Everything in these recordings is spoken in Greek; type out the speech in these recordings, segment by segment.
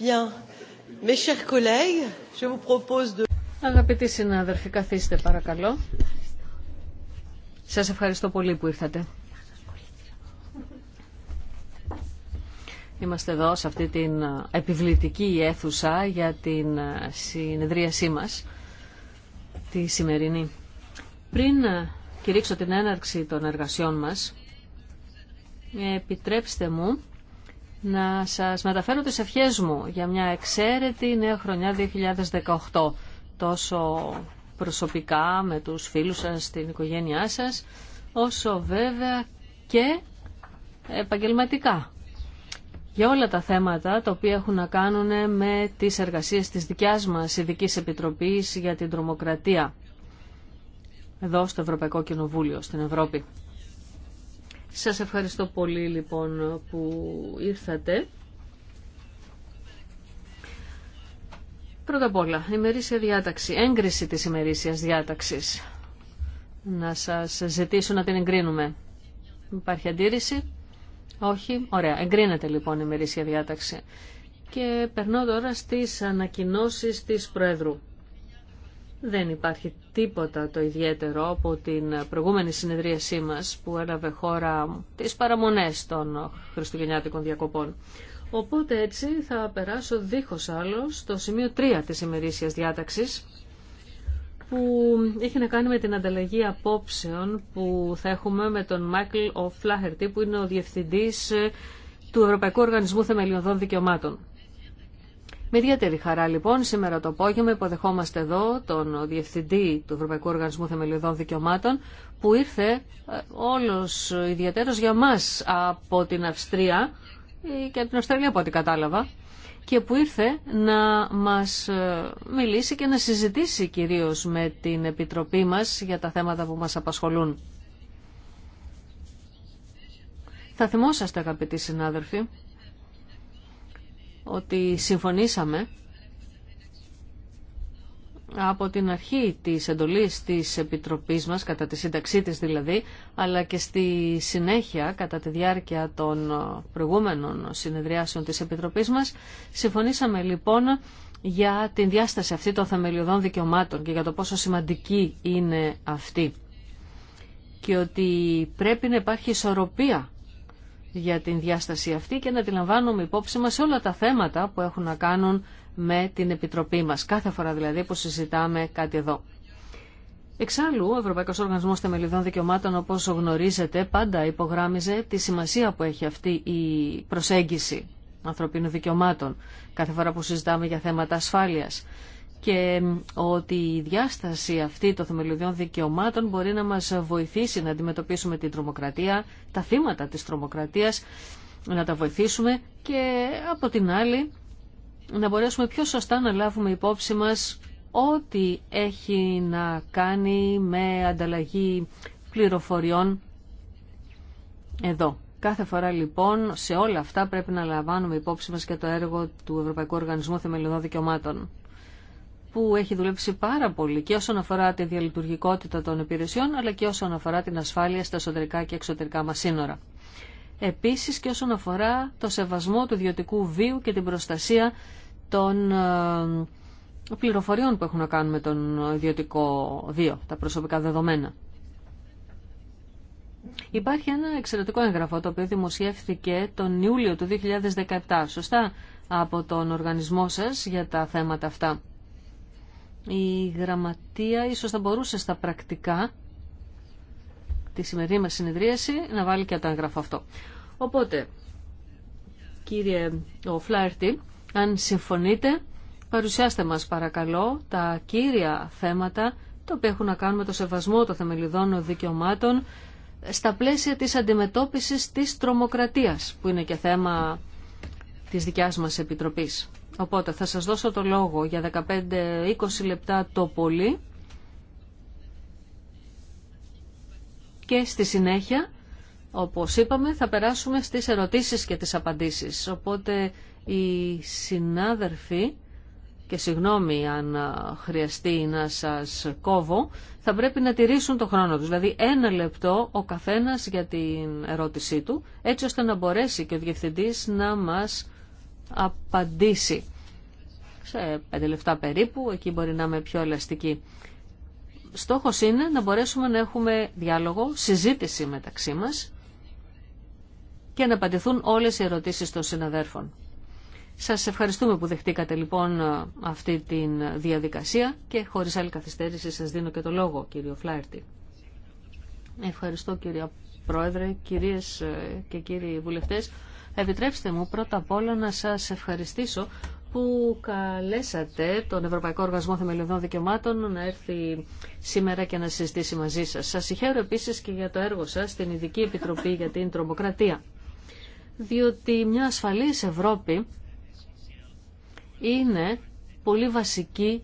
Bien. Mes Αγαπητοί συνάδελφοι, καθίστε παρακαλώ. Σας ευχαριστώ πολύ που ήρθατε. Είμαστε εδώ σε αυτή την επιβλητική αίθουσα για την συνεδρίασή μας τη σημερινή. Πριν κηρύξω την έναρξη των εργασιών μας, επιτρέψτε μου να σας μεταφέρω τις ευχές μου για μια εξαίρετη νέα χρονιά 2018 τόσο προσωπικά με τους φίλους σας, στην οικογένειά σας όσο βέβαια και επαγγελματικά για όλα τα θέματα τα οποία έχουν να κάνουν με τις εργασίες της δικιάς μας ειδική Επιτροπής για την Τρομοκρατία εδώ στο Ευρωπαϊκό Κοινοβούλιο στην Ευρώπη. Σας ευχαριστώ πολύ λοιπόν που ήρθατε. Πρώτα απ' όλα, ημερήσια διάταξη, έγκριση της ημερήσιας διάταξης. Να σας ζητήσω να την εγκρίνουμε. Υπάρχει αντίρρηση. Όχι. Ωραία. Εγκρίνεται λοιπόν η ημερήσια διάταξη. Και περνώ τώρα στις ανακοινώσεις της Προεδρού. Δεν υπάρχει τίποτα το ιδιαίτερο από την προηγούμενη συνεδρίασή μας που έλαβε χώρα τις παραμονές των χριστουγεννιάτικων διακοπών. Οπότε έτσι θα περάσω δίχως άλλο στο σημείο 3 της ημερήσιας διάταξης που έχει να κάνει με την ανταλλαγή απόψεων που θα έχουμε με τον Μάικλ Οφλάχερτη που είναι ο Διευθυντής του Ευρωπαϊκού Οργανισμού Θεμελιωδών Δικαιωμάτων. Με ιδιαίτερη χαρά λοιπόν σήμερα το απόγευμα υποδεχόμαστε εδώ τον Διευθυντή του Ευρωπαϊκού Οργανισμού Θεμελιωδών Δικαιωμάτων που ήρθε ε, όλος ιδιαίτερος για μας από την Αυστρία ε, και από την Αυστραλία από ό,τι κατάλαβα και που ήρθε να μας ε, μιλήσει και να συζητήσει κυρίως με την Επιτροπή μας για τα θέματα που μας απασχολούν. Θα θυμόσαστε αγαπητοί συνάδελφοι ότι συμφωνήσαμε από την αρχή της εντολής της Επιτροπής μας, κατά τη σύνταξή της δηλαδή, αλλά και στη συνέχεια, κατά τη διάρκεια των προηγούμενων συνεδριάσεων της Επιτροπής μας, συμφωνήσαμε λοιπόν για την διάσταση αυτή των θεμελιωδών δικαιωμάτων και για το πόσο σημαντική είναι αυτή και ότι πρέπει να υπάρχει ισορροπία για την διάσταση αυτή και να τη λαμβάνουμε υπόψη μας σε όλα τα θέματα που έχουν να κάνουν με την Επιτροπή μας, κάθε φορά δηλαδή που συζητάμε κάτι εδώ. Εξάλλου, ο Ευρωπαϊκό Οργανισμό Θεμελιδών Δικαιωμάτων, όπω γνωρίζετε, πάντα υπογράμμιζε τη σημασία που έχει αυτή η προσέγγιση ανθρωπίνων δικαιωμάτων κάθε φορά που συζητάμε για θέματα ασφάλεια και ότι η διάσταση αυτή των θεμελιωδιών δικαιωμάτων μπορεί να μας βοηθήσει να αντιμετωπίσουμε την τρομοκρατία, τα θύματα της τρομοκρατίας, να τα βοηθήσουμε και από την άλλη να μπορέσουμε πιο σωστά να λάβουμε υπόψη μας ό,τι έχει να κάνει με ανταλλαγή πληροφοριών εδώ. Κάθε φορά λοιπόν σε όλα αυτά πρέπει να λαμβάνουμε υπόψη μας και το έργο του Ευρωπαϊκού Οργανισμού Θεμελιωδών Δικαιωμάτων που έχει δουλέψει πάρα πολύ και όσον αφορά τη διαλειτουργικότητα των υπηρεσιών, αλλά και όσον αφορά την ασφάλεια στα εσωτερικά και εξωτερικά μα σύνορα. Επίσης και όσον αφορά το σεβασμό του ιδιωτικού βίου και την προστασία των ε, πληροφοριών που έχουν να κάνουν με τον ιδιωτικό βίο, τα προσωπικά δεδομένα. Υπάρχει ένα εξαιρετικό έγγραφο το οποίο δημοσιεύθηκε τον Ιούλιο του 2017, σωστά, από τον οργανισμό σας για τα θέματα αυτά η γραμματεία ίσως θα μπορούσε στα πρακτικά τη σημερινή μας συνεδρίαση να βάλει και το αυτό. Οπότε, κύριε ο αν συμφωνείτε, παρουσιάστε μας παρακαλώ τα κύρια θέματα τα οποία έχουν να κάνουν με το σεβασμό των θεμελιδών δικαιωμάτων στα πλαίσια της αντιμετώπισης της τρομοκρατίας, που είναι και θέμα της δικιάς μας Επιτροπής. Οπότε θα σας δώσω το λόγο για 15-20 λεπτά το πολύ και στη συνέχεια, όπως είπαμε, θα περάσουμε στις ερωτήσεις και τις απαντήσεις. Οπότε οι συνάδελφοι, και συγγνώμη αν χρειαστεί να σας κόβω, θα πρέπει να τηρήσουν το χρόνο τους. Δηλαδή ένα λεπτό ο καθένας για την ερώτησή του, έτσι ώστε να μπορέσει και ο Διευθυντής να μας απαντήσει. Σε πέντε λεφτά περίπου, εκεί μπορεί να είμαι πιο ελαστική. Στόχος είναι να μπορέσουμε να έχουμε διάλογο, συζήτηση μεταξύ μας και να απαντηθούν όλες οι ερωτήσεις των συναδέρφων. Σας ευχαριστούμε που δεχτήκατε λοιπόν αυτή τη διαδικασία και χωρίς άλλη καθυστέρηση σας δίνω και το λόγο κύριο Φλάιρτη. Ευχαριστώ κύριε Πρόεδρε, κυρίες ε, και κύριοι βουλευτές. Επιτρέψτε μου πρώτα απ' όλα να σας ευχαριστήσω που καλέσατε τον Ευρωπαϊκό Οργασμό Θεμελιωδών Δικαιωμάτων να έρθει σήμερα και να συζητήσει μαζί σας. Σας συγχαίρω επίσης και για το έργο σας στην Ειδική Επιτροπή για την Τρομοκρατία. Διότι μια ασφαλής Ευρώπη είναι πολύ βασική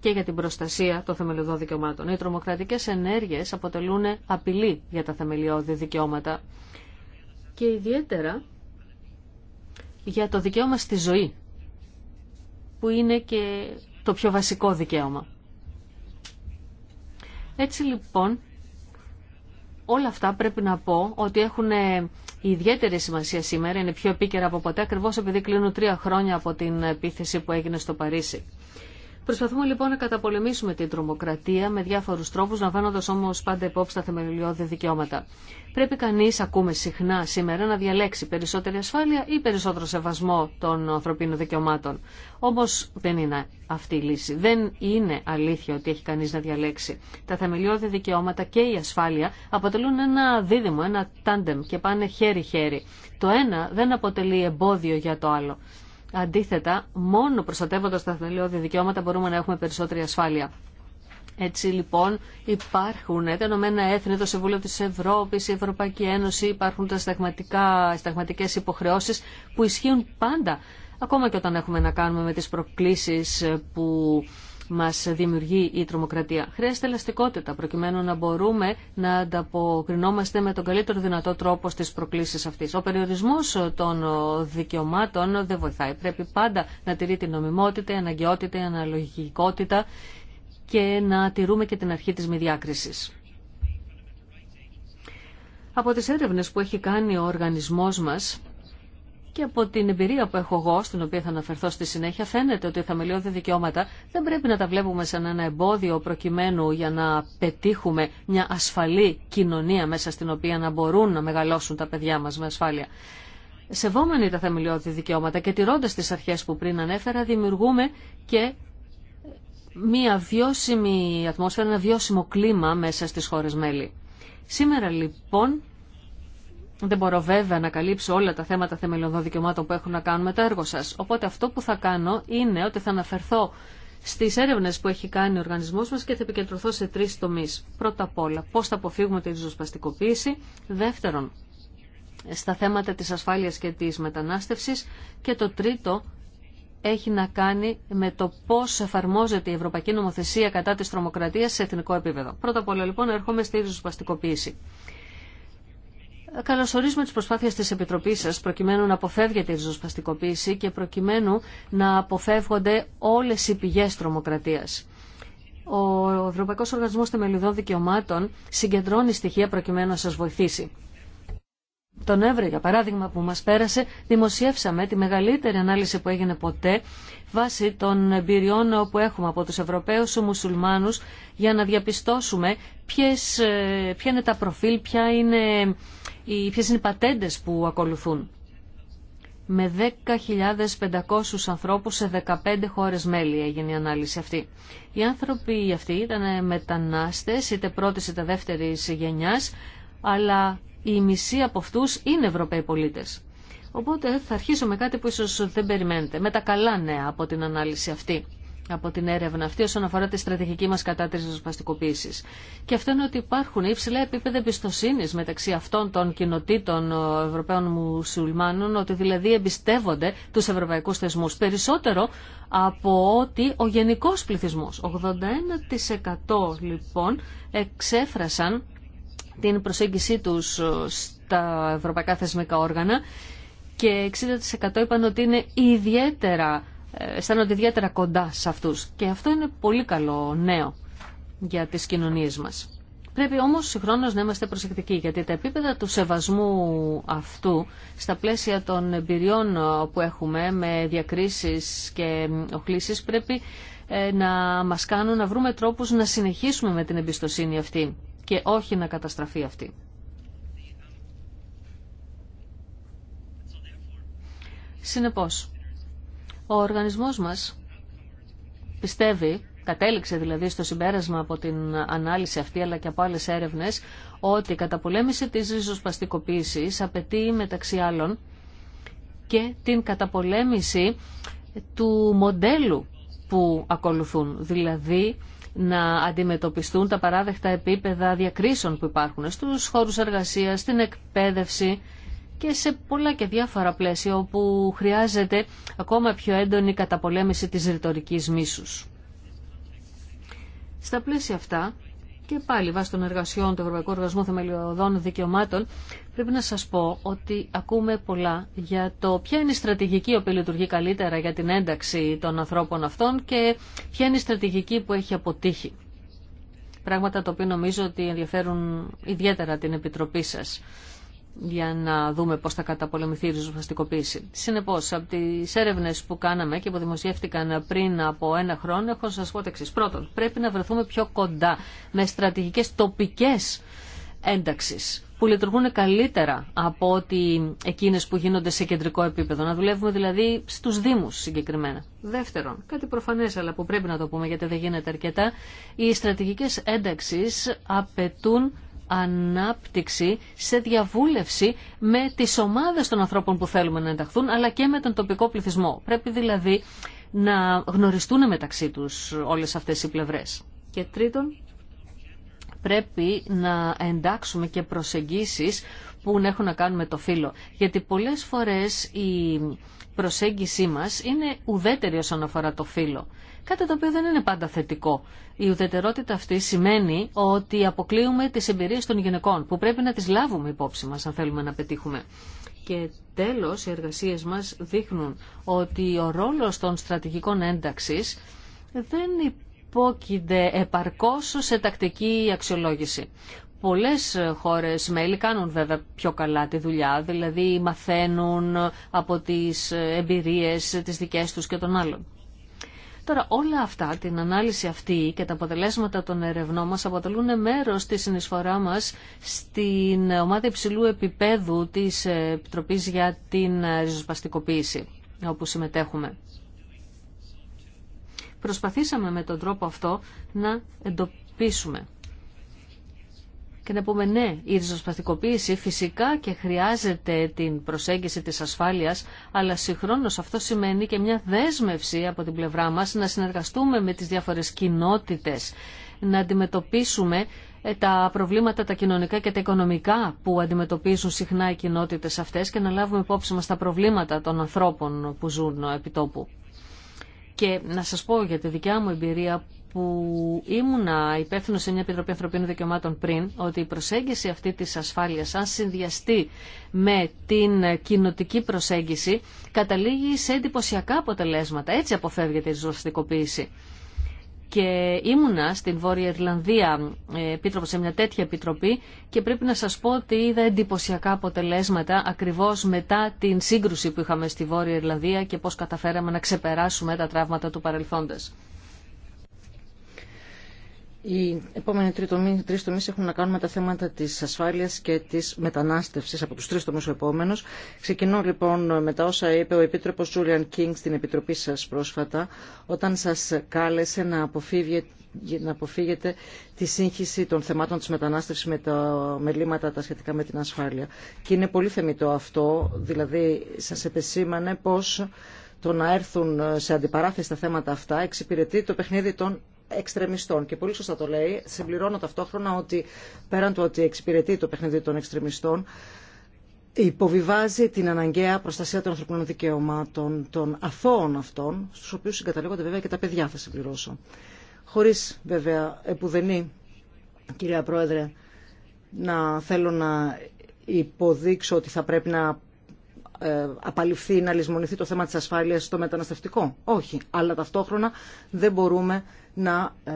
και για την προστασία των θεμελιωδών δικαιωμάτων. Οι τρομοκρατικές ενέργειες αποτελούν απειλή για τα θεμελιώδη δικαιώματα. Και ιδιαίτερα για το δικαίωμα στη ζωή, που είναι και το πιο βασικό δικαίωμα. Έτσι λοιπόν, όλα αυτά πρέπει να πω ότι έχουν ε, ιδιαίτερη σημασία σήμερα, είναι πιο επίκαιρα από ποτέ, ακριβώς επειδή κλείνουν τρία χρόνια από την επίθεση που έγινε στο Παρίσι. Προσπαθούμε λοιπόν να καταπολεμήσουμε την τρομοκρατία με διάφορους τρόπους, λαμβάνοντα όμω πάντα υπόψη τα θεμελιώδη δικαιώματα. Πρέπει κανεί ακούμε συχνά σήμερα, να διαλέξει περισσότερη ασφάλεια ή περισσότερο σεβασμό των ανθρωπίνων δικαιωμάτων. Όμως δεν είναι αυτή η περισσοτερο σεβασμο των ανθρωπινων δικαιωματων ομω Δεν είναι αλήθεια ότι έχει εχει κανει να διαλέξει. Τα θεμελιώδη δικαιώματα και η ασφάλεια αποτελούν ένα δίδυμο, ένα τάντεμ και πάνε χέρι-χέρι. Το ένα δεν αποτελεί εμπόδιο για το άλλο. Αντίθετα, μόνο προστατεύοντα τα θεμελιώδη δικαιώματα μπορούμε να έχουμε περισσότερη ασφάλεια. Έτσι λοιπόν υπάρχουν τα Ενωμένα Έθνη, το Συμβούλιο της Ευρώπης, η Ευρωπαϊκή Ένωση, υπάρχουν τα σταγματικές υποχρεώσεις που ισχύουν πάντα, ακόμα και όταν έχουμε να κάνουμε με τις προκλήσεις που μας δημιουργεί η τρομοκρατία. Χρειάζεται ελαστικότητα προκειμένου να μπορούμε να ανταποκρινόμαστε με τον καλύτερο δυνατό τρόπο στις προκλήσεις αυτής. Ο περιορισμός των δικαιωμάτων δεν βοηθάει. Πρέπει πάντα να τηρεί την νομιμότητα, η αναγκαιότητα, η αναλογικότητα και να τηρούμε και την αρχή της μη διάκρισης. Από τις έρευνες που έχει κάνει ο οργανισμός μας, και από την εμπειρία που έχω εγώ, στην οποία θα αναφερθώ στη συνέχεια, φαίνεται ότι οι θεμελιώδη δικαιώματα δεν πρέπει να τα βλέπουμε σαν ένα εμπόδιο προκειμένου για να πετύχουμε μια ασφαλή κοινωνία μέσα στην οποία να μπορούν να μεγαλώσουν τα παιδιά μας με ασφάλεια. Σεβόμενοι τα θεμελιώδη δικαιώματα και τηρώντα τις αρχές που πριν ανέφερα, δημιουργούμε και μια βιώσιμη ατμόσφαιρα, ένα βιώσιμο κλίμα μέσα στις χώρες μέλη. Σήμερα λοιπόν δεν μπορώ βέβαια να καλύψω όλα τα θέματα θεμελιωδών δικαιωμάτων που έχουν να κάνουν με το έργο σας. Οπότε αυτό που θα κάνω είναι ότι θα αναφερθώ στις έρευνες που έχει κάνει ο οργανισμός μας και θα επικεντρωθώ σε τρεις τομείς. Πρώτα απ' όλα, πώς θα αποφύγουμε τη ριζοσπαστικοποίηση. Δεύτερον, στα θέματα της ασφάλειας και της μετανάστευσης. Και το τρίτο έχει να κάνει με το πώ εφαρμόζεται η Ευρωπαϊκή Νομοθεσία κατά τη τρομοκρατία σε εθνικό επίπεδο. Πρώτα απ' όλα λοιπόν έρχομαι στη ριζοσπαστικοποίηση. Καλωσορίζουμε τι προσπάθειε της Επιτροπής σας προκειμένου να αποφεύγεται η ριζοσπαστικοποίηση και προκειμένου να αποφεύγονται όλες οι πηγές τρομοκρατίας. Ο Ευρωπαϊκός Οργανισμός Θεμελιδών Δικαιωμάτων συγκεντρώνει στοιχεία προκειμένου να σας βοηθήσει. Τον Εύρη, για παράδειγμα, που μας πέρασε, δημοσιεύσαμε τη μεγαλύτερη ανάλυση που έγινε ποτέ βάσει των εμπειριών που έχουμε από τους Ευρωπαίους μουσουλμάνους για να διαπιστώσουμε ποιες, ε, ποια είναι τα προφίλ, ποια είναι, ποιες είναι οι πατέντες που ακολουθούν. Με 10.500 ανθρώπους σε 15 χώρες μέλη έγινε η ανάλυση αυτή. Οι άνθρωποι αυτοί ήταν μετανάστες, είτε πρώτης είτε δεύτερης γενιάς, αλλά η μισή από αυτούς είναι Ευρωπαίοι πολίτες. Οπότε θα αρχίσω με κάτι που ίσω δεν περιμένετε. Με τα καλά νέα από την ανάλυση αυτή, από την έρευνα αυτή όσον αφορά τη στρατηγική μα κατά τη ριζοσπαστικοποίησης. Και αυτό είναι ότι υπάρχουν υψηλά επίπεδα εμπιστοσύνη μεταξύ αυτών των κοινοτήτων ε, Ευρωπαίων Μουσουλμάνων, ότι δηλαδή εμπιστεύονται του Ευρωπαϊκού θεσμού περισσότερο από ότι ο γενικό πληθυσμό. 81% λοιπόν εξέφρασαν την προσέγγιση τους ε, στα ευρωπαϊκά θεσμικά όργανα και 60% είπαν ότι είναι ιδιαίτερα, ε, αισθάνονται ιδιαίτερα κοντά σε αυτούς. Και αυτό είναι πολύ καλό νέο για τις κοινωνίες μας. Πρέπει όμως συγχρόνως να είμαστε προσεκτικοί, γιατί τα επίπεδα του σεβασμού αυτού, στα πλαίσια των εμπειριών που έχουμε με διακρίσεις και οχλήσεις, πρέπει ε, να μας κάνουν να βρούμε τρόπους να συνεχίσουμε με την εμπιστοσύνη αυτή και όχι να καταστραφεί αυτή. Συνεπώς, ο οργανισμός μας πιστεύει, κατέληξε δηλαδή στο συμπέρασμα από την ανάλυση αυτή αλλά και από άλλες έρευνες, ότι η καταπολέμηση της ριζοσπαστικοποίησης απαιτεί μεταξύ άλλων και την καταπολέμηση του μοντέλου που ακολουθούν, δηλαδή να αντιμετωπιστούν τα παράδεκτα επίπεδα διακρίσεων που υπάρχουν στους χώρους εργασίας, στην εκπαίδευση, και σε πολλά και διάφορα πλαίσια όπου χρειάζεται ακόμα πιο έντονη καταπολέμηση της ρητορική μίσους. Στα πλαίσια αυτά και πάλι βάσει των εργασιών του Ευρωπαϊκού Οργασμού Θεμελιωδών Δικαιωμάτων πρέπει να σας πω ότι ακούμε πολλά για το ποια είναι η στρατηγική που λειτουργεί καλύτερα για την ένταξη των ανθρώπων αυτών και ποια είναι η στρατηγική που έχει αποτύχει. Πράγματα τα οποία νομίζω ότι ενδιαφέρουν ιδιαίτερα την Επιτροπή σας για να δούμε πώς θα καταπολεμηθεί η ριζοσπαστικοποίηση. Συνεπώς, από τις έρευνες που κάναμε και που δημοσιεύτηκαν πριν από ένα χρόνο, έχω να σας πω εξής. Πρώτον, πρέπει να βρεθούμε πιο κοντά με στρατηγικές τοπικές ένταξεις που λειτουργούν καλύτερα από ότι εκείνες που γίνονται σε κεντρικό επίπεδο. Να δουλεύουμε δηλαδή στους Δήμους συγκεκριμένα. Δεύτερον, κάτι προφανές αλλά που πρέπει να το πούμε γιατί δεν γίνεται αρκετά, οι στρατηγικές ένταξεις απαιτούν ανάπτυξη σε διαβούλευση με τις ομάδες των ανθρώπων που θέλουμε να ενταχθούν, αλλά και με τον τοπικό πληθυσμό. Πρέπει δηλαδή να γνωριστούν μεταξύ τους όλες αυτές οι πλευρές. Και τρίτον, πρέπει να εντάξουμε και προσεγγίσεις που έχουν να κάνουν με το φύλλο. Γιατί πολλές φορές οι προσέγγιση μας είναι ουδέτερη όσον αφορά το φύλλο. Κάτι το οποίο δεν είναι πάντα θετικό. Η ουδετερότητα αυτή σημαίνει ότι αποκλείουμε τις εμπειρίες των γυναικών που πρέπει να τις λάβουμε υπόψη μας αν θέλουμε να πετύχουμε. Και τέλος οι εργασίες μας δείχνουν ότι ο ρόλος των στρατηγικών ένταξης δεν υπόκειται επαρκώς σε τακτική αξιολόγηση. Πολλές ε, χώρες μέλη κάνουν βέβαια πιο καλά τη δουλειά, δηλαδή μαθαίνουν από τις ε, εμπειρίες ε, τις δικές τους και των άλλων. Τώρα όλα αυτά, την ανάλυση αυτή και τα αποτελέσματα των ερευνών μας αποτελούν μέρος της συνεισφορά μας στην ομάδα υψηλού επίπεδου της Επιτροπής για την ριζοσπαστικοποίηση, όπου συμμετέχουμε. Προσπαθήσαμε με τον τρόπο αυτό να εντοπίσουμε και να πούμε ναι, η ριζοσπαστικοποίηση φυσικά και χρειάζεται την προσέγγιση της ασφάλειας, αλλά συγχρόνως αυτό σημαίνει και μια δέσμευση από την πλευρά μας να συνεργαστούμε με τις διάφορες κοινότητες, να αντιμετωπίσουμε ε, τα προβλήματα τα κοινωνικά και τα οικονομικά που αντιμετωπίζουν συχνά οι κοινότητες αυτές και να λάβουμε υπόψη μας τα προβλήματα των ανθρώπων που ζουν επί τόπου. Και να σας πω για τη δικιά μου εμπειρία που ήμουνα υπεύθυνο σε μια Επιτροπή Ανθρωπίνων Δικαιωμάτων πριν, ότι η προσέγγιση αυτή της ασφάλειας, αν συνδυαστεί με την κοινοτική προσέγγιση, καταλήγει σε εντυπωσιακά αποτελέσματα. Έτσι αποφεύγεται η ζωστικοποίηση. Και ήμουνα στην Βόρεια Ιρλανδία ε, επίτροπο σε μια τέτοια επιτροπή και πρέπει να σας πω ότι είδα εντυπωσιακά αποτελέσματα ακριβώς μετά την σύγκρουση που είχαμε στη Βόρεια Ιρλανδία και πώς καταφέραμε να ξεπεράσουμε τα τραύματα του παρελθόντος. Οι επόμενοι τρει τομεί έχουν να κάνουν με τα θέματα τη ασφάλεια και τη μετανάστευση από του τρει τομεί ο επόμενο. Ξεκινώ λοιπόν με τα όσα είπε ο Επίτροπο Τζούλιαν Κίνγκ στην Επιτροπή σα πρόσφατα, όταν σα κάλεσε να αποφύγετε να αποφύγετε τη σύγχυση των θεμάτων της μετανάστευσης με τα μελήματα τα σχετικά με την ασφάλεια. Και είναι πολύ θεμητό αυτό, δηλαδή σας επεσήμανε πως το να έρθουν σε αντιπαράθεση τα θέματα αυτά εξυπηρετεί το παιχνίδι των εξτρεμιστών. Και πολύ σωστά το λέει, συμπληρώνω ταυτόχρονα ότι πέραν του ότι εξυπηρετεί το παιχνίδι των εξτρεμιστών, υποβιβάζει την αναγκαία προστασία των ανθρωπινών δικαιωμάτων των αθώων αυτών, στου οποίου συγκαταλέγονται βέβαια και τα παιδιά θα συμπληρώσω. Χωρί βέβαια επουδενή, κυρία Πρόεδρε, να θέλω να υποδείξω ότι θα πρέπει να ε, απαλληφθεί, να λησμονηθεί το θέμα της ασφάλειας στο μεταναστευτικό. Όχι, αλλά ταυτόχρονα δεν μπορούμε να ε,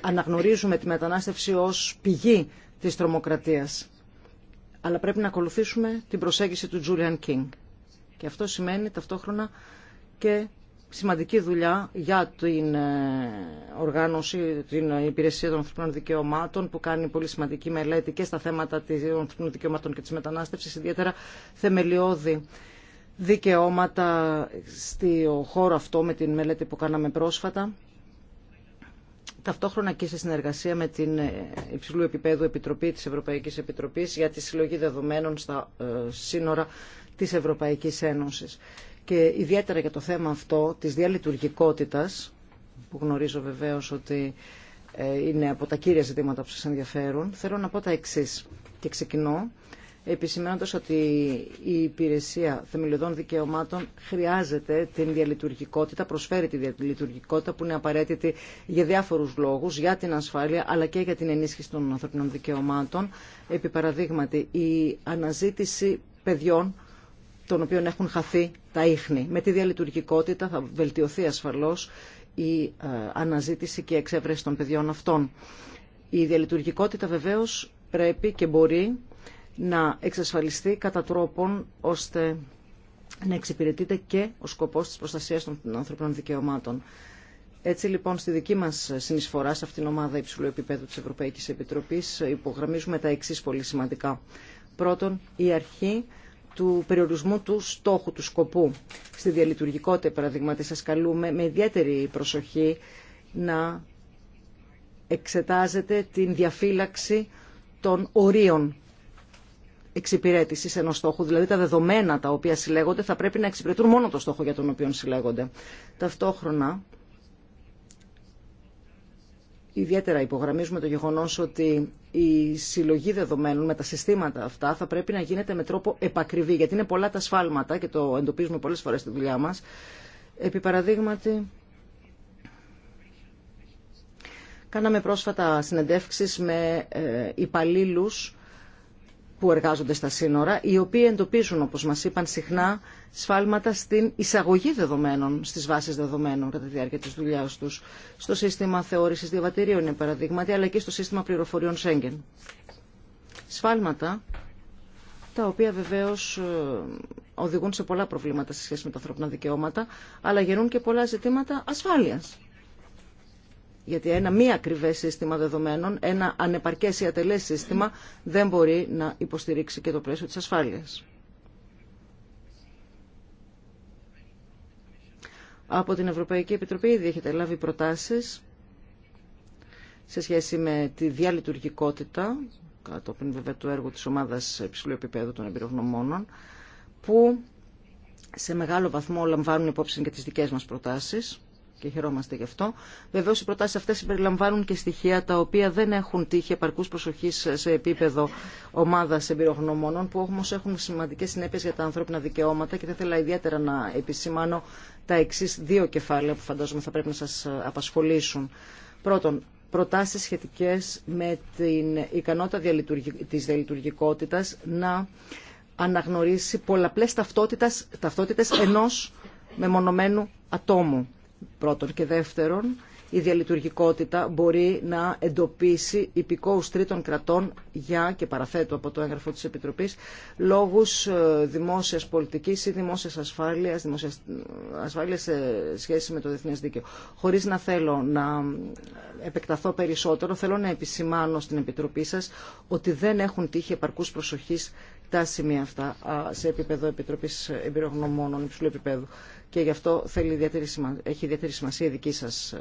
αναγνωρίζουμε τη μετανάστευση ως πηγή της τρομοκρατίας. Αλλά πρέπει να ακολουθήσουμε την προσέγγιση του Julian King. Και αυτό σημαίνει ταυτόχρονα και σημαντική δουλειά για την ε, οργάνωση, την υπηρεσία των ανθρωπίνων δικαιωμάτων που κάνει πολύ σημαντική μελέτη και στα θέματα των ανθρωπίνων δικαιωμάτων και της μετανάστευσης, ιδιαίτερα θεμελιώδη δικαιώματα στο χώρο αυτό με την μελέτη που κάναμε πρόσφατα ταυτόχρονα και σε συνεργασία με την ε, υψηλού επίπεδου Επιτροπή της Ευρωπαϊκής Επιτροπής για τη συλλογή δεδομένων στα ε, σύνορα της Ευρωπαϊκής Ένωσης. Και ιδιαίτερα για το θέμα αυτό της διαλειτουργικότητας, που γνωρίζω βεβαίως ότι ε, είναι από τα κύρια ζητήματα που σας ενδιαφέρουν, θέλω να πω τα εξής και ξεκινώ επισημένοντας ότι η υπηρεσία θεμελιωδών δικαιωμάτων χρειάζεται την διαλειτουργικότητα, προσφέρει τη διαλειτουργικότητα που είναι απαραίτητη για διάφορους λόγους, για την ασφάλεια αλλά και για την ενίσχυση των ανθρωπινών δικαιωμάτων. Επί παραδείγματι, η αναζήτηση παιδιών των οποίων έχουν χαθεί τα ίχνη. Με τη διαλειτουργικότητα θα βελτιωθεί ασφαλώς η ε, αναζήτηση και η εξέβρεση των παιδιών αυτών. Η διαλειτουργικότητα βεβαίως πρέπει και μπορεί να εξασφαλιστεί κατά τρόπον ώστε να εξυπηρετείται και ο σκοπός της προστασίας των ανθρωπινών δικαιωμάτων. Έτσι λοιπόν στη δική μας συνεισφορά σε αυτήν την ομάδα υψηλού επίπεδου της Ευρωπαϊκής Επιτροπής υπογραμμίζουμε τα εξής πολύ σημαντικά. Πρώτον, η αρχή του περιορισμού του στόχου, του σκοπού. Στη διαλειτουργικότητα, παραδείγματι, σας καλούμε με ιδιαίτερη προσοχή να εξετάζετε την διαφύλαξη των ορίων εξυπηρέτηση ενό στόχου. Δηλαδή τα δεδομένα τα οποία συλλέγονται θα πρέπει να εξυπηρετούν μόνο το στόχο για τον οποίο συλλέγονται. Ταυτόχρονα, ιδιαίτερα υπογραμμίζουμε το γεγονό ότι η συλλογή δεδομένων με τα συστήματα αυτά θα πρέπει να γίνεται με τρόπο επακριβή, γιατί είναι πολλά τα σφάλματα και το εντοπίζουμε πολλέ φορέ στη δουλειά μα. Επί παραδείγματι, κάναμε πρόσφατα συνεντεύξεις με ε, υπαλλήλους που εργάζονται στα σύνορα, οι οποίοι εντοπίζουν, όπως μας είπαν συχνά, σφάλματα στην εισαγωγή δεδομένων, στις βάσεις δεδομένων κατά τη διάρκεια της δουλειάς τους, στο σύστημα θεώρησης διαβατηρίων, είναι παραδείγματι, αλλά και στο σύστημα πληροφοριών Σέγγεν. Σφάλματα τα οποία βεβαίως ε, οδηγούν σε πολλά προβλήματα σε σχέση με τα ανθρώπινα δικαιώματα, αλλά γεννούν και πολλά ζητήματα ασφάλειας γιατί ένα μη ακριβές σύστημα δεδομένων, ένα ανεπαρκές ή ατελές σύστημα δεν μπορεί να υποστηρίξει και το πλαίσιο της ασφάλειας. Από την Ευρωπαϊκή Επιτροπή ήδη έχετε λάβει προτάσεις σε σχέση με τη διαλειτουργικότητα, κατόπιν βέβαια του έργου της ομάδας υψηλού επίπεδου των εμπειρογνωμόνων, που σε μεγάλο βαθμό λαμβάνουν υπόψη και τις δικές μας προτάσεις και χαιρόμαστε γι' αυτό. Βεβαίω οι προτάσει αυτέ συμπεριλαμβάνουν και στοιχεία τα οποία δεν έχουν τύχει επαρκού προσοχή σε επίπεδο ομάδα εμπειρογνωμόνων, που όμω έχουν σημαντικέ συνέπειε για τα ανθρώπινα δικαιώματα και θα ήθελα ιδιαίτερα να επισημάνω τα εξή δύο κεφάλαια που φαντάζομαι θα πρέπει να σα απασχολήσουν. Πρώτον, προτάσει σχετικέ με την ικανότητα τη διαλειτουργικότητα να αναγνωρίσει πολλαπλέ ταυτότητε ενό μεμονωμένου ατόμου πρώτον και δεύτερον, η διαλειτουργικότητα μπορεί να εντοπίσει υπηκόους τρίτων κρατών για, και παραθέτω από το έγγραφο της Επιτροπής, λόγους ε, δημόσιας πολιτικής ή δημόσιας ασφάλειας, δημόσιας ε, ασφάλειας σε σχέση με το διεθνές δίκαιο. Χωρίς να θέλω να επεκταθώ περισσότερο, θέλω να επισημάνω στην Επιτροπή σας ότι δεν έχουν τύχει επαρκούς προσοχής τα σημεία αυτά σε επίπεδο Επιτροπής Εμπειρογνωμόνων υψηλού επίπεδου. Και γι' αυτό θέλει ιδιαίτερη έχει ιδιαίτερη σημασία η δική σας ε,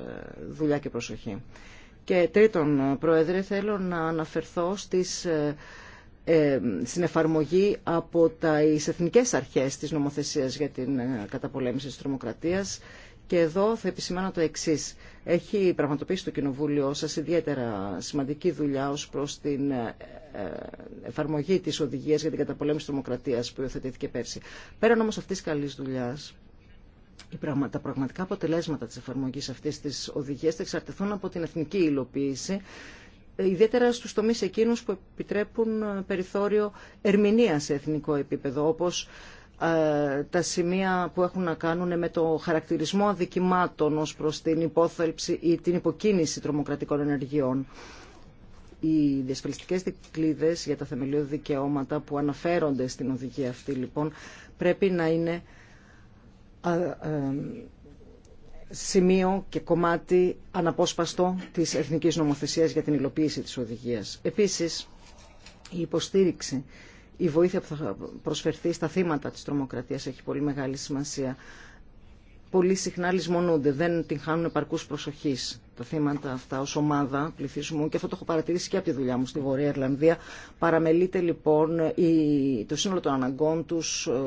δουλειά και προσοχή. Και τρίτον, ε, Πρόεδρε, θέλω να αναφερθώ στις ε, στην εφαρμογή από τι εθνικέ αρχέ αρχές της νομοθεσίας για την καταπολέμηση της τρομοκρατίας και εδώ θα επισημάνω το εξή. Έχει πραγματοποιήσει το Κοινοβούλιο σα ιδιαίτερα σημαντική δουλειά ω προ την ε, ε, εφαρμογή τη οδηγία για την καταπολέμηση τρομοκρατία που υιοθετήθηκε πέρσι. Πέραν όμω αυτή τη καλή δουλειά, τα πραγματικά αποτελέσματα τη εφαρμογή αυτή τη οδηγίας θα εξαρτηθούν από την εθνική υλοποίηση ε, ιδιαίτερα στου τομεί εκείνου που επιτρέπουν περιθώριο ερμηνεία σε εθνικό επίπεδο, όπω ε, τα σημεία που έχουν να κάνουν με το χαρακτηρισμό αδικημάτων ως προς την υπόθελψη ή την υποκίνηση τρομοκρατικών ενεργειών. Οι διασφαλιστικές δικλείδες για τα θεμελιώδη δικαιώματα που αναφέρονται στην οδηγία αυτή λοιπόν πρέπει να είναι ε, σημείο και κομμάτι αναπόσπαστο της εθνικής νομοθεσίας για την υλοποίηση της οδηγίας. Επίσης, η υποστήριξη η βοήθεια που θα προσφερθεί στα θύματα της τρομοκρατίας έχει πολύ μεγάλη σημασία. Πολύ συχνά λησμονούνται, δεν την χάνουν επαρκούς προσοχής τα θύματα αυτά ως ομάδα πληθυσμού και αυτό το έχω παρατηρήσει και από τη δουλειά μου στη Βορεια Ιρλανδία. Παραμελείται λοιπόν η, το σύνολο των αναγκών τους, ε,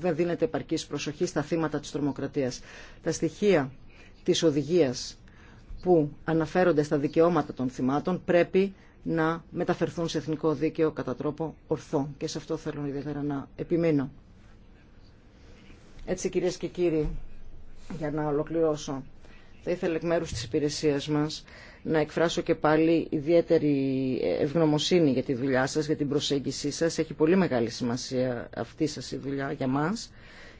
δεν δίνεται επαρκής προσοχή στα θύματα της τρομοκρατίας. Τα στοιχεία της οδηγίας που αναφέρονται στα δικαιώματα των θυμάτων πρέπει να μεταφερθούν σε εθνικό δίκαιο κατά τρόπο ορθό. Και σε αυτό θέλω ιδιαίτερα να επιμείνω. Έτσι κυρίες και κύριοι, για να ολοκληρώσω, θα ήθελα εκ μέρους της υπηρεσίας μας να εκφράσω και πάλι ιδιαίτερη ευγνωμοσύνη για τη δουλειά σας, για την προσέγγισή σας. Έχει πολύ μεγάλη σημασία αυτή σας η δουλειά για μας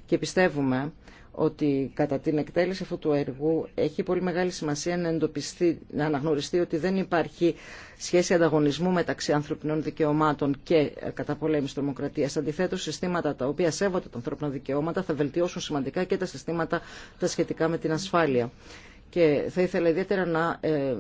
και πιστεύουμε ότι κατά την εκτέλεση αυτού του έργου έχει πολύ μεγάλη σημασία να, εντοπιστεί, να αναγνωριστεί ότι δεν υπάρχει σχέση ανταγωνισμού μεταξύ ανθρωπινών δικαιωμάτων και ε, καταπολέμηση τρομοκρατία. Αντιθέτω, συστήματα τα οποία σέβονται τα ανθρώπινα δικαιώματα θα βελτιώσουν σημαντικά και τα συστήματα τα σχετικά με την ασφάλεια. Και θα ήθελα ιδιαίτερα να ε,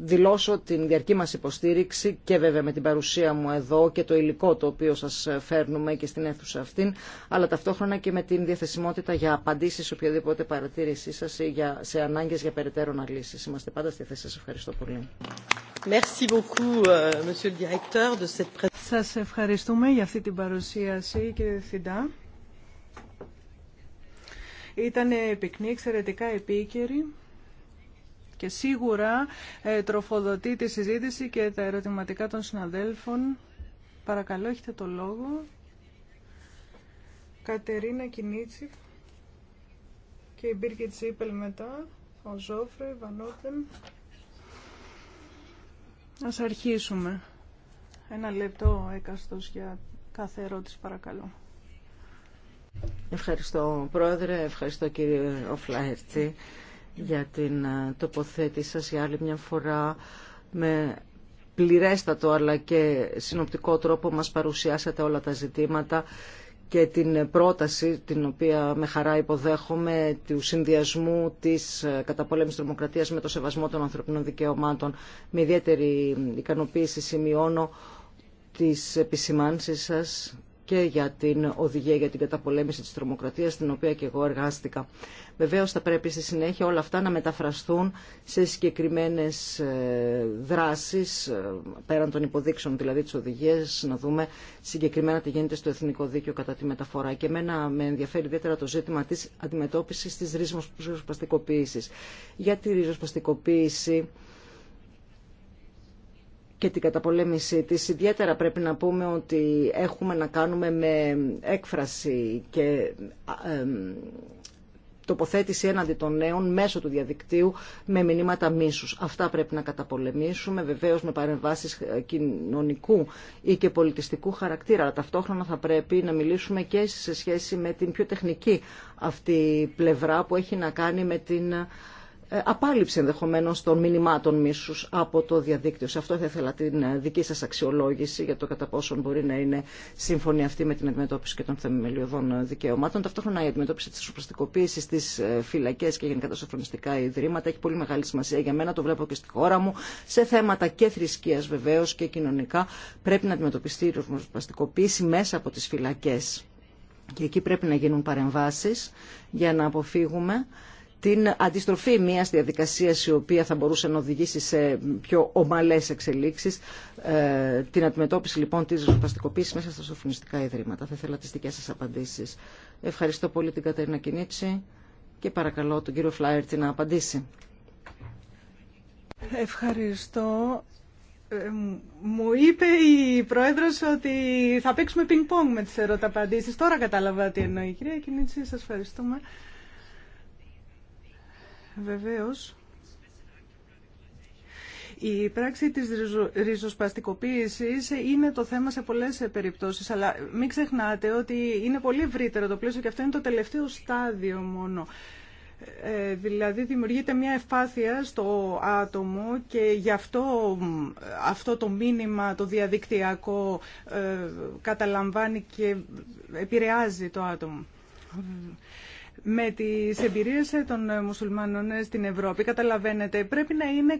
δηλώσω την διαρκή μας υποστήριξη και βέβαια με την παρουσία μου εδώ και το υλικό το οποίο σας φέρνουμε και στην αίθουσα αυτήν, αλλά ταυτόχρονα και με την διαθεσιμότητα για απαντήσεις σε οποιαδήποτε παρατήρησή σας ή για, σε ανάγκες για περαιτέρω αναλύσεις. Είμαστε πάντα στη θέση σας. Ευχαριστώ πολύ. Euh, σας ευχαριστούμε για αυτή την παρουσίαση, κύριε Φιντά. Ήταν πυκνή, εξαιρετικά επίκαιρη και σίγουρα ε, τροφοδοτεί τη συζήτηση και τα ερωτηματικά των συναδέλφων. Παρακαλώ, έχετε το λόγο. Κατερίνα Κινίτσι και η Μπίρκη Τσίπελ μετά, ο Ζόφρε, Βανότεν. Ας αρχίσουμε. Ένα λεπτό έκαστος για κάθε ερώτηση παρακαλώ. Ευχαριστώ Πρόεδρε, ευχαριστώ κύριε Οφλαερτή για την ε, τοποθέτηση σας για άλλη μια φορά με πληρέστατο αλλά και συνοπτικό τρόπο μας παρουσιάσατε όλα τα ζητήματα και την πρόταση την οποία με χαρά υποδέχομαι του συνδυασμού της ε, καταπολέμησης τρομοκρατίας με το σεβασμό των ανθρωπινών δικαιωμάτων. Με ιδιαίτερη ικανοποίηση σημειώνω τις επισημάνσεις σας και για την οδηγία για την καταπολέμηση της τρομοκρατίας, στην οποία και εγώ εργάστηκα. Βεβαίως θα πρέπει στη συνέχεια όλα αυτά να μεταφραστούν σε συγκεκριμένες ε, δράσεις, ε, πέραν των υποδείξεων δηλαδή της οδηγίας, να δούμε συγκεκριμένα τι γίνεται στο εθνικό δίκαιο κατά τη μεταφορά. Και εμένα με ενδιαφέρει ιδιαίτερα το ζήτημα της αντιμετώπισης της ρίζοσπαστικοποίησης. Για τη ρίζοσπαστικοποίηση και την καταπολέμησή της. Ιδιαίτερα πρέπει να πούμε ότι έχουμε να κάνουμε με έκφραση και τοποθέτηση έναντι των νέων μέσω του διαδικτύου με μηνύματα μίσους. Αυτά πρέπει να καταπολεμήσουμε, βεβαίως με παρεμβάσεις ε, κοινωνικού ή και πολιτιστικού χαρακτήρα, αλλά ταυτόχρονα θα πρέπει να μιλήσουμε και σε σχέση με την πιο τεχνική αυτή πλευρά που έχει να κάνει με την ε, απάλληψη ενδεχομένω των μηνυμάτων μίσου από το διαδίκτυο. Σε αυτό θα ήθελα την ε, δική σα αξιολόγηση για το κατά πόσον μπορεί να είναι σύμφωνη αυτή με την αντιμετώπιση και των θεμελιωδών ε, δικαιωμάτων. Ταυτόχρονα η αντιμετώπιση της προσωπικοποίησης στις φυλακές και γενικά τα σοφρονιστικά ιδρύματα έχει πολύ μεγάλη σημασία για μένα, το βλέπω και στη χώρα μου, σε θέματα και θρησκεία βεβαίω και κοινωνικά πρέπει να αντιμετωπιστεί η ροσπαστικοποίηση μέσα από τι φυλακέ. Και εκεί πρέπει να γίνουν παρεμβάσεις για να αποφύγουμε την αντιστροφή μιας διαδικασίας η οποία θα μπορούσε να οδηγήσει σε πιο ομαλές εξελίξεις, ε, την αντιμετώπιση λοιπόν της ζωοπαστικοποίηση μέσα στα σοφινιστικά ιδρύματα. Θα ήθελα τις δικές σας απαντήσεις. Ευχαριστώ πολύ την Κατερίνα Κινίτση και παρακαλώ τον κύριο Φλάιρτη να απαντήσει. Ευχαριστώ. Ε, μου είπε η πρόεδρος ότι θα παίξουμε πινκ-πονγκ με τις ερώτα απαντήσεις. Τώρα κατάλαβα τι εννοεί. Κυρία Κινίτση, σας ευχαριστούμε. Βεβαίως, η πράξη της ριζοσπαστικοποίησης είναι το θέμα σε πολλές περιπτώσεις, αλλά μην ξεχνάτε ότι είναι πολύ ευρύτερο το πλαίσιο και αυτό είναι το τελευταίο στάδιο μόνο. Ε, δηλαδή δημιουργείται μια ευπάθεια στο άτομο και γι' αυτό αυτό το μήνυμα το διαδικτυακό ε, καταλαμβάνει και επηρεάζει το άτομο με τι εμπειρίες των μουσουλμάνων στην Ευρώπη, καταλαβαίνετε, πρέπει να είναι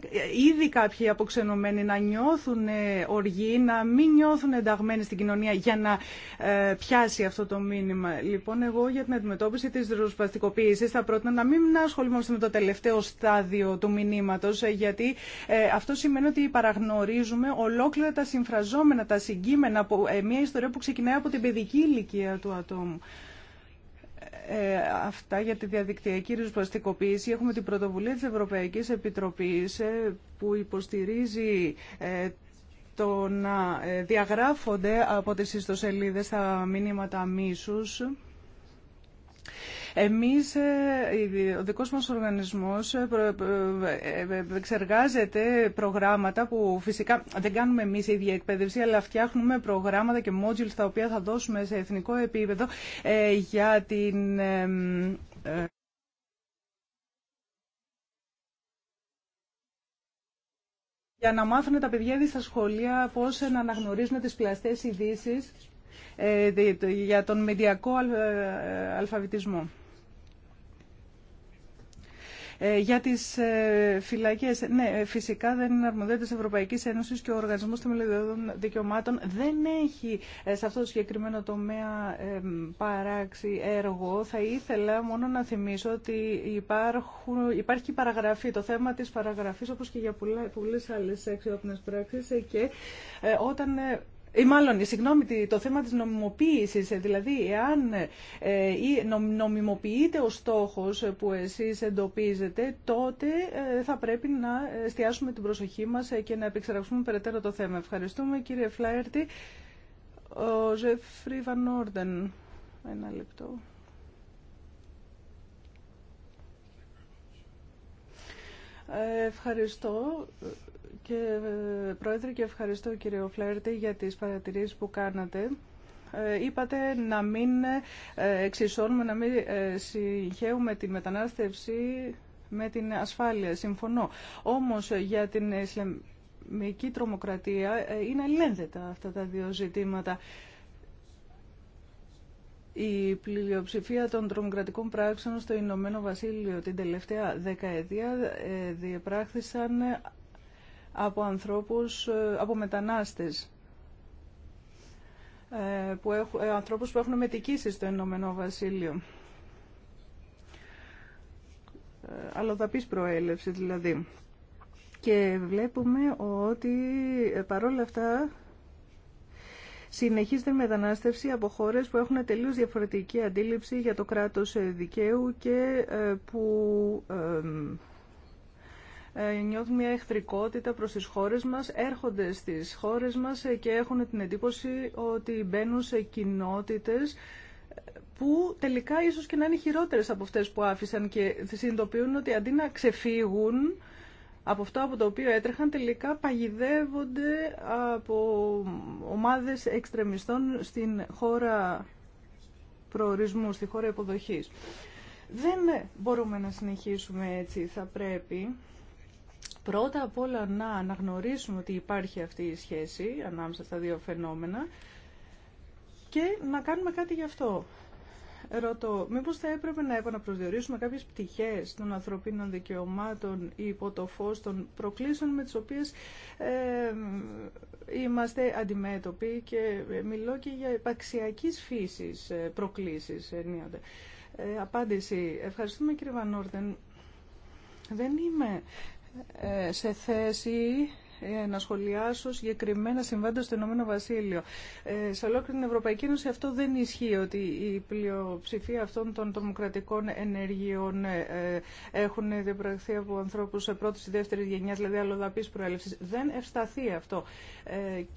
ήδη κάποιοι αποξενωμένοι να νιώθουν ε, οργή, να μην νιώθουν ενταγμένοι στην κοινωνία για να ε, πιάσει αυτό το μήνυμα. Λοιπόν, εγώ για την αντιμετώπιση τη ρουσπαστικοποίηση θα πρότεινα να μην ασχολούμαστε με το τελευταίο στάδιο του μήνυματο, ε, γιατί αυτό σημαίνει ότι παραγνωρίζουμε ολόκληρα τα συμφραζόμενα, τα συγκείμενα, μια ιστορία που ξεκινάει από την παιδική ηλικία του ατόμου. Ε, αυτά για τη διαδικτυακή ριζοσπαστικοποίηση. Έχουμε την πρωτοβουλία της Ευρωπαϊκής Επιτροπής ε, που υποστηρίζει ε, το να διαγράφονται από τις ιστοσελίδες τα μηνύματα μίσους. Εμείς, ε, ο δικός μας οργανισμός ε, ε, εξεργάζεται προγράμματα που φυσικά δεν κάνουμε εμείς η ίδια εκπαίδευση, αλλά φτιάχνουμε προγράμματα και modules τα οποία θα δώσουμε σε εθνικό επίπεδο για την για να μάθουν τα παιδιά ήδη στα σχολεία πώς να αναγνωρίζουν τις πλαστές ειδήσει για τον μεδιακό αλφαβητισμό. Ε, για τις ε, φυλακέ. ναι, ε, φυσικά δεν είναι αρμοδιότητα τη Ευρωπαϊκή Ένωση και ο Οργανισμός Θεμελιωδών Δικαιωμάτων δεν έχει σε αυτό το συγκεκριμένο τομέα παράξει έργο. Θα ήθελα μόνο να θυμίσω ότι υπάρχουν, υπάρχει και η παραγραφή, το θέμα της παραγραφή, όπως και για πολλές άλλες έξι πράξεις και όταν ή ε, μάλλον, συγγνώμη, το θέμα της νομιμοποίησης, ε, δηλαδή εάν ε, νομιμοποιείται ο στόχος που εσείς εντοπίζετε, τότε θα πρέπει να εστιάσουμε την προσοχή μας και να επεξεργαστούμε περαιτέρω το θέμα. Ευχαριστούμε κύριε Φλάερτη. Ο Ζεφρί Βανόρντεν, ένα λεπτό. Ευχαριστώ. Και, ε, Πρόεδρε, και ευχαριστώ κύριε Φλέρτη για τις παρατηρήσεις που κάνατε. Ε, είπατε να μην ε, εξισώνουμε, να μην συγχαίουμε τη μετανάστευση με την ασφάλεια. Συμφωνώ. Όμως για την Ισλαμική τρομοκρατία είναι αλληλένδετα αυτά τα δύο ζητήματα. Η πλειοψηφία των τρομοκρατικών πράξεων στο Ηνωμένο Βασίλειο την τελευταία δεκαετία διεπράχθησαν από ανθρώπους, ε, από μετανάστες ε, που έχουν, ε, ανθρώπους που έχουν μετικήσει στο Ενωμένο Βασίλειο. Αλλοδαπής προέλευση δηλαδή. Και βλέπουμε ότι παρόλα αυτά συνεχίζεται η μετανάστευση από χώρες που έχουν τελείως διαφορετική αντίληψη για το κράτος δικαίου και που ε, νιώθουν μια εχθρικότητα προς τις χώρες μας, έρχονται στις χώρες μας ε, και έχουν την εντύπωση ότι μπαίνουν σε κοινότητες ε, που τελικά ίσως και να είναι χειρότερες από αυτές που άφησαν και συνειδητοποιούν ότι αντί να ξεφύγουν από αυτό από το οποίο έτρεχαν τελικά παγιδεύονται από ομάδες εξτρεμιστών στην χώρα προορισμού, στη χώρα υποδοχής. Δεν μπορούμε να συνεχίσουμε έτσι, θα πρέπει Πρώτα απ' όλα να αναγνωρίσουμε ότι υπάρχει αυτή η σχέση ανάμεσα στα δύο φαινόμενα και να κάνουμε κάτι γι' αυτό. Ρωτώ, μήπως θα έπρεπε να επαναπροσδιορίσουμε κάποιες πτυχές των ανθρωπίνων δικαιωμάτων υπό το φως των προκλήσεων με τις οποίες ε, είμαστε αντιμέτωποι και ε, μιλώ και για υπαξιακής φύσης ε, προκλήσεις ενίοτε. Ε, απάντηση. Ευχαριστούμε κύριε Βανόρδεν. Δεν είμαι ε, σε θέση ε, να σχολιάσω συγκεκριμένα συμβάντα στο Ηνωμένο Βασίλειο. Ε, σε ολόκληρη την Ευρωπαϊκή Ένωση αυτό δεν ισχύει ότι η πλειοψηφία αυτών των τρομοκρατικών ενεργειών ε, έχουν διαπραγθεί από ανθρώπου πρώτη ή δεύτερη γενιά, δηλαδή αλλοδαπή προέλευση. Δεν ευσταθεί αυτό.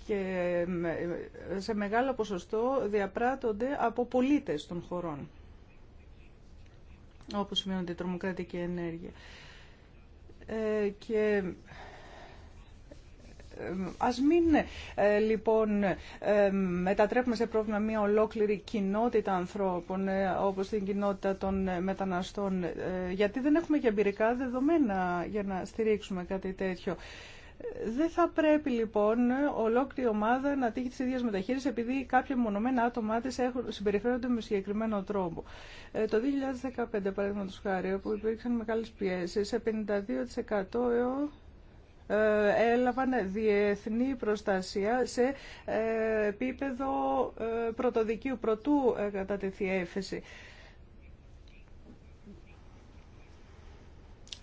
και σε μεγάλο ποσοστό διαπράττονται από πολίτε των χωρών όπως σημαίνονται τρομοκρατική ενέργεια. Ε, και Ας μην ε, λοιπόν μετατρέπουμε σε πρόβλημα μια ολόκληρη κοινότητα ανθρώπων ε, όπως την κοινότητα των μεταναστών γιατί δεν έχουμε και εμπειρικά δεδομένα για να στηρίξουμε κάτι τέτοιο. Δεν θα πρέπει λοιπόν ολόκληρη ομάδα να τύχει τη ίδια μεταχείριση επειδή κάποια μονομένα άτομα τη συμπεριφέρονται με συγκεκριμένο τρόπο. Ε, το 2015, παραδείγματο χάρη, που υπήρξαν μεγάλε πιέσει, σε 52% ε, έλαβαν διεθνή προστασία σε ε, επίπεδο πρωτοδικίου, πρωτού κατά κατατεθεί έφεση.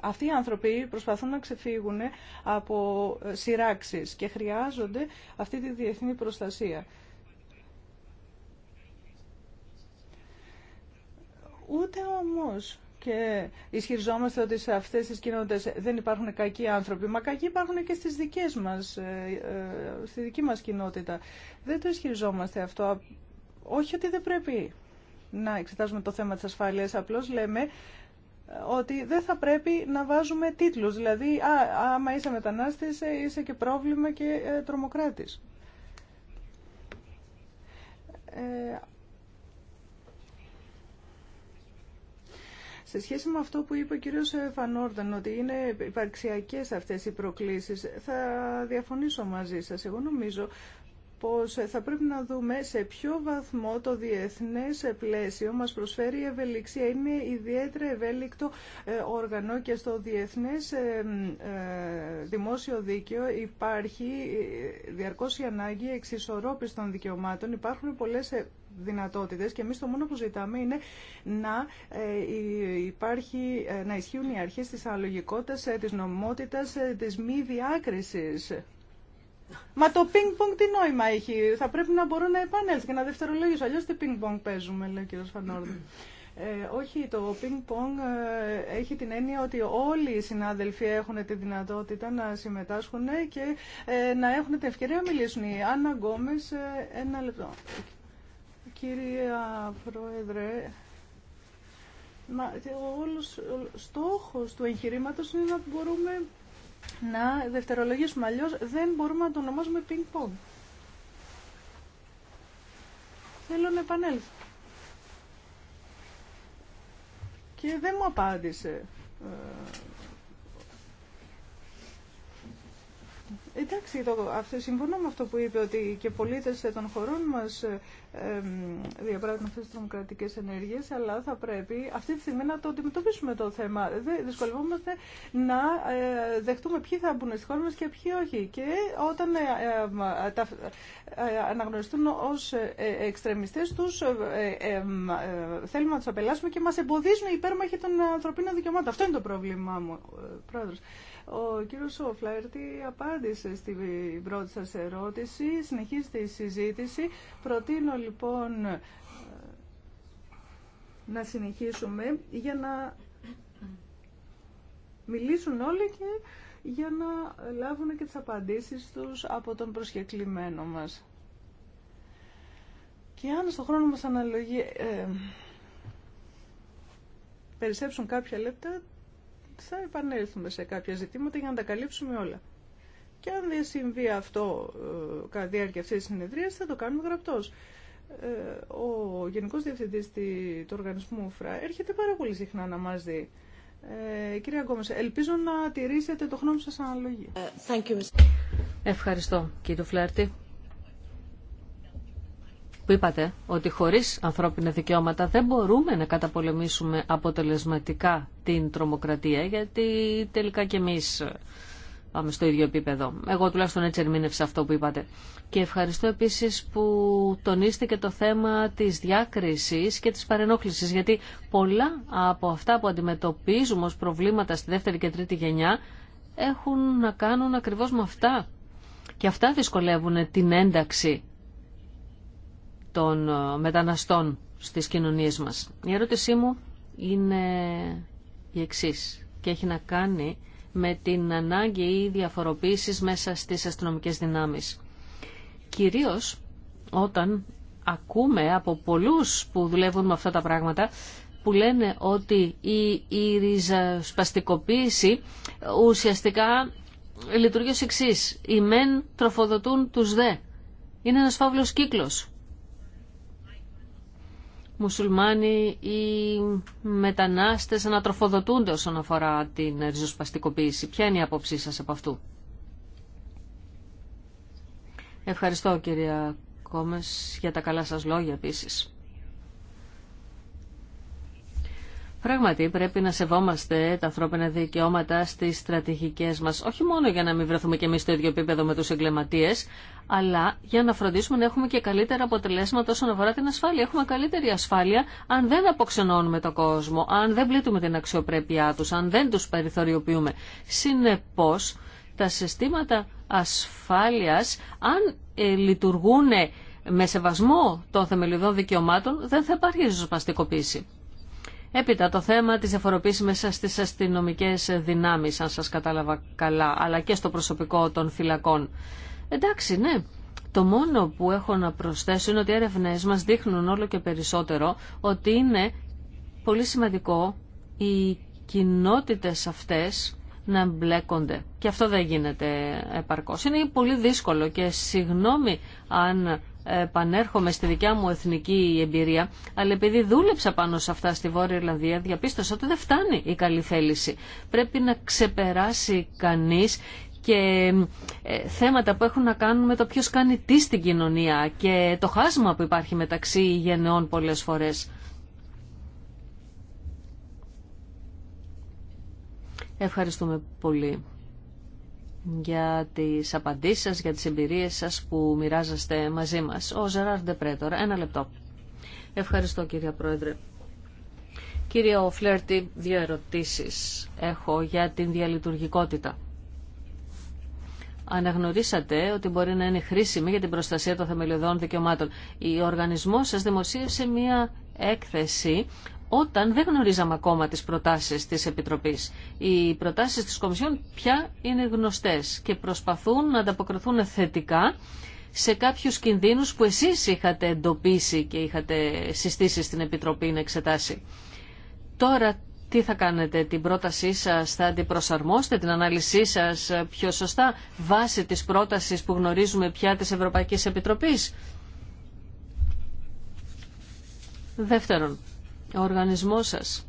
Αυτοί οι άνθρωποι προσπαθούν να ξεφύγουν από ε, σειράξεις και χρειάζονται αυτή τη διεθνή προστασία. Ούτε όμως και ισχυριζόμαστε ότι σε αυτές τις κοινότητες δεν υπάρχουν κακοί άνθρωποι. Μα κακοί υπάρχουν και στις δικές μας, ε, ε, στη δική μας κοινότητα. Δεν το ισχυριζόμαστε αυτό. Όχι ότι δεν πρέπει να εξετάζουμε το θέμα της ασφάλειας, απλώς λέμε ότι δεν θα πρέπει να βάζουμε τίτλους. Δηλαδή, α, άμα είσαι μετανάστης, ε, είσαι και πρόβλημα και ε, τρομοκράτης. Ε, σε σχέση με αυτό που είπε ο κύριος Φανόρδαν, ότι είναι υπαρξιακές αυτές οι προκλήσεις, θα διαφωνήσω μαζί σας. Εγώ νομίζω πως θα πρέπει να δούμε σε ποιο βαθμό το διεθνές πλαίσιο μας προσφέρει η ευελιξία. Είναι ιδιαίτερα ευέλικτο ε, όργανο και στο διεθνές ε, ε, δημόσιο δίκαιο υπάρχει διαρκώς η ανάγκη εξισορρόπης των δικαιωμάτων. Υπάρχουν πολλές δυνατότητες και εμείς το μόνο που ζητάμε είναι να, υπάρχει, να ισχύουν οι αρχές της αλογικότητας, της νομιμότητας, της μη διάκρισης Μα το πινκ-πονγκ τι νόημα έχει. Θα πρέπει να μπορώ να επανέλθω και να δευτερολογήσω. Αλλιώ τι πινκ-πονγκ παίζουμε, λέει ο κύριο Φανόρδη. Ε, όχι, το πινκ-πονγκ ε, έχει την έννοια ότι όλοι οι συνάδελφοι έχουν τη δυνατότητα να συμμετάσχουν και ε, να έχουν την ευκαιρία να μιλήσουν. Η Άννα Γκόμες, ε, ένα λεπτό. Κυρία Πρόεδρε, μα, ο όλος ο στόχος του εγχειρήματος είναι να μπορούμε να δευτερολογήσουμε. Αλλιώ δεν μπορούμε να το ονομάζουμε ping-pong. Θέλω να επανέλθω. Και δεν μου απάντησε ε, Εντάξει, το, αυτό, συμφωνώ με αυτό που είπε ότι και πολίτε των χωρών μα ε, ε, διαπράττουν αυτέ τι τρομοκρατικέ ενέργειε, αλλά θα πρέπει αυτή τη στιγμή να το αντιμετωπίσουμε το θέμα. Δεν δυσκολευόμαστε να ε, δεχτούμε ποιοι θα μπουν στη χώρα μα και ποιοι όχι. Και όταν ε, ε, τα, αναγνωριστούν ως εξτρεμιστές τους, θέλουμε να του απελάσουμε και μα εμποδίζουν οι υπέρμαχοι των ανθρωπίνων δικαιωμάτων. Αυτό είναι το πρόβλημά μου, πρόεδρος. Ο κύριος Σοφλαέρτη απάντησε στην πρώτη σας ερώτηση. Συνεχίζεται η συζήτηση. Προτείνω λοιπόν να συνεχίσουμε για να μιλήσουν όλοι και για να λάβουν και τις απαντήσεις τους από τον προσκεκλημένο μας. Και αν στο χρόνο μας αναλογεί ε, περισσέψουν κάποια λεπτά, θα επανέλθουμε σε κάποια ζητήματα για να τα καλύψουμε όλα. Και αν δεν συμβεί αυτό ε, κατά διάρκεια αυτής της συνεδρίας θα το κάνουμε γραπτός. Ε, ο Γενικός Διευθυντή του οργανισμού ΦΡΑ έρχεται πάρα πολύ συχνά να μας δει. Ε, κυρία Γκόμες, ελπίζω να τηρήσετε το χρόνο σας αναλογή. Ε, thank Ευχαριστώ κύριε Φλέρτη που είπατε ότι χωρίς ανθρώπινα δικαιώματα δεν μπορούμε να καταπολεμήσουμε αποτελεσματικά την τρομοκρατία γιατί τελικά και εμείς ε, πάμε στο ίδιο επίπεδο. Εγώ τουλάχιστον έτσι ερμήνευσα αυτό που είπατε. Και ευχαριστώ επίσης που τονίστε το θέμα της διάκρισης και της παρενόχλησης, γιατί πολλά από αυτά που αντιμετωπίζουμε ως προβλήματα στη δεύτερη και τρίτη γενιά έχουν να κάνουν ακριβώς με αυτά. Και αυτά δυσκολεύουν την ένταξη των ε, μεταναστών στις κοινωνίες μας. Η ερώτησή μου είναι η εξής και έχει να κάνει με την ανάγκη ή διαφοροποίησης μέσα στις αστυνομικές δυνάμεις. Κυρίως όταν ακούμε από πολλούς που δουλεύουν με αυτά τα πράγματα που λένε ότι η, η ριζασπαστικοποίηση ουσιαστικά λειτουργεί ως εξής. Οι μεν τροφοδοτούν τους δε. Είναι ένας φαύλος κύκλος μουσουλμάνοι ή μετανάστες ανατροφοδοτούνται όσον αφορά την ριζοσπαστικοποίηση. Ποια είναι η άποψή σας από αυτού. Ευχαριστώ κυρία Κόμες για τα καλά σας λόγια επίσης. Πράγματι πρέπει να σεβόμαστε τα ανθρώπινα δικαιώματα στις στρατηγικές μας, όχι μόνο για να μην βρεθούμε και εμείς στο ίδιο επίπεδο με τους εγκληματίες, αλλά για να φροντίσουμε να έχουμε και καλύτερα αποτελέσματα όσον αφορά την ασφάλεια. Έχουμε καλύτερη ασφάλεια αν δεν αποξενώνουμε τον κόσμο, αν δεν πλήττουμε την αξιοπρέπειά τους, αν δεν τους περιθωριοποιούμε. Συνεπώς, τα συστήματα ασφάλειας, αν ε, λειτουργούν ε, με σεβασμό των θεμελιωδών δικαιωμάτων, δεν θα υπάρχει ζωσπαστικοποίηση. Έπειτα το θέμα της διαφοροποίηση μέσα στις αστυνομικές δυνάμεις, αν σας κατάλαβα καλά, αλλά και στο προσωπικό των φυλακών. Εντάξει, ναι. Το μόνο που έχω να προσθέσω είναι ότι οι έρευνες μας δείχνουν όλο και περισσότερο ότι είναι πολύ σημαντικό οι κοινότητες αυτές να μπλέκονται. Και αυτό δεν γίνεται επαρκώς. Είναι πολύ δύσκολο και συγγνώμη αν επανέρχομαι στη δικιά μου εθνική εμπειρία, αλλά επειδή δούλεψα πάνω σε αυτά στη Βόρεια Ιρλανδία, διαπίστωσα ότι δεν φτάνει η καλή θέληση. Πρέπει να ξεπεράσει κανείς και ε, θέματα που έχουν να κάνουν με το ποιος κάνει τι στην κοινωνία και το χάσμα που υπάρχει μεταξύ γενεών πολλές φορές. Ευχαριστούμε πολύ για τις απαντήσεις σας, για τις εμπειρίες σας που μοιράζεστε μαζί μας. Ο Ζεράρ Ντεπρέτορα, ένα λεπτό. Ευχαριστώ κύριε Πρόεδρε. Κύριε Φλέρτη, δύο ερωτήσεις έχω για την διαλειτουργικότητα αναγνωρίσατε ότι μπορεί να είναι χρήσιμη για την προστασία των θεμελιωδών δικαιωμάτων. Ο οργανισμός σας δημοσίευσε μία έκθεση όταν δεν γνωρίζαμε ακόμα τις προτάσεις της Επιτροπής. Οι προτάσεις της Κομισιόν πια είναι γνωστές και προσπαθούν να ανταποκριθούν θετικά σε κάποιους κινδύνους που εσείς είχατε εντοπίσει και είχατε συστήσει στην Επιτροπή να εξετάσει. Τώρα τι θα κάνετε, την πρότασή σας θα την προσαρμόσετε, την ανάλυση σας πιο σωστά, βάσει της πρότασης που γνωρίζουμε πια της Ευρωπαϊκής Επιτροπής. Δεύτερον, ο οργανισμός σας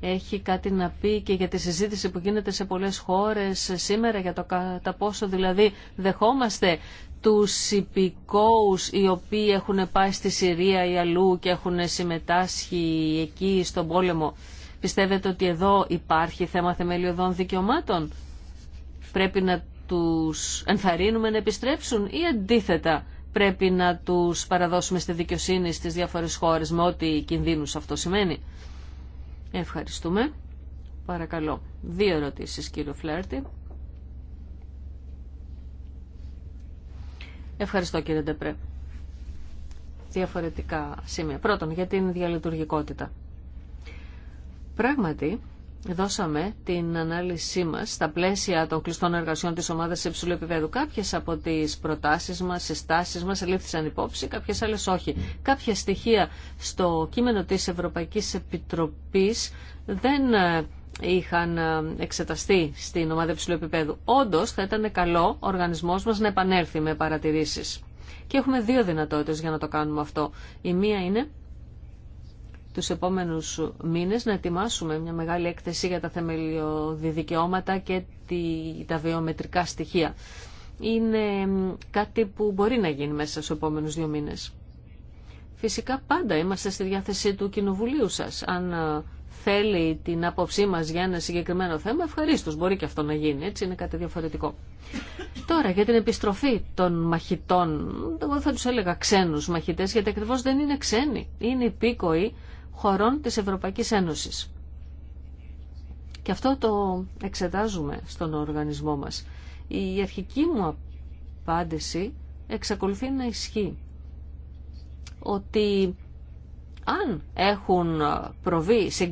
έχει κάτι να πει και για τη συζήτηση που γίνεται σε πολλές χώρες σήμερα για το κατά πόσο δηλαδή δεχόμαστε τους υπηκόους οι οποίοι έχουν πάει στη Συρία ή αλλού και έχουν συμμετάσχει εκεί στον πόλεμο. Πιστεύετε ότι εδώ υπάρχει θέμα θεμελιωδών δικαιωμάτων. Πρέπει να τους ενθαρρύνουμε να επιστρέψουν ή αντίθετα πρέπει να τους παραδώσουμε στη δικαιοσύνη στις διάφορες χώρες με ό,τι κινδύνους αυτό σημαίνει. Ευχαριστούμε. Παρακαλώ. Δύο ερωτήσεις κύριο Φλέρτη. Ευχαριστώ κύριε Ντεπρέ. Διαφορετικά σημεία. Πρώτον, για την διαλειτουργικότητα. Πράγματι, δώσαμε την ανάλυση μας στα πλαίσια των κλειστών εργασιών της ομάδας σε υψηλό επίπεδο. Κάποιες από τις προτάσεις μας, συστάσεις μας λήφθησαν υπόψη, κάποιες άλλες όχι. Κάποια στοιχεία στο κείμενο της Ευρωπαϊκής Επιτροπής δεν ε, είχαν ε, εξεταστεί στην ομάδα υψηλού επίπεδου. Όντως θα ήταν καλό ο οργανισμός μας να επανέλθει με παρατηρήσεις. Και έχουμε δύο δυνατότητες για να το κάνουμε αυτό. Η μία είναι του επόμενους μήνες να ετοιμάσουμε μια μεγάλη έκθεση για τα θεμελιώδη δικαιώματα και τα βιομετρικά στοιχεία. Είναι κάτι που μπορεί να γίνει μέσα στους επόμενους δύο μήνες. Φυσικά πάντα είμαστε στη διάθεση του Κοινοβουλίου σας. Αν ε, θέλει την άποψή μας για ένα συγκεκριμένο θέμα, ευχαρίστως μπορεί και αυτό να γίνει, έτσι είναι κάτι διαφορετικό. Τώρα για την επιστροφή των μαχητών, εγώ θα τους έλεγα ξένους μαχητές, γιατί ακριβώ δεν είναι ξένοι, είναι υπήκοοι χωρών της Ευρωπαϊκής Ένωσης. Και αυτό το εξετάζουμε στον οργανισμό μας. Η αρχική μου απάντηση εξακολουθεί να ισχύει ότι αν έχουν προβεί σε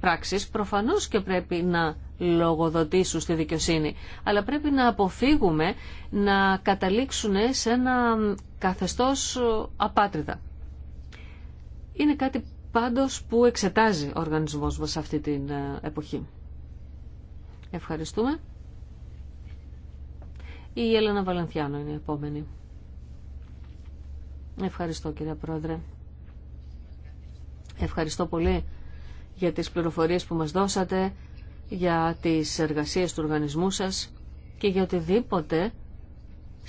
πράξεις, προφανώς και πρέπει να λογοδοτήσουν στη δικαιοσύνη. Αλλά πρέπει να αποφύγουμε να καταλήξουν σε ένα καθεστώς απάτριδα. Είναι κάτι πάντως που εξετάζει ο οργανισμός μας αυτή την ε, εποχή. Ευχαριστούμε. Η Έλενα Βαλανθιάνο είναι η επόμενη. Ευχαριστώ κύριε Πρόεδρε. Ευχαριστώ πολύ για τις πληροφορίες που μας δώσατε, για τις εργασίες του οργανισμού σας και για οτιδήποτε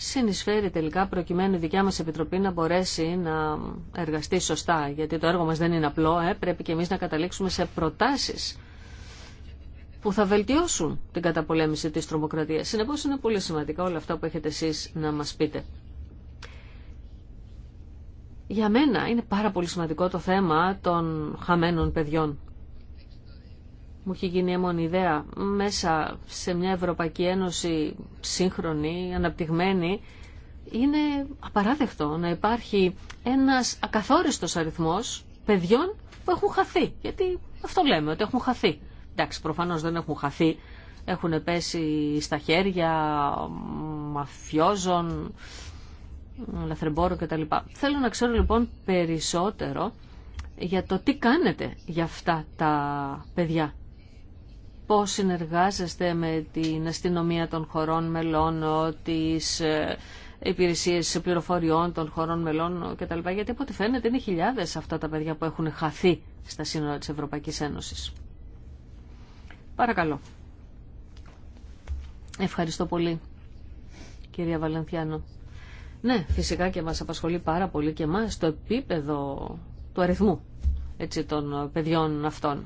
συνεισφέρει τελικά προκειμένου η δικιά μας Επιτροπή να μπορέσει να εργαστεί σωστά. Γιατί το έργο μας δεν είναι απλό, ε. πρέπει και εμείς να καταλήξουμε σε προτάσεις που θα βελτιώσουν την καταπολέμηση της τρομοκρατίας. Συνεπώς είναι πολύ σημαντικά όλα αυτά που έχετε εσείς να μας πείτε. Για μένα είναι πάρα πολύ σημαντικό το θέμα των χαμένων παιδιών μου έχει γίνει έμονη ιδέα μέσα σε μια Ευρωπαϊκή Ένωση σύγχρονη, αναπτυγμένη, είναι απαράδεκτο να υπάρχει ένας ακαθόριστος αριθμός παιδιών που έχουν χαθεί. Γιατί αυτό λέμε, ότι έχουν χαθεί. Εντάξει, προφανώς δεν έχουν χαθεί. Έχουν πέσει στα χέρια μαφιόζων, λαθρεμπόρων κτλ. Θέλω να ξέρω λοιπόν περισσότερο για το τι κάνετε για αυτά τα παιδιά πώς συνεργάζεστε με την αστυνομία των χωρών μελών, τις ε, υπηρεσίες πληροφοριών των χωρών μελών κτλ. Γιατί από ό,τι φαίνεται είναι χιλιάδες αυτά τα παιδιά που έχουν χαθεί στα σύνορα της Ευρωπαϊκής Ένωσης. Παρακαλώ. Ευχαριστώ πολύ, κυρία Βαλανθιάνο. Ναι, φυσικά και μας απασχολεί πάρα πολύ και μας το επίπεδο του αριθμού έτσι, των παιδιών αυτών.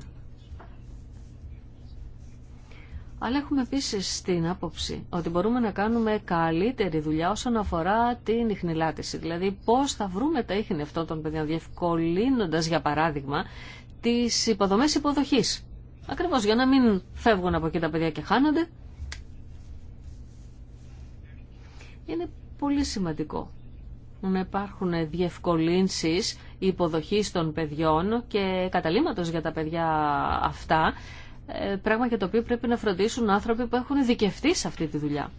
Αλλά έχουμε επίση την άποψη ότι μπορούμε να κάνουμε καλύτερη δουλειά όσον αφορά την ιχνηλάτηση. Δηλαδή, πώ θα βρούμε τα ίχνη αυτών των παιδιών, διευκολύνοντα, για παράδειγμα, τι υποδομέ υποδοχή. Ακριβώ για να μην φεύγουν από εκεί τα παιδιά και χάνονται. Είναι πολύ σημαντικό να υπάρχουν διευκολύνσεις υποδοχής των παιδιών και καταλήμματος για τα παιδιά αυτά ε, πράγμα για το οποίο πρέπει να φροντίσουν άνθρωποι που έχουν ειδικευτεί σε αυτή τη δουλειά.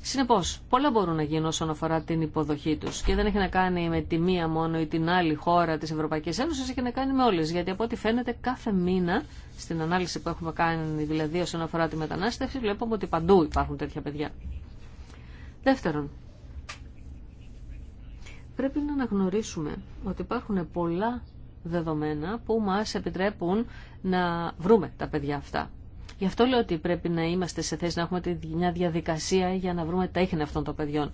Συνεπώ, πολλά μπορούν να γίνουν όσον αφορά την υποδοχή του και δεν έχει να κάνει με τη μία μόνο ή την άλλη χώρα τη Ευρωπαϊκή Ένωση, έχει να κάνει με όλε. Γιατί από ό,τι φαίνεται, κάθε μήνα, στην ανάλυση που έχουμε κάνει, δηλαδή όσον αφορά τη μετανάστευση, βλέπουμε ότι παντού υπάρχουν τέτοια παιδιά. Δεύτερον, πρέπει να αναγνωρίσουμε ότι υπάρχουν πολλά δεδομένα που μας επιτρέπουν να βρούμε τα παιδιά αυτά. Γι' αυτό λέω ότι πρέπει να είμαστε σε θέση να έχουμε μια διαδικασία για να βρούμε τα ίχνη αυτών των παιδιών.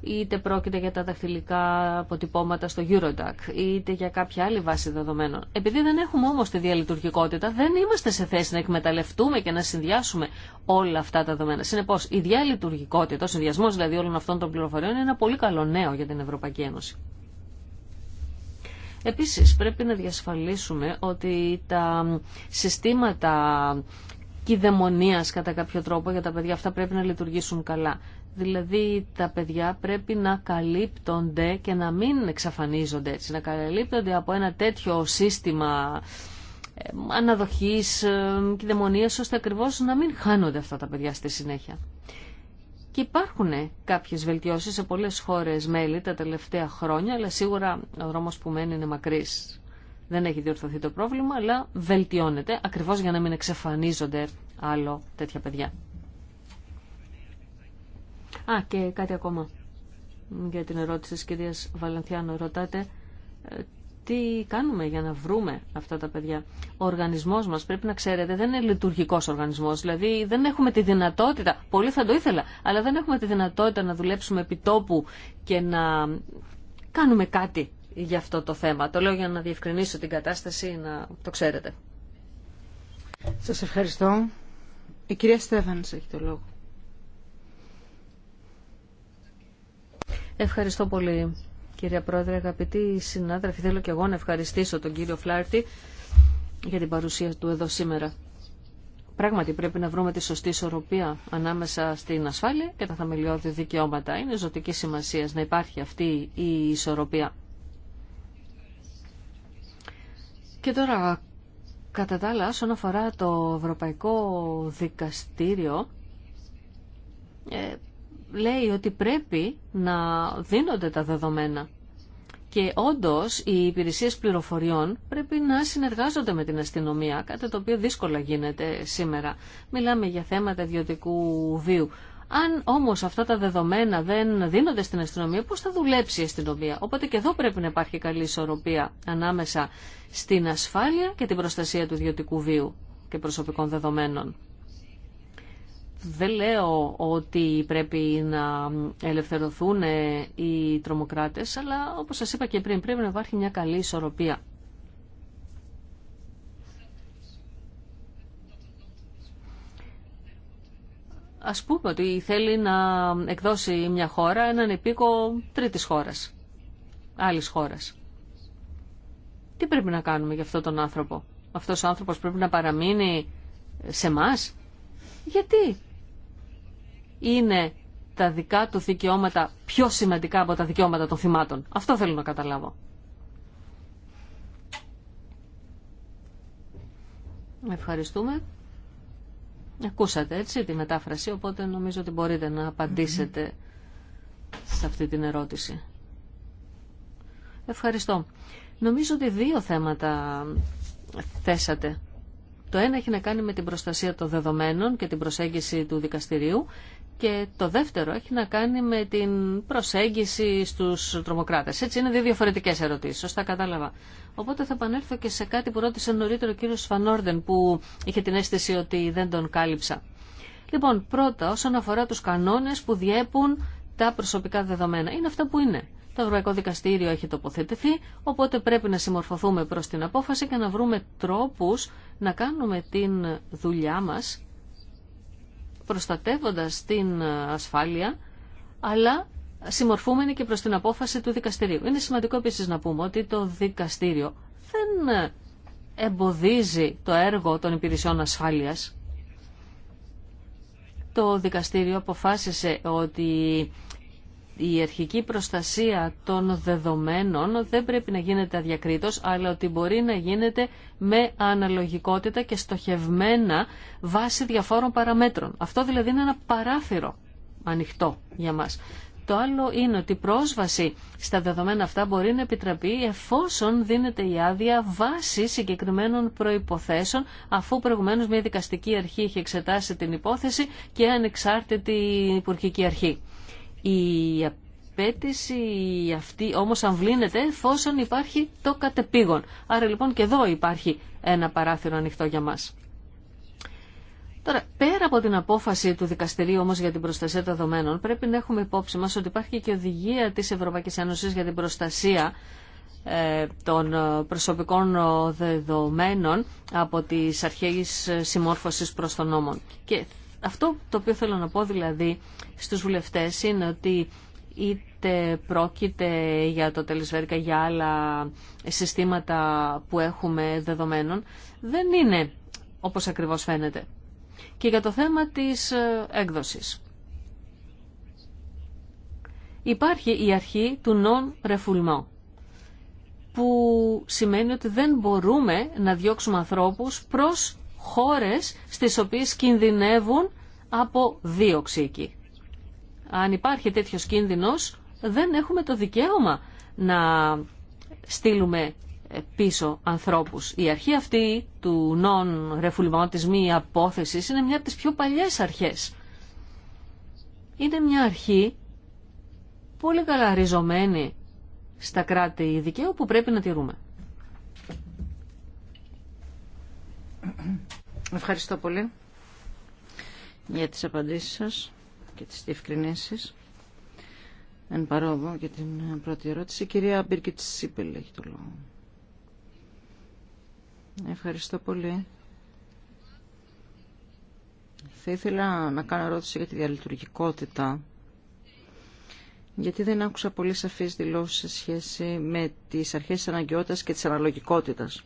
Είτε πρόκειται για τα δαχτυλικά αποτυπώματα στο Eurodac, είτε για κάποια άλλη βάση δεδομένων. Επειδή δεν έχουμε όμω τη διαλειτουργικότητα, δεν είμαστε σε θέση να εκμεταλλευτούμε και να συνδυάσουμε όλα αυτά τα δεδομένα. Συνεπώ, η διαλειτουργικότητα, ο συνδυασμό δηλαδή όλων αυτών των πληροφοριών είναι ένα πολύ καλό νέο για την Ευρωπαϊκή Ένωση. Επίσης πρέπει να διασφαλίσουμε ότι τα συστήματα κυδαιμονίας κατά κάποιο τρόπο για τα παιδιά αυτά πρέπει να λειτουργήσουν καλά. Δηλαδή τα παιδιά πρέπει να καλύπτονται και να μην εξαφανίζονται έτσι, να καλύπτονται από ένα τέτοιο σύστημα ε, αναδοχής ε, και ώστε ακριβώς να μην χάνονται αυτά τα παιδιά στη συνέχεια. Και υπάρχουν κάποιε βελτιώσεις σε πολλές χώρες μέλη τα τελευταία χρόνια, αλλά σίγουρα ο δρόμος που μένει είναι μακρύ, Δεν έχει διορθωθεί το πρόβλημα, αλλά βελτιώνεται, ακριβώς για να μην εξαφανίζονται άλλο τέτοια παιδιά. Α, και κάτι ακόμα για την ερώτηση της κυρίας Βαλανθιάνο. Ρωτάτε ε, τι κάνουμε για να βρούμε αυτά τα παιδιά. Ο οργανισμός μας, πρέπει να ξέρετε, δεν είναι λειτουργικός οργανισμός. Δηλαδή δεν έχουμε τη δυνατότητα, πολύ θα το ήθελα, αλλά δεν έχουμε τη δυνατότητα να δουλέψουμε επί τόπου και να κάνουμε κάτι για αυτό το θέμα. Το λέω για να διευκρινίσω την κατάσταση, να το ξέρετε. Σας ευχαριστώ. Η κυρία Στέφανης έχει το λόγο. Ευχαριστώ πολύ Κύριε Πρόεδρε, αγαπητοί συνάδελφοι, θέλω και εγώ να ευχαριστήσω τον κύριο Φλάρτη για την παρουσία του εδώ σήμερα. Πράγματι πρέπει να βρούμε τη σωστή ισορροπία ανάμεσα στην ασφάλεια και τα θεμελιώδη δικαιώματα. Είναι ζωτική σημασία να υπάρχει αυτή η ισορροπία. Και τώρα, κατά τα άλλα, όσον αφορά το Ευρωπαϊκό Δικαστήριο, ε, λέει ότι πρέπει να δίνονται τα δεδομένα. Και όντως οι υπηρεσίες πληροφοριών πρέπει να συνεργάζονται με την αστυνομία, κάτι το οποίο δύσκολα γίνεται σήμερα. Μιλάμε για θέματα ιδιωτικού βίου. Αν όμως αυτά τα δεδομένα δεν δίνονται στην αστυνομία, πώς θα δουλέψει η αστυνομία. Οπότε και εδώ πρέπει να υπάρχει καλή ισορροπία ανάμεσα στην ασφάλεια και την προστασία του ιδιωτικού βίου και προσωπικών δεδομένων. Δεν λέω ότι πρέπει να ελευθερωθούν οι τρομοκράτες, αλλά όπως σας είπα και πριν, πρέπει να υπάρχει μια καλή ισορροπία. Ας πούμε ότι θέλει να εκδώσει μια χώρα έναν επίκο τρίτης χώρας, άλλης χώρας. Τι πρέπει να κάνουμε για αυτόν τον άνθρωπο. Αυτός ο άνθρωπος πρέπει να παραμείνει σε μας. Γιατί είναι τα δικά του δικαιώματα πιο σημαντικά από τα δικαιώματα των θυμάτων. Αυτό θέλω να καταλάβω. Ευχαριστούμε. Ακούσατε έτσι τη μετάφραση, οπότε νομίζω ότι μπορείτε να απαντήσετε σε αυτή την ερώτηση. Ευχαριστώ. Νομίζω ότι δύο θέματα θέσατε. Το ένα έχει να κάνει με την προστασία των δεδομένων και την προσέγγιση του δικαστηρίου και το δεύτερο έχει να κάνει με την προσέγγιση στους τρομοκράτες. Έτσι είναι δύο διαφορετικές ερωτήσεις, σωστά κατάλαβα. Οπότε θα επανέλθω και σε κάτι που ρώτησε νωρίτερο ο κύριος Φανόρδεν... που είχε την αίσθηση ότι δεν τον κάλυψα. Λοιπόν, πρώτα όσον αφορά τους κανόνες που διέπουν τα προσωπικά δεδομένα. Είναι αυτά που είναι. Το Ευρωπαϊκό Δικαστήριο έχει τοποθετηθεί, οπότε πρέπει να συμμορφωθούμε προς την απόφαση και να βρούμε τρόπους να κάνουμε την δουλειά μας προστατεύοντας την ασφάλεια, αλλά συμμορφούμενοι και προς την απόφαση του δικαστηρίου. Είναι σημαντικό επίσης να πούμε ότι το δικαστήριο δεν εμποδίζει το έργο των υπηρεσιών ασφάλειας. Το δικαστήριο αποφάσισε ότι η αρχική προστασία των δεδομένων δεν πρέπει να γίνεται αδιακρίτως, αλλά ότι μπορεί να γίνεται με αναλογικότητα και στοχευμένα βάσει διαφόρων παραμέτρων. Αυτό δηλαδή είναι ένα παράθυρο ανοιχτό για μας. Το άλλο είναι ότι η πρόσβαση στα δεδομένα αυτά μπορεί να επιτραπεί εφόσον δίνεται η άδεια βάση συγκεκριμένων προϋποθέσεων αφού προηγουμένως μια δικαστική αρχή είχε εξετάσει την υπόθεση και ανεξάρτητη υπουργική αρχή. Η απέτηση αυτή όμως αμβλύνεται εφόσον υπάρχει το κατεπήγον. Άρα λοιπόν και εδώ υπάρχει ένα παράθυρο ανοιχτό για μας. Τώρα, πέρα από την απόφαση του δικαστηρίου όμως για την προστασία των δεδομένων, πρέπει να έχουμε υπόψη μας ότι υπάρχει και οδηγία της Ευρωπαϊκής Ένωση για την προστασία ε, των προσωπικών δεδομένων από τις αρχές συμμόρφωσης προς τον νόμο. Αυτό το οποίο θέλω να πω δηλαδή στους βουλευτές είναι ότι είτε πρόκειται για το τελεσβέρικα για άλλα συστήματα που έχουμε δεδομένων, δεν είναι όπως ακριβώς φαίνεται. Και για το θέμα της ε, έκδοσης. Υπάρχει η αρχή του non-refoulement, που σημαίνει ότι δεν μπορούμε να διώξουμε ανθρώπους προς χώρες στις οποίες κινδυνεύουν από δίωξη εκεί. Αν υπάρχει τέτοιος κίνδυνος, δεν έχουμε το δικαίωμα να στείλουμε πίσω ανθρώπους. Η αρχή αυτή του non μία απόθεσης είναι μια από τις πιο παλιές αρχές. Είναι μια αρχή πολύ καλά ριζωμένη στα κράτη δικαίου που πρέπει να τηρούμε. Ευχαριστώ πολύ για τις απαντήσεις σας και τις διευκρινήσεις. Εν παρόδο για την πρώτη ερώτηση. Η κυρία Μπίρκετ Σίπελ έχει το λόγο. Ευχαριστώ πολύ. Θα ήθελα να κάνω ερώτηση για τη διαλειτουργικότητα γιατί δεν άκουσα πολύ σαφείς δηλώσεις σε σχέση με τις αρχές της αναγκαιότητας και της αναλογικότητας.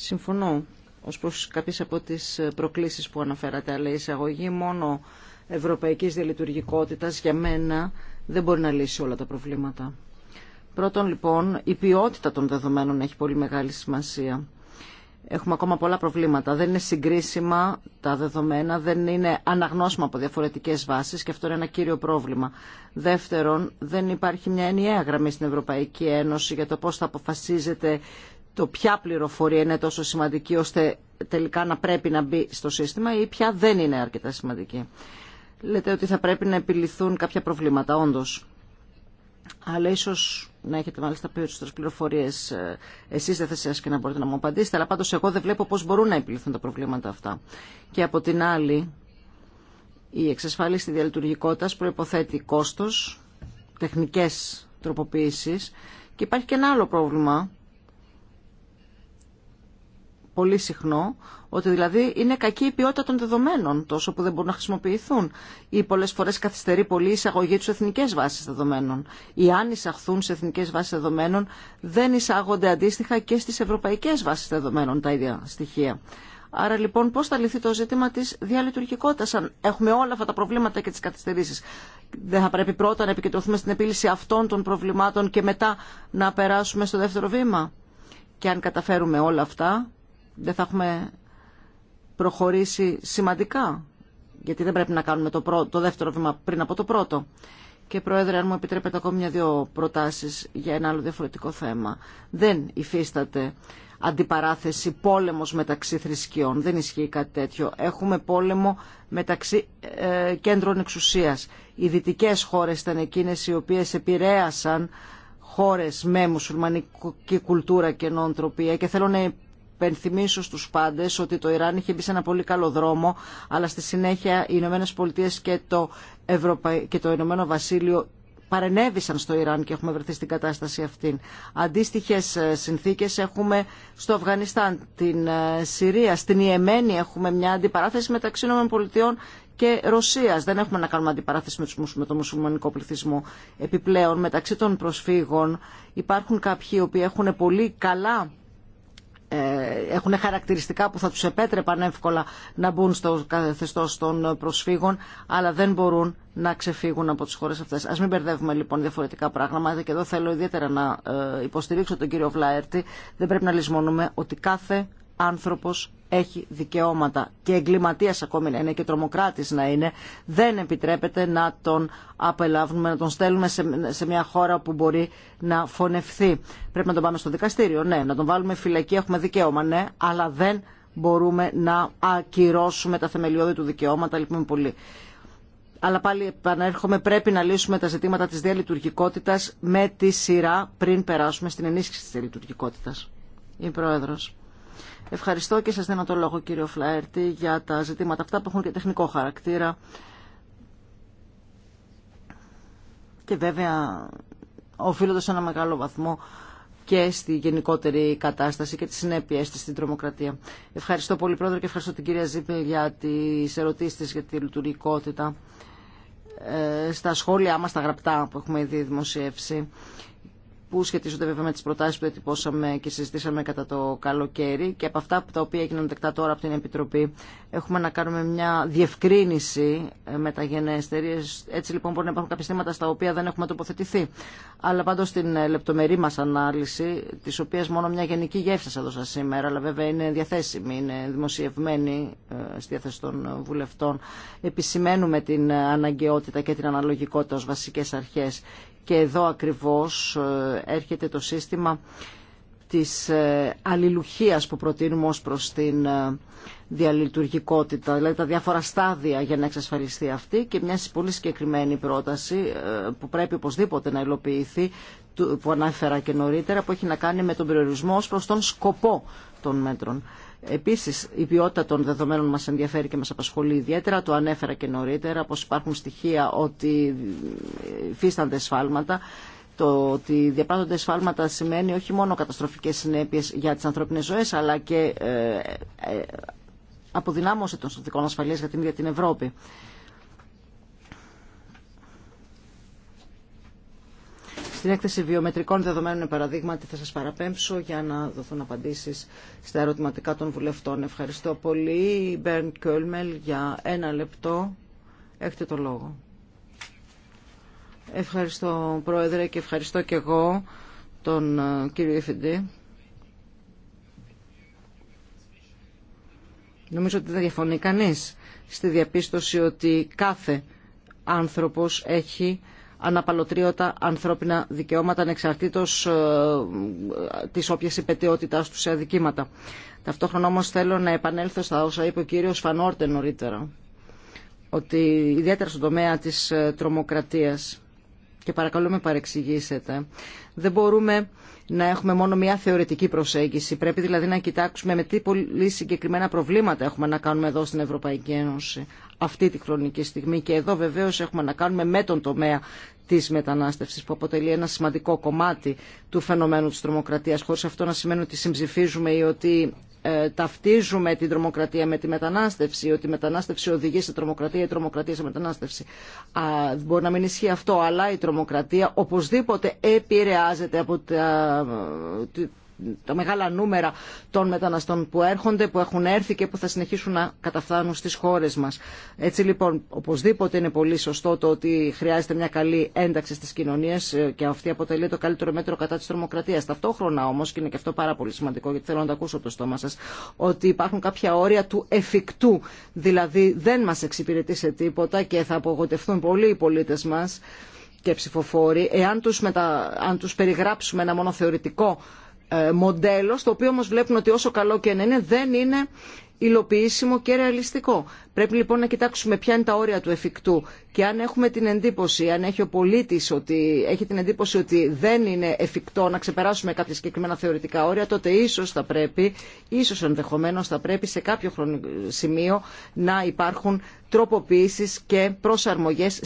Συμφωνώ ως προς κάποιες από τις προκλήσεις που αναφέρατε, αλλά η εισαγωγή μόνο ευρωπαϊκής διαλειτουργικότητας για μένα δεν μπορεί να λύσει όλα τα προβλήματα. Πρώτον λοιπόν, η ποιότητα των δεδομένων έχει πολύ μεγάλη σημασία. Έχουμε ακόμα πολλά προβλήματα. Δεν είναι συγκρίσιμα τα δεδομένα, δεν είναι αναγνώσιμα από διαφορετικέ βάσει και αυτό είναι ένα κύριο πρόβλημα. Δεύτερον, δεν υπάρχει μια ενιαία γραμμή στην Ευρωπαϊκή Ένωση για το πώ θα αποφασίζεται το ποια πληροφορία είναι τόσο σημαντική ώστε τελικά να πρέπει να μπει στο σύστημα ή ποια δεν είναι αρκετά σημαντική. Λέτε ότι θα πρέπει να επιληθούν κάποια προβλήματα, όντως. Αλλά ίσω να έχετε μάλιστα περισσότερε πληροφορίε ε, εσεί δεν και να μπορείτε να μου απαντήσετε. Αλλά πάντω εγώ δεν βλέπω πώ μπορούν να επιληθούν τα προβλήματα αυτά. Και από την άλλη, η εξασφάλιση διαλειτουργικότητα προποθέτει κόστο, τεχνικέ τροποποίησει. Και υπάρχει και ένα άλλο πρόβλημα πολύ συχνό, ότι δηλαδή είναι κακή η ποιότητα των δεδομένων, τόσο που δεν μπορούν να χρησιμοποιηθούν ή πολλέ φορέ καθυστερεί πολύ η εισαγωγή του εθνικέ βάσει δεδομένων. Ή αν εισαχθούν σε εθνικέ βάσει δεδομένων, δεν εισάγονται αντίστοιχα και στι ευρωπαϊκέ βάσει δεδομένων τα ίδια στοιχεία. Άρα λοιπόν πώς θα λυθεί το ζήτημα της διαλειτουργικότητας αν έχουμε όλα αυτά τα προβλήματα και τις καθυστερήσεις. Δεν θα πρέπει πρώτα να επικεντρωθούμε στην επίλυση αυτών των προβλημάτων και μετά να περάσουμε στο δεύτερο βήμα. Και αν καταφέρουμε όλα αυτά δεν θα έχουμε προχωρήσει σημαντικά, γιατί δεν πρέπει να κάνουμε το, το δεύτερο βήμα πριν από το πρώτο. Και Πρόεδρε, αν μου επιτρέπετε ακόμη μια-δύο προτάσεις για ένα άλλο διαφορετικό θέμα. Δεν υφίσταται αντιπαράθεση, πόλεμος μεταξύ θρησκειών. Δεν ισχύει κάτι τέτοιο. Έχουμε πόλεμο μεταξύ ε, κέντρων εξουσίας. Οι δυτικέ χώρες ήταν εκείνες οι οποίες επηρέασαν χώρες με μουσουλμανική κουλτούρα και νοοτροπία και θέλω να υπενθυμίσω στους πάντες ότι το Ιράν είχε μπει σε ένα πολύ καλό δρόμο, αλλά στη συνέχεια οι Ηνωμένε Πολιτείε και το, Ευρωπαϊ... και το Ηνωμένο Βασίλειο παρενέβησαν στο Ιράν και έχουμε βρεθεί στην κατάσταση αυτή. Αντίστοιχες ε, συνθήκες έχουμε στο Αφγανιστάν, την ε, Συρία, στην Ιεμένη έχουμε μια αντιπαράθεση μεταξύ Πολιτείων και Ρωσίας. Δεν έχουμε να κάνουμε αντιπαράθεση με το μουσουλμανικό πληθυσμό. Επιπλέον, μεταξύ των προσφύγων υπάρχουν κάποιοι οι οποίοι έχουν πολύ καλά ε, έχουν χαρακτηριστικά που θα τους επέτρεπαν εύκολα να μπουν στο καθεστώς των προσφύγων, αλλά δεν μπορούν να ξεφύγουν από τις χώρες αυτές. Ας μην μπερδεύουμε λοιπόν διαφορετικά πράγματα και εδώ θέλω ιδιαίτερα να ε, υποστηρίξω τον κύριο Βλάερτη. Δεν πρέπει να λησμονούμε ότι κάθε άνθρωπος έχει δικαιώματα και εγκληματίας ακόμη να είναι και τρομοκράτης να είναι, δεν επιτρέπεται να τον απελάβουμε, να τον στέλνουμε σε, μια χώρα που μπορεί να φωνευθεί. Πρέπει να τον πάμε στο δικαστήριο, ναι, να τον βάλουμε φυλακή, έχουμε δικαίωμα, ναι, αλλά δεν μπορούμε να ακυρώσουμε τα θεμελιώδη του δικαιώματα, λυπούμε πολύ. Αλλά πάλι επανέρχομαι, πρέπει να λύσουμε τα ζητήματα της διαλειτουργικότητας με τη σειρά πριν περάσουμε στην ενίσχυση της διαλειτουργικότητας. Η Πρόεδρος. Ευχαριστώ και σας δίνω το λόγο κύριο Φλαέρτη για τα ζητήματα αυτά που έχουν και τεχνικό χαρακτήρα. Και βέβαια οφείλονται σε ένα μεγάλο βαθμό και στη γενικότερη κατάσταση και τι συνέπειέ τη στην τρομοκρατία. Ευχαριστώ πολύ πρόεδρε και ευχαριστώ την κυρία Ζήπη για τις ερωτήσεις για τη λειτουργικότητα ε, στα σχόλιά μα τα γραπτά που έχουμε ήδη δημοσιεύσει που σχετίζονται βέβαια με τις προτάσεις που διατυπώσαμε και συζητήσαμε κατά το καλοκαίρι και από αυτά που τα οποία έγιναν δεκτά τώρα από την Επιτροπή έχουμε να κάνουμε μια διευκρίνηση ε, με τα μεταγενέστερη. Έτσι λοιπόν μπορεί να υπάρχουν κάποια θέματα στα οποία δεν έχουμε τοποθετηθεί. Αλλά πάντως στην ε, λεπτομερή μας ανάλυση, της οποίας μόνο μια γενική γεύση σας έδωσα σήμερα, αλλά βέβαια είναι διαθέσιμη, είναι δημοσιευμένη ε, στη διάθεση των βουλευτών, επισημαίνουμε την αναγκαιότητα και την αναλογικότητα ω βασικές αρχές και εδώ ακριβώς ε, έρχεται το σύστημα της ε, αλληλουχίας που προτείνουμε ως προς την ε, διαλειτουργικότητα, δηλαδή τα διάφορα στάδια για να εξασφαλιστεί αυτή και μια πολύ συγκεκριμένη πρόταση που πρέπει οπωσδήποτε να υλοποιηθεί, που ανάφερα και νωρίτερα, που έχει να κάνει με τον περιορισμό ως προς τον σκοπό των μέτρων. Επίσης, η ποιότητα των δεδομένων μας ενδιαφέρει και μας απασχολεί ιδιαίτερα. Το ανέφερα και νωρίτερα πως υπάρχουν στοιχεία ότι φύστανται σφάλματα. Το ότι διαπράττονται σφάλματα σημαίνει όχι μόνο καταστροφικές συνέπειες για τις ανθρώπινες ζωές, αλλά και ε, ε, αποδυνάμωση των συνθηκών ασφαλεια για την ίδια την Ευρώπη. Στην έκθεση βιομετρικών δεδομένων, παραδείγματι, θα σας παραπέμψω για να δοθούν απαντήσεις στα ερωτηματικά των βουλευτών. Ευχαριστώ πολύ, Μπέρν Κιόλμελ, για ένα λεπτό. Έχετε το λόγο. Ευχαριστώ, Πρόεδρε, και ευχαριστώ και εγώ τον ε, κύριο Ιφιντή. Νομίζω ότι δεν διαφωνεί κανείς στη διαπίστωση ότι κάθε άνθρωπος έχει αναπαλωτρίωτα ανθρώπινα δικαιώματα ανεξαρτήτως ε, της όποιας υπετιότητάς του σε αδικήματα. Ταυτόχρονα όμως θέλω να επανέλθω στα όσα είπε ο κύριος Φανόρτεν νωρίτερα ότι ιδιαίτερα στον τομέα της ε, τρομοκρατίας και παρακαλούμε με παρεξηγήσετε δεν μπορούμε να έχουμε μόνο μια θεωρητική προσέγγιση. Πρέπει δηλαδή να κοιτάξουμε με τι πολύ συγκεκριμένα προβλήματα έχουμε να κάνουμε εδώ στην Ευρωπαϊκή Ένωση αυτή τη χρονική στιγμή. Και εδώ βεβαίως έχουμε να κάνουμε με τον τομέα της μετανάστευσης που αποτελεί ένα σημαντικό κομμάτι του φαινομένου της τρομοκρατίας χωρίς αυτό να σημαίνει ότι συμψηφίζουμε ή ότι ε, ταυτίζουμε την τρομοκρατία με τη μετανάστευση, ότι η μετανάστευση οδηγεί σε τρομοκρατία, η τρομοκρατία σε μετανάστευση. Α, μπορεί να μην ισχύει αυτό, αλλά η τρομοκρατία οπωσδήποτε επηρεάζεται από τα, τα μεγάλα νούμερα των μεταναστών που έρχονται, που έχουν έρθει και που θα συνεχίσουν να καταφθάνουν στις χώρες μας. Έτσι λοιπόν, οπωσδήποτε είναι πολύ σωστό το ότι χρειάζεται μια καλή ένταξη στις κοινωνίες ε, και αυτή αποτελεί το καλύτερο μέτρο κατά της τρομοκρατίας. Ταυτόχρονα όμως, και είναι και αυτό πάρα πολύ σημαντικό γιατί θέλω να το ακούσω από το στόμα σας, ότι υπάρχουν κάποια όρια του εφικτού, δηλαδή δεν μας εξυπηρετεί σε τίποτα και θα απογοητευτούν πολλοί οι πολίτες μας και ψηφοφόροι, εάν τους, μετα... αν τους περιγράψουμε ένα μόνο θεωρητικό ε, μοντέλο, στο οποίο όμω βλέπουν ότι όσο καλό και να είναι, δεν είναι υλοποιήσιμο και ρεαλιστικό. Πρέπει λοιπόν να κοιτάξουμε ποια είναι τα όρια του εφικτού και αν έχουμε την εντύπωση, αν έχει ο πολίτης ότι έχει την εντύπωση ότι δεν είναι εφικτό να ξεπεράσουμε κάποια συγκεκριμένα θεωρητικά όρια, τότε ίσω θα πρέπει, ίσως ενδεχομένω, θα πρέπει σε κάποιο σημείο να υπάρχουν τροποποιήσεις και προσαρμογές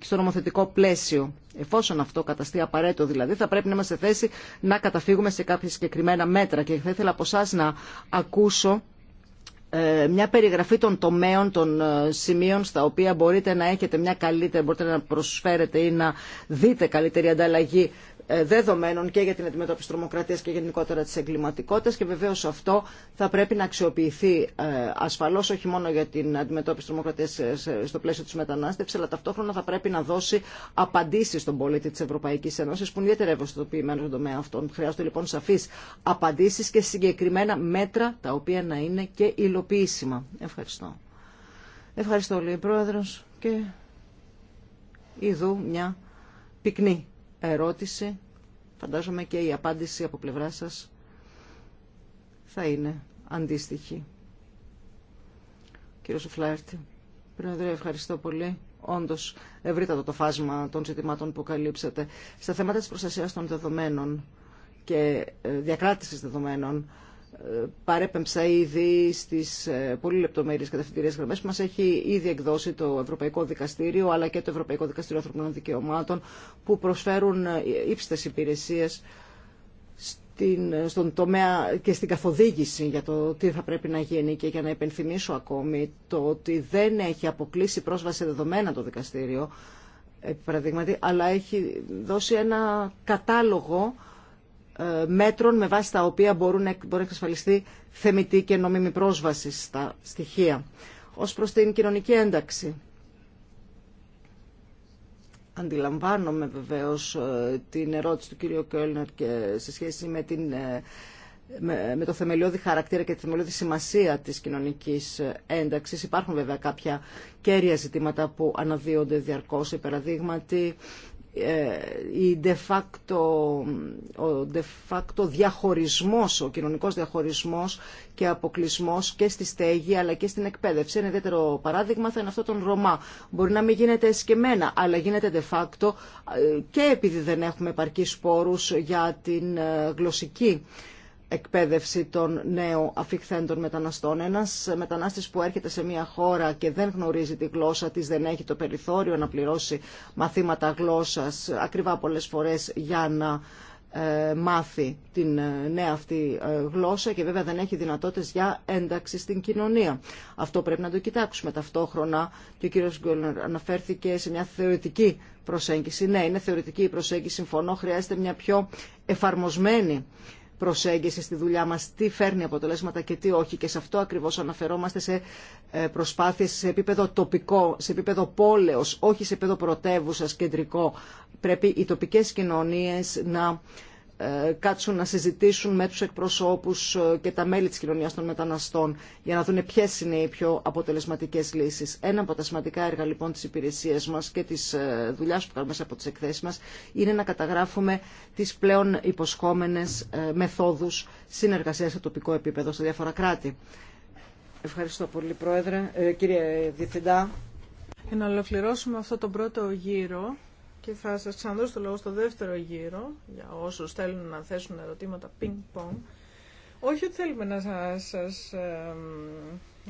στο νομοθετικό πλαίσιο. Εφόσον αυτό καταστεί απαραίτητο δηλαδή, θα πρέπει να είμαστε θέση να καταφύγουμε σε κάποια συγκεκριμένα μέτρα. Και θα ήθελα από εσά να ακούσω ε, μια περιγραφή των τομέων, των ε, σημείων στα οποία μπορείτε να έχετε μια καλύτερη, μπορείτε να προσφέρετε ή να δείτε καλύτερη ανταλλαγή ε, δεδομένων και για την αντιμετώπιση τρομοκρατίας και γενικότερα της εγκληματικότητας και βεβαίως αυτό θα πρέπει να αξιοποιηθεί ε, ασφαλώς όχι μόνο για την αντιμετώπιση τρομοκρατίας στο πλαίσιο της μετανάστευσης αλλά ταυτόχρονα θα πρέπει να δώσει απαντήσεις στον πολίτη της Ευρωπαϊκής Ένωσης που είναι ιδιαίτερα ευαισθητοποιημένο στον τομέα αυτών. Χρειάζονται λοιπόν σαφείς απαντήσεις και συγκεκριμένα μέτρα τα οποία να είναι και υλοποιήσιμα. Ευχαριστώ. Ευχαριστώ λέει, πρόεδρος και ειδού μια πυκνή ερώτηση, φαντάζομαι και η απάντηση από πλευρά σας θα είναι αντίστοιχη. Κύριο Σουφλάρτη, Πρόεδρε, ευχαριστώ πολύ. Όντω, ευρύτατο το φάσμα των ζητημάτων που καλύψατε. Στα θέματα τη προστασία των δεδομένων και ε, διακράτησης δεδομένων, παρέπεμψα ήδη στι ε, πολύ λεπτομέρειε κατευθυντήριε γραμμέ που μας έχει ήδη εκδώσει το Ευρωπαϊκό Δικαστήριο αλλά και το Ευρωπαϊκό Δικαστήριο Ανθρωπινών Δικαιωμάτων που προσφέρουν ε, ύψιστε υπηρεσίε στον τομέα και στην καθοδήγηση για το τι θα πρέπει να γίνει και για να υπενθυμίσω ακόμη το ότι δεν έχει αποκλείσει πρόσβαση σε δεδομένα το δικαστήριο, αλλά έχει δώσει ένα κατάλογο ε, μέτρων με βάση τα οποία μπορούν, μπορεί να εξασφαλιστεί θεμητή και νομίμη πρόσβαση στα στοιχεία. Ως προς την κοινωνική ένταξη. Αντιλαμβάνομαι βεβαίως ε, την ερώτηση του κ. Κέλνερ και σε σχέση με, την, ε, με, το θεμελιώδη χαρακτήρα και τη θεμελιώδη σημασία της κοινωνικής ένταξης. Υπάρχουν βέβαια κάποια κέρια ζητήματα που αναδύονται διαρκώς, παραδείγματι ε, η de facto, ο de facto διαχωρισμός, ο κοινωνικός διαχωρισμός και αποκλεισμός και στη στέγη αλλά και στην εκπαίδευση. Ένα ιδιαίτερο παράδειγμα θα είναι αυτό τον Ρωμά. Μπορεί να μην γίνεται εσκεμένα, αλλά γίνεται de facto ε, και επειδή δεν έχουμε επαρκεί σπόρους για την ε, γλωσσική εκπαίδευση των νέων αφιχθέντων μεταναστών. Ένα μετανάστη που έρχεται σε μια χώρα και δεν γνωρίζει τη γλώσσα τη, δεν έχει το περιθώριο να πληρώσει μαθήματα γλώσσα ακριβά πολλέ φορέ για να ε, μάθει την ε, νέα αυτή ε, γλώσσα και βέβαια δεν έχει δυνατότητες για ένταξη στην κοινωνία. Αυτό πρέπει να το κοιτάξουμε ταυτόχρονα και ο κύριος Γκόλνερ αναφέρθηκε σε μια θεωρητική προσέγγιση. Ναι, είναι θεωρητική η προσέγγιση, συμφωνώ, χρειάζεται μια πιο εφαρμοσμένη προσέγγιση στη δουλειά μας, τι φέρνει αποτελέσματα και τι όχι. Και σε αυτό ακριβώς αναφερόμαστε σε ε, προσπάθειες σε επίπεδο τοπικό, σε επίπεδο πόλεως, όχι σε επίπεδο πρωτεύουσα κεντρικό. Πρέπει οι τοπικές κοινωνίε να ε, κάτσουν να συζητήσουν με τους εκπροσώπους ε, και τα μέλη της κοινωνίας των μεταναστών για να δουν ποιε είναι οι πιο αποτελεσματικές λύσεις. Ένα από τα σημαντικά έργα λοιπόν της υπηρεσίας μας και της ε, δουλειά που κάνουμε μέσα από τις εκθέσεις μας είναι να καταγράφουμε τις πλέον υποσχόμενες μεθόδους συνεργασίας σε τοπικό επίπεδο στα διάφορα κράτη. Ευχαριστώ πολύ Πρόεδρε. Ε, κύριε Διευθυντά. Για να ολοκληρώσουμε αυτό τον πρώτο γύρο και θα σας ξαναδώσω το λόγο στο δεύτερο γύρο για όσους θέλουν να θέσουν ερωτήματα ping-pong. Όχι ότι θέλουμε να σας, σας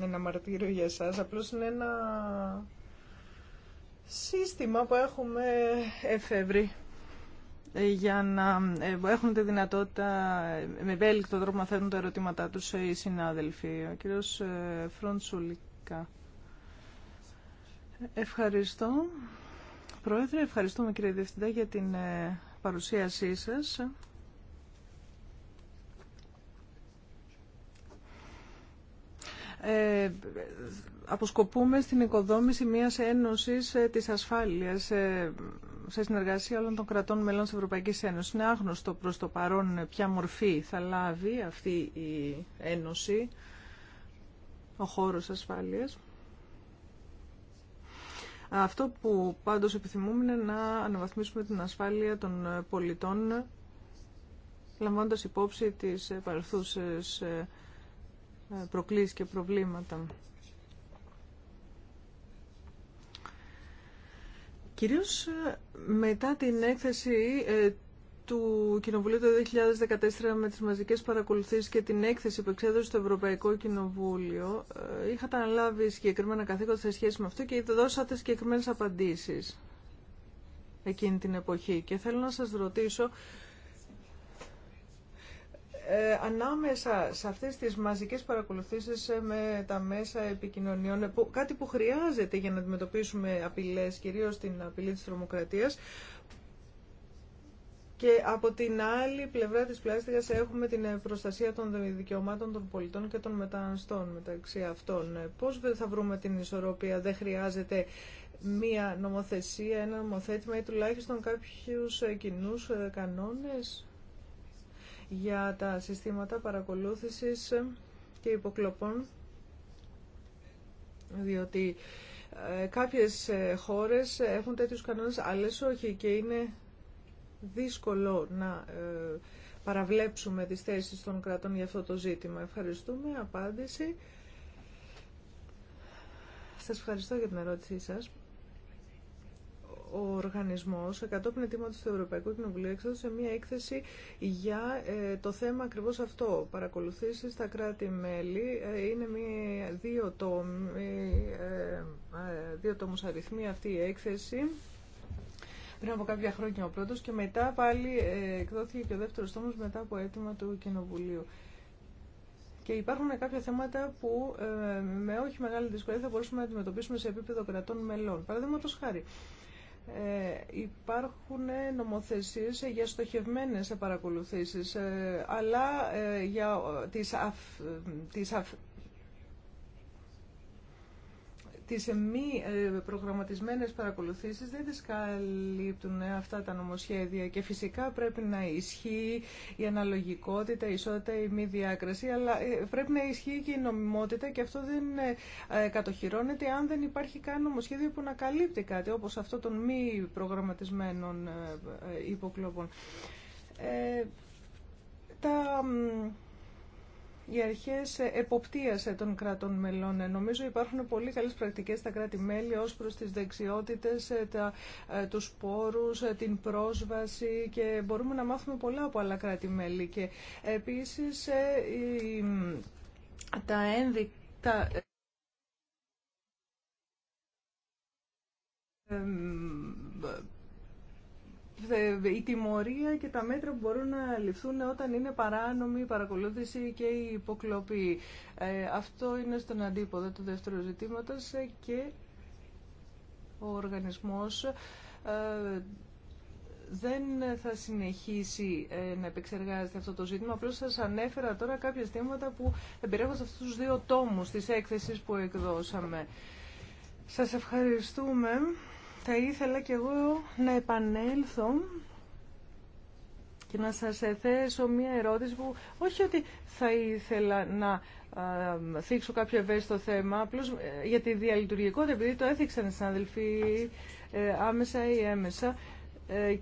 ένα μαρτύριο για σας απλώς είναι ένα σύστημα που έχουμε εφεύρει ε, για να ε, έχουν τη δυνατότητα ε, με βέλικτο τρόπο να θέτουν τα ερωτήματά τους οι συνάδελφοι. Ο κύριος Φροντσουλικά. Ευχαριστώ. Πρόεδρε, ευχαριστούμε κύριε Διευθυντά για την ε, παρουσίασή σας. Ε, αποσκοπούμε στην οικοδόμηση μιας ένωσης ε, της ασφάλειας ε, σε συνεργασία όλων των κρατών μελών της Ευρωπαϊκής Ένωσης. Είναι άγνωστο προς το παρόν ποια μορφή θα λάβει αυτή η ένωση, ο χώρος ασφάλειας. Αυτό που πάντως επιθυμούμε είναι να αναβαθμίσουμε την ασφάλεια των πολιτών λαμβάνοντας υπόψη τις παρελθούσες ε, προκλήσεις και προβλήματα. Κυρίως ε, μετά την έκθεση ε, του Κοινοβουλίου το 2014 με τις μαζικές παρακολουθήσεις και την έκθεση που εξέδωσε στο Ευρωπαϊκό Κοινοβούλιο ε, είχατε αναλάβει συγκεκριμένα καθήκοντα σε σχέση με αυτό και δώσατε συγκεκριμένε απαντήσεις εκείνη την εποχή. Και θέλω να σας ρωτήσω ε, ανάμεσα σε αυτές τις μαζικές παρακολουθήσεις ε, με τα μέσα επικοινωνιών, κάτι που χρειάζεται για να αντιμετωπίσουμε απειλές, κυρίως την απειλή της τρομοκρατίας, και από την άλλη πλευρά της πλάστικας έχουμε την ε, προστασία των δικαιωμάτων των πολιτών και των μεταναστών μεταξύ αυτών. Ε, πώς θα βρούμε την ισορροπία, δεν χρειάζεται μία νομοθεσία, ένα νομοθέτημα ή τουλάχιστον κάποιους ε, κοινού κανόνες για τα συστήματα παρακολούθησης και υποκλοπών, διότι κάποιες χώρες έχουν τέτοιους κανόνες, άλλες όχι και είναι δύσκολο να ε, παραβλέψουμε τις θέσεις των κρατών για αυτό το ζήτημα. Ευχαριστούμε. Απάντηση. Σας ευχαριστώ για την ερώτησή σας. Ο οργανισμός, κατόπιν ετήματος του Ευρωπαϊκού Κοινοβουλίου, έξω μία έκθεση για ε, το θέμα ακριβώς αυτό. Παρακολουθήσει στα κράτη-μέλη. Ε, είναι μία, δύο, τόμοι, δύο τόμους αριθμοί αυτή η έκθεση πριν από κάποια χρόνια ο πρώτος και μετά πάλι ε, εκδόθηκε και ο δεύτερος τόμος μετά από αίτημα του Κοινοβουλίου. Και υπάρχουν κάποια θέματα που ε, με όχι μεγάλη δυσκολία θα μπορούσαμε να αντιμετωπίσουμε σε επίπεδο κρατών μελών. Παραδείγματο χάρη, ε, υπάρχουν νομοθεσίες για στοχευμένες παρακολουθήσεις, ε, αλλά για τις, τις, αφ, τις μη ε, προγραμματισμένες παρακολουθήσεις δεν τις καλύπτουν αυτά τα νομοσχέδια και φυσικά πρέπει να ισχύει η αναλογικότητα, η ισότητα, η μη διάκριση αλλά ε, πρέπει να ισχύει και η νομιμότητα και αυτό δεν ε, κατοχυρώνεται αν δεν υπάρχει καν νομοσχέδιο που να καλύπτει κάτι όπως αυτό των μη προγραμματισμένων υποκλόπων οι αρχέ εποπτείας των κρατών μελών. Νομίζω υπάρχουν πολύ καλές πρακτικές στα κράτη-μέλη ως προς τις δεξιότητες, τα, ε, τους ε, την πρόσβαση και μπορούμε να μάθουμε πολλά από άλλα κράτη-μέλη. Και επίσης ε, τα ένδικτα... Ε, η τιμωρία και τα μέτρα που μπορούν να ληφθούν όταν είναι παράνομη η παρακολούθηση και η υποκλοπή. Ε, αυτό είναι στον αντίποδο του δεύτερου ζητήματος ε, και ο οργανισμός δεν θα συνεχίσει να επεξεργάζεται αυτό το ζήτημα. Απλώς σας ανέφερα τώρα κάποια ζητήματα που εμπειρεύονται σε αυτούς τους δύο τόμους της έκθεσης που εκδώσαμε. Σας ευχαριστούμε. Θα ήθελα κι εγώ να επανέλθω και να σας θέσω μία ερώτηση που όχι ότι θα ήθελα να ε, θίξω κάποιο ευαίσθητο θέμα, απλώς ε, για τη διαλειτουργικότητα, επειδή το έθιξαν οι συναδελφοί ε, άμεσα ή έμεσα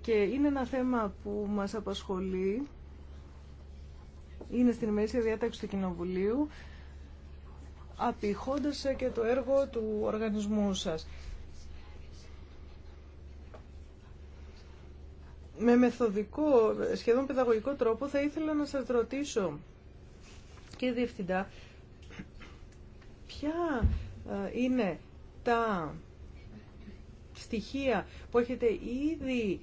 και είναι ένα θέμα που μας απασχολεί, είναι στην μέση διάταξη του Κοινοβουλίου, απηχώντας και το έργο του οργανισμού σας. με μεθοδικό, σχεδόν παιδαγωγικό τρόπο θα ήθελα να σας ρωτήσω και διευθυντά ποια ε, είναι τα στοιχεία που έχετε ήδη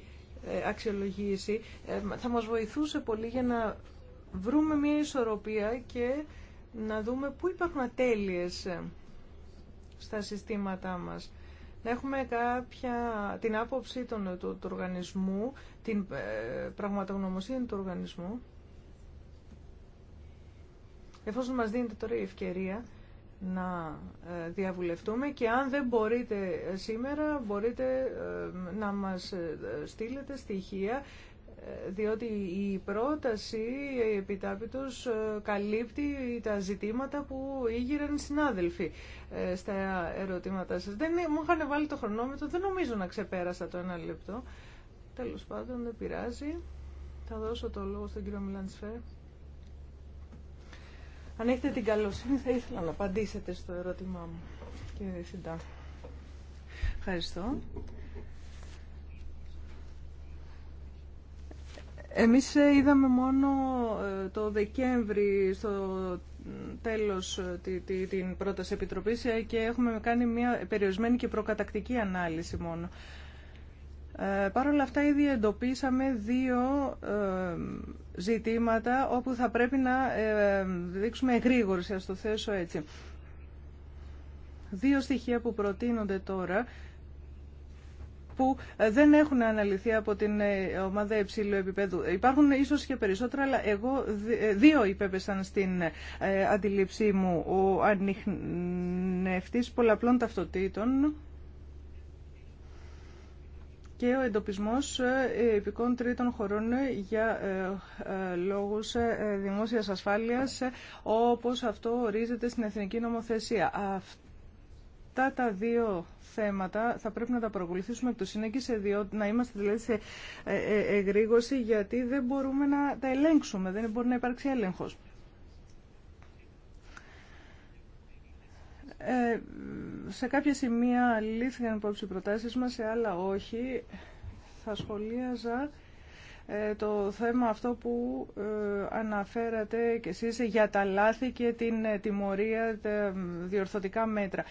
ε, αξιολογήσει ε, θα μας βοηθούσε πολύ για να βρούμε μια ισορροπία και να δούμε πού υπάρχουν ατέλειες στα συστήματά μας να έχουμε κάποια, την άποψη των, του, του οργανισμού, την ε, πραγματογνωμοσύνη του οργανισμού. Εφόσον μας δίνετε τώρα η ευκαιρία να ε, διαβουλευτούμε και αν δεν μπορείτε ε, σήμερα, μπορείτε ε, να μας στείλετε στοιχεία διότι η πρόταση επιτάπητος ε, καλύπτει τα ζητήματα που ήγηραν οι συνάδελφοι ε, στα ερωτήματά σας. Δεν, μου είχαν βάλει το χρονόμετρο, δεν νομίζω να ξεπέρασα το ένα λεπτό. Τέλος πάντων, δεν πειράζει. Θα δώσω το λόγο στον κύριο Μιλαντσφέ. Αν έχετε την καλοσύνη, θα ήθελα να απαντήσετε στο ερώτημά μου, κύριε Συντά. Ευχαριστώ. Εμείς ε, είδαμε μόνο ε, το Δεκέμβρη στο τέλος ε, την πρόταση επιτροπής και έχουμε κάνει μια περιορισμένη και προκατακτική ανάλυση μόνο. Παρ' όλα αυτά ήδη εντοπίσαμε δύο ζητήματα όπου θα πρέπει να δείξουμε εγρήγορση, ας το θέσω έτσι. Δύο στοιχεία που προτείνονται τώρα που ε, δεν έχουν αναλυθεί από την ε, ομάδα υψηλού επίπεδου. Υπάρχουν ίσω και περισσότερα, αλλά εγώ ε, δύο υπέπεσαν στην αντιλήψή μου. Ο ανοιχνευτή πολλαπλών ταυτοτήτων και ο εντοπισμός επικών τρίτων χωρών για λόγους δημόσιας ασφάλειας όπως αυτό ορίζεται στην Εθνική Νομοθεσία τα δύο θέματα θα πρέπει να τα προκολουθήσουμε εκ του να είμαστε δηλαδή σε ε, ε, εγρήγορση, γιατί δεν μπορούμε να τα ελέγξουμε, δεν μπορεί να υπάρξει έλεγχος. Ε, σε κάποια σημεία λύθηκαν υπόψη οι προτάσεις μας, σε άλλα όχι. Θα σχολίαζα το θέμα αυτό που αναφέρατε και εσείς για τα λάθη και την τιμωρία, διορθωτικά μέτρα.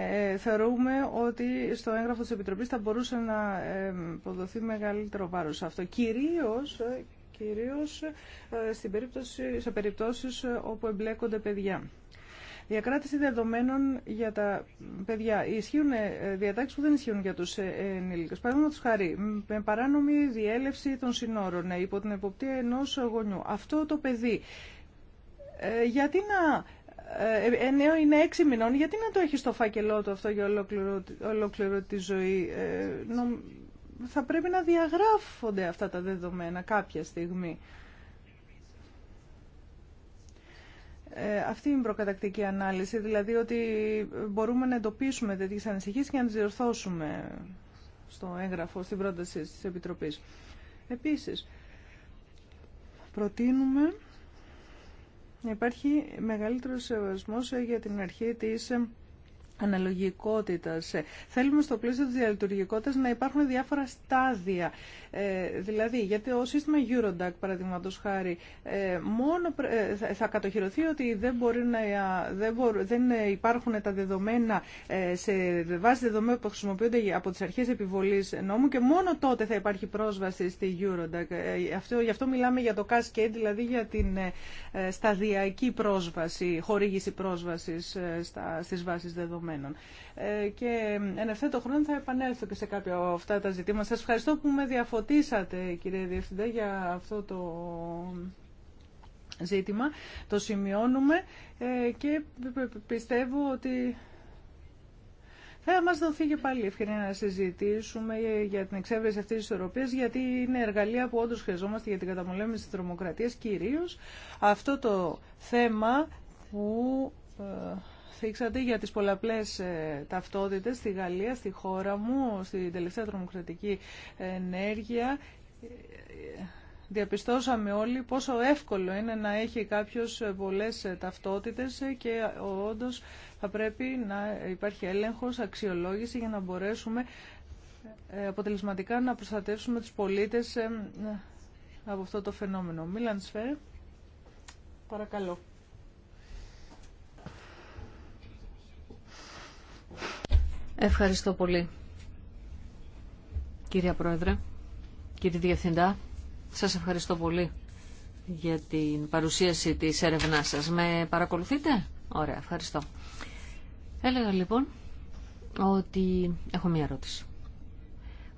Ε, θεωρούμε ότι στο έγγραφο της Επιτροπής θα μπορούσε να ε, αποδοθεί μεγαλύτερο βάρος αυτό. Κυρίως, ε, κυρίως στην περίπτωση, σε περιπτώσεις όπου εμπλέκονται παιδιά. Διακράτηση δεδομένων για τα παιδιά. Ισχύουν διατάξει που δεν ισχύουν για του ενήλικε. Παραδείγματο χάρη, με παράνομη διέλευση των συνόρων υπό την εποπτεία ενό γονιού. Αυτό το παιδί, γιατί να ε, ε, νέο είναι έξι μηνών, γιατί να το έχει στο φάκελό του αυτό για ολόκληρο, τη ζωή. Ε, θα πρέπει να διαγράφονται αυτά τα δεδομένα κάποια στιγμή. αυτή είναι η προκατακτική ανάλυση, δηλαδή ότι μπορούμε να εντοπίσουμε τέτοιες ανησυχίες και να τις διορθώσουμε στο έγγραφο, στην πρόταση της Επιτροπής. Επίσης, προτείνουμε υπάρχει μεγαλύτερο σεβασμός ε, για την αρχή της ε, Αναλογικότητα. Ε, θέλουμε στο πλαίσιο της διαλειτουργικότητας να υπάρχουν διάφορα στάδια. Ε, δηλαδή, γιατί ο σύστημα Eurodac, παραδείγματος χάρη, ε, μόνο, ε, θα κατοχυρωθεί ότι δεν, μπορεί να, ε, δεν, δεν ε, υπάρχουν τα δεδομένα σε βάση δεδομένων που χρησιμοποιούνται από τις αρχές επιβολής νόμου και μόνο τότε θα υπάρχει πρόσβαση στη Eurodac. αυτό, γι' αυτό μιλάμε για το cascade, δηλαδή για την σταδιακή πρόσβαση, χορήγηση πρόσβασης στα, στις βάσεις δεδομένων. Ε, και εν ευθέτω χρόνο θα επανέλθω και σε κάποια από αυτά τα ζητήματα. Σας ευχαριστώ που με διαφωτίσατε κύριε Διευθυντά για αυτό το ζήτημα. Το σημειώνουμε ε, και πιστεύω ότι θα μας δοθεί και πάλι ευκαιρία να συζητήσουμε για την εξέβρεση αυτής της ισορροπίας, γιατί είναι εργαλεία που όντως χρειαζόμαστε για την καταμολέμηση της τρομοκρατίας, κυρίως αυτό το θέμα που ε, θίξατε για τις πολλαπλές ε, ταυτότητες στη Γαλλία, στη χώρα μου, στη τελευταία τρομοκρατική ενέργεια. Ε, διαπιστώσαμε όλοι πόσο εύκολο είναι να έχει κάποιος πολλές ταυτότητες και όντως θα πρέπει να υπάρχει έλεγχος, αξιολόγηση για να μπορέσουμε ε, αποτελεσματικά να προστατεύσουμε τους πολίτες από αυτό το φαινόμενο. Μίλαν Σφέρ, παρακαλώ. Ευχαριστώ πολύ. Κύριε Πρόεδρε, κύριε Διευθυντά, σας ευχαριστώ πολύ για την παρουσίαση της έρευνάς σας. Με παρακολουθείτε? Ωραία, ευχαριστώ. Έλεγα λοιπόν ότι έχω μία ερώτηση.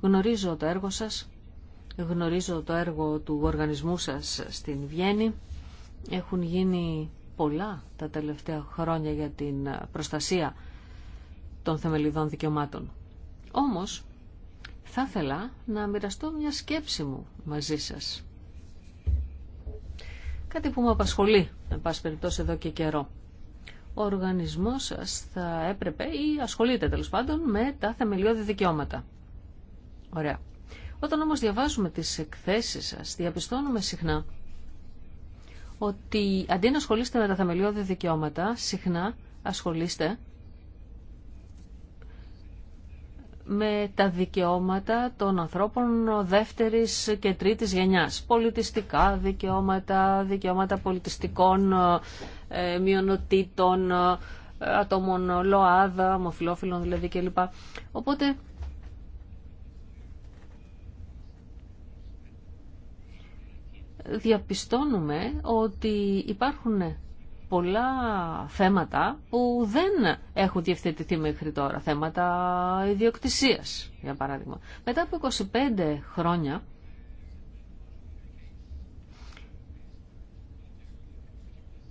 Γνωρίζω το έργο σας, γνωρίζω το έργο του οργανισμού σας στην Βιέννη. Έχουν γίνει πολλά τα τελευταία χρόνια για την προστασία των θεμελιδών δικαιωμάτων. Όμως, θα ήθελα να μοιραστώ μια σκέψη μου μαζί σας. Κάτι που μου απασχολεί, να πάση περιπτώσει, εδώ και καιρό. Ο οργανισμός σας θα έπρεπε ή ασχολείται τέλο πάντων με τα θεμελιώδη δικαιώματα. Ωραία. Όταν όμως διαβάζουμε τις εκθέσεις σας, διαπιστώνουμε συχνά ότι αντί να ασχολείστε με τα θεμελιώδη δικαιώματα, συχνά ασχολείστε με τα δικαιώματα των ανθρώπων δεύτερης και τρίτης γενιάς. Πολιτιστικά δικαιώματα, δικαιώματα πολιτιστικών ε, μειονοτήτων, ε, ατόμων ΛΟΑΔΑ, ομοφιλόφιλων δηλαδή κλπ. Οπότε διαπιστώνουμε ότι υπάρχουν πολλά θέματα που δεν έχουν διευθετηθεί μέχρι τώρα. Θέματα ιδιοκτησίας, για παράδειγμα. Μετά από 25 χρόνια,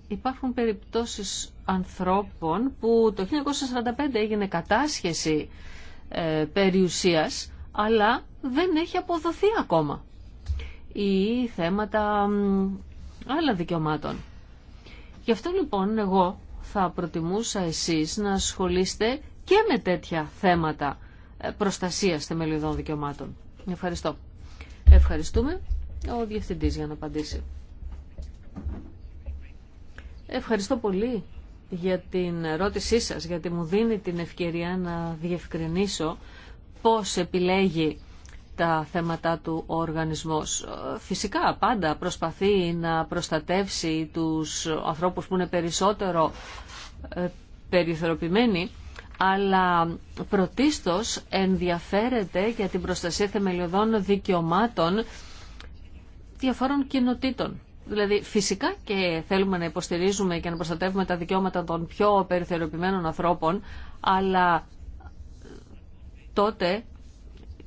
υπάρχουν περιπτώσεις ανθρώπων που το 1945 έγινε κατάσχεση ε, περιουσίας, αλλά δεν έχει αποδοθεί ακόμα. Ή θέματα άλλα δικαιωμάτων. Γι' αυτό λοιπόν εγώ θα προτιμούσα εσείς να ασχολείστε και με τέτοια θέματα ε, προστασίας θεμελιωδών δικαιωμάτων. Ευχαριστώ. Ευχαριστούμε ο Διευθυντής για να απαντήσει. Ευχαριστώ πολύ για την ερώτησή σας, γιατί μου δίνει την ευκαιρία να διευκρινίσω πώς επιλέγει τα θέματα του ο Φυσικά πάντα προσπαθεί να προστατεύσει τους ανθρώπους που είναι περισσότερο ε, περιθωροποιημένοι, αλλά πρωτίστως ενδιαφέρεται για την προστασία θεμελιωδών δικαιωμάτων διαφόρων κοινοτήτων. Δηλαδή φυσικά και θέλουμε να υποστηρίζουμε και να προστατεύουμε τα δικαιώματα των πιο περιθωριοποιημένων ανθρώπων, αλλά τότε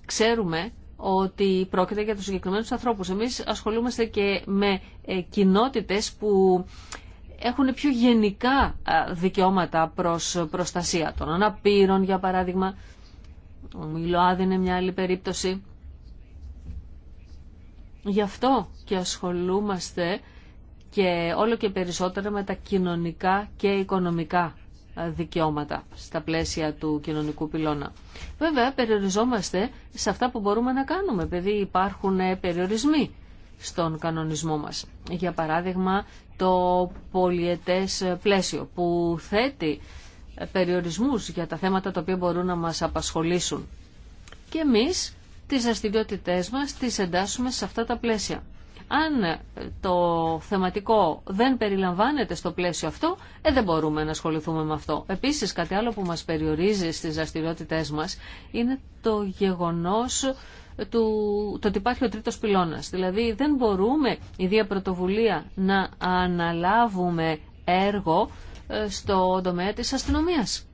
ξέρουμε ότι πρόκειται για τους συγκεκριμένους ανθρώπους. Εμείς ασχολούμαστε και με ε, κοινότητες που έχουν πιο γενικά δικαιώματα προς προστασία των αναπήρων, για παράδειγμα. Ο Μιλοάδ είναι μια άλλη περίπτωση. Γι' αυτό και ασχολούμαστε και όλο και περισσότερο με τα κοινωνικά και οικονομικά δικαιώματα στα πλαίσια του κοινωνικού πυλώνα. Βέβαια, περιοριζόμαστε σε αυτά που μπορούμε να κάνουμε, επειδή υπάρχουν περιορισμοί στον κανονισμό μας. Για παράδειγμα, το πολιετές πλαίσιο που θέτει περιορισμούς για τα θέματα τα οποία μπορούν να μας απασχολήσουν. Και εμείς τις δραστηριότητε μας τις εντάσσουμε σε αυτά τα πλαίσια. Αν το θεματικό δεν περιλαμβάνεται στο πλαίσιο αυτό, ε, δεν μπορούμε να ασχοληθούμε με αυτό. Επίσης, κάτι άλλο που μας περιορίζει στις δραστηριότητε μας είναι το γεγονός του, το ότι υπάρχει ο τρίτος πυλώνας. Δηλαδή, δεν μπορούμε η Δία Πρωτοβουλία να αναλάβουμε έργο ε, στο τομέα της αστυνομίας.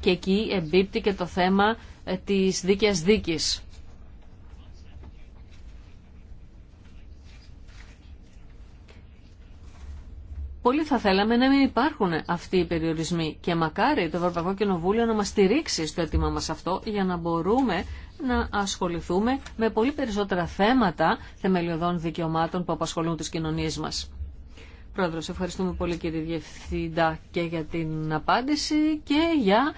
Και εκεί εμπίπτει και το θέμα ε, της δίκαιας δίκης Πολύ θα θέλαμε να μην υπάρχουν αυτοί οι περιορισμοί και μακάρι το Ευρωπαϊκό Κοινοβούλιο να μας στηρίξει στο αίτημα μας αυτό για να μπορούμε να ασχοληθούμε με πολύ περισσότερα θέματα θεμελιωδών δικαιωμάτων που απασχολούν τις κοινωνίες μας. Πρόεδρος, ευχαριστούμε πολύ κύριε Διευθύντα και για την απάντηση και για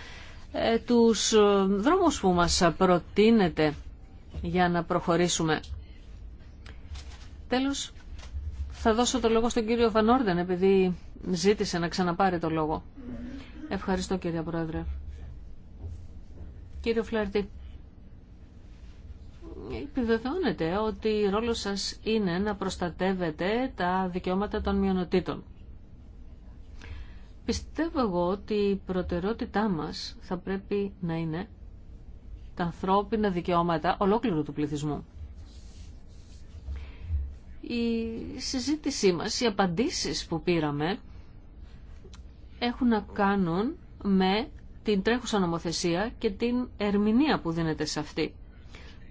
ε, τους ε, δρόμους που μας προτείνετε για να προχωρήσουμε. Τέλος, θα δώσω το λόγο στον κύριο Βανόρντεν επειδή ζήτησε να ξαναπάρει το λόγο. Ευχαριστώ κύριε Πρόεδρε. Κύριο Φλάρτη, επιβεβαιώνεται ότι ρόλο σας είναι να προστατεύετε τα δικαιώματα των μειονοτήτων. Πιστεύω εγώ ότι η προτεραιότητά μας θα πρέπει να είναι τα ανθρώπινα δικαιώματα ολόκληρου του πληθυσμού. Η συζήτησή μας, οι απαντήσεις που πήραμε έχουν να κάνουν με την τρέχουσα νομοθεσία και την ερμηνεία που δίνεται σε αυτή.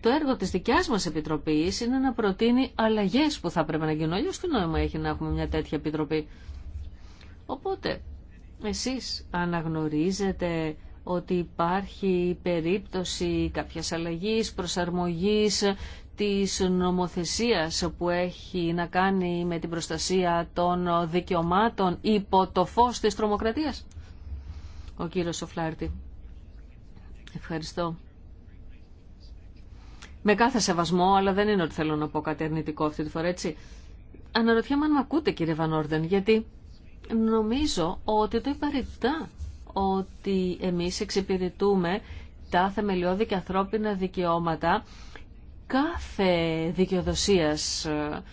Το έργο της δικιάς μας Επιτροπής είναι να προτείνει αλλαγές που θα πρέπει να γίνουν. Αλλιώς τι νόημα έχει να έχουμε μια τέτοια Επιτροπή. Οπότε, εσείς αναγνωρίζετε ότι υπάρχει περίπτωση κάποιας αλλαγής, προσαρμογής της νομοθεσίας που έχει να κάνει με την προστασία των δικαιωμάτων υπό το φως της τρομοκρατίας. Ο κύριος Σοφλάρτη. Ευχαριστώ. Με κάθε σεβασμό, αλλά δεν είναι ότι θέλω να πω κάτι αυτή τη φορά, έτσι. Αναρωτιέμαι αν με ακούτε κύριε Βανόρδεν, γιατί νομίζω ότι το ρητά ότι εμείς εξυπηρετούμε τα θεμελιώδη και ανθρώπινα δικαιώματα κάθε δικαιοδοσίας ε,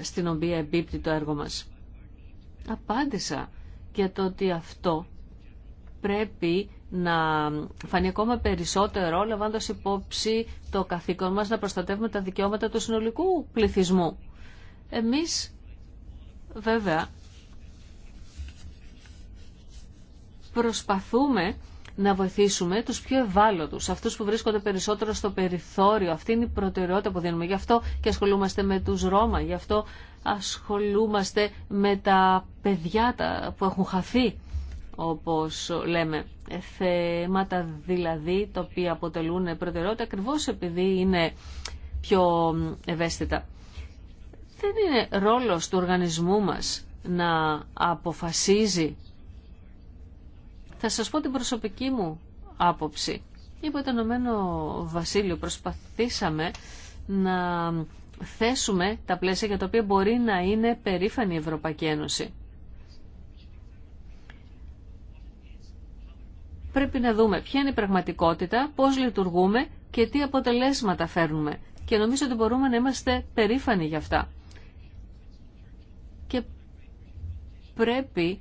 στην οποία εμπίπτει το έργο μας. Απάντησα για το ότι αυτό πρέπει να φανεί ακόμα περισσότερο λαμβάνοντα υπόψη το καθήκον μας να προστατεύουμε τα δικαιώματα του συνολικού πληθυσμού. Εμείς βέβαια προσπαθούμε να βοηθήσουμε τους πιο ευάλωτους, αυτούς που βρίσκονται περισσότερο στο περιθώριο. Αυτή είναι η προτεραιότητα που δίνουμε. Γι' αυτό και ασχολούμαστε με τους Ρώμα, γι' αυτό ασχολούμαστε με τα παιδιά που έχουν χαθεί, όπως λέμε. Ε, θέματα δηλαδή τα οποία αποτελούν προτεραιότητα ακριβώ επειδή είναι πιο ευαίσθητα. Δεν είναι ρόλος του οργανισμού μας να αποφασίζει θα σας πω την προσωπική μου άποψη. Υπό το Βασίλειο προσπαθήσαμε να θέσουμε τα πλαίσια για τα οποία μπορεί να είναι περήφανη η Ευρωπαϊκή Ένωση. Πρέπει να δούμε ποια είναι η πραγματικότητα, πώς λειτουργούμε και τι αποτελέσματα φέρνουμε. Και νομίζω ότι μπορούμε να είμαστε περήφανοι για αυτά. Και πρέπει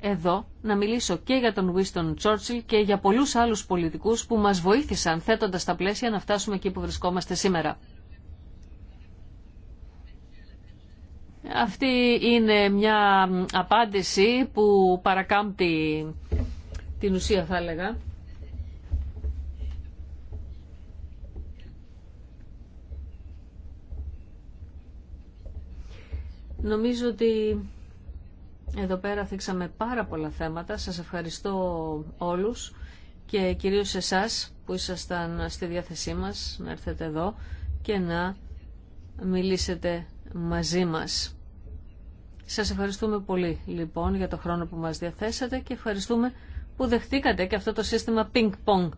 εδώ να μιλήσω και για τον Winston Churchill και για πολλούς άλλους πολιτικούς που μας βοήθησαν θέτοντας τα πλαίσια να φτάσουμε εκεί που βρισκόμαστε σήμερα. Αυτή είναι μια απάντηση που παρακάμπτει την ουσία θα έλεγα. Νομίζω ότι εδώ πέρα θίξαμε πάρα πολλά θέματα. Σας ευχαριστώ όλους και κυρίως εσάς που ήσασταν στη διάθεσή μας να έρθετε εδώ και να μιλήσετε μαζί μας. Σας ευχαριστούμε πολύ λοιπόν για το χρόνο που μας διαθέσατε και ευχαριστούμε που δεχτήκατε και αυτό το σύστημα ping-pong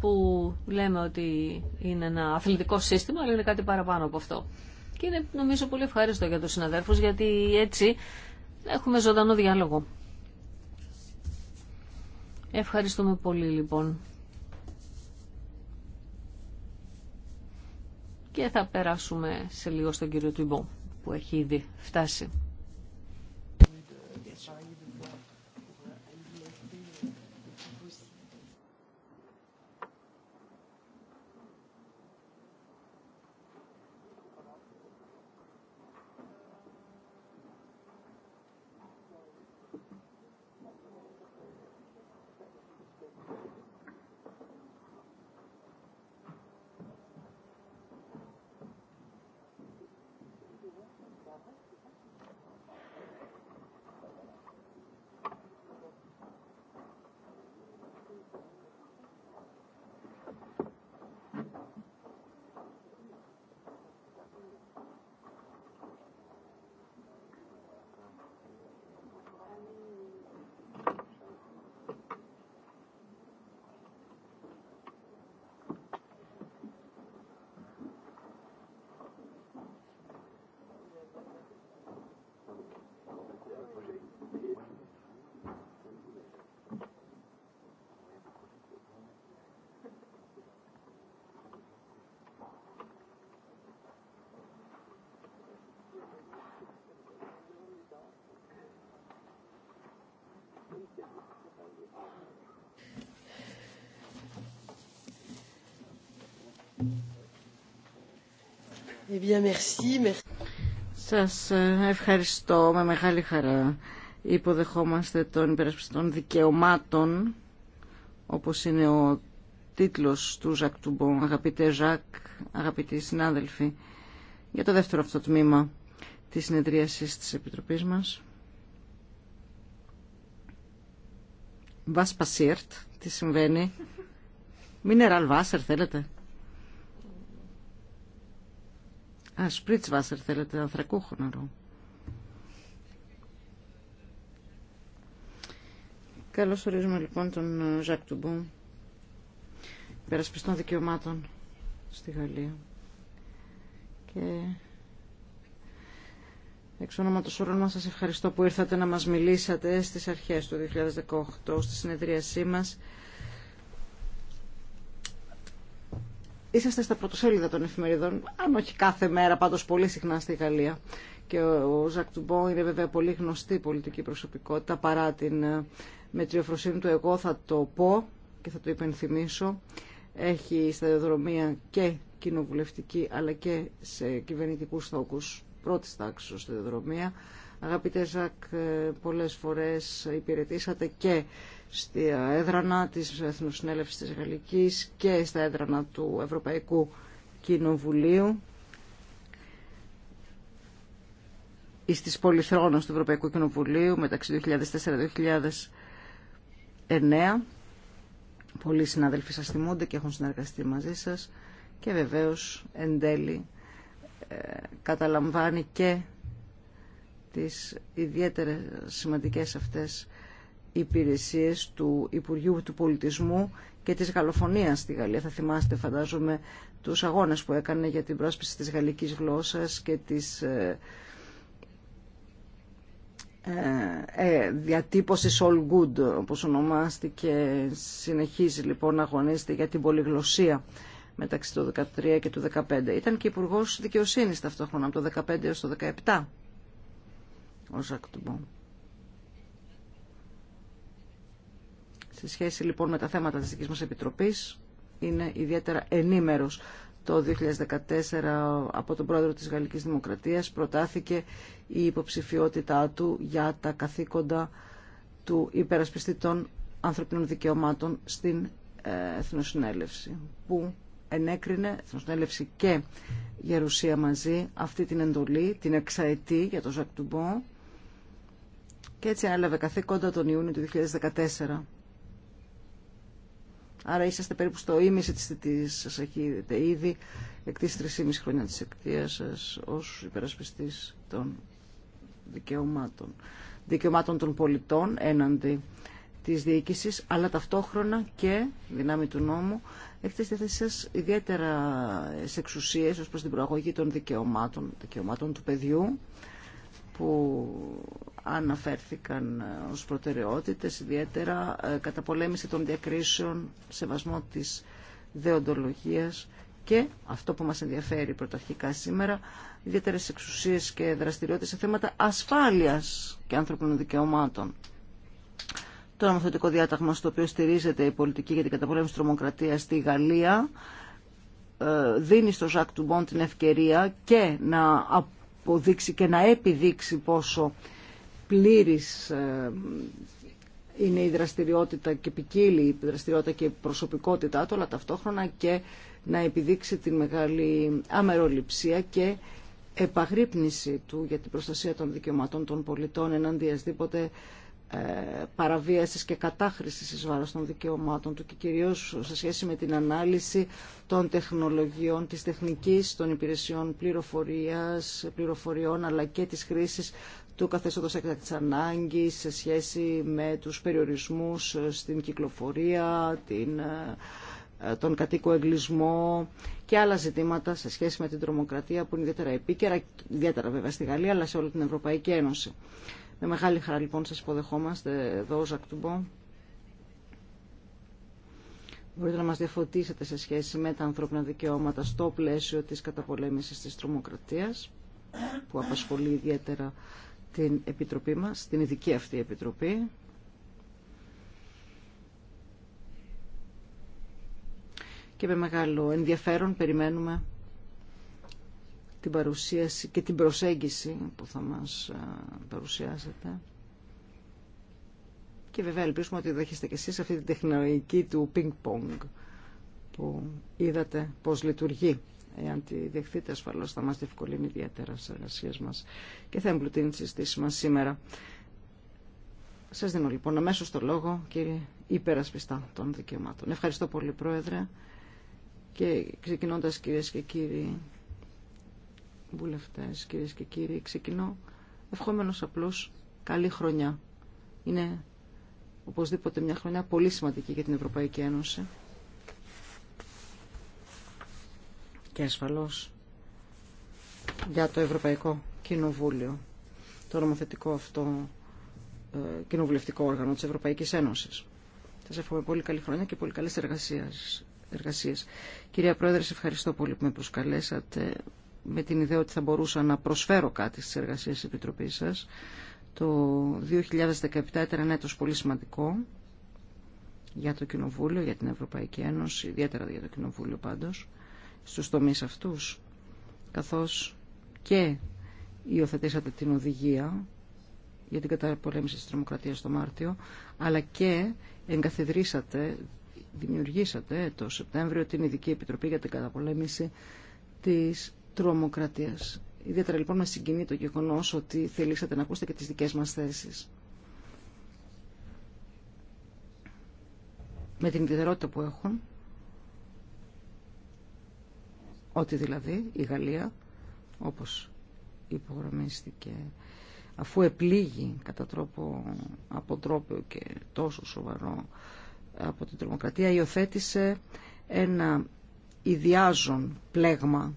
που λέμε ότι είναι ένα αθλητικό σύστημα αλλά είναι κάτι παραπάνω από αυτό. Και είναι νομίζω πολύ ευχάριστο για τους συναδέρφους, γιατί έτσι έχουμε ζωντανό διάλογο. Ευχαριστούμε πολύ λοιπόν. Και θα περάσουμε σε λίγο στον κύριο Τουιμπό που έχει ήδη φτάσει. Eh Σας ε, ευχαριστώ με μεγάλη χαρά. Υποδεχόμαστε τον υπερασπιστή των δικαιωμάτων, όπως είναι ο τίτλος του Ζακ Τουμπον, αγαπητέ Ζακ, αγαπητοί συνάδελφοι, για το δεύτερο αυτό τμήμα της συνεδρίασης της Επιτροπής μας. Βασπασίρτ, τι συμβαίνει. Μην Βασερ θέλετε. Α, Σπρίτσβάσερ θέλετε, ανθρακούχο νερό. Καλώς ορίζουμε λοιπόν τον Ζακ ε, Τουμπού, υπερασπιστών δικαιωμάτων στη Γαλλία. Και εξ ονόματος όλων μας σας ευχαριστώ που ήρθατε να μας μιλήσατε στις αρχές του 2018 στη συνεδρίασή μας. είσαστε στα πρωτοσέλιδα των εφημερίδων, αν όχι κάθε μέρα, πάντως πολύ συχνά στη Γαλλία. Και ο Ζακ Τουμπό είναι βέβαια πολύ γνωστή πολιτική προσωπικότητα, παρά την ε, μετριοφροσύνη του εγώ θα το πω και θα το υπενθυμίσω. Έχει σταδιοδρομία και κοινοβουλευτική, αλλά και σε κυβερνητικούς θόκους πρώτης τάξης σταδιοδρομία. Αγαπητέ Ζακ, πολλές φορές υπηρετήσατε και στη έδρανα της Εθνοσυνέλευσης της Γαλλικής και στα έδρανα του Ευρωπαϊκού Κοινοβουλίου ή στις πολυθρόνες του Ευρωπαϊκού Κοινοβουλίου μεταξύ 2004-2009. Πολλοί συνάδελφοι σας θυμούνται και έχουν συνεργαστεί μαζί σας και βεβαίως εν τέλει ε, καταλαμβάνει και τις ιδιαίτερα σημαντικές αυτές υπηρεσίες του Υπουργείου του Πολιτισμού και της Γαλλοφωνίας στη Γαλλία. Θα θυμάστε φαντάζομαι τους αγώνες που έκανε για την πρόσπιση της γαλλικής γλώσσας και της ε, ε, διατύπωσης all good όπως ονομάστηκε. Συνεχίζει λοιπόν να αγωνίζεται για την πολυγλωσσία μεταξύ του 2013 και του 2015. Ήταν και υπουργό Δικαιοσύνης ταυτόχρονα από το 2015 έως το 2017 ο Ζακ Σε σχέση λοιπόν με τα θέματα της δικής μας Επιτροπής, είναι ιδιαίτερα ενήμερος. Το 2014 από τον πρόεδρο της Γαλλικής Δημοκρατίας προτάθηκε η υποψηφιότητά του για τα καθήκοντα του υπερασπιστή των ανθρωπίνων δικαιωμάτων στην ε, Εθνοσυνέλευση, που ενέκρινε, Εθνοσυνέλευση και Γερουσία μαζί, αυτή την εντολή, την εξαετή για τον Ζακ και έτσι ανέλαβε καθήκοντα τον Ιούνιο του 2014. Άρα είσαστε περίπου στο ίμιση της θητής σας, έχετε ήδη εκτίσει 3,5 χρόνια της εκτίας σας ως υπερασπιστής των δικαιωμάτων. Δικαιωμάτων των πολιτών έναντι της διοίκησης, αλλά ταυτόχρονα και δυνάμει του νόμου έχετε στη θέση σας ιδιαίτερα σε εξουσίες ως προς την προαγωγή των δικαιωμάτων, δικαιωμάτων του παιδιού, που αναφέρθηκαν ε, ως προτεραιότητες, ιδιαίτερα ε, καταπολέμηση των διακρίσεων, σεβασμό της δεοντολογίας και αυτό που μας ενδιαφέρει πρωταρχικά σήμερα, ιδιαίτερες εξουσίες και δραστηριότητες σε θέματα ασφάλειας και άνθρωπινων δικαιωμάτων. Το νομοθετικό διάταγμα στο οποίο στηρίζεται η πολιτική για την καταπολέμηση τρομοκρατίας στη Γαλλία ε, δίνει στο Ζακ Τουμπον την ευκαιρία και να αποδείξει και να επιδείξει πόσο πλήρης ε, είναι η δραστηριότητα και ποικίλη η δραστηριότητα και η προσωπικότητά του, αλλά ταυτόχρονα και να επιδείξει την μεγάλη αμεροληψία και επαγρύπνηση του για την προστασία των δικαιωμάτων των πολιτών εναντίασδήποτε ε, παραβίασης και κατάχρηση εις βάρος των δικαιωμάτων του και κυρίως σε σχέση με την ανάλυση των τεχνολογιών, της τεχνικής, των υπηρεσιών πληροφορίας, πληροφοριών αλλά και της χρήσης του καθεστώτος της ανάγκης σε σχέση με τους περιορισμούς στην κυκλοφορία, την, ε, τον κατοίκο εγκλισμό και άλλα ζητήματα σε σχέση με την τρομοκρατία που είναι ιδιαίτερα επίκαιρα, ιδιαίτερα βέβαια στη Γαλλία αλλά σε όλη την Ευρωπαϊκή Ένωση. Με μεγάλη χαρά λοιπόν σας υποδεχόμαστε εδώ, Ζακ Τουμπό. Μπορείτε να μας διαφωτίσετε σε σχέση με τα ανθρώπινα δικαιώματα στο πλαίσιο της καταπολέμησης της τρομοκρατίας που απασχολεί ιδιαίτερα την Επιτροπή μας, την ειδική αυτή Επιτροπή. Και με μεγάλο ενδιαφέρον περιμένουμε την παρουσίαση και την προσέγγιση που θα μας ε, παρουσιάσετε. Και βέβαια ελπίζουμε ότι δέχεστε και εσείς αυτή την τεχνολογική του ping-pong που είδατε πώς λειτουργεί. Εάν τη δεχτείτε ασφαλώς θα μας διευκολύνει ιδιαίτερα στις εργασίες μας και θα εμπλουτίνει τη συστήση μας σήμερα. Σας δίνω λοιπόν αμέσως το λόγο κύριε υπερασπιστά των δικαιωμάτων. Ευχαριστώ πολύ Πρόεδρε και ξεκινώντας κυρίες και κύριοι βουλευτές, κυρίες και κύριοι, ξεκινώ ευχόμενος απλώς καλή χρονιά. Είναι οπωσδήποτε μια χρονιά πολύ σημαντική για την Ευρωπαϊκή Ένωση. Και ασφαλώς για το Ευρωπαϊκό Κοινοβούλιο, το νομοθετικό αυτό ε, κοινοβουλευτικό όργανο της Ευρωπαϊκής Ένωσης. Σας εύχομαι πολύ καλή χρονιά και πολύ καλές εργασίες. Κυρία Πρόεδρε, ευχαριστώ πολύ που με προσκαλέσατε με την ιδέα ότι θα μπορούσα να προσφέρω κάτι στις εργασίες της Επιτροπής σας. Το 2017 ήταν ένα έτος πολύ σημαντικό για το Κοινοβούλιο, για την Ευρωπαϊκή Ένωση, ιδιαίτερα για το Κοινοβούλιο πάντως, στους τομείς αυτούς, καθώς και υιοθετήσατε την οδηγία για την καταπολέμηση της τρομοκρατίας το Μάρτιο, αλλά και εγκαθιδρύσατε, δημιουργήσατε το Σεπτέμβριο την Ειδική Επιτροπή για την καταπολέμηση της τρομοκρατίας. Ιδιαίτερα λοιπόν με συγκινεί το γεγονό ότι θελήσατε να ακούσετε και τις δικές μας θέσεις. Με την ιδιαιτερότητα που έχουν, ότι δηλαδή η Γαλλία, όπως υπογραμμίστηκε, αφού επλήγει κατά τρόπο αποτρόπαιο και τόσο σοβαρό από την τρομοκρατία, υιοθέτησε ένα ιδιάζων πλέγμα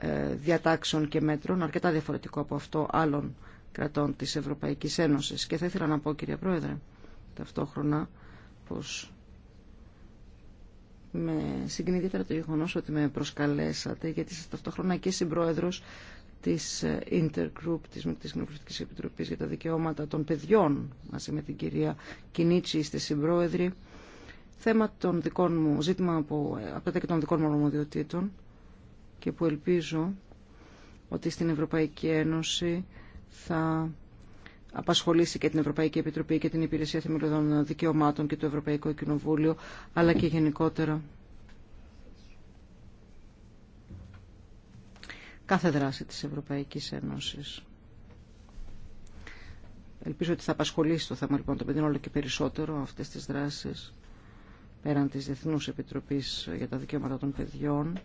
ε, διατάξεων και μέτρων, αρκετά διαφορετικό από αυτό άλλων κρατών της Ευρωπαϊκής Ένωσης. Και θα ήθελα να πω, κύριε Πρόεδρε, ταυτόχρονα, πως με συγκινεί το γεγονό ότι με προσκαλέσατε, γιατί είστε ταυτόχρονα και συμπρόεδρος της ε, Intergroup, της νομοθετικής Επιτροπής για τα Δικαιώματα των Παιδιών, μαζί με την κυρία Κινίτσι, είστε συμπρόεδροι. Θέμα των δικών μου, ζήτημα ε, τα και των δικών μου ομοδιοτήτων και που ελπίζω ότι στην Ευρωπαϊκή Ένωση θα απασχολήσει και την Ευρωπαϊκή Επιτροπή και την Υπηρεσία Θεμελιωδών Δικαιωμάτων και το Ευρωπαϊκό Κοινοβούλιο, αλλά και γενικότερα. Κάθε δράση της Ευρωπαϊκής Ένωσης. Ελπίζω ότι θα απασχολήσει το θέμα λοιπόν το παιδί όλο και περισσότερο αυτές τις δράσεις πέραν της Διεθνούς Επιτροπής για τα Δικαιώματα των Παιδιών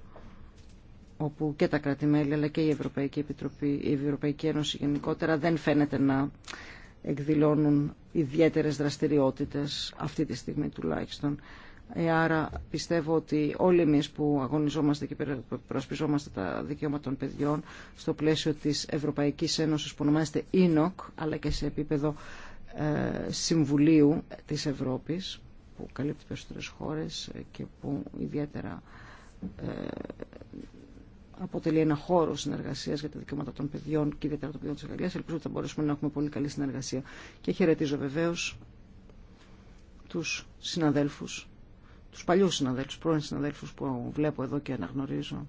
όπου και τα κράτη-μέλη αλλά και η Ευρωπαϊκή Επιτροπή, η Ευρωπαϊκή Ένωση γενικότερα δεν φαίνεται να εκδηλώνουν ιδιαίτερες δραστηριότητες αυτή τη στιγμή τουλάχιστον. Ε, άρα πιστεύω ότι όλοι εμείς που αγωνιζόμαστε και προσπιζόμαστε τα δικαιώματα των παιδιών στο πλαίσιο της Ευρωπαϊκής Ένωσης που ονομάζεται ΕΝΟΚ αλλά και σε επίπεδο ε, Συμβουλίου της Ευρώπης που καλύπτει περισσότερες χώρες και που ιδιαίτερα ε, αποτελεί ένα χώρο συνεργασίας για τα δικαιώματα των παιδιών και ιδιαίτερα των παιδιών τη Γαλλία. Ελπίζω ότι θα μπορέσουμε να έχουμε πολύ καλή συνεργασία. Και χαιρετίζω βεβαίως τους συναδέλφους, τους παλιούς συναδέλφους, πρώην συναδέλφους που βλέπω εδώ και αναγνωρίζω.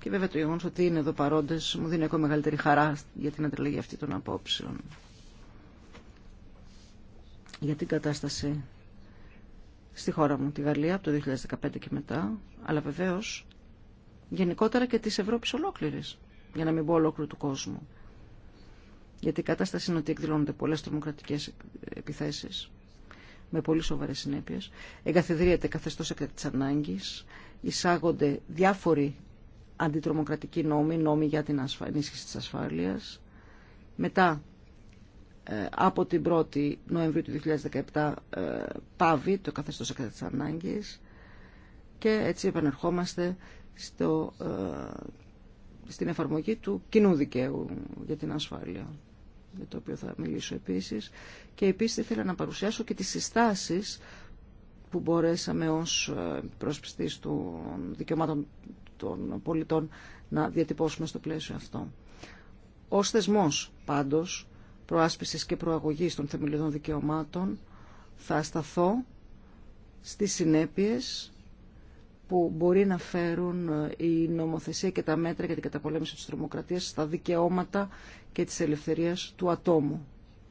Και βέβαια το γεγονό ότι είναι εδώ παρόντε μου δίνει ακόμα μεγαλύτερη χαρά για την αντιλαγή αυτή των απόψεων. Για την κατάσταση στη χώρα μου, τη Γαλλία, από το 2015 και μετά, αλλά βεβαίως γενικότερα και τη Ευρώπη ολόκληρη, για να μην πω ολόκληρου του κόσμου. Γιατί η κατάσταση είναι ότι εκδηλώνονται πολλές τρομοκρατικέ επιθέσει με πολύ σοβαρέ συνέπειε, εγκαθιδρύεται καθεστώς εκ ανάγκη, εισάγονται διάφοροι αντιτρομοκρατικοί νόμοι, νόμοι για την ενίσχυση της ασφάλειας, μετά ε, από την 1η Νοεμβρίου του 2017 ε, πάβει το καθεστώς εκτάτης ανάγκης και έτσι επανερχόμαστε στο, ε, στην εφαρμογή του κοινού δικαίου για την ασφάλεια για το οποίο θα μιλήσω επίσης και επίσης ήθελα να παρουσιάσω και τις συστάσεις που μπορέσαμε ως προσπιστής των δικαιωμάτων των πολιτών να διατυπώσουμε στο πλαίσιο αυτό. Ο θεσμός πάντως προάσπισης και προαγωγής των θεμελιωδών δικαιωμάτων θα σταθώ στις συνέπειες που μπορεί να φέρουν ε, η νομοθεσία και τα μέτρα για την καταπολέμηση της τρομοκρατίας στα δικαιώματα και της ελευθερίας του ατόμου,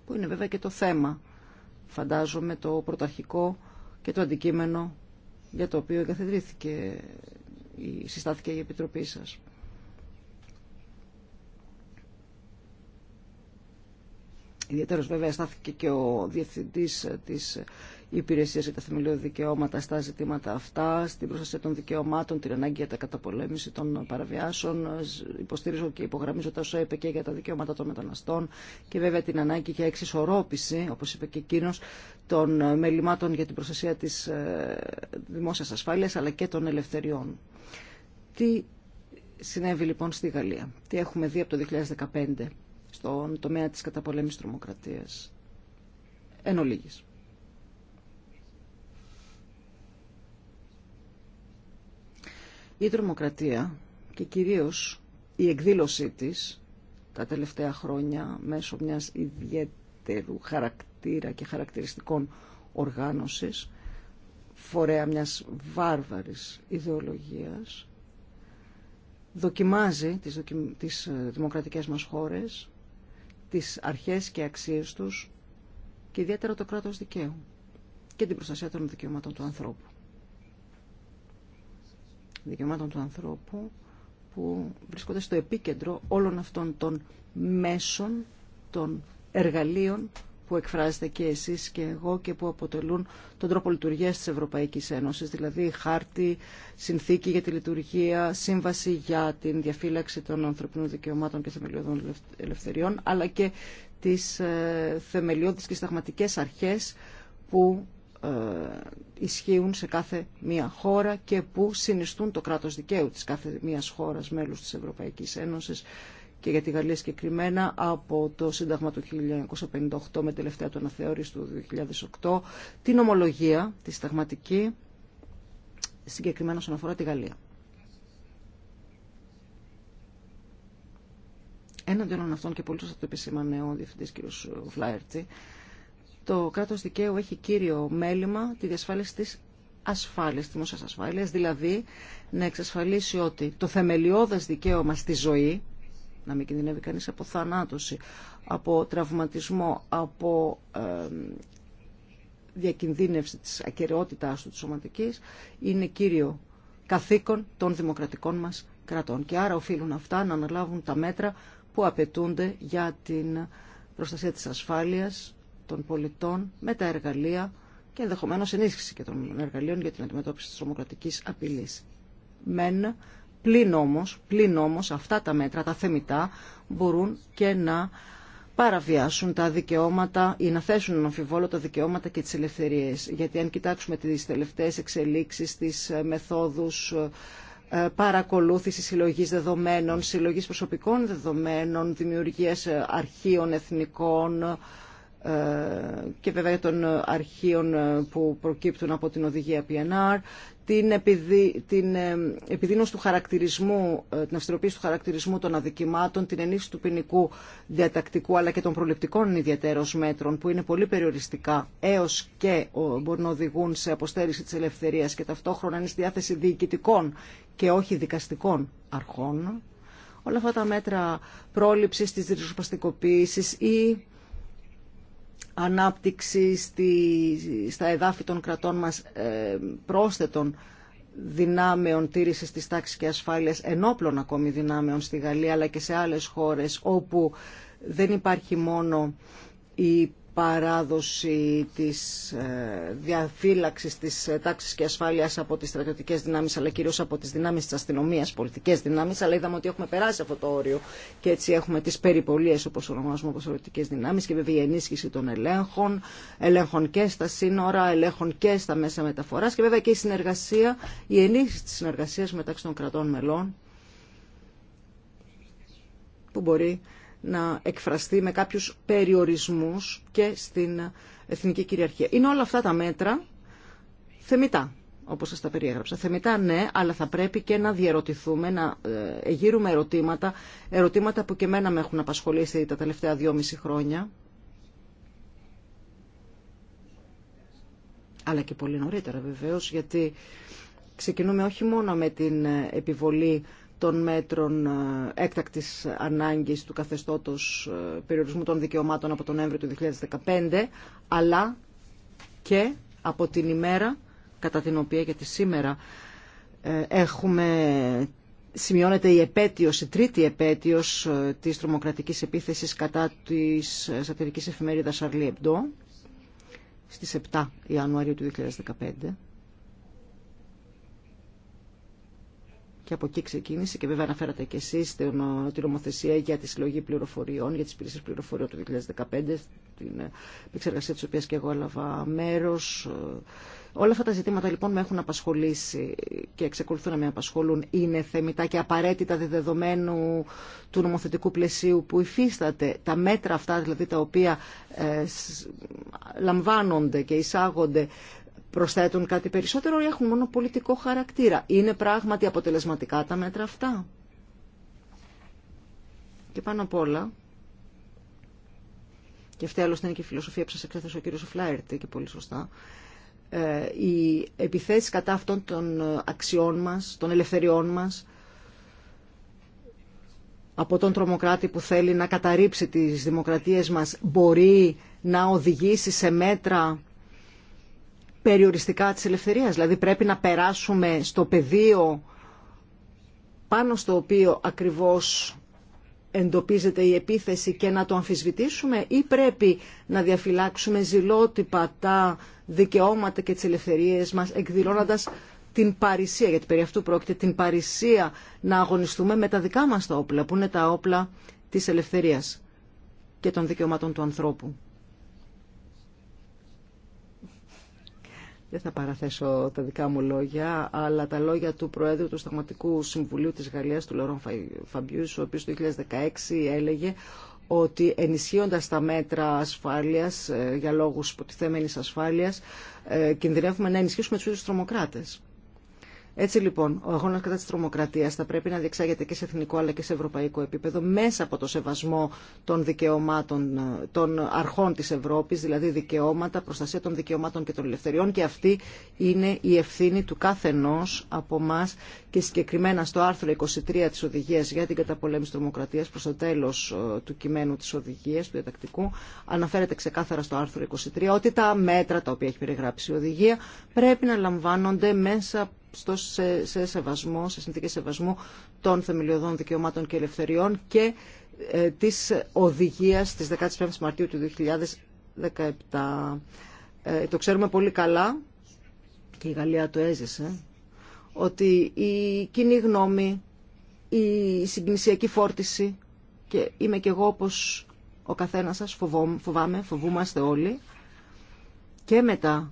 που είναι βέβαια και το θέμα, φαντάζομαι, το πρωταρχικό και το αντικείμενο για το οποίο εγκαθιδρύθηκε, συστάθηκε η Επιτροπή σας. Ιδιαίτερος βέβαια στάθηκε και ο Διευθυντής της Υπηρεσίας για τα Θεμελιώδη Δικαιώματα στα ζητήματα αυτά, στην προστασία των δικαιωμάτων, την ανάγκη για τα καταπολέμηση των παραβιάσεων. Υποστήριζω και υπογραμμίζω τα όσα είπε και για τα δικαιώματα των μεταναστών και βέβαια την ανάγκη για εξισορρόπηση, όπως είπε και εκείνος, των μελημάτων για την προστασία της ε, δημόσιας ασφάλειας αλλά και των ελευθεριών. Τι συνέβη λοιπόν στη Γαλλία, τι έχουμε δει από το 2015 στον τομέα της καταπολέμησης τρομοκρατίας. Εν ολίγης. Η τρομοκρατία και κυρίως η εκδήλωσή της τα τελευταία χρόνια μέσω μιας ιδιαίτερου χαρακτήρα και χαρακτηριστικών οργάνωσης φορέα μιας βάρβαρης ιδεολογίας δοκιμάζει τις, τις ε, δημοκρατικές μας χώρες τις αρχές και αξίες τους και ιδιαίτερα το κράτος δικαίου και την προστασία των δικαιωμάτων του ανθρώπου. Δικαιωμάτων του ανθρώπου που βρίσκονται στο επίκεντρο όλων αυτών των μέσων, των εργαλείων που εκφράζετε και εσείς και εγώ και που αποτελούν τον τρόπο λειτουργίας της Ευρωπαϊκής Ένωσης, δηλαδή χάρτη, συνθήκη για τη λειτουργία, σύμβαση για την διαφύλαξη των ανθρωπινών δικαιωμάτων και θεμελιωδών ελευθεριών, αλλά και τις ε, θεμελιώδεις και σταγματικές αρχές που ε, ισχύουν σε κάθε μία χώρα και που συνιστούν το κράτος δικαίου της κάθε μίας χώρας μέλους της Ευρωπαϊκής Ένωσης και για τη Γαλλία συγκεκριμένα από το Σύνταγμα του 1958 με τελευταία του αναθεώρηση του 2008 την ομολογία, τη σταγματική, συγκεκριμένα όσον αφορά τη Γαλλία. Έναντι όλων αυτών και πολύ σωστά το επισήμανε ο Διευθυντής κ. Φλάερτη, το κράτος δικαίου έχει κύριο μέλημα τη διασφάλιση της ασφάλειας, της ασφάλειας, δηλαδή να εξασφαλίσει ότι το θεμελιώδες δικαίωμα στη ζωή, να μην κινδυνεύει κανείς από θανάτωση, από τραυματισμό, από διακινδύνευση της ακαιρεότητάς του της σωματικής, είναι κύριο καθήκον των δημοκρατικών μας κρατών. Και άρα οφείλουν αυτά να αναλάβουν τα μέτρα που απαιτούνται για την προστασία της ασφάλειας των πολιτών με τα εργαλεία και ενδεχομένως ενίσχυση και των εργαλείων για την αντιμετώπιση της τρομοκρατικής απειλής. Πλην όμως, πλην όμως αυτά τα μέτρα, τα θεμητά, μπορούν και να παραβιάσουν τα δικαιώματα ή να θέσουν να τα δικαιώματα και τις ελευθερίες. Γιατί αν κοιτάξουμε τις τελευταίες εξελίξεις, τις ε, μεθόδους ε, παρακολούθηση συλλογής δεδομένων, συλλογής προσωπικών δεδομένων, δημιουργίας ε, αρχείων εθνικών, ε, και βέβαια των αρχείων ε, που προκύπτουν από την οδηγία PNR, την, επιδι... την ε, επιδείνωση του χαρακτηρισμού, την αυστηροποίηση του χαρακτηρισμού των αδικημάτων, την ενίσχυση του ποινικού διατακτικού αλλά και των προληπτικών ιδιαίτερω μέτρων που είναι πολύ περιοριστικά έως και μπορούν να οδηγούν σε αποστέρηση της ελευθερίας και ταυτόχρονα είναι στη διάθεση διοικητικών και όχι δικαστικών αρχών. Όλα αυτά τα μέτρα πρόληψης της ριζοσπαστικοποίησης ή ανάπτυξη στη, στα εδάφη των κρατών μας ε, πρόσθετων δυνάμεων τήρησης της τάξης και ασφάλειας ενόπλων ακόμη δυνάμεων στη Γαλλία αλλά και σε άλλες χώρες όπου δεν υπάρχει μόνο η παράδοση της ε, διαφύλαξης της ε, τάξης και ασφάλειας από τις στρατιωτικές δυνάμεις αλλά κυρίως από τις δυνάμεις της αστυνομίας, πολιτικές δυνάμεις αλλά είδαμε ότι έχουμε περάσει αυτό το όριο και έτσι έχουμε τις περιπολίες όπως ονομάζουμε όπως πολιτικές δυνάμεις και βέβαια η ενίσχυση των ελέγχων, ελέγχων και στα σύνορα, ελέγχων και στα μέσα μεταφοράς και βέβαια και η συνεργασία, η ενίσχυση της συνεργασίας μεταξύ των κρατών μελών που μπορεί να εκφραστεί με κάποιους περιορισμούς και στην εθνική κυριαρχία. Είναι όλα αυτά τα μέτρα θεμητά, όπως σας τα περιέγραψα. Θεμητά ναι, αλλά θα πρέπει και να διαρωτηθούμε, να ε, γύρουμε ερωτήματα, ερωτήματα που και μένα με έχουν απασχολήσει τα τελευταία δυόμιση χρόνια. αλλά και πολύ νωρίτερα βεβαίως, γιατί ξεκινούμε όχι μόνο με την επιβολή των μέτρων ε, έκτακτης ανάγκης του καθεστώτος ε, περιορισμού των δικαιωμάτων από τον Νοέμβριο του 2015, αλλά και από την ημέρα κατά την οποία τη σήμερα ε, έχουμε σημειώνεται η επέτειος, η τρίτη επέτειος της τρομοκρατικής επίθεσης κατά της σατυρικής εφημερίδας Σαρλί Εμπτώ στις 7 Ιανουαρίου του 2015 και από εκεί ξεκίνησε και βέβαια αναφέρατε και εσείς ε, την νομοθεσία για τη συλλογή πληροφοριών, για τις υπηρεσίες πληροφοριών του 2015, την ε, επεξεργασία της οποίας και εγώ έλαβα μέρος. Ε, όλα αυτά τα ζητήματα λοιπόν με έχουν απασχολήσει και εξεκολουθούν να με απασχολούν. Είναι θεμητά και απαραίτητα δεδομένου του νομοθετικού πλαισίου που υφίσταται. Τα μέτρα αυτά δηλαδή τα οποία λαμβάνονται και εισάγονται προσθέτουν κάτι περισσότερο ή έχουν μόνο πολιτικό χαρακτήρα. Είναι πράγματι αποτελεσματικά τα μέτρα αυτά. Και πάνω απ' όλα, και αυτή άλλωστε είναι και η φιλοσοφία που σας εξέθεσε ο κύριος Φλάιρτη και πολύ σωστά, ε, οι επιθέσεις κατά αυτών των αξιών μας, των ελευθεριών μας, από τον τρομοκράτη που θέλει να καταρρύψει τις δημοκρατίες μας, μπορεί να οδηγήσει σε μέτρα περιοριστικά της ελευθερίας. Δηλαδή πρέπει να περάσουμε στο πεδίο πάνω στο οποίο ακριβώς εντοπίζεται η επίθεση και να το αμφισβητήσουμε ή πρέπει να διαφυλάξουμε ζηλότυπα τα δικαιώματα και τις ελευθερίες μας εκδηλώνοντας την παρησία, γιατί περί αυτού πρόκειται την παρησία να αγωνιστούμε με τα δικά μας τα όπλα, που είναι τα όπλα της ελευθερίας και των δικαιωμάτων του ανθρώπου. Δεν θα παραθέσω τα δικά μου λόγια, αλλά τα λόγια του Προέδρου του Σταγματικού Συμβουλίου της Γαλλίας, του Λορόν Φαμπιούς, ο οποίος το 2016 έλεγε ότι ενισχύοντας τα μέτρα ασφάλειας ε, για λόγους υποτιθέμενης ασφάλειας ε, κινδυνεύουμε να ενισχύσουμε τους ίδιους τρομοκράτες. Έτσι λοιπόν, ο αγώνα κατά τη τρομοκρατία θα πρέπει να διεξάγεται και σε εθνικό αλλά και σε ευρωπαϊκό επίπεδο μέσα από το σεβασμό των δικαιωμάτων των αρχών τη Ευρώπη, δηλαδή δικαιώματα, προστασία των δικαιωμάτων και των ελευθεριών και αυτή είναι η ευθύνη του καθενό από εμά και συγκεκριμένα στο άρθρο 23 τη Οδηγία για την καταπολέμηση τρομοκρατία προ το τέλο ε, του κειμένου τη Οδηγία, του διατακτικού, αναφέρεται ξεκάθαρα στο άρθρο 23 ότι τα μέτρα τα οποία έχει περιγράψει η Οδηγία πρέπει να λαμβάνονται μέσα στο, σε, σε σεβασμό, σε συνθήκε σεβασμού των θεμελιωδών δικαιωμάτων και ελευθεριών και ε, της οδηγίας της 15 Μαρτίου του 2017. Ε, το ξέρουμε πολύ καλά και η Γαλλία το έζησε ότι η κοινή γνώμη, η συγκνησιακή φόρτιση και είμαι και εγώ όπως ο καθένας σας φοβάμαι, φοβούμαστε όλοι και μετά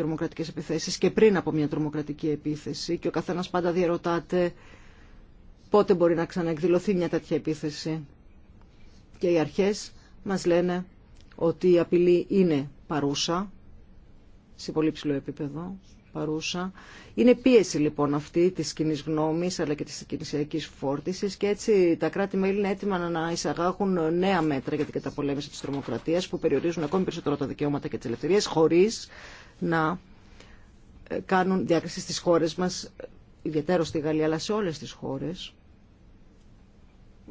τρομοκρατικές επιθέσεις και πριν από μια τρομοκρατική επίθεση και ο καθένας πάντα διαρωτάται πότε μπορεί να ξαναεκδηλωθεί μια τέτοια επίθεση. Και οι αρχές μας λένε ότι η απειλή είναι παρούσα, σε πολύ ψηλό επίπεδο, παρούσα. Είναι πίεση λοιπόν αυτή της κοινή γνώμης αλλά και της κινησιακής φόρτισης και έτσι τα κράτη-μέλη είναι έτοιμα να εισαγάγουν νέα μέτρα για την καταπολέμηση της τρομοκρατίας που περιορίζουν ακόμη περισσότερο τα δικαιώματα και τις ελευθερίες χωρίς να ε, κάνουν διάκριση στις χώρες μας, ιδιαίτερο στη Γαλλία, αλλά σε όλες τις χώρες.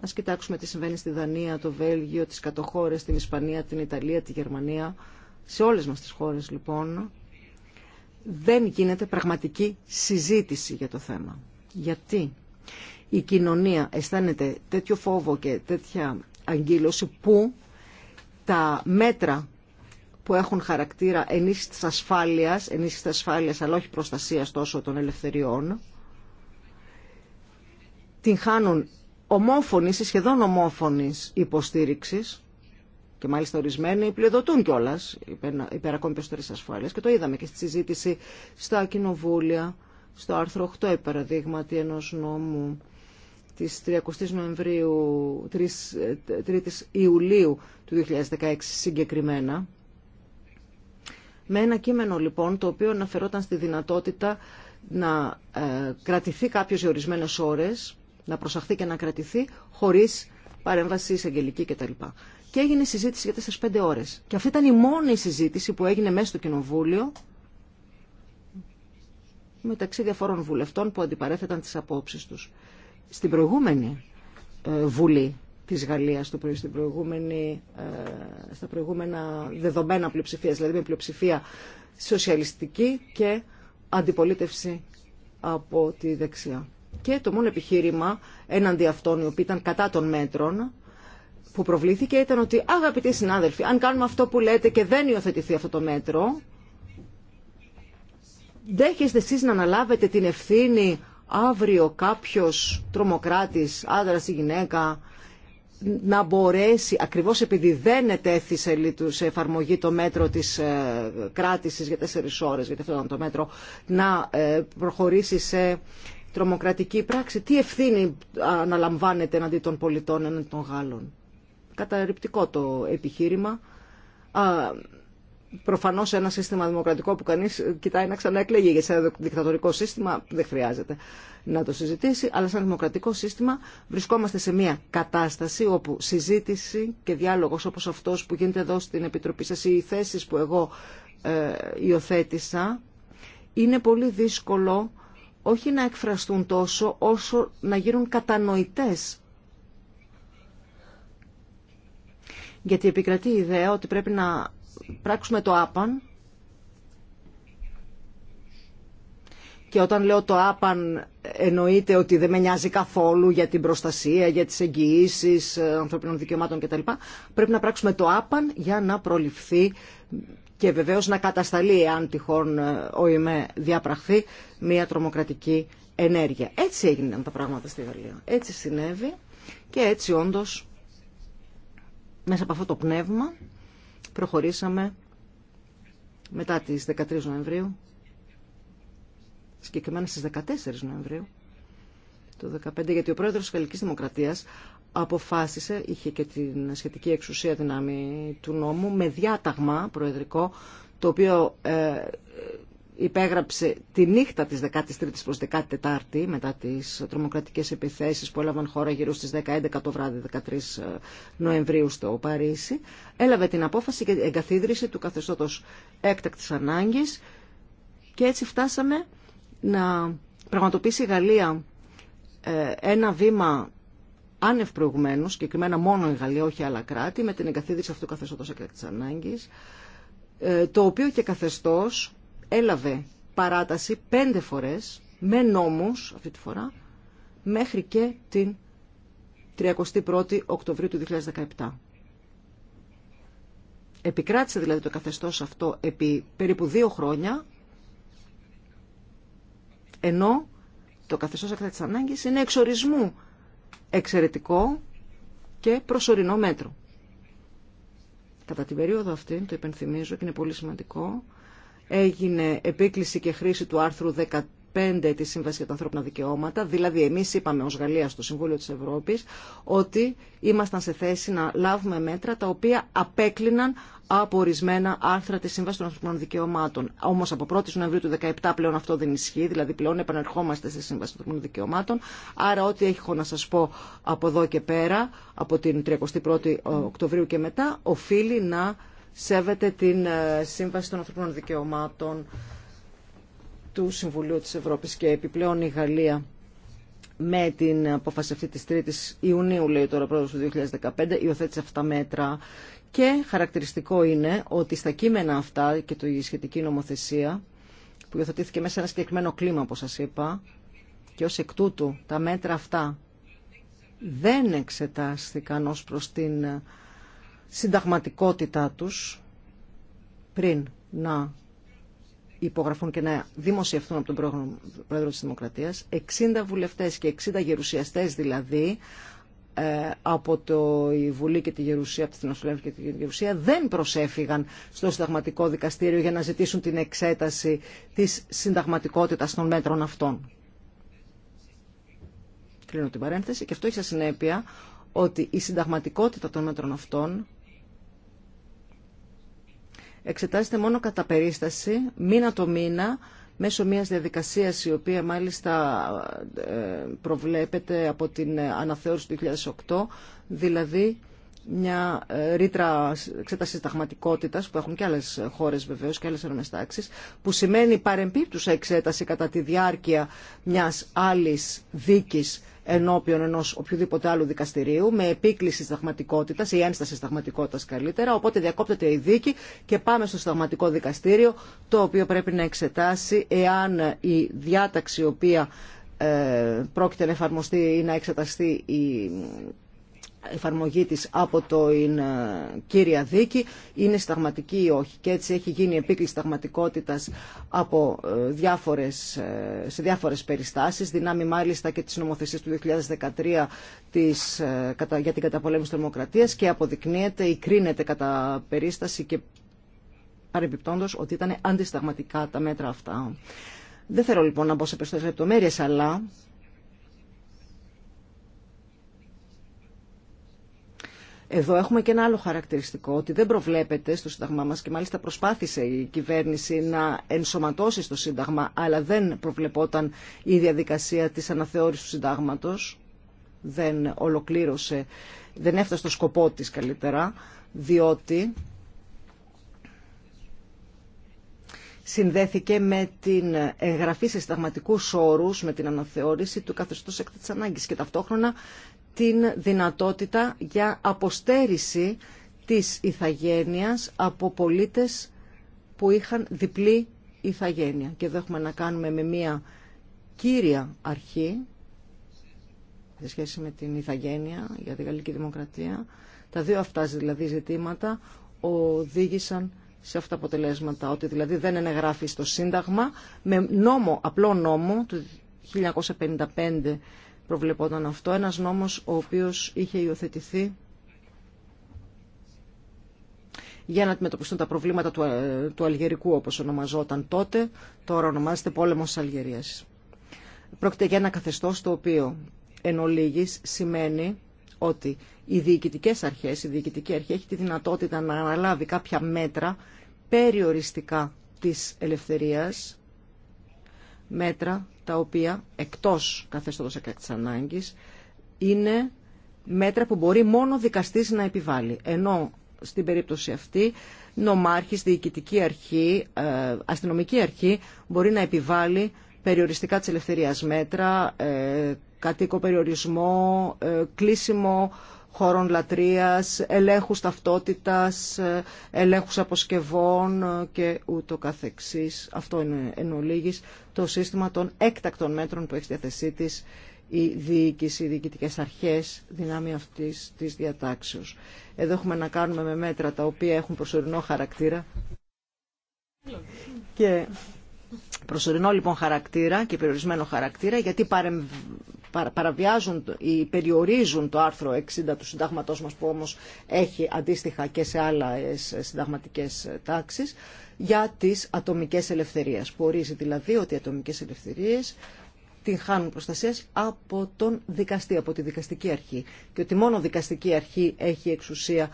Ας κοιτάξουμε τι συμβαίνει στη Δανία, το Βέλγιο, τις κατοχώρες, την Ισπανία, την Ιταλία, τη Γερμανία. Σε όλες μας τις χώρες, λοιπόν, δεν γίνεται πραγματική συζήτηση για το θέμα. Γιατί η κοινωνία αισθάνεται τέτοιο φόβο και τέτοια αγκύλωση που τα μέτρα που έχουν χαρακτήρα ενίσχυσης ασφάλειας, ενίσχυσης ασφάλειας αλλά όχι προστασίας τόσο των ελευθεριών, την χάνουν ομόφωνης ή σχεδόν ομόφωνης υποστήριξης και μάλιστα ορισμένοι πλειοδοτούν κιόλα υπέρ ακόμη περισσότερη ασφάλεια. Και το είδαμε και στη συζήτηση στα κοινοβούλια, στο άρθρο 8, παραδείγματι, ενό νόμου της 30 Νοεμβρίου, 3, 3 Ιουλίου του 2016 συγκεκριμένα, με ένα κείμενο λοιπόν το οποίο αναφερόταν στη δυνατότητα να ε, κρατηθεί κάποιος για ορισμένε ώρες, να προσαχθεί και να κρατηθεί χωρίς παρέμβαση εισαγγελική κτλ. Και έγινε συζήτηση για 4-5 ώρες. Και αυτή ήταν η μόνη συζήτηση που έγινε μέσα στο Κοινοβούλιο μεταξύ διαφόρων βουλευτών που αντιπαρέθεταν τις απόψεις τους. Στην προηγούμενη ε, Βουλή της Γαλλίας το προηγούμενη, ε, στα προηγούμενα δεδομένα πλειοψηφίας, δηλαδή με πλειοψηφία σοσιαλιστική και αντιπολίτευση από τη δεξιά. Και το μόνο επιχείρημα έναντι αυτών οι οποίοι ήταν κατά των μέτρων που προβλήθηκε ήταν ότι αγαπητοί συνάδελφοι, αν κάνουμε αυτό που λέτε και δεν υιοθετηθεί αυτό το μέτρο, δέχεστε εσείς να αναλάβετε την ευθύνη αύριο κάποιος τρομοκράτης, άντρας ή γυναίκα, να μπορέσει, ακριβώς επειδή δεν ετέθησε σε εφαρμογή το μέτρο της ε, κράτησης για τέσσερις ώρες, γιατί αυτό ήταν το μέτρο, να ε, προχωρήσει σε τρομοκρατική πράξη. Τι ευθύνη αναλαμβάνεται εναντί των πολιτών, εναντί των Γάλλων. Καταρρυπτικό το επιχείρημα. Προφανώ ένα σύστημα δημοκρατικό που κανεί κοιτάει να ξαναεκλέγει, γιατί σε ένα δικτατορικό σύστημα δεν χρειάζεται να το συζητήσει, αλλά σε ένα δημοκρατικό σύστημα βρισκόμαστε σε μια κατάσταση όπου συζήτηση και διάλογο όπω αυτό που γίνεται εδώ στην Επιτροπή σα, οι θέσει που εγώ ε, υιοθέτησα, είναι πολύ δύσκολο όχι να εκφραστούν τόσο όσο να γίνουν κατανοητές. Γιατί επικρατεί η ιδέα ότι πρέπει να πράξουμε το άπαν και όταν λέω το άπαν εννοείται ότι δεν με νοιάζει καθόλου για την προστασία, για τις εγγυήσει ε, ανθρωπινών δικαιωμάτων κτλ. Πρέπει να πράξουμε το άπαν για να προληφθεί και βεβαίως να κατασταλεί αν τυχόν ε, ο ΙΜΕ διαπραχθεί μια τρομοκρατική ενέργεια. Έτσι έγιναν τα πράγματα στη Γαλλία. Έτσι συνέβη και έτσι όντως μέσα από αυτό το πνεύμα προχωρήσαμε μετά τις 13 Νοεμβρίου, συγκεκριμένα στις 14 Νοεμβρίου το 2015, γιατί ο πρόεδρος της Γαλλικής Δημοκρατίας αποφάσισε, είχε και την σχετική εξουσία δυνάμει του νόμου, με διάταγμα προεδρικό, το οποίο ε, υπέγραψε τη νύχτα της 13ης προς 14η μετά τις τρομοκρατικές επιθέσεις που έλαβαν χώρα γύρω στις 10-11 το βράδυ 13 ε, Νοεμβρίου στο Παρίσι έλαβε την απόφαση και εγκαθίδρυση του καθεστώτος έκτακτης ανάγκης και έτσι φτάσαμε να πραγματοποιήσει η Γαλλία ε, ένα 11 το βραδυ 13 άνευ προηγουμένου, συγκεκριμένα μόνο η Γαλλία, όχι άλλα κράτη, με την εγκαθίδρυση αυτού του καθεστώτος έκτακτης ανάγκης, ε, το οποίο και καθεστώ έλαβε παράταση πέντε φορές, με νόμους αυτή τη φορά, μέχρι και την 31η Οκτωβρίου του 2017. Επικράτησε δηλαδή το καθεστώς αυτό επί περίπου δύο χρόνια, ενώ το καθεστώς εκτά της ανάγκης είναι εξορισμού εξαιρετικό και προσωρινό μέτρο. Κατά την περίοδο αυτή, το υπενθυμίζω και είναι πολύ σημαντικό, έγινε επίκληση και χρήση του άρθρου 15 τη Σύμβαση για τα Ανθρώπινα Δικαιώματα, δηλαδή εμεί είπαμε ω Γαλλία στο Συμβούλιο τη Ευρώπη ότι ήμασταν σε θέση να λάβουμε μέτρα τα οποία απέκλειναν από ορισμένα άρθρα τη Σύμβαση των Ανθρωπίνων Δικαιωμάτων. Όμω από 1η Νοεμβρίου του 2017 πλέον αυτό δεν ισχύει, δηλαδή πλέον επαναρχόμαστε στη Σύμβαση των Ανθρωπίνων Δικαιωμάτων. Άρα ό,τι έχω να σα πω από εδώ και πέρα, από την 31η Οκτωβρίου και μετά, οφείλει να σέβεται την ε, Σύμβαση των Ανθρωπίνων Δικαιωμάτων του Συμβουλίου της Ευρώπης και επιπλέον η Γαλλία με την απόφαση αυτή της 3ης Ιουνίου, λέει τώρα πρόεδρος του 2015, υιοθέτησε αυτά μέτρα και χαρακτηριστικό είναι ότι στα κείμενα αυτά και η σχετική νομοθεσία που υιοθετήθηκε μέσα σε ένα συγκεκριμένο κλίμα, όπως σας είπα, και ως εκ τούτου τα μέτρα αυτά δεν εξετάστηκαν ως προς την συνταγματικότητά τους πριν να υπογραφούν και να δημοσιευθούν από τον Πρόεδρο της Δημοκρατίας 60 βουλευτές και 60 γερουσιαστές δηλαδή ε, από το, η Βουλή και τη Γερουσία, από τη και τη Γερουσία, δεν προσέφηγαν στο Συνταγματικό Δικαστήριο για να ζητήσουν την εξέταση της συνταγματικότητας των μέτρων αυτών. Κλείνω την παρένθεση και αυτό έχει σαν συνέπεια ότι η συνταγματικότητα των μέτρων αυτών εξετάζεται μόνο κατά περίσταση, μήνα το μήνα, μέσω μιας διαδικασίας η οποία μάλιστα ε, προβλέπεται από την αναθεώρηση του 2008, δηλαδή μια ε, ρήτρα εξέταση ταχματικότητας που έχουν και άλλες χώρες βεβαίως και άλλες τάξεις, που σημαίνει παρεμπίπτουσα εξέταση κατά τη διάρκεια μιας άλλης δίκης ενώπιον ενό οποιοδήποτε άλλου δικαστηρίου με επίκληση συνταγματικότητα ή ένσταση συνταγματικότητα καλύτερα. Οπότε διακόπτεται η δίκη και πάμε στο συνταγματικό δικαστήριο, το οποίο πρέπει να εξετάσει εάν η διάταξη στο σταγματικο οποία ε, πρόκειται να εφαρμοστεί ή να εξεταστεί η εφαρμογή της από το ε, κύρια δίκη είναι σταγματική ή όχι. Και έτσι έχει γίνει επίκληση σταγματικότητας από ε, διάφορες, ε, σε διάφορες περιστάσεις, δυνάμει μάλιστα και της νομοθεσίας του 2013 της, για την καταπολέμηση της δημοκρατίας και αποδεικνύεται ή κρίνεται κατά περίσταση και παρεμπιπτόντως ότι ήταν αντισταγματικά τα μέτρα αυτά. Δεν θέλω λοιπόν να μπω σε περισσότερες λεπτομέρειες, αλλά Εδώ έχουμε και ένα άλλο χαρακτηριστικό, ότι δεν προβλέπεται στο Σύνταγμά μας και μάλιστα προσπάθησε η κυβέρνηση να ενσωματώσει στο Σύνταγμα, αλλά δεν προβλεπόταν η διαδικασία της αναθεώρησης του Συντάγματος, δεν ολοκλήρωσε, δεν έφτασε στο σκοπό της καλύτερα, διότι συνδέθηκε με την εγγραφή σε συνταγματικούς όρους με την αναθεώρηση του καθεστώς έκτη ανάγκης και ταυτόχρονα την δυνατότητα για αποστέρηση της ηθαγένειας από πολίτες που είχαν διπλή ηθαγένεια. Και εδώ έχουμε να κάνουμε με μία κύρια αρχή, σε σχέση με την ηθαγένεια για τη Γαλλική Δημοκρατία. Τα δύο αυτά δηλαδή ζητήματα οδήγησαν σε αυτά τα αποτελέσματα, ότι δηλαδή δεν ενεγράφει στο Σύνταγμα με νόμο, απλό νόμο του 1955 προβλεπόταν αυτό. Ένας νόμος ο οποίος είχε υιοθετηθεί για να αντιμετωπιστούν τα προβλήματα του, ε, του Αλγερικού όπως ονομαζόταν τότε, τώρα ονομάζεται πόλεμος της Αλγερίας. Πρόκειται για ένα καθεστώς το οποίο εν ολίγης σημαίνει ότι οι διοικητικέ αρχές, η διοικητική αρχή έχει τη δυνατότητα να αναλάβει κάποια μέτρα περιοριστικά της ελευθερίας μέτρα τα οποία εκτός καθεστώτος της ανάγκης είναι μέτρα που μπορεί μόνο ο δικαστής να επιβάλλει. Ενώ στην περίπτωση αυτή νομάρχης, διοικητική αρχή, ε, αστυνομική αρχή μπορεί να επιβάλλει περιοριστικά της ελευθερίας μέτρα, ε, κατοίκο περιορισμό, ε, κλείσιμο χώρων λατρείας, ελέγχους ταυτότητας, ελέγχους αποσκευών και ούτω καθεξής. Αυτό είναι εν ολίγης το σύστημα των έκτακτων μέτρων που έχει στη διαθεσή της η διοίκηση, οι διοικητικές αρχές δυνάμει αυτής της διατάξεως. Εδώ έχουμε να κάνουμε με μέτρα τα οποία έχουν προσωρινό χαρακτήρα και προσωρινό λοιπόν χαρακτήρα και περιορισμένο χαρακτήρα γιατί παρεμ παραβιάζουν ή περιορίζουν το άρθρο 60 του συντάγματός μας που όμως έχει αντίστοιχα και σε άλλα ε, συνταγματικές ε, τάξεις για τις ατομικές ελευθερίες που ορίζει δηλαδή ότι οι ατομικές ελευθερίες την χάνουν προστασία από τον δικαστή, από τη δικαστική αρχή και ότι μόνο δικαστική αρχή έχει εξουσία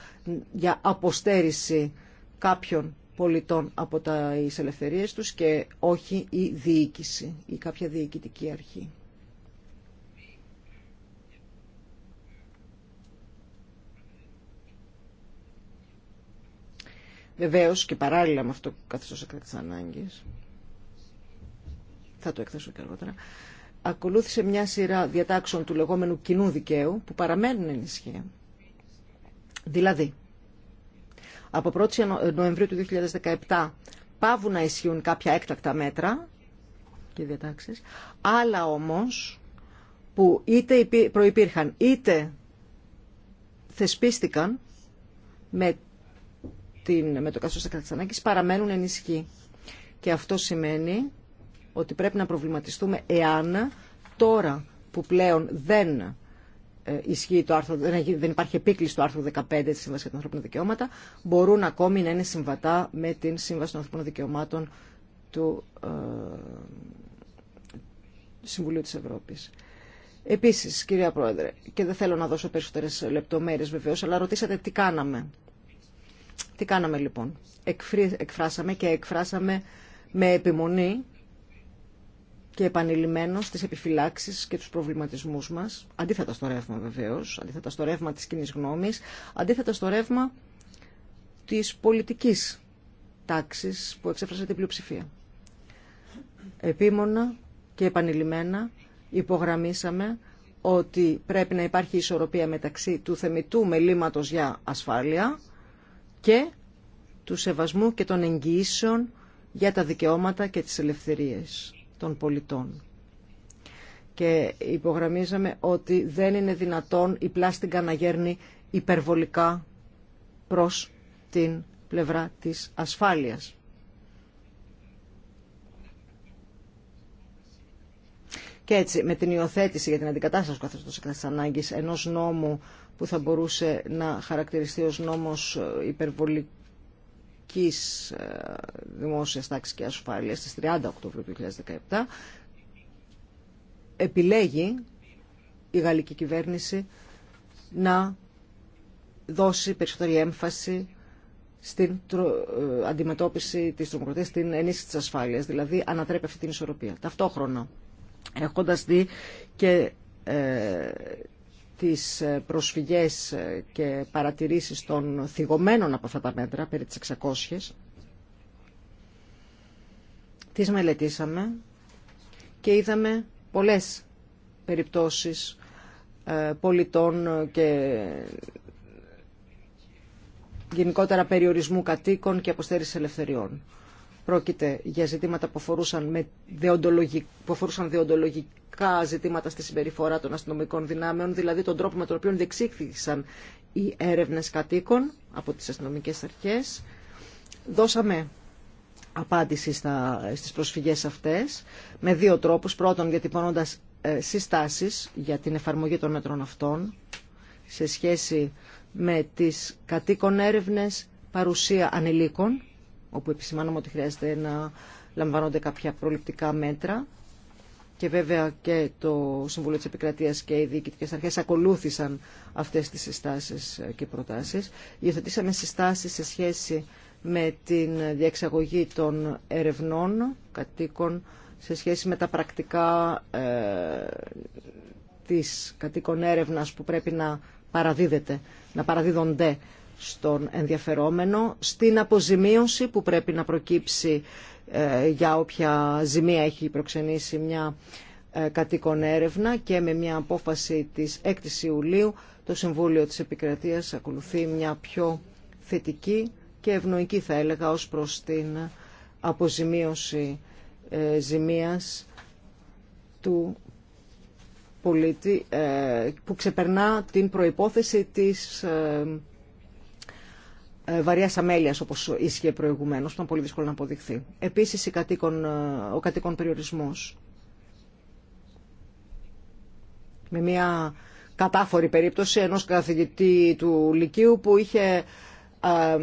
για αποστέρηση κάποιων πολιτών από τις ελευθερίες τους και όχι η διοίκηση ή κάποια διοικητική αρχή. Βεβαίω και παράλληλα με αυτό καθιστώ σε κράτη ανάγκη. θα το εκθέσω και αργότερα, ακολούθησε μια σειρά διατάξεων του λεγόμενου κοινού δικαίου που παραμενουν ισχυ ενισχύει. Δηλαδή, από 1η ε, Νοεμβρίου του 2017 πάβουν να ισχύουν κάποια έκτακτα μέτρα και διατάξεις, άλλα όμως που είτε προϋπήρχαν είτε θεσπίστηκαν με την, με το καθώς της ανάγκης παραμένουν ενισχύ. Και αυτό σημαίνει ότι πρέπει να προβληματιστούμε εάν τώρα που πλέον δεν ε, ισχύει το άρθρο, δεν υπάρχει επίκληση του άρθρου 15 της Σύμβασης για τα Ανθρώπινα Δικαιώματα, μπορούν ακόμη να είναι συμβατά με την Σύμβαση των Ανθρώπινων Δικαιωμάτων του ε, Συμβουλίου της Ευρώπης. Επίσης, κυρία Πρόεδρε, και δεν θέλω να δώσω περισσότερες λεπτομέρειες βεβαίως, αλλά ρωτήσατε τι κάναμε τι κάναμε λοιπόν. Εκφράσαμε και εκφράσαμε με επιμονή και επανειλημμένο τις επιφυλάξεις και τους προβληματισμούς μας, αντίθετα στο ρεύμα βεβαίως, αντίθετα στο ρεύμα της κοινή γνώμης, αντίθετα στο ρεύμα της πολιτικής τάξης που εξέφρασε την πλειοψηφία. Επίμονα και επανειλημμένα υπογραμμίσαμε ότι πρέπει να υπάρχει ισορροπία μεταξύ του θεμητού μελήματος για ασφάλεια και του σεβασμού και των εγγυήσεων για τα δικαιώματα και τις ελευθερίες των πολιτών. Και υπογραμμίζαμε ότι δεν είναι δυνατόν η πλάστη να υπερβολικά προς την πλευρά της ασφάλειας. Και έτσι, με την υιοθέτηση για την αντικατάσταση καθώς της ανάγκης ενός νόμου που θα μπορούσε να χαρακτηριστεί ως νόμος υπερβολικής ε, δημόσιας τάξης και ασφάλειας στις 30 Οκτωβρίου 2017 επιλέγει η γαλλική κυβέρνηση να δώσει περισσότερη έμφαση στην ε, αντιμετώπιση της τρομοκρατίας, στην ενίσχυση της ασφάλειας, δηλαδή ανατρέπει αυτή την ισορροπία. Ταυτόχρονα, έχοντας δει και ε, τις προσφυγές και παρατηρήσεις των θυγωμένων από αυτά τα μέτρα, περί τις 600. Τις μελετήσαμε και είδαμε πολλές περιπτώσεις ε, πολιτών και γενικότερα περιορισμού κατοίκων και αποστέρησης ελευθεριών. Πρόκειται για ζητήματα που αφορούσαν, με δεοντολογικά ζητήματα στη συμπεριφορά των αστυνομικών δυνάμεων, δηλαδή τον τρόπο με τον οποίο διεξήχθησαν οι έρευνες κατοίκων από τις αστυνομικές αρχές. Δώσαμε απάντηση στα, στις προσφυγές αυτές με δύο τρόπους. Πρώτον, διατυπώνοντας ε, συστάσεις για την εφαρμογή των μέτρων αυτών σε σχέση με τις κατοίκων έρευνες παρουσία ανηλίκων όπου επισημάνομαι ότι χρειάζεται να λαμβάνονται κάποια προληπτικά μέτρα και βέβαια και το Συμβούλιο της Επικρατείας και οι διοικητικές αρχές ακολούθησαν αυτές τις συστάσεις και προτάσεις. Υιοθετήσαμε συστάσεις σε σχέση με την διεξαγωγή των ερευνών κατοίκων σε σχέση με τα πρακτικά ε, της κατοίκων έρευνας που πρέπει να παραδίδεται, να παραδίδονται στον ενδιαφερόμενο, στην αποζημίωση που πρέπει να προκύψει ε, για όποια ζημία έχει προξενήσει μια ε, κατοικονέρευνα και με μια απόφαση της 6ης Ιουλίου το Συμβούλιο της Επικρατείας ακολουθεί μια πιο θετική και ευνοϊκή θα έλεγα ως προς την αποζημίωση ε, ζημίας του πολίτη που ξεπερνά την προϋπόθεση της ε, βαριά αμέλεια όπω ίσχυε προηγουμένω, που ήταν πολύ δύσκολο να αποδειχθεί. Επίση, ε, ο κατοίκον περιορισμό. Με μια κατάφορη περίπτωση ενός καθηγητή του Λυκείου που είχε ε,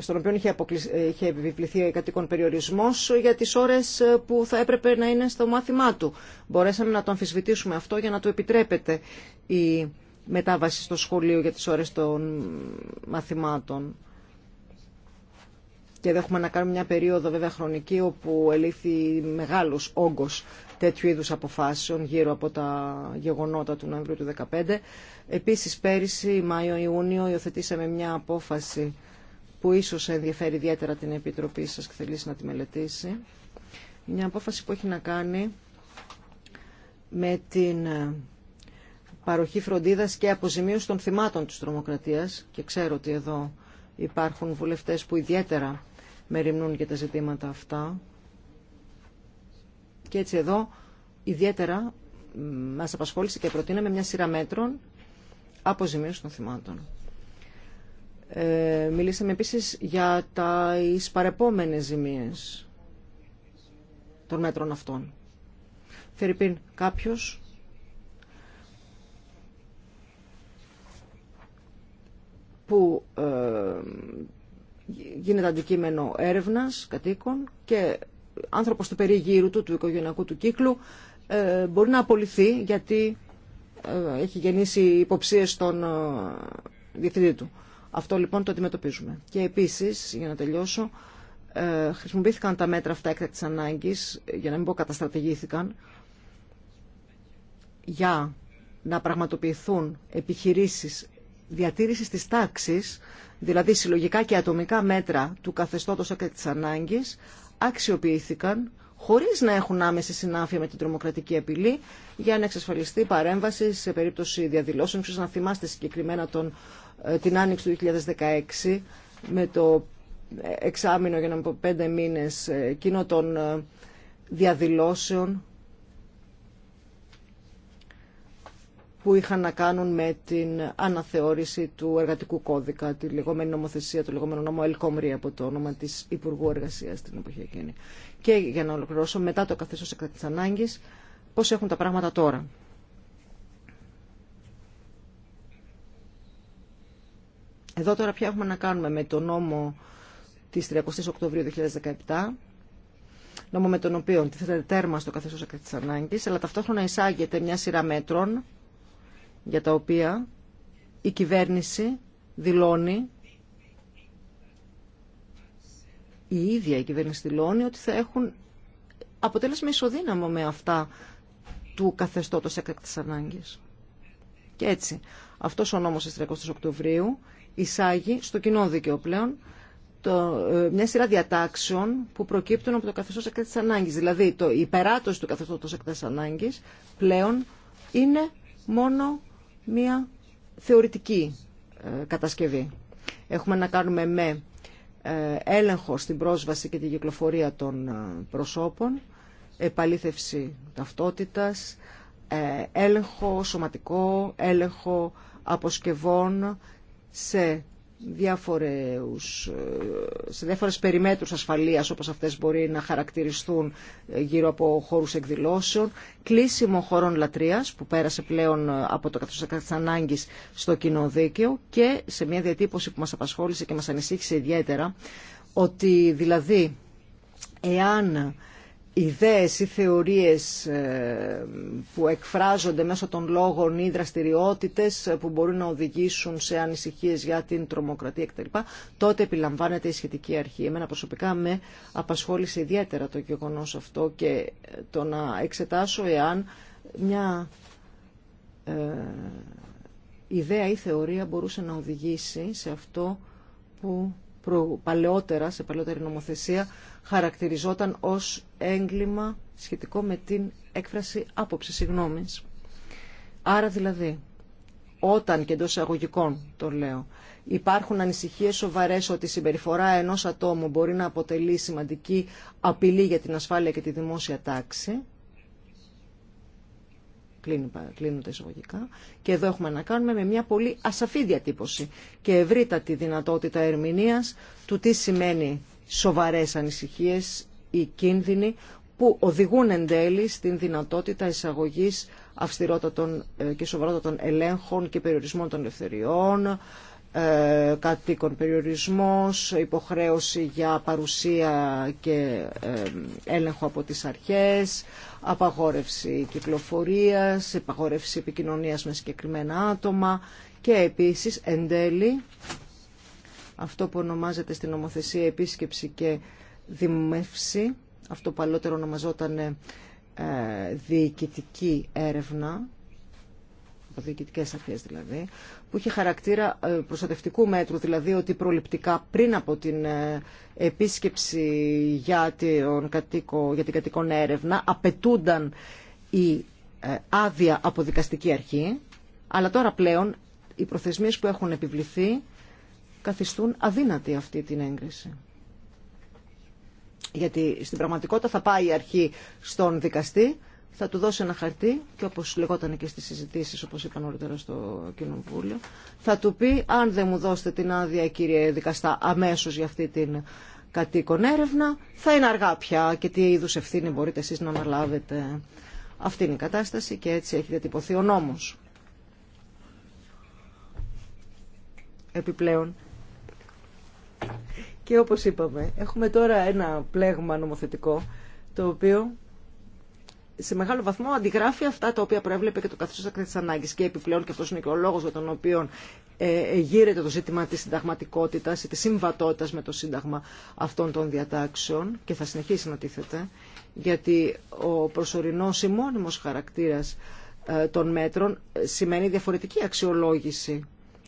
στον οποίο είχε, αποκλεισ... είχε επιβληθεί κατοίκον περιορισμός για τις ώρες που θα έπρεπε να είναι στο μάθημά του. Μπορέσαμε να το αμφισβητήσουμε αυτό για να του επιτρέπεται η μετάβαση στο σχολείο για τις ώρες των μαθημάτων. Και εδώ έχουμε να κάνουμε μια περίοδο βέβαια χρονική όπου ελήφθη μεγάλος όγκος τέτοιου είδους αποφάσεων γύρω από τα γεγονότα του Νοεμβρίου του 2015. Επίσης πέρυσι, Μάιο-Ιούνιο, υιοθετήσαμε μια απόφαση που ίσως ενδιαφέρει ιδιαίτερα την Επιτροπή σας και θελήσει να τη μελετήσει. Μια απόφαση που έχει να κάνει με την ε, παροχή φροντίδας και αποζημίωση των θυμάτων της τρομοκρατίας και ξέρω ότι εδώ υπάρχουν βουλευτές που ιδιαίτερα μεριμνούν για τα ζητήματα αυτά και έτσι εδώ ιδιαίτερα μας απασχόλησε και προτείναμε μια σειρά μέτρων αποζημίωση των θυμάτων. Ε, μιλήσαμε επίσης για τα εις ζημίες των μέτρων αυτών. Φερρυπίν, κάποιος που ε, γίνεται αντικείμενο έρευνας κατοίκων και άνθρωπος του περιγύρου του, του οικογενειακού του κύκλου, ε, μπορεί να απολυθεί γιατί ε, έχει γεννήσει υποψίες στον διευθυντή του. Αυτό λοιπόν το αντιμετωπίζουμε. Και επίσης, για να τελειώσω, χρησιμοποιήθηκαν τα μέτρα αυτά έκτακτης ανάγκης, για να μην πω καταστρατηγήθηκαν, για να πραγματοποιηθούν επιχειρήσεις διατήρησης της τάξης, δηλαδή συλλογικά και ατομικά μέτρα του καθεστώτος και της ανάγκης, αξιοποιήθηκαν χωρίς να έχουν άμεση συνάφεια με την τρομοκρατική επιλή για να εξασφαλιστεί παρέμβαση σε περίπτωση διαδηλώσεων. Ξέρεις να θυμάστε συγκεκριμένα τον, ε, την άνοιξη του 2016 με το ε, εξάμεινο για να πω πέντε μήνες ε, εκείνο των διαδηλώσεων που είχαν να κάνουν με την αναθεώρηση του εργατικού κώδικα, τη λεγόμενη νομοθεσία, το λεγόμενο νόμο Ελκομρή από το όνομα της Υπουργού Εργασία την εποχή εκείνη. Και για να ολοκληρώσω μετά το καθεστώ εκτάκτη ανάγκη, πώς έχουν τα πράγματα τώρα. Εδώ τώρα πια έχουμε να κάνουμε με το νόμο της 30 Οκτωβρίου 2017, νόμο με τον οποίο τίθεται τέρμα στο καθεστώ εκτακτής ανάγκης, αλλά ταυτόχρονα εισάγεται μια σειρά μέτρων για τα οποία η κυβέρνηση δηλώνει η ίδια η κυβέρνηση δηλώνει ότι θα έχουν αποτέλεσμα ισοδύναμο με αυτά του καθεστώτος έκτακτης ανάγκης. Και έτσι, αυτός ο νόμος της 30 Οκτωβρίου εισάγει στο κοινό δίκαιο πλέον το, ε, μια σειρά διατάξεων που προκύπτουν από το καθεστώς έκτακτης ανάγκης. Δηλαδή, το, η περάτωση του καθεστώτος έκτακτης ανάγκης πλέον είναι μόνο μία θεωρητική ε, κατασκευή. Έχουμε να κάνουμε με ε, έλεγχο στην πρόσβαση και την κυκλοφορία των ε, προσώπων, επαλήθευση ταυτότητας, έλεγχο σωματικό, έλεγχο αποσκευών σε διάφορες, σε διάφορες περιμέτρους ασφαλείας όπως αυτές μπορεί να χαρακτηριστούν γύρω από χώρους εκδηλώσεων, κλείσιμο χωρών λατρείας που πέρασε πλέον από το καθώς ανάγκης στο κοινό δίκαιο και σε μια διατύπωση που μας απασχόλησε και μας ανησύχησε ιδιαίτερα ότι δηλαδή εάν ιδέες ή θεωρίες ε, που εκφράζονται μέσω των λόγων ή δραστηριότητε ε, που μπορούν να οδηγήσουν σε ανησυχίες για την τρομοκρατία κτλ. τότε επιλαμβάνεται η σχετική αρχή. Εμένα προσωπικά με απασχόλησε ιδιαίτερα το γεγονός αυτό και το να εξετάσω εάν μια ε, ιδέα ή θεωρία μπορούσε να οδηγήσει σε αυτό που παλαιότερα, σε παλαιότερη νομοθεσία χαρακτηριζόταν ως έγκλημα σχετικό με την έκφραση άποψη γνωμης Άρα δηλαδή, όταν και εντό εισαγωγικών το λέω, υπάρχουν ανησυχίες σοβαρές ότι η συμπεριφορά ενός ατόμου μπορεί να αποτελεί σημαντική απειλή για την ασφάλεια και τη δημόσια τάξη, κλείνουν τα εισαγωγικά. Και εδώ έχουμε να κάνουμε με μια πολύ ασαφή διατύπωση και ευρύτατη δυνατότητα ερμηνείας του τι σημαίνει σοβαρές ανησυχίες ή κίνδυνοι που οδηγούν εν τέλει στην δυνατότητα εισαγωγής αυστηρότατων ε, και σοβαρότατων ελέγχων και περιορισμών των ελευθεριών, ε, κατοίκων περιορισμός, υποχρέωση για παρουσία και ε, έλεγχο από τις αρχές, απαγόρευση κυκλοφορίας, απαγόρευση επικοινωνίας με συγκεκριμένα άτομα και επίσης εν τέλει αυτό που ονομάζεται στην νομοθεσία επίσκεψη και δημεύση, αυτό που παλαιότερο ονομαζόταν ε, διοικητική έρευνα, από διοικητικές αρχές δηλαδή, που είχε χαρακτήρα ε, προστατευτικού μέτρου, δηλαδή ότι προληπτικά πριν από την ε, επίσκεψη για την, κατοίκο, για την έρευνα απαιτούνταν η άδεια από δικαστική αρχή, αλλά τώρα πλέον οι προθεσμίες που έχουν επιβληθεί καθιστούν αδύνατη αυτή την έγκριση. Γιατί στην πραγματικότητα θα πάει η αρχή στον δικαστή, θα του δώσει ένα χαρτί και όπως λεγόταν και στις συζητήσεις, όπως είπα νωρίτερα στο Κοινοβούλιο, θα του πει αν δεν μου δώσετε την άδεια κύριε δικαστά αμέσως για αυτή την κατοίκον έρευνα, θα είναι αργά πια και τι είδου ευθύνη μπορείτε εσείς να αναλάβετε. Αυτή είναι η κατάσταση και έτσι έχει διατυπωθεί ο νόμος. Επιπλέον, και όπως είπαμε, έχουμε τώρα ένα πλέγμα νομοθετικό το οποίο σε μεγάλο βαθμό αντιγράφει αυτά τα οποία προέβλεπε και το καθεστώς της τη Και επιπλέον, και αυτός είναι και ο λόγος για τον οποίο ε, ε, γύρεται το ζήτημα της συνταγματικότητας ή της συμβατότητας με το Σύνταγμα αυτών των διατάξεων και θα συνεχίσει να τίθεται, γιατί ο προσωρινό ή χαρακτήρας χαρακτήρα ε, των μέτρων ε, σημαίνει διαφορετική αξιολόγηση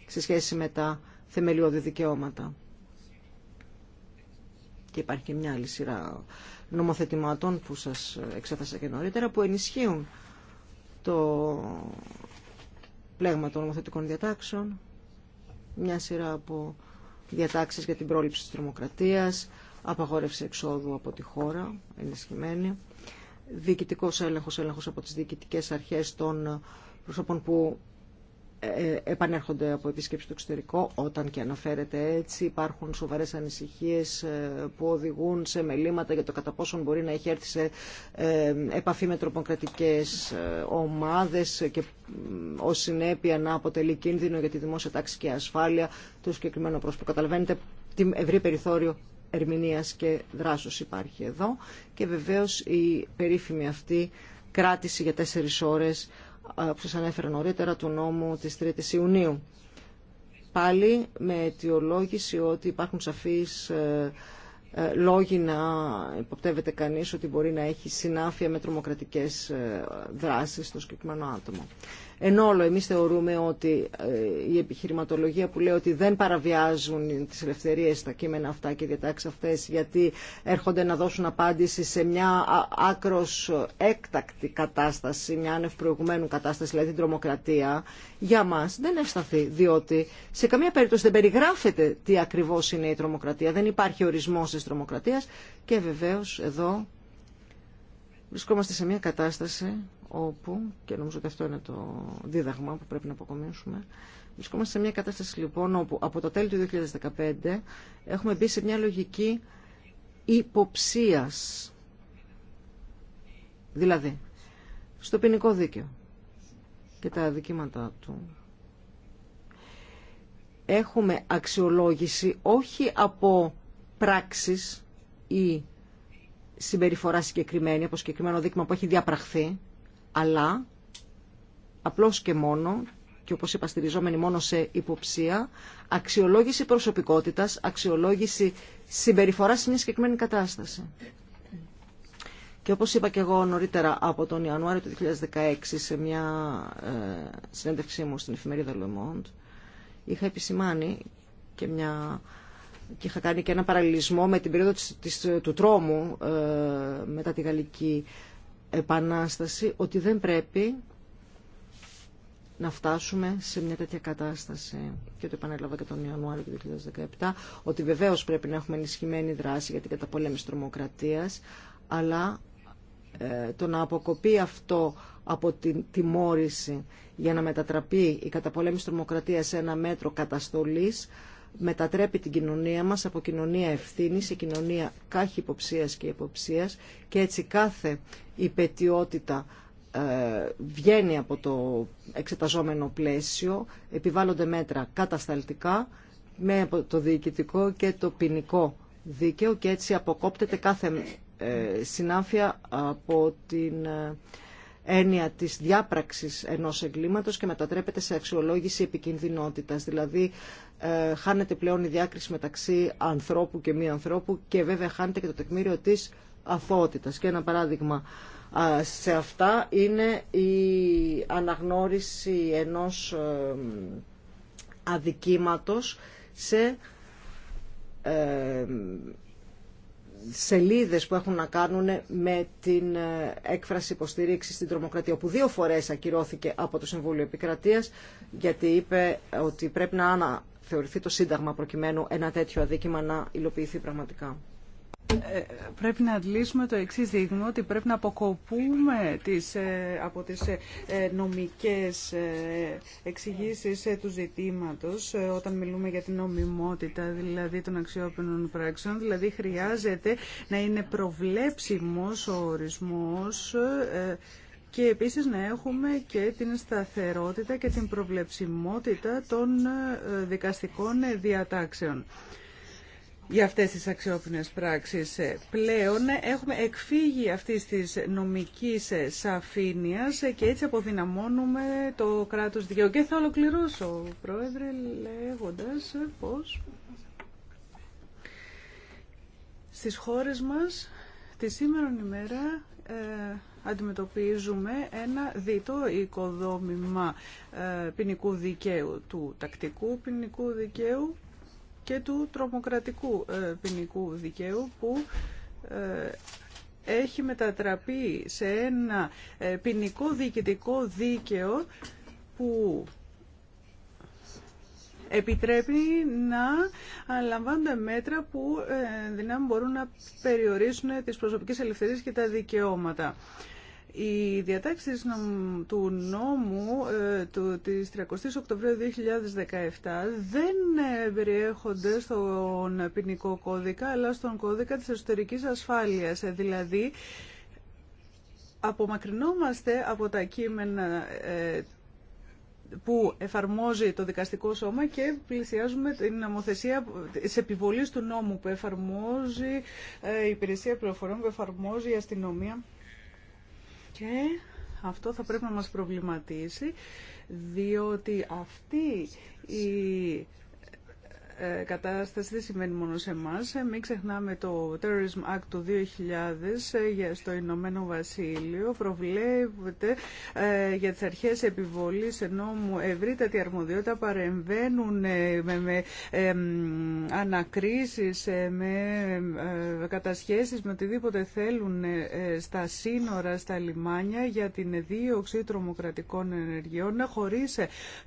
σε σχέση με τα θεμελιώδη δικαιώματα και υπάρχει και μια άλλη σειρά νομοθετημάτων που σας εξέφασα και νωρίτερα που ενισχύουν το πλέγμα των νομοθετικών διατάξεων, μια σειρά από διατάξεις για την πρόληψη της τρομοκρατίας, απαγόρευση εξόδου από τη χώρα, ενισχυμένη, διοικητικός έλεγχος, έλεγχος από τις διοικητικές αρχές των προσώπων που ε, ε, επανέρχονται από επίσκεψη στο εξωτερικό, όταν και αναφέρεται έτσι. Υπάρχουν σοβαρές ανησυχίες ε, που οδηγούν σε μελήματα για το κατά πόσον μπορεί να έχει έρθει σε επαφή με τροποκρατικές ομάδες και ως συνέπεια να αποτελεί κίνδυνο για τη δημόσια τάξη και ασφάλεια του συγκεκριμένου πρόσωπου. Καταλαβαίνετε τι ευρύ περιθώριο ερμηνείας και δράσος υπάρχει εδώ και βεβαίως η περίφημη αυτή κράτηση για τέσσερις ώρες που σας ανέφερα νωρίτερα, του νόμου της 3ης Ιουνίου. Πάλι με αιτιολόγηση ότι υπάρχουν σαφείς ε, ε, λόγοι να υποπτεύεται κανείς ότι μπορεί να έχει συνάφεια με τρομοκρατικές ε, δράσεις στο συγκεκριμένο άτομο όλο, εμείς θεωρούμε ότι ε, η επιχειρηματολογία που λέει ότι δεν παραβιάζουν τις ελευθερίες τα κείμενα αυτά και οι διατάξεις αυτές γιατί έρχονται να δώσουν απάντηση σε μια άκρος έκτακτη κατάσταση, μια άνευ κατάσταση, δηλαδή την τρομοκρατία, για μας δεν ευσταθεί, διότι σε καμία περίπτωση δεν περιγράφεται τι ακριβώς είναι η τρομοκρατία, δεν υπάρχει ορισμός της τρομοκρατίας και βεβαίως εδώ βρισκόμαστε σε μια κατάσταση όπου, και νομίζω ότι αυτό είναι το δίδαγμα που πρέπει να αποκομίσουμε, βρισκόμαστε σε μια κατάσταση λοιπόν όπου από το τέλη του 2015 έχουμε μπει σε μια λογική υποψίας. Δηλαδή, στο ποινικό δίκαιο και τα δικηματά του έχουμε αξιολόγηση όχι από πράξεις ή συμπεριφορά συγκεκριμένη, από συγκεκριμένο δείγμα που έχει διαπραχθεί, αλλά απλώς και μόνο και όπως είπα στηριζόμενοι μόνο σε υποψία, αξιολόγηση προσωπικότητας, αξιολόγηση συμπεριφοράς σε μια συγκεκριμένη κατάσταση. Και όπως είπα και εγώ νωρίτερα από τον Ιανουάριο του 2016 σε μια ε, συνέντευξή μου στην εφημερίδα Le Monde, είχα επισημάνει και μια και είχα κάνει και ένα παραλληλισμό με την περίοδο της, του τρόμου ε, μετά τη Γαλλική επανάσταση ότι δεν πρέπει να φτάσουμε σε μια τέτοια κατάσταση και το επανέλαβα και τον Ιανουάριο του 2017 ότι βεβαίως πρέπει να έχουμε ενισχυμένη δράση για την καταπολέμηση τρομοκρατίας αλλά ε, το να αποκοπεί αυτό από την τιμώρηση για να μετατραπεί η καταπολέμηση τρομοκρατίας σε ένα μέτρο καταστολής μετατρέπει την κοινωνία μας από κοινωνία ευθύνη σε κοινωνία κάχη υποψίας και υποψίας και έτσι κάθε υπετιότητα ε, βγαίνει από το εξεταζόμενο πλαίσιο, επιβάλλονται μέτρα κατασταλτικά με το διοικητικό και το ποινικό δίκαιο και έτσι αποκόπτεται κάθε ε, συνάφεια από την ε, έννοια της διάπραξης ενός εγκλήματος και μετατρέπεται σε αξιολόγηση επικινδυνότητας. Δηλαδή ε, χάνεται πλέον η διάκριση μεταξύ ανθρώπου και μη ανθρώπου και βέβαια χάνεται και το τεκμήριο της αθότητας. Και ένα παράδειγμα σε αυτά είναι η αναγνώριση ενός ε, αδικήματος σε ε, σελίδες που έχουν να κάνουν με την ε, έκφραση υποστήριξη στην τρομοκρατία, που δύο φορές ακυρώθηκε από το Συμβούλιο Επικρατείας, γιατί είπε ότι πρέπει να αναθεωρηθεί το Σύνταγμα προκειμένου ένα τέτοιο αδίκημα να υλοποιηθεί πραγματικά. Ε, πρέπει να αντλήσουμε το εξής δείγμα ότι πρέπει να αποκοπούμε τις, ε, από τις ε, νομικές εξηγήσεις του ζητήματος όταν μιλούμε για την νομιμότητα δηλαδή των αξιόπινων πράξεων δηλαδή χρειάζεται να είναι προβλέψιμος ο ορισμός και επίσης να έχουμε και την σταθερότητα και την προβλεψιμότητα των δικαστικών διατάξεων για αυτές τις αξιόπινες πράξεις. Ε, πλέον έχουμε εκφύγει αυτής της νομικής ε, σαφήνειας ε, και έτσι αποδυναμώνουμε το κράτος δικαίου. Και θα ολοκληρώσω, Πρόεδρε, λέγοντας πως στις χώρες μας τη σήμερα ημέρα ε, αντιμετωπίζουμε ένα διτό οικοδόμημα ε, ποινικού δικαίου, του τακτικού ποινικού δικαίου και του τρομοκρατικού ε, ποινικού δικαίου που ε, έχει μετατραπεί σε ένα ε, ποινικό διοικητικό δίκαιο που επιτρέπει να λαμβάνονται μέτρα που δυνάμει μπορούν να περιορίσουν τις προσωπικές ελευθερίες και τα δικαιώματα. Οι διατάξεις του νόμου ε, του, της 30 Οκτωβρίου 2017 δεν ε, περιέχονται στον ποινικό κώδικα, αλλά στον κώδικα της εσωτερικής ασφάλειας. Ε, δηλαδή, απομακρυνόμαστε από τα κείμενα που εφαρμόζει το δικαστικό σώμα και πλησιάζουμε την νομοθεσία τη επιβολή του νόμου που εφαρμόζει η υπηρεσία πληροφοριών, που εφαρμόζει η αστυνομία. Και αυτό θα πρέπει να μας προβληματίσει, διότι αυτή η ε, κατάσταση δεν σημαίνει μόνο σε εμά. Ε, μην ξεχνάμε το Terrorism Act του 2000 ε, στο Ηνωμένο Βασίλειο. Προβλέπεται για τις αρχές επιβολής νόμου ευρύτατη αρμοδιότητα παρεμβαίνουν με ανακρίσεις, με κατασχέσεις, με οτιδήποτε θέλουν στα σύνορα, στα λιμάνια για την δίωξη τρομοκρατικών ενεργειών χωρίς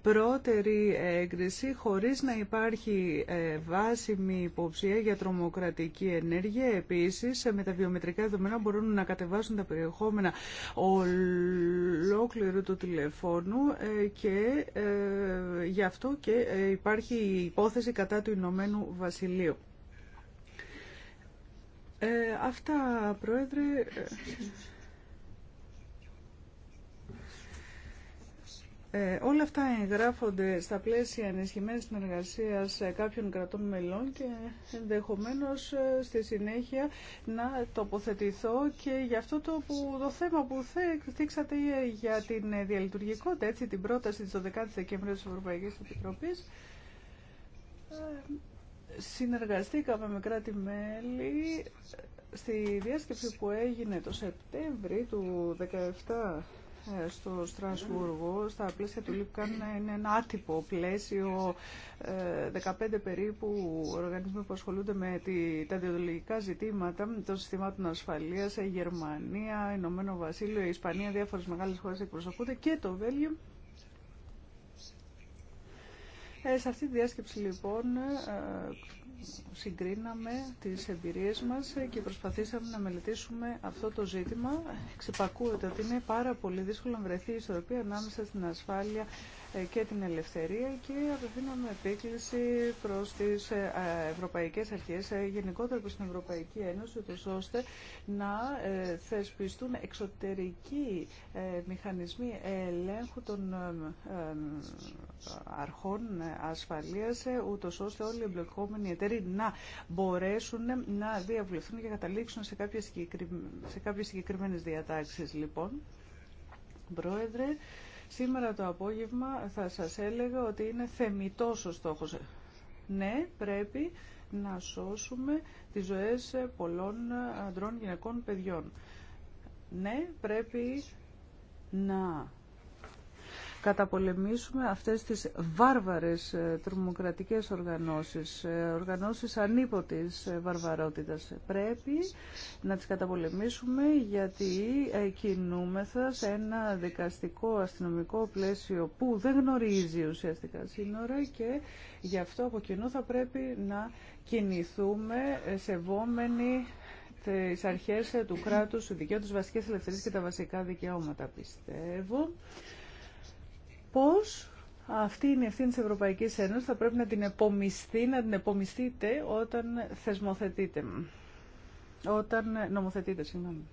πρώτερη έγκριση, χωρίς να υπάρχει βάσιμη υποψία για τρομοκρατική ενέργεια. Επίση, με τα βιομετρικά δεδομένα μπορούν να κατεβάσουν τα περιεχόμενα ολόκληρου του τηλεφώνου ε, και ε, γι' αυτό και ε, υπάρχει η υπόθεση κατά του Ηνωμένου Βασιλείου. Ε, αυτά, Πρόεδρε. Ε, όλα αυτά εγγράφονται στα πλαίσια ενισχυμένης συνεργασίας ε, κάποιων κρατών μελών και ενδεχομένως ε, στη συνέχεια να τοποθετηθώ και για αυτό το, που, το θέμα που θίξατε για την διαλειτουργικότητα, έτσι την πρόταση της 12 η Δεκεμβρίου της Ευρωπαϊκή Επιτροπής. Συνεργαστήκαμε με κράτη-μέλη στη διάσκεψη που έγινε το Σεπτέμβρη του 17 ε, στο Στρασβούργο, στα πλαίσια του ΛΥΠΚΑΝ, είναι ένα άτυπο πλαίσιο, 15 ε, περίπου οργανισμοί που ασχολούνται με τα διοντολογικά ζητήματα των συστημάτων ασφαλείας, η Γερμανία, Ηνωμένο Βασίλειο, η Ισπανία, διάφορες μεγάλες χώρες εκπροσωπούνται και το Βέλγιο. Ε, σε αυτή τη διάσκεψη λοιπόν ε, συγκρίναμε τις εμπειρίες μας και προσπαθήσαμε να μελετήσουμε αυτό το ζήτημα. Ξυπακούεται ότι είναι πάρα πολύ δύσκολο να βρεθεί η ισορροπία ανάμεσα στην ασφάλεια ε, και την ελευθερία και απευθύναμε επίκληση προς τις ε, ευρωπαϊκές αρχές, ε, γενικότερα προς την Ευρωπαϊκή Ένωση, ώστε να θεσπιστούν εξωτερικοί μηχανισμοί ελέγχου των αρχών ασφαλείας, ούτως ώστε όλοι οι εμπλεκόμενοι εταίροι να μπορέσουν να διαβουλευτούν και καταλήξουν σε κάποιες, συγκεκριμένε σε κάποιες συγκεκριμένες διατάξεις, λοιπόν. Πρόεδρε, Σήμερα το απόγευμα θα σας έλεγα ότι είναι θεμητός ο στόχος. Ναι, πρέπει να σώσουμε τις ζωές πολλών αντρών, γυναικών, παιδιών. Ναι, πρέπει να καταπολεμήσουμε αυτές τις βάρβαρες ε, τρομοκρατικές οργανώσεις, ε, οργανώσεις ανίποτης ε, βαρβαρότητας. Πρέπει να τις καταπολεμήσουμε γιατί κινούμεθα σε ένα δικαστικό αστυνομικό πλαίσιο που δεν γνωρίζει ουσιαστικά σύνορα και γι' αυτό από κοινού θα πρέπει να κινηθούμε σεβόμενοι τις αρχές του κράτους, του δικαίου, βασικές ελευθερίες και τα βασικά δικαιώματα, πιστεύω πώς αυτή είναι η ευθύνη της Ευρωπαϊκής Ένωσης, θα πρέπει να την επομιστεί, να την επομιστείτε όταν θεσμοθετείτε, όταν νομοθετείτε, συγγνώμη.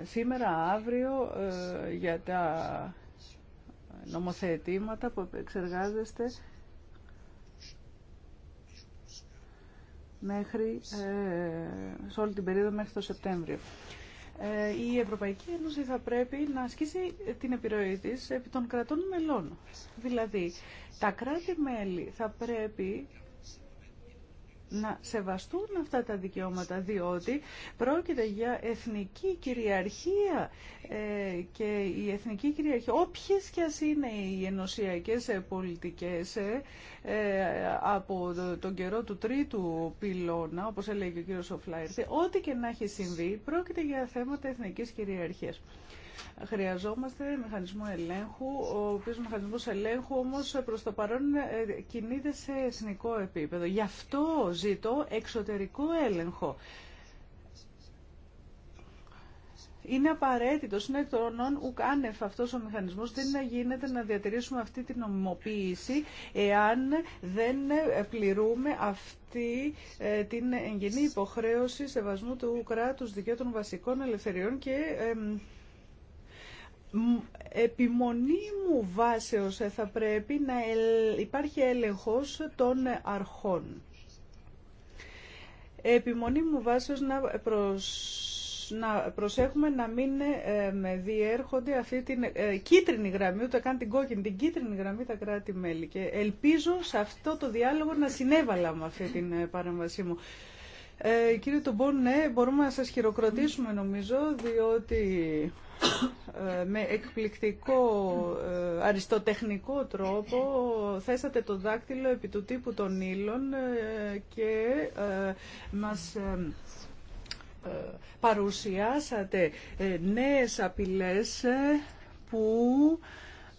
Ε, σήμερα, αύριο, ε, για τα νομοθετήματα που εξεργάζεστε μέχρι, ε, σε όλη την περίοδο μέχρι το Σεπτέμβριο. Ε, η Ευρωπαϊκή Ένωση θα πρέπει να ασκήσει την επιρροή της επί των κρατών μελών. Δηλαδή, τα κράτη-μέλη θα πρέπει να σεβαστούν αυτά τα δικαιώματα, διότι πρόκειται για εθνική κυριαρχία ε, και η εθνική κυριαρχία, όποιες και ας είναι οι ενωσιακές ε, πολιτικές ε, από τον καιρό του τρίτου πυλώνα, όπως έλεγε ο κύριος Σοφλάιρτη, ό,τι και να έχει συμβεί, πρόκειται για θέματα εθνικής κυριαρχίας. Χρειαζόμαστε μηχανισμό ελέγχου, ο οποίος μηχανισμός ελέγχου όμως προς το παρόν ε, κινείται σε εθνικό επίπεδο. Γι' αυτό ζητώ εξωτερικό έλεγχο. Είναι απαραίτητο, είναι το νον ουκάνευ αυτό ο μηχανισμό. Δεν γίνεται να διατηρήσουμε αυτή την νομιμοποίηση εάν δεν ε, πληρούμε αυτή ε, την εγγενή υποχρέωση σεβασμού του κράτου δικαίου των βασικών ελευθεριών και επιμονή μου βάσεως ε, θα πρέπει να υπάρχει έλεγχος των αρχών. Επιμονή μου βάσεως να, να προσέχουμε να μην ε, διέρχονται αυτή την ε, κίτρινη γραμμή, ούτε καν την κόκκινη, την κίτρινη γραμμή τα κράτη-μέλη. Και ελπίζω σε αυτό το διάλογο να συνέβαλα με αυτή την παρέμβασή μου. Ε, κύριε Τομπόν, ναι, μπορούμε να σας χειροκροτήσουμε νομίζω, διότι ε, με εκπληκτικό ε, αριστοτεχνικό τρόπο θέσατε το δάκτυλο επί του τύπου των ύλων ε, και μας παρουσιάσατε νέες απειλές που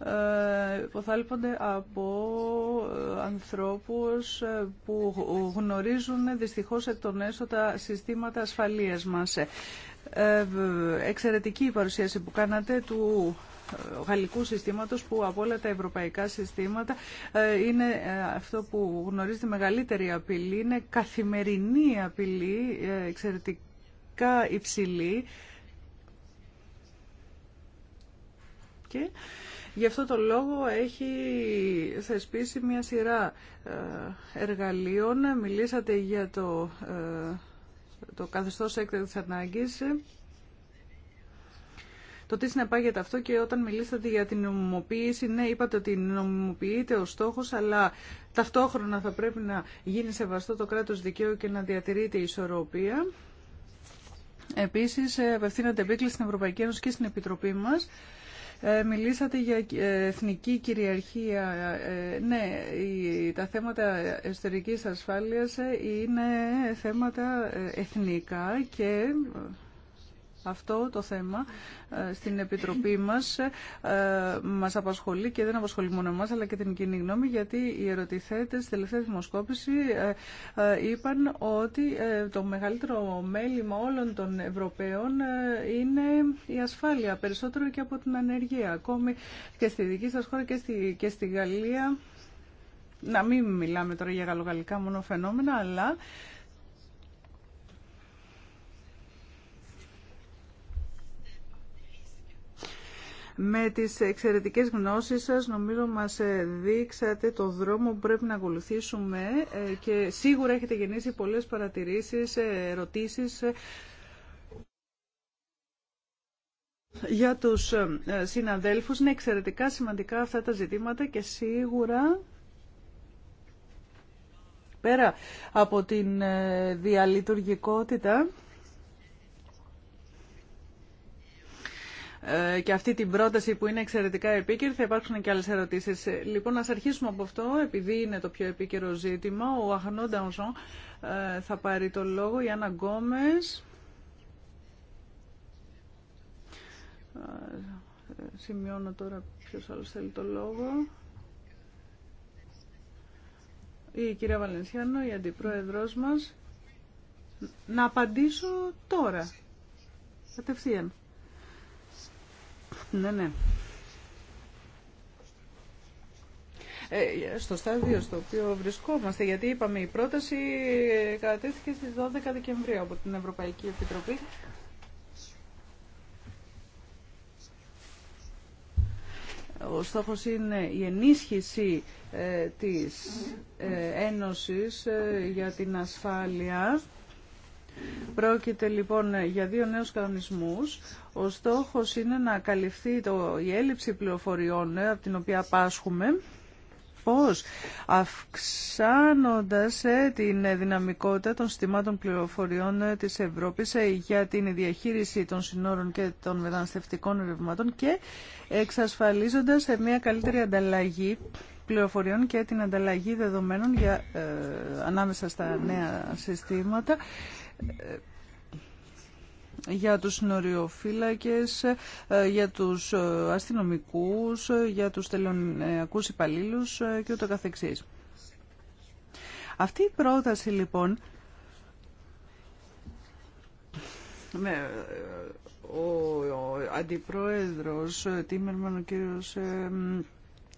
ε, υποθάλπονται από ε, ανθρώπους ε, που γνωρίζουν δυστυχώς εκ των έσω τα συστήματα ασφαλείας μας. Εξαιρετική η παρουσίαση που κάνατε του γαλλικού συστήματος που από όλα τα ευρωπαϊκά συστήματα είναι αυτό που γνωρίζει τη μεγαλύτερη απειλή, είναι καθημερινή απειλή, εξαιρετικά υψηλή. Και Γι' αυτό το λόγο έχει θεσπίσει μια σειρά ε, εργαλείων. Μιλήσατε για το, ε, το καθεστώς έκτακτης ανάγκης. Το τι συνεπάγεται αυτό και όταν μιλήσατε για την νομιμοποίηση, ναι, είπατε ότι νομιμοποιείται ο στόχος, αλλά ταυτόχρονα θα πρέπει να γίνει σεβαστό το κράτος δικαίου και να διατηρείται η ισορροπία. Επίσης, ε, απευθύνεται επίκληση στην Ευρωπαϊκή Ένωση και στην Επιτροπή μας ε, μιλήσατε για ε, εθνική κυριαρχία. Ε, ναι, τα θέματα εσωτερικής ασφάλειας είναι θέματα εθνικά και αυτό το θέμα ε, στην Επιτροπή μας ε, μας απασχολεί και δεν απασχολεί μόνο εμάς αλλά και την κοινή γνώμη γιατί οι ερωτηθέτες στη τελευταία δημοσκόπηση ε, είπαν ότι το μεγαλύτερο μέλημα όλων των Ευρωπαίων είναι η ασφάλεια περισσότερο και από την ανεργία. Ακόμη και στη δική σας χώρα και στη, και στη Γαλλία να μην μιλάμε τώρα για γαλλογαλλικά μόνο φαινόμενα αλλά Με τις εξαιρετικές γνώσεις σας νομίζω μας ε, δείξατε το δρόμο που πρέπει να ακολουθήσουμε ε, και σίγουρα έχετε γεννήσει πολλές παρατηρήσεις, ε, ερωτήσεις για τους συναδέλφους. Είναι εξαιρετικά σημαντικά αυτά τα ζητήματα και σίγουρα πέρα από την διαλειτουργικότητα Ε, και αυτή την πρόταση που είναι εξαιρετικά επίκαιρη. Θα υπάρξουν και άλλες ερωτήσεις. Ε, λοιπόν, ας αρχίσουμε από αυτό, επειδή είναι το πιο επίκαιρο ζήτημα. Ο Αχνό Ντανζόν ε, θα πάρει το λόγο, η Άννα Γκόμες. Σημειώνω τώρα ποιος άλλος θέλει το λόγο. Η κυρία Βαλενσιάνο, η αντιπρόεδρός μας. Να απαντήσω τώρα. Κατευθείαν. Ναι, ναι. Ε, στο στάδιο στο οποίο βρισκόμαστε, γιατί είπαμε η πρόταση κατατέθηκε στις 12 Δεκεμβρίου από την Ευρωπαϊκή Επιτροπή. Ο στόχος είναι η ενίσχυση ε, της ε, Ένωσης για την ασφάλεια Πρόκειται λοιπόν για δύο νέους κανονισμούς. Ο στόχος είναι να καλυφθεί το, η έλλειψη πληροφοριών ε, από την οποία πάσχουμε. Πώς αυξάνοντας ε, την δυναμικότητα των συστημάτων πληροφοριών ε, της Ευρώπης για την διαχείριση των συνόρων και των μεταναστευτικών ρευμάτων και εξασφαλίζοντας μια καλύτερη ανταλλαγή πληροφοριών και την ανταλλαγή δεδομένων για, ανάμεσα στα νέα συστήματα για τους νοριοφύλακες, για τους αστυνομικούς, για τους τελωνιακούς υπαλλήλου και ούτω καθεξής. Αυτή η πρόταση λοιπόν ο, αντιπρόεδρος Τίμερμαν ο κύριος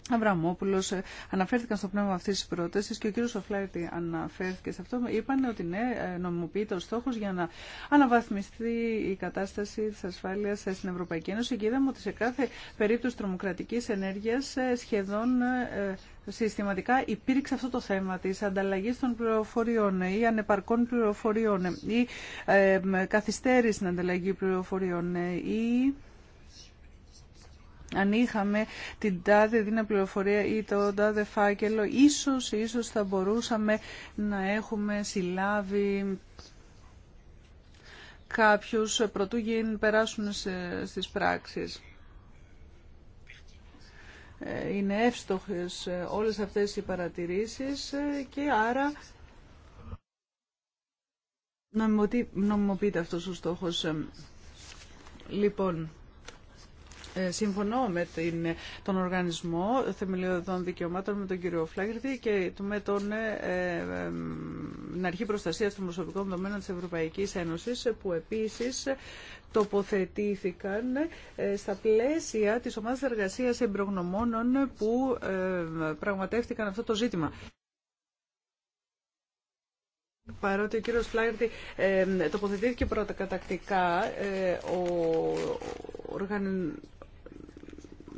Αβραμόπουλο ε, αναφέρθηκαν στο πνεύμα αυτή τη πρόταση και ο κύριο Σοφλάιρτη αναφέρθηκε σε αυτό. Είπαν ότι ναι, ε, νομιμοποιείται ο στόχο για να αναβαθμιστεί η κατάσταση τη ασφάλεια ε, στην Ευρωπαϊκή Ένωση και είδαμε ότι σε κάθε περίπτωση τρομοκρατική ενέργεια σχεδόν συστηματικά υπήρξε αυτό το θέμα τη ανταλλαγή των πληροφοριών ή ανεπαρκών πληροφοριών ή καθυστέρηση στην ανταλλαγή πληροφοριών ή αν είχαμε την τάδε δίνα πληροφορία ή το τάδε φάκελο, ίσως, ίσως θα μπορούσαμε να έχουμε συλλάβει κάποιους προτού περάσουν στις πράξεις. Ε, είναι εύστοχες ε, όλες αυτές οι παρατηρήσεις ε, και άρα νομιμοποιείται αυτός ο στόχος. Λοιπόν, ε, συμφωνώ με την, τον Οργανισμό Θεμελιωδών Δικαιωμάτων, με τον κύριο Φλάγκριτη και με τον ε, ε Αρχή Προστασία των Προσωπικών Δομένων της Ευρωπαϊκής Ένωσης, που επίσης τοποθετήθηκαν ε, στα πλαίσια της ομάδας εργασίας εμπρογνωμόνων που πραγματεύτηκαν αυτό το ζήτημα. Παρότι ο κύριος Φλάιρτη τοποθετήθηκε πρώτα ο,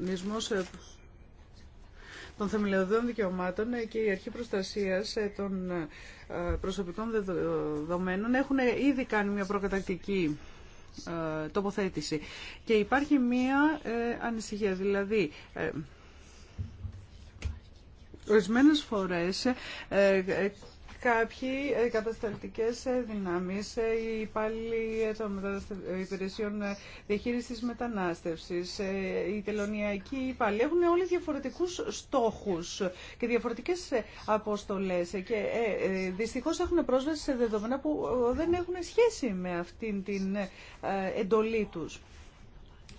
ε, των θεμελιωδών δικαιωμάτων ε, και η αρχή προστασίας ε, των προσωπικών δεδομένων έχουν ήδη κάνει μια προκατακτική τοποθέτηση. Και υπάρχει μία ανησυχία, δηλαδή... Ορισμένες φορές Κάποιοι ε, κατασταλτικές ε, δυνάμει, ε, οι υπάλληλοι των υπηρεσιών διαχείρισης μετανάστευσης, οι τελωνιακοί υπάλληλοι έχουν όλοι διαφορετικούς στόχους και διαφορετικές αποστολές και δυστυχώς έχουν πρόσβαση σε δεδομένα που δεν έχουν σχέση με αυτήν την εντολή τους.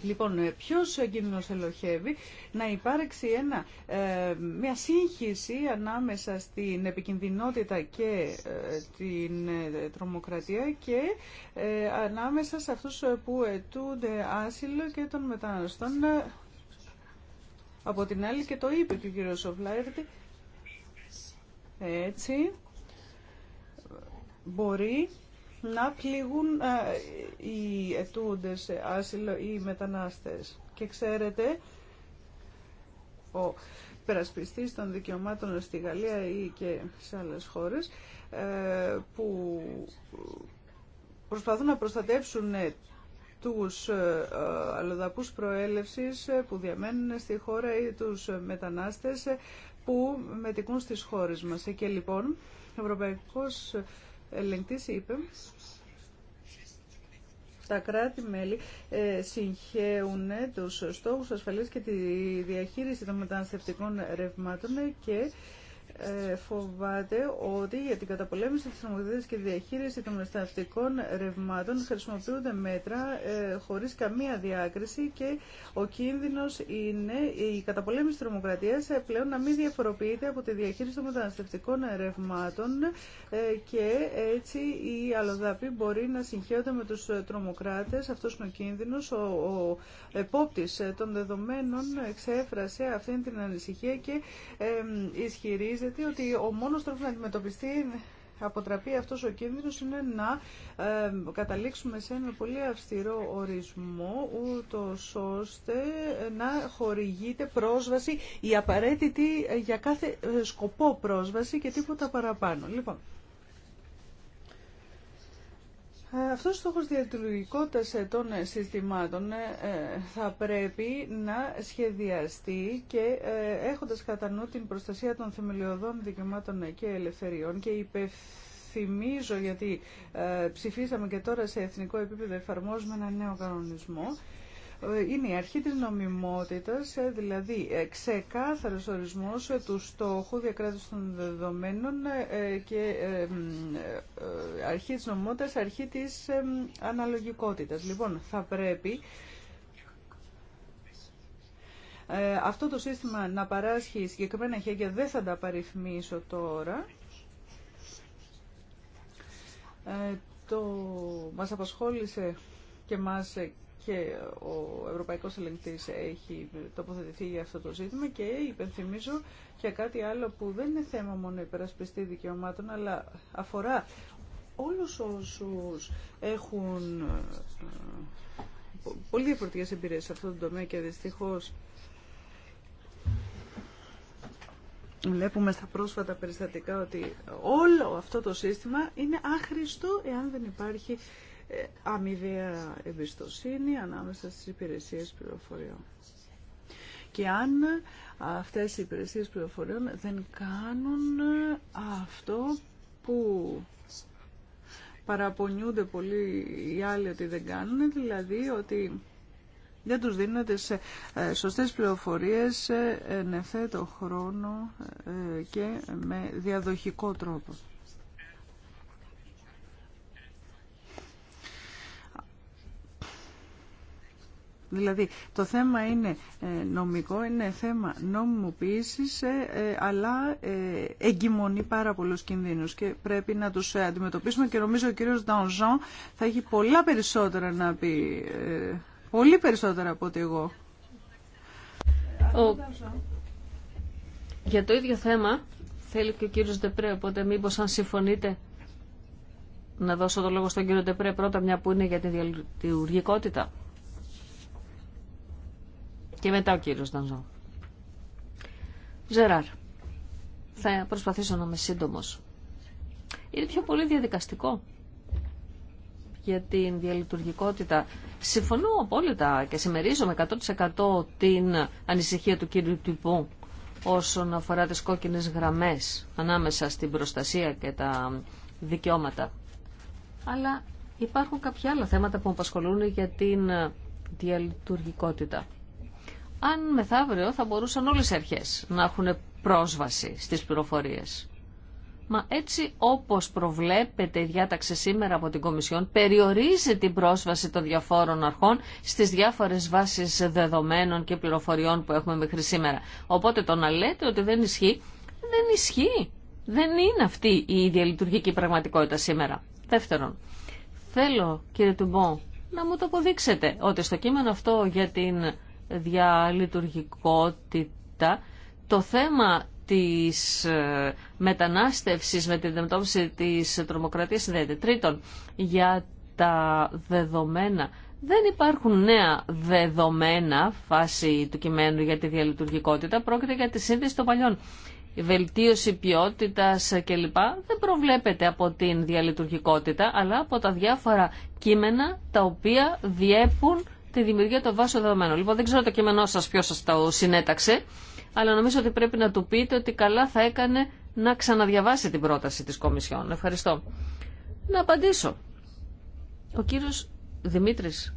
Λοιπόν, ε, ποιο κίνδυνο ελοχεύει να υπάρξει ένα, ε, μια σύγχυση ανάμεσα στην επικινδυνότητα και ε, την ε, τρομοκρατία και ανάμεσα σε αυτού που ετούνται άσυλο και των μεταναστών. Από την άλλη και το είπε και ο κύριος Έτσι, μπορεί να πληγούν ε, οι ετούντες άσυλο ή οι μετανάστες. Και ξέρετε, ο περασπιστής των δικαιωμάτων στη Γαλλία ή και σε άλλες χώρες ε, που προσπαθούν να προστατεύσουν τους ε, αλλοδαπούς προέλευσης που διαμένουν στη χώρα ή τους μετανάστες που μετικούν στις χώρες μας. Και λοιπόν, ο Ευρωπαϊκός ελεγκτής είπε τα κράτη-μέλη ε, συγχέουν τους στόχους ασφαλείας και τη διαχείριση των μεταναστευτικών ρευμάτων και ε, φοβάται ότι για την καταπολέμηση της νομοθεσίας και διαχείριση των μεταναστευτικών ρευμάτων χρησιμοποιούνται μέτρα ε, χωρίς καμία διάκριση και ο κίνδυνος είναι η καταπολέμηση της τρομοκρατίας ε, πλέον να μην διαφοροποιείται από τη διαχείριση των μεταναστευτικών ρευμάτων και έτσι η αλλοδαπή μπορεί να συγχέονται με τους τρομοκράτες. Αυτός είναι ο κίνδυνος. Ο, ο επόπτης των δεδομένων εξέφρασε αυτή την ανησυχία και ε, ισχυρίζεται θεωρείται ότι ο μόνος τρόπος να αντιμετωπιστεί αποτραπεί αυτός ο κίνδυνος είναι να ε, καταλήξουμε σε ένα πολύ αυστηρό ορισμό ούτω ώστε να χορηγείται πρόσβαση η απαραίτητη ε, για κάθε ε, σκοπό πρόσβαση και τίποτα παραπάνω. Λοιπόν, ε, αυτός ο στόχος διατηρητικότητας των συστημάτων ε, ε, θα πρέπει να σχεδιαστεί και έχοντας κατά νου την προστασία των θεμελιωδών δικαιωμάτων και ελευθεριών και υπευθυμίζω γιατί ψηφίσαμε και τώρα σε εθνικό επίπεδο εφαρμόζουμε ένα νέο κανονισμό ε, είναι η αρχή της νομιμότητας, ε, δηλαδή ε, ξεκάθαρος ορισμός του στόχου διακράτηση των δεδομένων και αρχή της νομιμότητας, αρχή της αναλογικότητας. Λοιπόν, θα πρέπει αυτό το σύστημα να παράσχει συγκεκριμένα χέρια δεν θα τα παριθμίσω τώρα. το μας απασχόλησε και μας και ο Ευρωπαϊκός Ελεγκτής έχει τοποθετηθεί για αυτό το ζήτημα και υπενθυμίζω και κάτι άλλο που δεν είναι θέμα μόνο υπερασπιστή δικαιωμάτων αλλά αφορά όλους όσους έχουν ε, πολύ διαφορετικέ εμπειρίες σε αυτόν το τομέα και δυστυχώς βλέπουμε στα πρόσφατα περιστατικά ότι όλο αυτό το σύστημα είναι άχρηστο εάν δεν υπάρχει αμοιβαία ε, εμπιστοσύνη ανάμεσα στις υπηρεσίες πληροφοριών. Και αν ε, αυτές οι υπηρεσίες πληροφοριών δεν κάνουν ε, αυτό που παραπονιούνται πολύ οι άλλοι ότι δεν κάνουν, δηλαδή ότι δεν τους δίνονται σε σωστές πληροφορίες σε το χρόνο και με διαδοχικό τρόπο. Δηλαδή, το θέμα είναι ε, νομικό, είναι θέμα νομιμοποίησης, ε, ε, αλλά εγκυμονεί πάρα πολλούς κινδύνους και πρέπει να τους αντιμετωπίσουμε και νομίζω ο κύριος Ντανζόν θα έχει πολλά περισσότερα να πει, πολύ περισσότερα από ότι εγώ. Για το ίδιο θέμα θέλει και ο κύριος Ντεπρέ, οπότε μήπως αν συμφωνείτε να δώσω το λόγο στον κύριο Ντεπρέ πρώτα μια που είναι για τη διαλειτουργικότητα. Και μετά ο κύριος Δανζό Ζεράρ. Θα προσπαθήσω να είμαι σύντομο. Είναι πιο πολύ διαδικαστικό για την διαλειτουργικότητα. Συμφωνώ απόλυτα και συμμερίζομαι 100% την ανησυχία του κύριου Τυπού όσον αφορά τις κόκκινες γραμμές ανάμεσα στην προστασία και τα δικαιώματα. Αλλά υπάρχουν κάποια άλλα θέματα που απασχολούν για την διαλειτουργικότητα αν μεθαύριο θα μπορούσαν όλες οι αρχές να έχουν πρόσβαση στις πληροφορίες. Μα έτσι όπως προβλέπεται η διάταξη σήμερα από την Κομισιόν, περιορίζει την πρόσβαση των διαφόρων αρχών στις διάφορες βάσεις δεδομένων και πληροφοριών που έχουμε μέχρι σήμερα. Οπότε το να λέτε ότι δεν ισχύει, δεν ισχύει. Δεν είναι αυτή η διαλειτουργική πραγματικότητα σήμερα. Δεύτερον, θέλω κύριε Τουμπό να μου το αποδείξετε ότι στο κείμενο αυτό για την διαλειτουργικότητα. Το θέμα της ε, μετανάστευσης με την αντιμετώπιση της τρομοκρατίας συνδέεται. Τρίτον, για τα δεδομένα. Δεν υπάρχουν νέα δεδομένα φάση του κειμένου για τη διαλειτουργικότητα. Πρόκειται για τη σύνδεση των παλιών. Η βελτίωση ποιότητας κλπ. δεν προβλέπεται από την διαλειτουργικότητα, αλλά από τα διάφορα κείμενα τα οποία διέπουν τη δημιουργία των βάσεων δεδομένων. Λοιπόν, δεν ξέρω το κείμενό σα ποιο σας το συνέταξε, αλλά νομίζω ότι πρέπει να του πείτε ότι καλά θα έκανε να ξαναδιαβάσει την πρόταση της Κομισιόν. Ευχαριστώ. Να απαντήσω. Ο κύριο Δημήτρης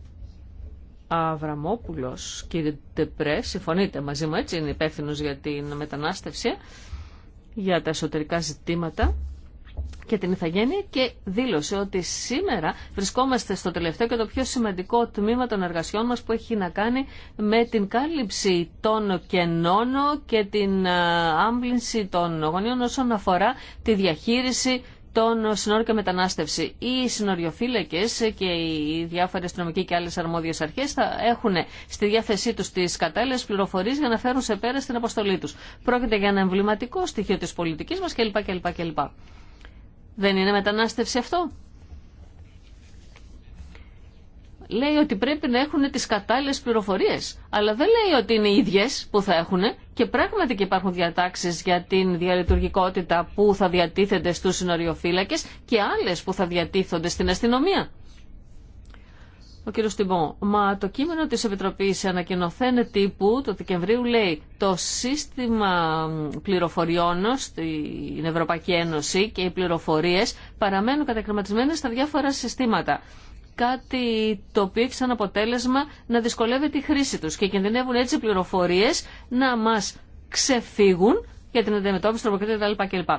Αβραμόπουλο, κύριε Τεπρέ, συμφωνείτε μαζί μου έτσι, είναι υπεύθυνο για την μετανάστευση, για τα εσωτερικά ζητήματα και την Ιθαγένεια και δήλωσε ότι σήμερα βρισκόμαστε στο τελευταίο και το πιο σημαντικό τμήμα των εργασιών μας που έχει να κάνει με την κάλυψη των κενών και την ε, άμπλυνση των γονείων όσον αφορά τη διαχείριση των συνόρων και μετανάστευση. Οι συνοριοφύλακε και οι διάφορε αστυνομικοί και άλλε αρμόδιε αρχέ θα έχουν στη διάθεσή του τι κατάλληλε πληροφορίε για να φέρουν σε πέρα στην αποστολή του. Πρόκειται για ένα εμβληματικό στοιχείο τη πολιτική μα κλπ. κλπ, κλπ. Δεν είναι μετανάστευση αυτό. Λέει ότι πρέπει να έχουν τις κατάλληλες πληροφορίες, αλλά δεν λέει ότι είναι οι ίδιες που θα έχουν και πράγματι και υπάρχουν διατάξεις για την διαλειτουργικότητα που θα διατίθενται στους συνοριοφύλακες και άλλες που θα διατίθονται στην αστυνομία. Ο κύριο Τιμπό, μα το κείμενο της Επιτροπής Ανακοινωθένε τύπου το Δεκεμβρίου λέει το σύστημα πληροφοριών στην Ευρωπαϊκή Ένωση και οι πληροφορίε παραμένουν κατακριματισμένε στα διάφορα συστήματα. Κάτι το οποίο έχει σαν αποτέλεσμα να δυσκολεύεται η χρήση του και κινδυνεύουν έτσι οι πληροφορίες να μα ξεφύγουν για την αντιμετώπιση τρομοκρατία κλπ.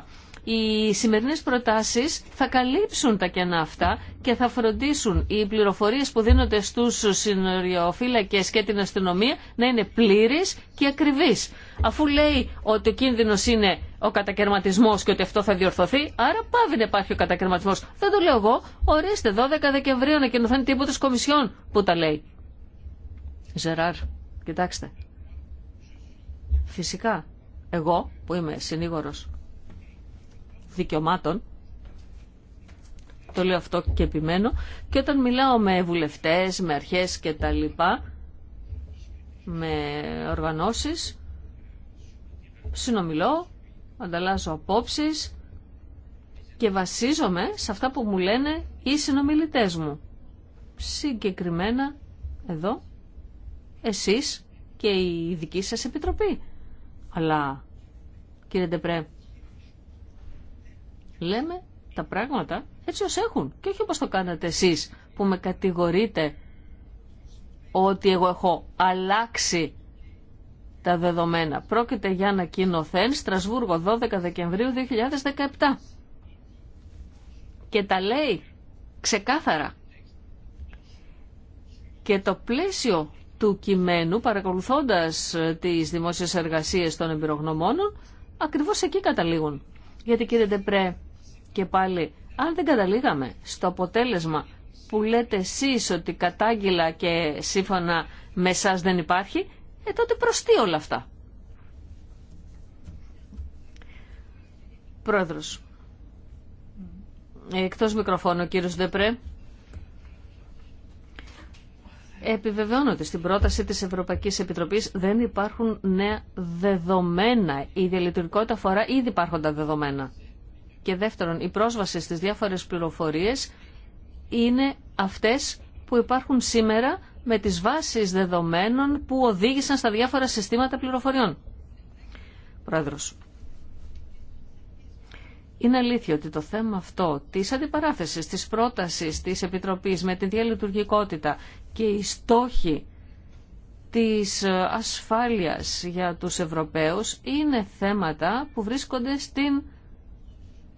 Οι σημερινές προτάσεις θα καλύψουν τα κενά αυτά και θα φροντίσουν οι πληροφορίες που δίνονται στους συνοριοφύλακες και την αστυνομία να είναι πλήρης και ακριβής. Αφού λέει ότι ο κίνδυνος είναι ο κατακαιρματισμός και ότι αυτό θα διορθωθεί, άρα πάβει να υπάρχει ο κατακαιρματισμός. Δεν το λέω εγώ. Ορίστε, 12 Δεκεμβρίου να κοινωθάνει τίποτα κομισιόν που τα λέει. Ζεράρ, κοιτάξτε. Φυσικά, εγώ που είμαι συνήγορος δικαιωμάτων. Το λέω αυτό και επιμένω. Και όταν μιλάω με βουλευτές, με αρχές και τα λοιπά, με οργανώσεις, συνομιλώ, ανταλλάζω απόψεις και βασίζομαι σε αυτά που μου λένε οι συνομιλητές μου. Συγκεκριμένα εδώ, εσείς και η δική σας επιτροπή. Αλλά, κύριε Ντεπρέ, Λέμε τα πράγματα έτσι ως έχουν και όχι όπως το κάνατε εσείς που με κατηγορείτε ότι εγώ έχω αλλάξει τα δεδομένα. Πρόκειται για ανακοινωθέν Στρασβούργο 12 Δεκεμβρίου 2017. Και τα λέει ξεκάθαρα. Και το πλαίσιο του κειμένου, παρακολουθώντας ε, τις δημόσιες εργασίες των εμπειρογνωμόνων, ακριβώς εκεί καταλήγουν. Γιατί κύριε Ντεπρέ, και πάλι, αν δεν καταλήγαμε στο αποτέλεσμα που λέτε εσείς ότι κατάγειλα και σύμφωνα με εσά δεν υπάρχει, ε, τότε προς τι όλα αυτά. Πρόεδρος. Ε, εκτός μικροφώνου, κύριος Δεπρέ. Επιβεβαιώνω ότι στην πρόταση της Ευρωπαϊκής Επιτροπής δεν υπάρχουν νέα δεδομένα. Η διαλειτουργικότητα αφορά ήδη υπάρχοντα δεδομένα. Και δεύτερον, η πρόσβαση στις διάφορες πληροφορίες είναι αυτές που υπάρχουν σήμερα με τις βάσεις δεδομένων που οδήγησαν στα διάφορα συστήματα πληροφοριών. Πρόεδρος. Είναι αλήθεια ότι το θέμα αυτό της αντιπαράθεσης, της πρότασης της Επιτροπής με την διαλειτουργικότητα και οι στόχοι της ε, ασφάλειας για τους Ευρωπαίους είναι θέματα που βρίσκονται στην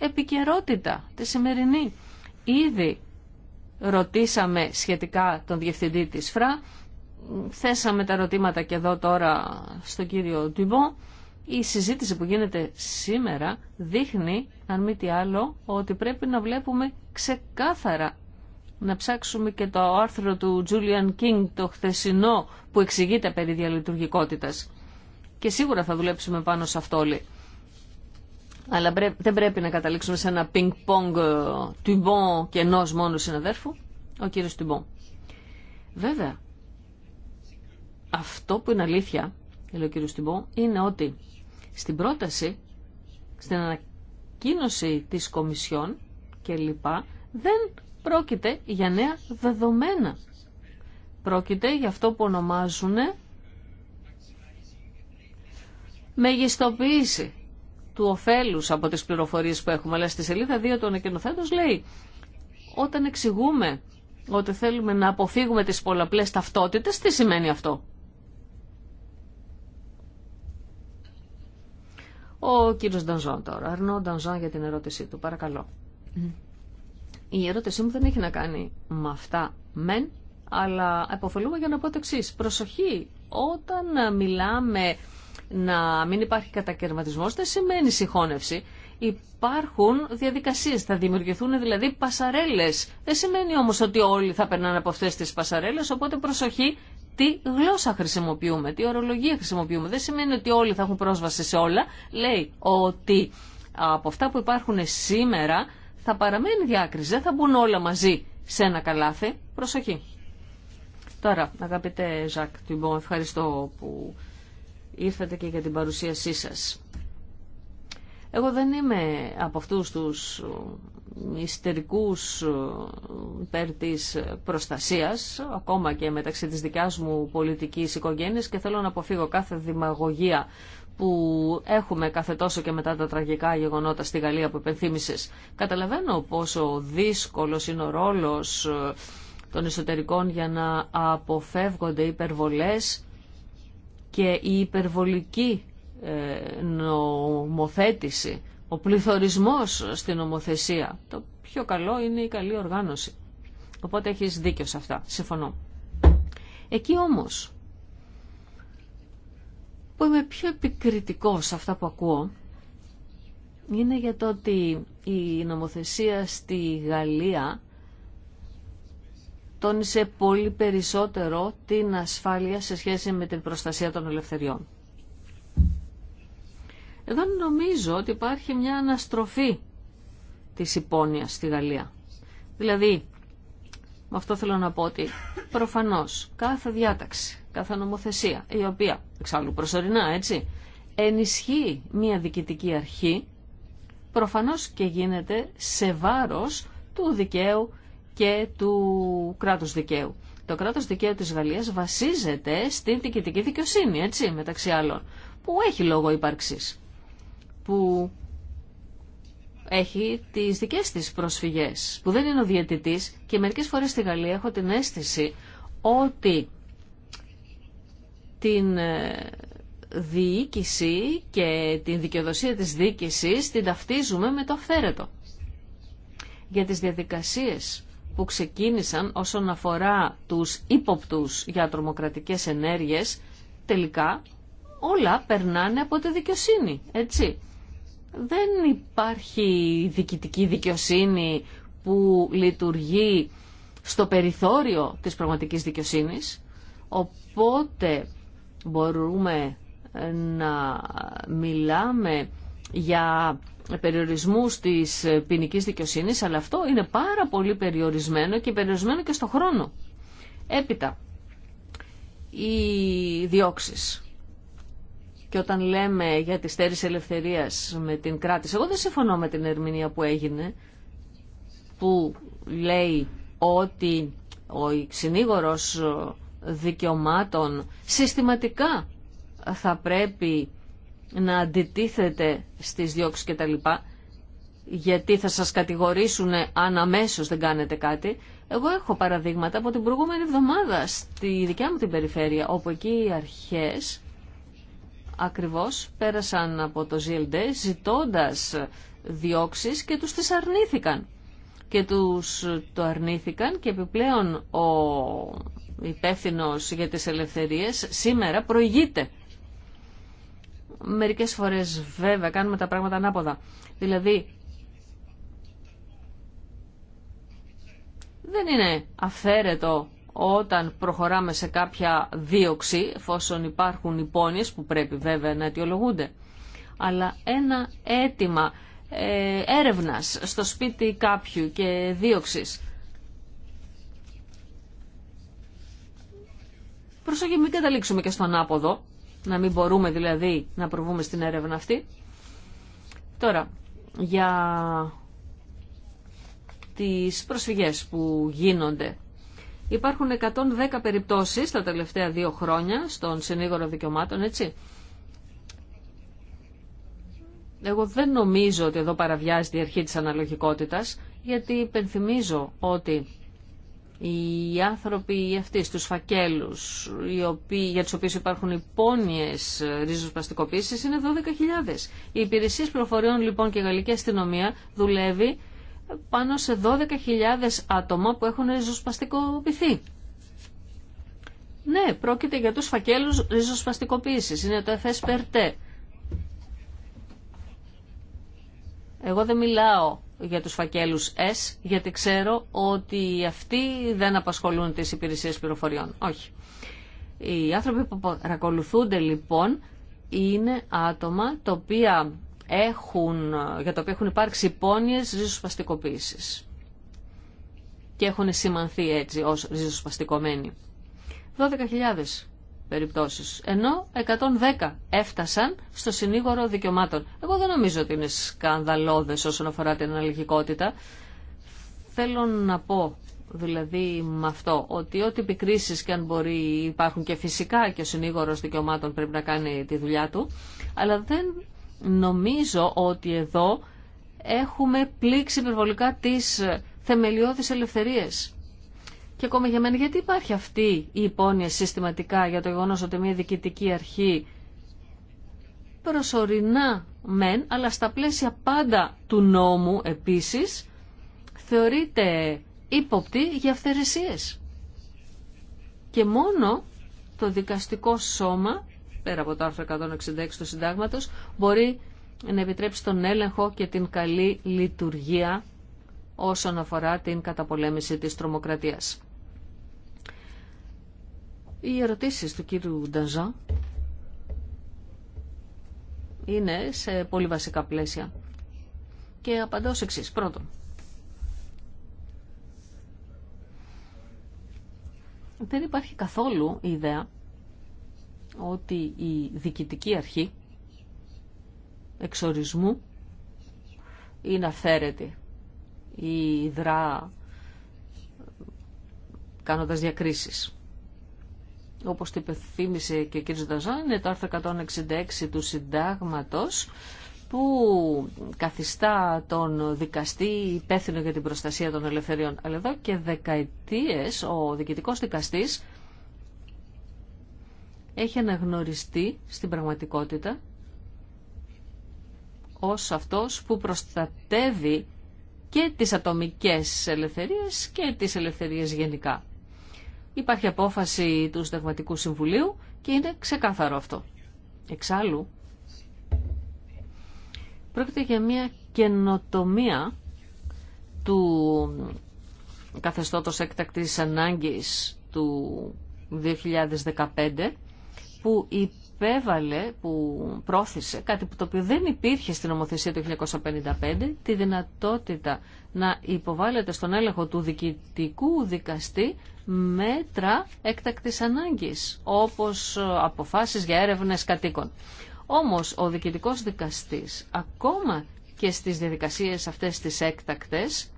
επικαιρότητα, τη σημερινή. Ήδη ρωτήσαμε σχετικά τον διευθυντή της ΦΡΑ, θέσαμε τα ρωτήματα και εδώ τώρα στο κύριο Τιμπό. Η συζήτηση που γίνεται σήμερα δείχνει, αν μη τι άλλο, ότι πρέπει να βλέπουμε ξεκάθαρα να ψάξουμε και το άρθρο του Julian King, το χθεσινό, που εξηγείται περί διαλειτουργικότητας. Και σίγουρα θα δουλέψουμε πάνω σε αυτό όλοι. Αλλά δεν πρέπει να καταλήξουμε σε ένα πινκ-πονγκ ε, τυμπον και ενό μόνο συναδέρφου, ο κύριο τυμπον. Βέβαια, αυτό που είναι αλήθεια, λέει ο κύριο τυμπον, είναι ότι στην πρόταση, στην ανακοίνωση της Κομισιόν και λοιπά, δεν πρόκειται για νέα δεδομένα. Πρόκειται για αυτό που ονομάζουν μεγιστοποίηση του ωφέλους από τις πληροφορίες που έχουμε. Αλλά στη σελίδα 2 του εκκαινοθέντων λέει όταν εξηγούμε ότι θέλουμε να αποφύγουμε τις πολλαπλές ταυτότητες, τι σημαίνει αυτό. Ο κύριος Ντανζόν τώρα. Αρνό Ντανζόν για την ερώτησή του. Παρακαλώ. Η ερώτησή μου δεν έχει να κάνει με αυτά μεν, αλλά εποφελούμε για να πω το εξή. Προσοχή, όταν μιλάμε να μην υπάρχει κατακαιρματισμός δεν σημαίνει συγχώνευση. Υπάρχουν διαδικασίες, θα δημιουργηθούν δηλαδή πασαρέλες. Δεν σημαίνει όμως ότι όλοι θα περνάνε από αυτές τις πασαρέλες, οπότε προσοχή τι γλώσσα χρησιμοποιούμε, τι ορολογία χρησιμοποιούμε. Δεν σημαίνει ότι όλοι θα έχουν πρόσβαση σε όλα. Λέει ότι από αυτά που υπάρχουν σήμερα θα παραμένει διάκριση, δεν θα μπουν όλα μαζί σε ένα καλάθι. Προσοχή. Τώρα, αγαπητέ Ζακ ευχαριστώ που ήρθατε και για την παρουσίασή σας. Εγώ δεν είμαι από αυτούς τους ιστερικούς υπέρ της προστασίας, ακόμα και μεταξύ της δικιάς μου πολιτικής οικογένειας και θέλω να αποφύγω κάθε δημαγωγία που έχουμε κάθε τόσο και μετά τα τραγικά γεγονότα στη Γαλλία που επενθύμησες. Καταλαβαίνω πόσο δύσκολος είναι ο ρόλος των εσωτερικών για να αποφεύγονται υπερβολές και η υπερβολική ε, νομοθέτηση, ο πληθωρισμός στην νομοθεσία. Το πιο καλό είναι η καλή οργάνωση. Οπότε έχεις δίκιο σε αυτά. Συμφωνώ. Εκεί όμως που είμαι πιο επικριτικός σε αυτά που ακούω είναι για το ότι η νομοθεσία στη Γαλλία τόνισε πολύ περισσότερο την ασφάλεια σε σχέση με την προστασία των ελευθεριών. Εδώ νομίζω ότι υπάρχει μια αναστροφή της υπόνοιας στη Γαλλία. Δηλαδή, με αυτό θέλω να πω ότι προφανώς κάθε διάταξη, κάθε νομοθεσία, η οποία εξάλλου προσωρινά έτσι, ενισχύει μια διοικητική αρχή, προφανώς και γίνεται σε βάρος του δικαίου και του κράτους δικαίου. Το κράτος δικαίου της Γαλλίας βασίζεται στην διοικητική δικαιοσύνη, έτσι, μεταξύ άλλων, που έχει λόγο ύπαρξης, που έχει τις δικές της προσφυγές, που δεν είναι ο διαιτητής και μερικές φορές στη Γαλλία έχω την αίσθηση ότι την ε, διοίκηση και την δικαιοδοσία της διοίκησης την ταυτίζουμε με το αυθαίρετο. Για τις διαδικασίες που ξεκίνησαν όσον αφορά τους ύποπτους για τρομοκρατικές ενέργειες, τελικά όλα περνάνε από τη δικαιοσύνη, έτσι. Δεν υπάρχει διοικητική δικαιοσύνη που λειτουργεί στο περιθώριο της πραγματικής δικαιοσύνης, οπότε μπορούμε να μιλάμε για Περιορισμού της ποινική δικαιοσύνης, αλλά αυτό είναι πάρα πολύ περιορισμένο και περιορισμένο και στο χρόνο. Έπειτα, οι διώξει. Και όταν λέμε για τη στέρηση ελευθερία με την κράτηση, εγώ δεν συμφωνώ με την ερμηνεία που έγινε, που λέει ότι ο συνήγορο δικαιωμάτων συστηματικά θα πρέπει να αντιτίθεται στις διώξεις και τα λοιπά, γιατί θα σας κατηγορήσουν αν αμέσως δεν κάνετε κάτι. Εγώ έχω παραδείγματα από την προηγούμενη εβδομάδα στη δικιά μου την περιφέρεια, όπου εκεί οι αρχές ακριβώς πέρασαν από το Ζίλντε ζητώντας διώξεις και τους τις αρνήθηκαν. Και τους το αρνήθηκαν και επιπλέον ο υπεύθυνο για τις ελευθερίες σήμερα προηγείται Μερικές φορές βέβαια κάνουμε τα πράγματα ανάποδα. Δηλαδή, δεν είναι αφαίρετο όταν προχωράμε σε κάποια δίωξη, εφόσον υπάρχουν υπόνοιες που πρέπει βέβαια να αιτιολογούνται, αλλά ένα αίτημα ε, έρευνας στο σπίτι κάποιου και δίωξης. Προσοχή μην καταλήξουμε και στον άποδο, να μην μπορούμε δηλαδή να προβούμε στην έρευνα αυτή. Τώρα, για τις προσφυγές που γίνονται. Υπάρχουν 110 περιπτώσεις τα τελευταία δύο χρόνια στον συνήγορο δικαιωμάτων, έτσι. Εγώ δεν νομίζω ότι εδώ παραβιάζεται η αρχή της αναλογικότητας, γιατί υπενθυμίζω ότι οι άνθρωποι αυτοί στους φακέλους οι οποίοι, για τους οποίους υπάρχουν υπόνοιες πλαστικοποίησης είναι 12.000. Η υπηρεσία πληροφοριών λοιπόν και η Γαλλική Αστυνομία δουλεύει πάνω σε 12.000 άτομα που έχουν ριζοσπαστικοποιηθεί. Ναι, πρόκειται για τους φακέλους ριζοσπαστικοποίησης. Είναι το FSPRT. Εγώ δεν μιλάω για τους φακέλους S, γιατί ξέρω ότι αυτοί δεν απασχολούν τις υπηρεσίες πληροφοριών. Όχι. Οι άνθρωποι που παρακολουθούνται λοιπόν είναι άτομα τα οποία έχουν, για τα οποία έχουν υπάρξει υπόνοιες ριζοσπαστικοποίησης και έχουν σημανθεί έτσι ως ριζοσπαστικομένοι. 12.000 περιπτώσεις, ενώ 110 έφτασαν στο συνήγορο δικαιωμάτων. Εγώ δεν νομίζω ότι είναι σκανδαλώδες όσον αφορά την αναλογικότητα. Θέλω να πω δηλαδή με αυτό, ότι ό,τι επικρίσεις και αν μπορεί υπάρχουν και φυσικά και ο συνήγορος δικαιωμάτων πρέπει να κάνει τη δουλειά του, αλλά δεν νομίζω ότι εδώ έχουμε πλήξει υπερβολικά τις θεμελιώδεις ελευθερίες. Και ακόμα για μένα, γιατί υπάρχει αυτή η υπόνοια συστηματικά για το γεγονό ότι μια διοικητική αρχή προσωρινά μεν, αλλά στα πλαίσια πάντα του νόμου επίσης, θεωρείται ύποπτη για αυθαιρεσίες. Και μόνο το δικαστικό σώμα, πέρα από το άρθρο 166 του συντάγματος, μπορεί να επιτρέψει τον έλεγχο και την καλή λειτουργία όσον αφορά την καταπολέμηση της τρομοκρατίας. Οι ερωτήσεις του κύριου Νταζά είναι σε πολύ βασικά πλαίσια και απαντώ ως εξής. Πρώτον, δεν υπάρχει καθόλου ιδέα ότι η διοικητική αρχή εξορισμού είναι αφαίρετη ή υδρά κάνοντας διακρίσεις. Όπως το και ο κ. Νταζάν, είναι το άρθρο 166 του συντάγματος που καθιστά τον δικαστή υπεύθυνο για την προστασία των ελευθεριών. Αλλά εδώ και δεκαετίες ο διοικητικός δικαστής έχει αναγνωριστεί στην πραγματικότητα ως αυτός που προστατεύει και τις ατομικές ελευθερίες και τις ελευθερίες γενικά. Υπάρχει απόφαση του Συνταγματικού Συμβουλίου και είναι ξεκάθαρο αυτό. Εξάλλου, πρόκειται για μια καινοτομία του καθεστώτος έκτακτης ανάγκης του 2015 που η που πρόθεσε, κάτι που το οποίο δεν υπήρχε στην νομοθεσία του 1955, τη δυνατότητα να υποβάλλεται στον έλεγχο του διοικητικού δικαστή μέτρα έκτακτης ανάγκης, όπως αποφάσεις για έρευνες κατοίκων. Όμως ο διοικητικός δικαστής, ακόμα και στις διαδικασίες αυτές τις έκτακτες,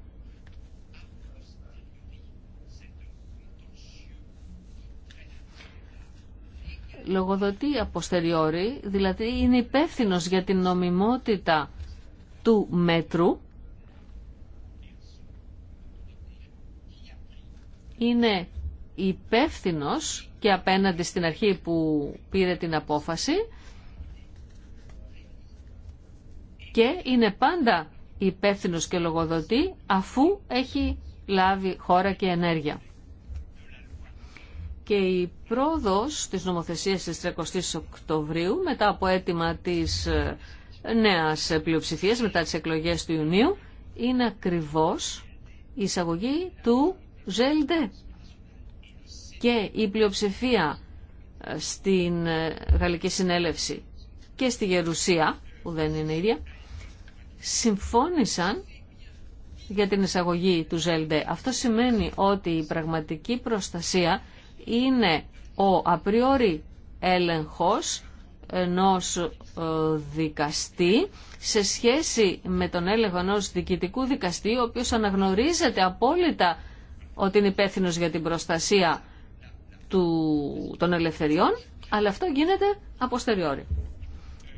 λογοδοτεί αποστεριόρι, δηλαδή είναι υπεύθυνο για την νομιμότητα του μέτρου, είναι υπεύθυνο και απέναντι στην αρχή που πήρε την απόφαση και είναι πάντα υπεύθυνο και λογοδοτή αφού έχει λάβει χώρα και ενέργεια και η πρόοδος της νομοθεσίας της 30ης Οκτωβρίου μετά από αίτημα της ε, νέας πλειοψηφίας μετά τις εκλογές του Ιουνίου είναι ακριβώς η εισαγωγή του ΖΕΛΔΕ και η πλειοψηφία ε, στην ε, Γαλλική Συνέλευση και στη Γερουσία που δεν είναι ίδια συμφώνησαν για την εισαγωγή του ΖΕΛΔΕ. Αυτό σημαίνει ότι η πραγματική προστασία είναι ο απριόρι έλεγχος ενός ε, δικαστή σε σχέση με τον έλεγχο ενός διοικητικού δικαστή ο οποίος αναγνωρίζεται απόλυτα ότι είναι υπεύθυνο για την προστασία του, των ελευθεριών αλλά αυτό γίνεται αποστεριόρι.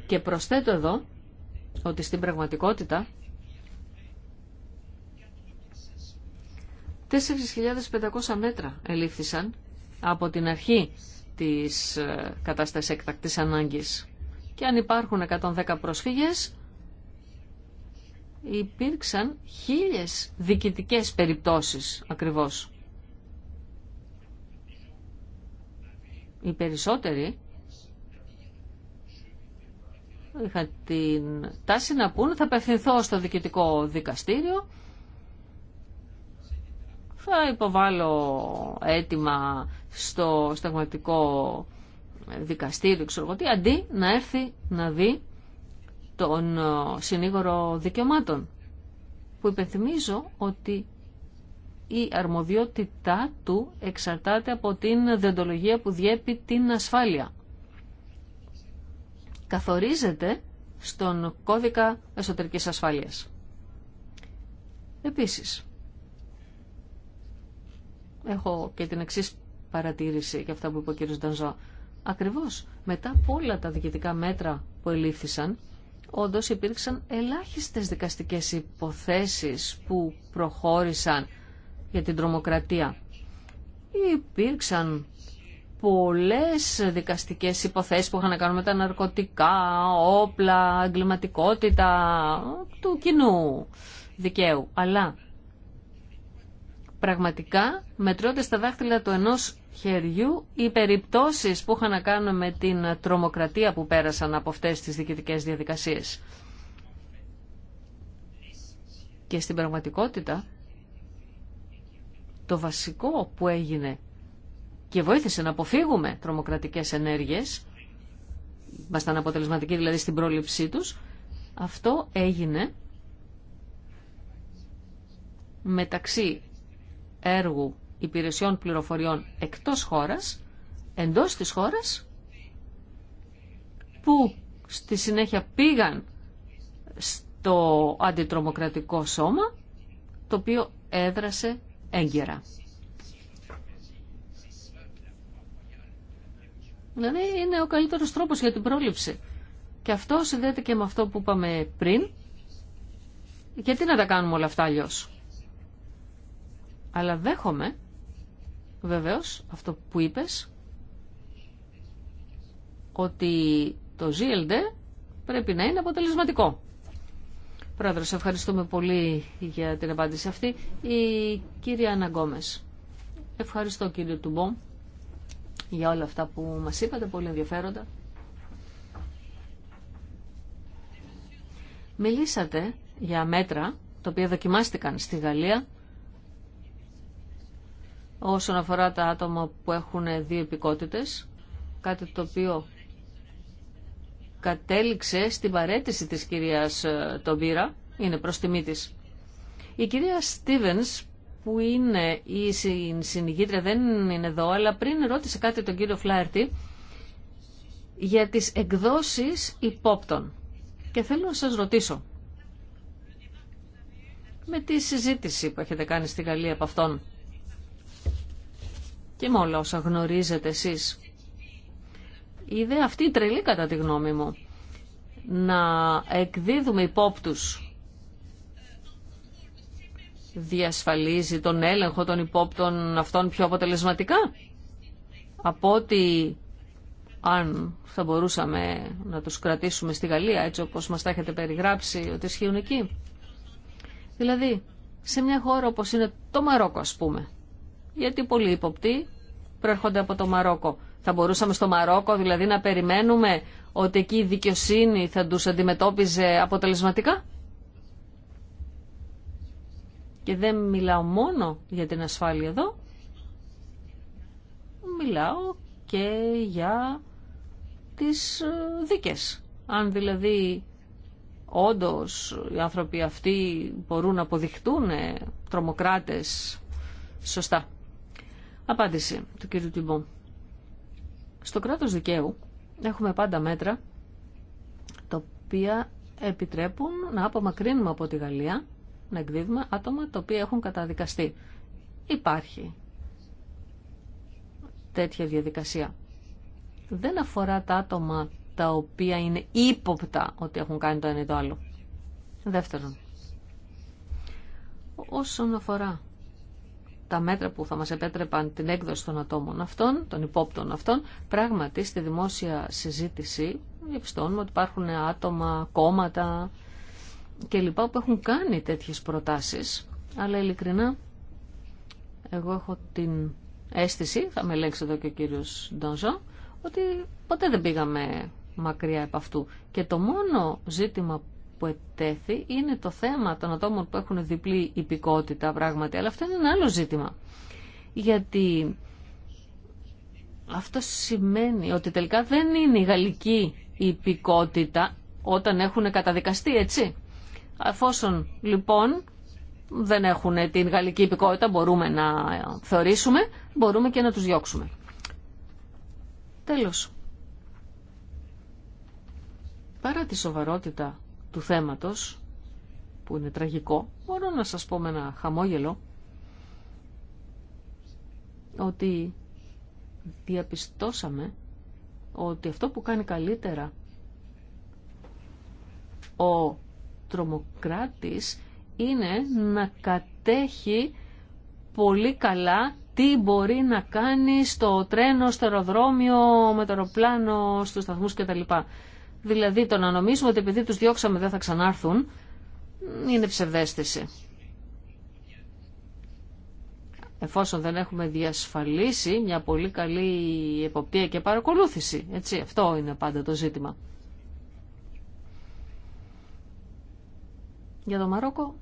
Και προσθέτω εδώ ότι στην πραγματικότητα 4.500 μέτρα ελήφθησαν από την αρχή της ε, κατάστασης εκτακτής ανάγκης. Και αν υπάρχουν 110 προσφύγες, υπήρξαν χίλιες δικητικές περιπτώσεις ακριβώς. Οι περισσότεροι είχαν την τάση να πούν θα απευθυνθώ στο δικητικό δικαστήριο θα υποβάλω αίτημα στο στεγματικό δικαστήριο, ξέρω τι, αντί να έρθει να δει τον ε, συνήγορο δικαιωμάτων, που υπενθυμίζω ότι η αρμοδιότητά του εξαρτάται από την διοντολογία που διέπει την ασφάλεια. Καθορίζεται στον κώδικα εσωτερικής ασφάλειας. Επίσης, έχω και την εξή παρατήρηση για αυτά που είπε ο κ. Ντανζό. Ακριβώς μετά από όλα τα διοικητικά μέτρα που ελήφθησαν, όντως υπήρξαν ελάχιστες δικαστικές υποθέσεις που προχώρησαν για την τρομοκρατία. Υπήρξαν πολλές δικαστικές υποθέσεις που είχαν να κάνουν με τα ναρκωτικά, όπλα, εγκληματικότητα του κοινού δικαίου. Αλλά πραγματικά μετρώτε στα δάχτυλα του ενός χεριού οι περιπτώσεις που είχαν να κάνουν με την τρομοκρατία που πέρασαν από αυτές τις διοικητικές διαδικασίες. Και στην πραγματικότητα το βασικό που έγινε και βοήθησε να αποφύγουμε τρομοκρατικές ενέργειες, να αποτελεσματικοί δηλαδή στην πρόληψή τους, αυτό έγινε μεταξύ έργου υπηρεσιών πληροφοριών εκτός χώρας, εντός της χώρας, που στη συνέχεια πήγαν στο αντιτρομοκρατικό σώμα, το οποίο έδρασε έγκαιρα. Δηλαδή είναι ο καλύτερος τρόπος για την πρόληψη. Και αυτό συνδέεται και με αυτό που είπαμε πριν. Γιατί να τα κάνουμε όλα αυτά αλλιώς. Αλλά δέχομαι βεβαίως αυτό που είπες ότι το GLD πρέπει να είναι αποτελεσματικό. Πρόεδρο, σε ευχαριστούμε πολύ για την απάντηση αυτή. Η κυρία Αναγκόμες. Ευχαριστώ κύριε Τουμπό για όλα αυτά που μας είπατε, πολύ ενδιαφέροντα. Μιλήσατε για μέτρα τα οποία δοκιμάστηκαν στη Γαλλία όσον αφορά τα άτομα που έχουν δύο επικότητες, κάτι το οποίο κατέληξε στην παρέτηση της κυρίας ε, Τομπίρα, είναι προς τιμή της. Η κυρία Στίβενς που είναι η συνηγήτρια δεν είναι εδώ, αλλά πριν ρώτησε κάτι τον κύριο Φλάερτη για τις εκδόσεις υπόπτων. Και θέλω να σας ρωτήσω, με τη συζήτηση που έχετε κάνει στη Γαλλία από αυτόν, και με όλα όσα γνωρίζετε εσείς. Η ιδέα αυτή τρελή κατά τη γνώμη μου. Να εκδίδουμε υπόπτους. Διασφαλίζει τον έλεγχο των υπόπτων αυτών πιο αποτελεσματικά. Από ότι αν θα μπορούσαμε να τους κρατήσουμε στη Γαλλία, έτσι όπως μας τα έχετε περιγράψει ότι ισχύουν εκεί. Δηλαδή, σε μια χώρα όπως είναι το Μαρόκο ας πούμε, γιατί πολλοί υποπτοί προέρχονται από το Μαρόκο. Θα μπορούσαμε στο Μαρόκο δηλαδή να περιμένουμε ότι εκεί η δικαιοσύνη θα τους αντιμετώπιζε αποτελεσματικά. Και δεν μιλάω μόνο για την ασφάλεια εδώ, μιλάω και για τις ε, δίκες. Αν δηλαδή όντως οι άνθρωποι αυτοί μπορούν να αποδειχτούν τρομοκράτες σωστά. Απάντηση του κύριου Τιμπού. Στο κράτος δικαίου έχουμε πάντα μέτρα τα οποία επιτρέπουν να απομακρύνουμε από τη Γαλλία, να εκδίδουμε άτομα τα οποία έχουν καταδικαστεί. Υπάρχει τέτοια διαδικασία. Δεν αφορά τα άτομα τα οποία είναι ύποπτα ότι έχουν κάνει το ένα ή το άλλο. Δεύτερον, όσον αφορά τα μέτρα που θα μας επέτρεπαν την έκδοση των ατόμων αυτών, των υπόπτων αυτών, πράγματι στη δημόσια συζήτηση διαπιστώνουμε ότι υπάρχουν άτομα, κόμματα και λοιπά που έχουν κάνει τέτοιες προτάσεις. Αλλά ειλικρινά εγώ έχω την αίσθηση, θα με λέξει εδώ και ο κύριος Ντονζό, ότι ποτέ δεν πήγαμε μακριά από αυτού. Και το μόνο ζήτημα που ετέθη είναι το θέμα των ατόμων που έχουν διπλή υπηκότητα πράγματι, αλλά αυτό είναι ένα άλλο ζήτημα. Γιατί αυτό σημαίνει ότι τελικά δεν είναι η γαλλική υπηκότητα όταν έχουν καταδικαστεί, έτσι. Αφόσον λοιπόν δεν έχουν την γαλλική υπηκότητα, μπορούμε να θεωρήσουμε, μπορούμε και να τους διώξουμε. Τέλος. Παρά τη σοβαρότητα του θέματος, που είναι τραγικό, μπορώ να σας πω με ένα χαμόγελο, ότι διαπιστώσαμε ότι αυτό που κάνει καλύτερα ο τρομοκράτης είναι να κατέχει πολύ καλά τι μπορεί να κάνει στο τρένο, στο αεροδρόμιο, με το αεροπλάνο, στους σταθμούς κτλ. Δηλαδή το να νομίζουμε ότι επειδή τους διώξαμε δεν θα ξανάρθουν είναι ψευδέστηση. Εφόσον δεν έχουμε διασφαλίσει μια πολύ καλή εποπτεία και παρακολούθηση. Έτσι, αυτό είναι πάντα το ζήτημα. Για το Μαρόκο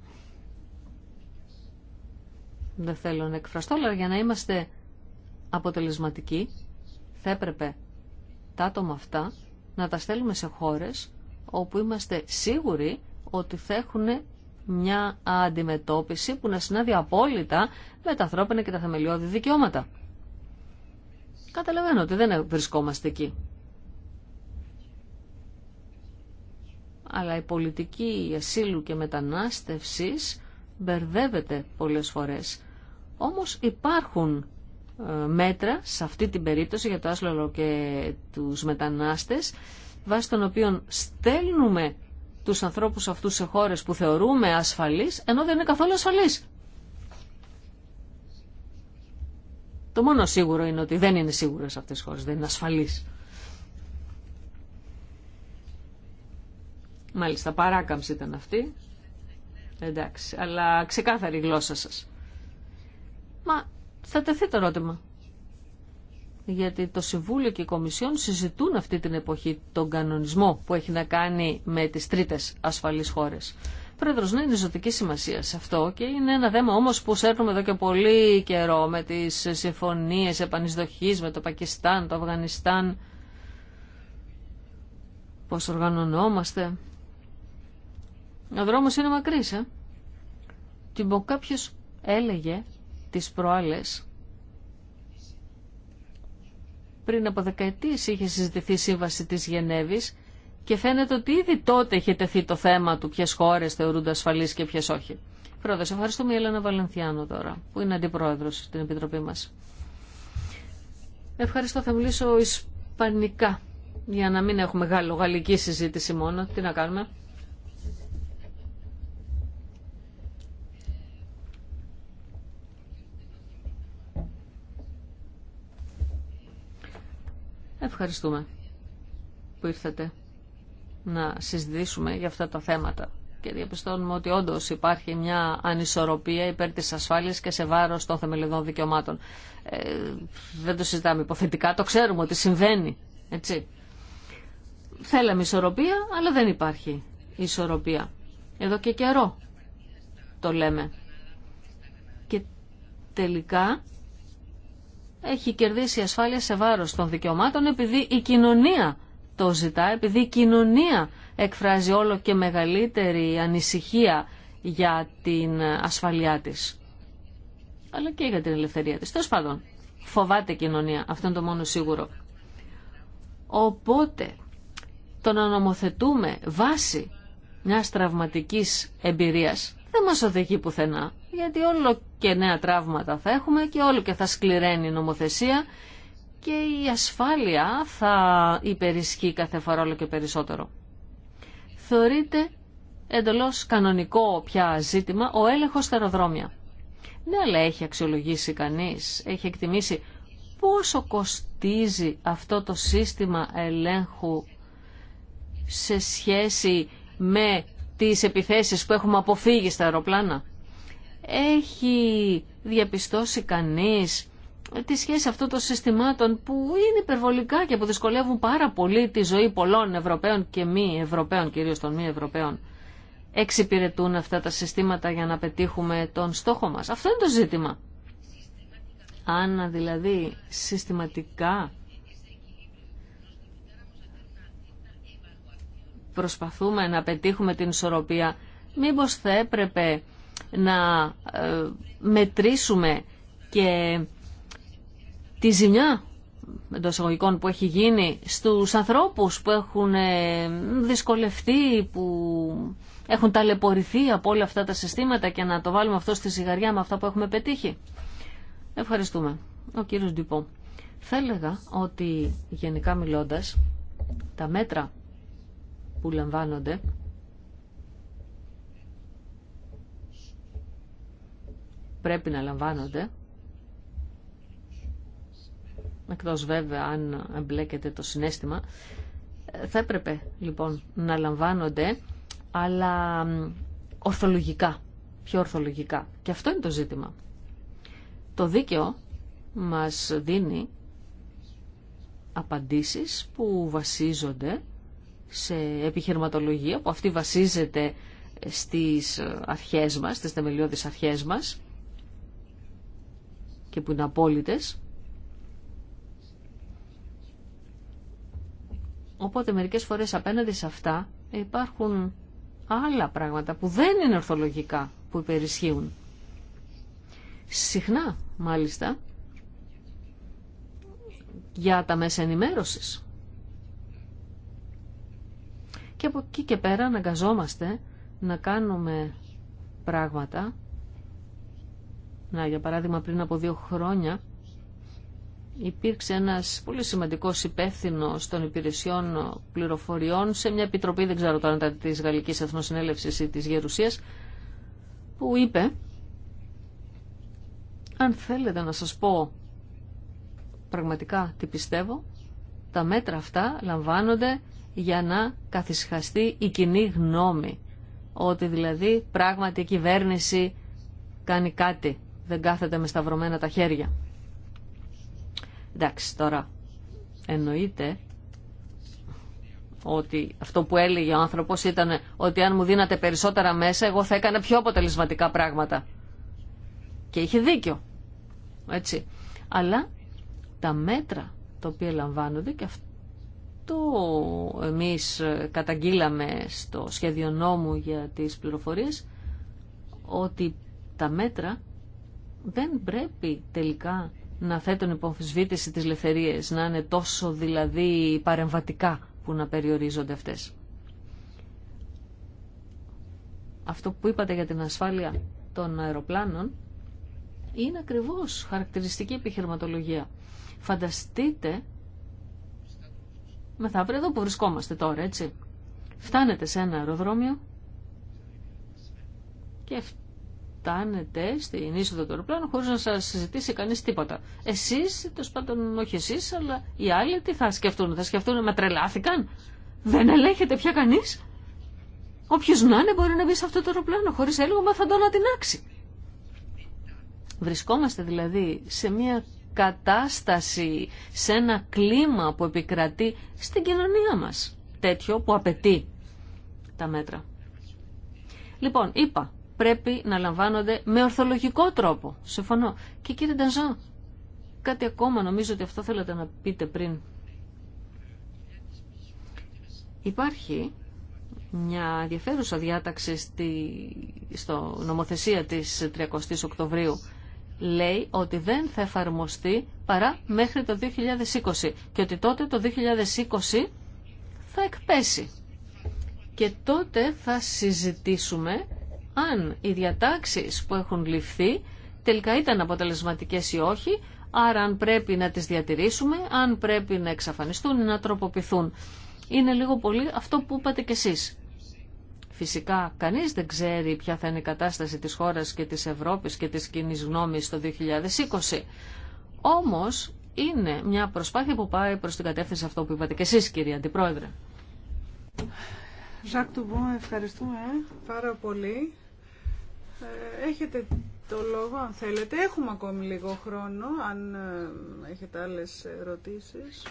δεν θέλω να εκφραστώ, αλλά για να είμαστε αποτελεσματικοί θα έπρεπε τα άτομα αυτά να τα στέλνουμε σε χώρες όπου είμαστε σίγουροι ότι θα έχουν μια αντιμετώπιση που να συνάδει απόλυτα με τα ανθρώπινα και τα θεμελιώδη δικαιώματα. Καταλαβαίνω ότι δεν βρισκόμαστε εκεί. Αλλά η πολιτική ασύλου και μετανάστευσης μπερδεύεται πολλές φορές. Όμως υπάρχουν μέτρα σε αυτή την περίπτωση για το άσλολο και τους μετανάστες βάσει των οποίων στέλνουμε τους ανθρώπους αυτούς σε χώρες που θεωρούμε ασφαλείς ενώ δεν είναι καθόλου ασφαλείς. Το μόνο σίγουρο είναι ότι δεν είναι σίγουρες αυτές οι χώρες, δεν είναι ασφαλείς. Μάλιστα, παράκαμψη ήταν αυτή. Εντάξει, αλλά ξεκάθαρη η γλώσσα σας. Μα θα τεθεί το ερώτημα. Γιατί το Συμβούλιο και η Κομισιόν συζητούν αυτή την εποχή τον κανονισμό που έχει να κάνει με τις τρίτες ασφαλείς χώρες. Πρόεδρος, ναι, είναι ζωτική σημασία σε αυτό και είναι ένα θέμα όμως που σέρνουμε εδώ και πολύ καιρό με τις συμφωνίες επανεισδοχής με το Πακιστάν, το Αφγανιστάν, πώς οργανωνόμαστε. Ο δρόμος είναι μακρύς, ε. Τι κάποιος έλεγε τις προάλλες πριν από δεκαετίες είχε συζητηθεί η σύμβαση της Γενέβης και φαίνεται ότι ήδη τότε είχε τεθεί το θέμα του ποιες χώρες θεωρούνται ασφαλείς και ποιες όχι. Πρόεδρος, ευχαριστούμε η Έλενα Βαλενθιάνο τώρα, που είναι αντιπρόεδρος στην Επιτροπή μας. Ευχαριστώ, θα μιλήσω ισπανικά, για να μην έχουμε γαλλική συζήτηση μόνο. Τι να κάνουμε. Ευχαριστούμε που ήρθατε να συζητήσουμε για αυτά τα θέματα και διαπιστώνουμε ότι όντω υπάρχει μια ανισορροπία υπέρ τη ασφάλεια και σε βάρο των θεμελιωδών δικαιωμάτων. Ε, δεν το συζητάμε υποθετικά, το ξέρουμε ότι συμβαίνει. Έτσι. Θέλαμε ισορροπία, αλλά δεν υπάρχει ισορροπία. Εδώ και καιρό το λέμε. Και τελικά έχει κερδίσει ασφάλεια σε βάρος των δικαιωμάτων επειδή η κοινωνία το ζητά, επειδή η κοινωνία εκφράζει όλο και μεγαλύτερη ανησυχία για την ασφαλειά της. Αλλά και για την ελευθερία της. Τέλος πάντων, φοβάται η κοινωνία. Αυτό είναι το μόνο σίγουρο. Οπότε, το να νομοθετούμε βάση μιας τραυματικής εμπειρίας δεν μας οδηγεί πουθενά. Γιατί όλο και νέα τραύματα θα έχουμε και όλο και θα σκληραίνει η νομοθεσία και η ασφάλεια θα υπερισχύει κάθε φορά όλο και περισσότερο. Θεωρείται εντελώς κανονικό πια ζήτημα ο έλεγχος στα αεροδρόμια. Ναι, αλλά έχει αξιολογήσει κανείς, έχει εκτιμήσει πόσο κοστίζει αυτό το σύστημα ελέγχου σε σχέση με τις επιθέσεις που έχουμε αποφύγει στα αεροπλάνα. Έχει διαπιστώσει κανείς τη σχέση αυτών των συστημάτων που είναι υπερβολικά και που δυσκολεύουν πάρα πολύ τη ζωή πολλών Ευρωπαίων και μη Ευρωπαίων, κυρίως των μη Ευρωπαίων. Εξυπηρετούν αυτά τα συστήματα για να πετύχουμε τον στόχο μας. Αυτό είναι το ζήτημα. Αν δηλαδή συστηματικά προσπαθούμε να πετύχουμε την ισορροπία, μήπως θα έπρεπε να ε, μετρήσουμε και τη ζημιά εντό εισαγωγικών που έχει γίνει στους ανθρώπους που έχουν ε, δυσκολευτεί, που έχουν ταλαιπωρηθεί από όλα αυτά τα συστήματα και να το βάλουμε αυτό στη ζυγαριά με αυτά που έχουμε πετύχει. Ευχαριστούμε. Ο κύριος Ντυπό. Θα έλεγα ότι γενικά μιλώντας τα μέτρα που λαμβάνονται πρέπει να λαμβάνονται εκτός βέβαια αν εμπλέκεται το συνέστημα ε, θα έπρεπε λοιπόν να λαμβάνονται αλλά ορθολογικά πιο ορθολογικά και αυτό είναι το ζήτημα το δίκαιο μας δίνει απαντήσεις που βασίζονται σε επιχειρηματολογία που αυτή βασίζεται στις αρχές μας, στις θεμελιώδεις αρχές μας και που είναι απόλυτες. Οπότε μερικές φορές απέναντι σε αυτά υπάρχουν άλλα πράγματα που δεν είναι ορθολογικά που υπερισχύουν. Συχνά μάλιστα για τα μέσα ενημέρωσης και από εκεί και πέρα αναγκαζόμαστε να κάνουμε πράγματα. Να, για παράδειγμα, πριν από δύο χρόνια υπήρξε ένας πολύ σημαντικός υπεύθυνο των υπηρεσιών πληροφοριών σε μια επιτροπή, δεν ξέρω τώρα αν της Γαλλικής Εθνοσυνέλευσης ή της Γερουσίας, που είπε, αν θέλετε να σας πω πραγματικά τι πιστεύω, τα μέτρα αυτά λαμβάνονται για να καθισχαστεί η κοινή γνώμη. Ότι δηλαδή πράγματι η κυβέρνηση κάνει κάτι, δεν κάθεται με σταυρωμένα τα χέρια. Εντάξει, τώρα εννοείται ότι αυτό που έλεγε ο άνθρωπος ήταν ότι αν μου δίνατε περισσότερα μέσα εγώ θα έκανα πιο αποτελεσματικά πράγματα. Και είχε δίκιο. Έτσι. Αλλά τα μέτρα τα οποία λαμβάνονται και αυτό το εμείς καταγγείλαμε στο σχέδιο νόμου για τις πληροφορίες, ότι τα μέτρα δεν πρέπει τελικά να θέτουν υποφυσβήτηση τις λεθερίες να είναι τόσο δηλαδή παρεμβατικά που να περιορίζονται αυτές. Αυτό που είπατε για την ασφάλεια των αεροπλάνων είναι ακριβώς χαρακτηριστική επιχειρηματολογία. Φανταστείτε μεθαύριο εδώ που βρισκόμαστε τώρα, έτσι. Φτάνετε σε ένα αεροδρόμιο και φτάνετε στην είσοδο του αεροπλάνου χωρίς να σας συζητήσει κανείς τίποτα. Εσείς, τόσο πάντων όχι εσείς, αλλά οι άλλοι τι θα σκεφτούν, θα σκεφτούν με τρελάθηκαν, δεν ελέγχεται πια κανείς. Όποιο να είναι μπορεί να μπει σε αυτό το αεροπλάνο χωρί έλεγχο, μα θα το ανατινάξει. Βρισκόμαστε δηλαδή σε μια κατάσταση, σε ένα κλίμα που επικρατεί στην κοινωνία μας. Τέτοιο που απαιτεί τα μέτρα. Λοιπόν, είπα, πρέπει να λαμβάνονται με ορθολογικό τρόπο. Συμφωνώ. Και κύριε Νταζά, κάτι ακόμα νομίζω ότι αυτό θέλατε να πείτε πριν. Υπάρχει μια ενδιαφέρουσα διάταξη στη, στο νομοθεσία της 30 Οκτωβρίου λέει ότι δεν θα εφαρμοστεί παρά μέχρι το 2020 και ότι τότε το 2020 θα εκπέσει. Και τότε θα συζητήσουμε αν οι διατάξεις που έχουν ληφθεί τελικά ήταν αποτελεσματικές ή όχι, άρα αν πρέπει να τις διατηρήσουμε, αν πρέπει να εξαφανιστούν ή να τροποποιηθούν. Είναι λίγο πολύ αυτό που είπατε κι εσείς. Φυσικά κανείς δεν ξέρει ποια θα είναι η κατάσταση της χώρας και της Ευρώπης και της κοινή γνώμης το 2020. Όμως είναι μια προσπάθεια που πάει προς την κατεύθυνση αυτό που είπατε και εσείς κύριε Αντιπρόεδρε. Ζακ Τουμπό, ευχαριστούμε πάρα πολύ. Ε, έχετε το λόγο αν θέλετε. Έχουμε ακόμη λίγο χρόνο αν ε, έχετε άλλες ερωτήσεις.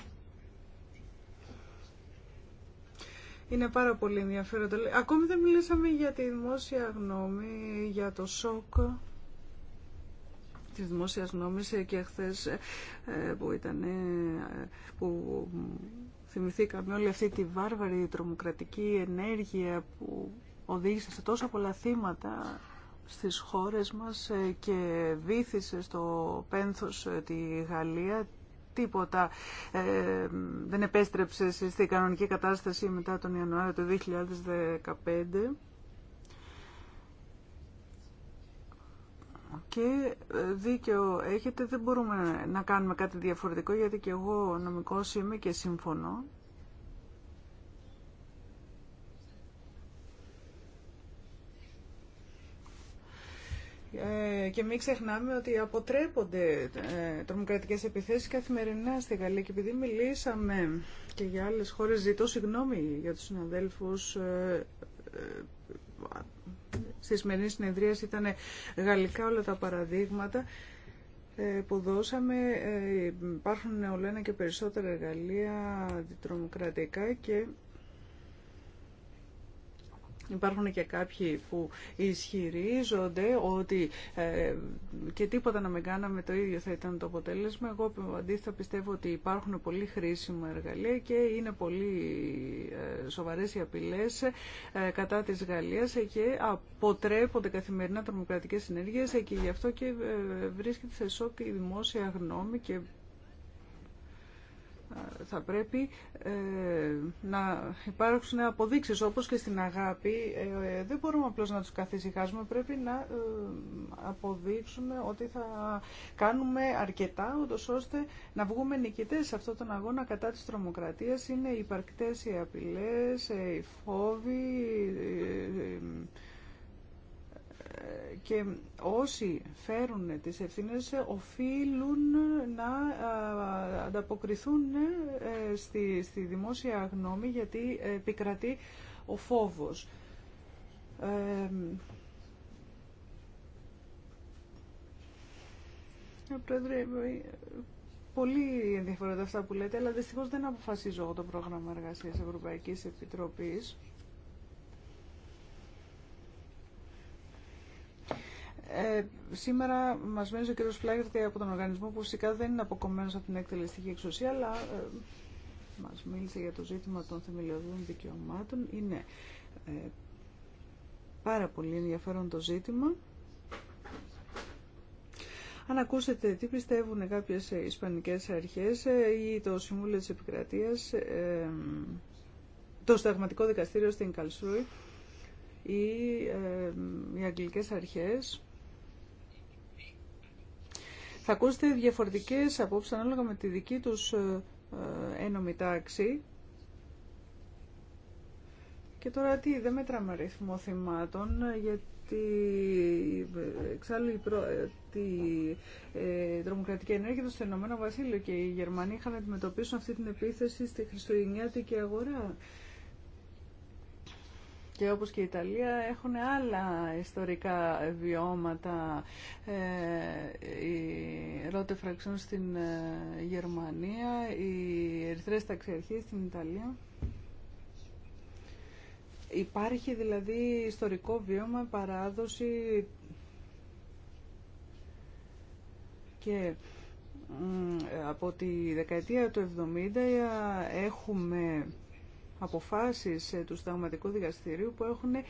Είναι πάρα πολύ ενδιαφέροντα. Ακόμη δεν μιλήσαμε για τη δημόσια γνώμη, για το σοκ της δημόσιας γνώμης και χθε ε, που ήταν ε, που θυμηθήκαμε όλη αυτή τη βάρβαρη τρομοκρατική ενέργεια που οδήγησε σε τόσα πολλά θύματα στις χώρες μας ε, και βήθησε στο πένθος τη Γαλλία, τίποτα ε, δεν επέστρεψε στη κανονική κατάσταση μετά τον Ιανουάριο του 2015. Και ε, δίκαιο έχετε, δεν μπορούμε να κάνουμε κάτι διαφορετικό γιατί και εγώ νομικός είμαι και συμφωνώ. Ε, και μην ξεχνάμε ότι αποτρέπονται ε, τρομοκρατικές επιθέσεις καθημερινά στη Γαλλία και επειδή μιλήσαμε και για άλλες χώρες ζητώ συγγνώμη για τους συναδέλφους ε, ε, στη σημερινή συνεδρία ήταν γαλλικά όλα τα παραδείγματα που δώσαμε. Υπάρχουν όλα και περισσότερα εργαλεία αντιτρομοκρατικά και Υπάρχουν και κάποιοι που ισχυρίζονται ότι ε, και τίποτα να μην κάναμε το ίδιο θα ήταν το αποτέλεσμα. Εγώ αντίθετα πιστεύω ότι υπάρχουν πολύ χρήσιμα εργαλεία και είναι πολύ ε, σοβαρές οι απειλές ε, κατά της Γαλλίας και αποτρέπονται καθημερινά τρομοκρατικές συνέργειες και γι' αυτό και ε, βρίσκεται σε σοκ η δημόσια γνώμη και θα πρέπει ε, να υπάρξουν αποδείξεις όπως και στην αγάπη ε, δεν μπορούμε απλώς να τους καθησυχάσουμε πρέπει να ε, αποδείξουμε ότι θα κάνουμε αρκετά ούτως ώστε να βγούμε νικητές σε αυτόν τον αγώνα κατά της τρομοκρατίας είναι υπαρκτές οι απειλές, οι φόβοι και όσοι φέρουν τις ευθύνες οφείλουν να ε, ανταποκριθούν ε, στη, στη δημόσια γνώμη γιατί επικρατεί ο φόβος. Ε, Πρόεδρε, πολύ ενδιαφέροντα αυτά που λέτε, αλλά δυστυχώς δεν αποφασίζω εγώ το πρόγραμμα εργασίας Ευρωπαϊκής Επιτροπής. Ε, σήμερα μα μένει ο κ. Φλάγερτη από τον οργανισμό που φυσικά δεν είναι αποκομμένο από την εκτελεστική εξουσία, αλλά ε, μα μίλησε για το ζήτημα των θεμελιωδών δικαιωμάτων. Είναι ε, πάρα πολύ ενδιαφέρον το ζήτημα. Αν ακούσετε τι πιστεύουν κάποιες ισπανικές αρχές ε, ή το Συμβούλιο της Επικρατείας, ε, το Σταγματικό Δικαστήριο στην Καλσούη ή ε, οι Αγγλικές Αρχές, θα ακούσετε διαφορετικές απόψεις ανάλογα με τη δική τους ε, ε, ένωμη τάξη. Και τώρα τι, δεν μετράμε αριθμό θυμάτων, ε, γιατί εξάλλου η, προ... ε, τρομοκρατική ενέργεια στο Ηνωμένο Βασίλειο και οι Γερμανοί είχαν να αντιμετωπίσουν αυτή την επίθεση στη χριστουγεννιάτικη αγορά και όπως και η Ιταλία έχουν άλλα ιστορικά βιώματα ε, η Ρότε Φραξιόν στην ε, Γερμανία οι Ερυθρές Ταξιαρχίες στην Ιταλία υπάρχει δηλαδή ιστορικό βιώμα παράδοση και από τη δεκαετία του 70 έχουμε αποφάσεις ε, του Συνταγματικού Δικαστηρίου που έχουν ε,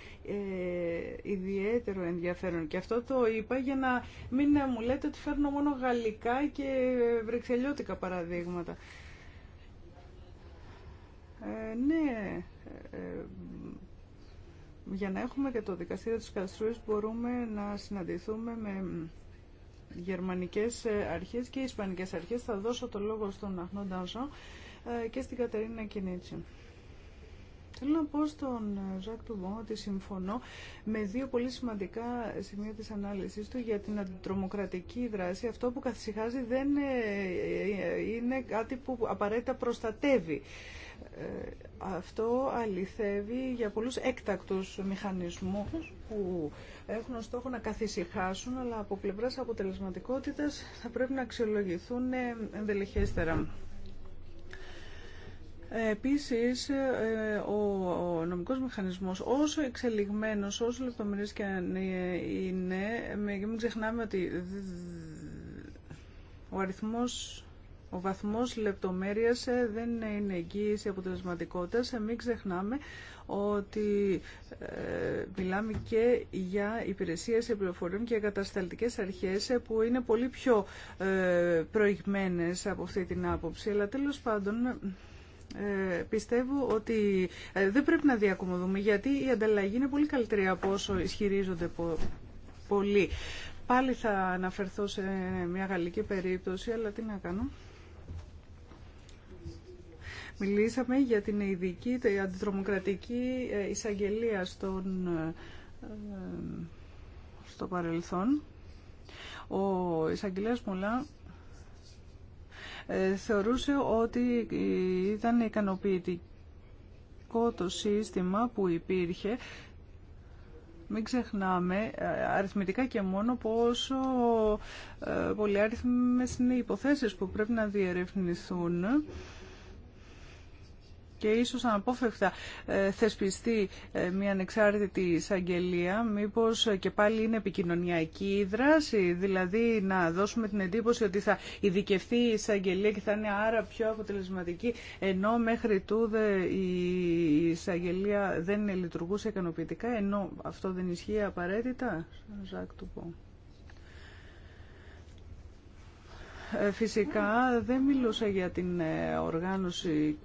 ιδιαίτερο ενδιαφέρον. Και αυτό το είπα για να μην μου λέτε ότι φέρνω μόνο γαλλικά και βρεξελιώτικα παραδείγματα. Ε, ναι, ε, για να έχουμε και το δικαστήριο της Καστρούης μπορούμε να συναντηθούμε με γερμανικές αρχές και ισπανικές αρχές. Θα δώσω το λόγο στον Αχνό Ντανζό και στην Κατερίνα Κινίτσι. Θέλω να πω στον Ζακ Τουμπό ότι συμφωνώ με δύο πολύ σημαντικά σημεία της ανάλυσης του για την αντιτρομοκρατική δράση. Αυτό που καθησυχάζει δεν ε, ε, είναι κάτι που απαραίτητα προστατεύει. Ε, αυτό αληθεύει για πολλούς έκτακτους μηχανισμούς που έχουν στόχο να καθησυχάσουν, αλλά από πλευράς αποτελεσματικότητας θα πρέπει να αξιολογηθούν ενδελεχέστερα. Επίσης, ε, ο νομικός μηχανισμός, όσο εξελιγμένος, όσο λεπτομερής και αν είναι, μην ξεχνάμε ότι ο αριθμός, ο βαθμός λεπτομέρειας ε, δεν είναι εγγύηση αποτελεσματικότητας. Ε, μην ξεχνάμε ότι μιλάμε και για υπηρεσίες πληροφοριών και κατασταλτικές αρχές που είναι πολύ πιο προηγμένες από αυτή την άποψη. Αλλά τέλος πάντων... Ε, πιστεύω ότι ε, δεν πρέπει να διακομωδούμε γιατί η ανταλλαγή είναι πολύ καλύτερη από όσο ισχυρίζονται πολλοί. Πάλι θα αναφερθώ σε μια γαλλική περίπτωση, αλλά τι να κάνω. Μιλήσαμε για την ειδική την αντιτρομοκρατική ε, εισαγγελία στον, στο παρελθόν. Ο εισαγγελέας Μολά ε, θεωρούσε ότι ήταν ικανοποιητικό το σύστημα που υπήρχε μην ξεχνάμε ε, αριθμητικά και μόνο πόσο ε, πολλοί είναι οι υποθέσεις που πρέπει να διερευνηθούν και ίσως αναπόφευκτα ε, θεσπιστεί ε, μια ανεξάρτητη εισαγγελία, μήπως ε, και πάλι είναι επικοινωνιακή η δράση, δηλαδή να δώσουμε την εντύπωση ότι θα ειδικευτεί η εισαγγελία και θα είναι άρα πιο αποτελεσματική, ενώ μέχρι τούδε η εισαγγελία δεν λειτουργούσε ικανοποιητικά, ενώ αυτό δεν ισχύει απαραίτητα. Ζακ του Ε, φυσικά δεν μιλούσα για την ε, οργάνωση,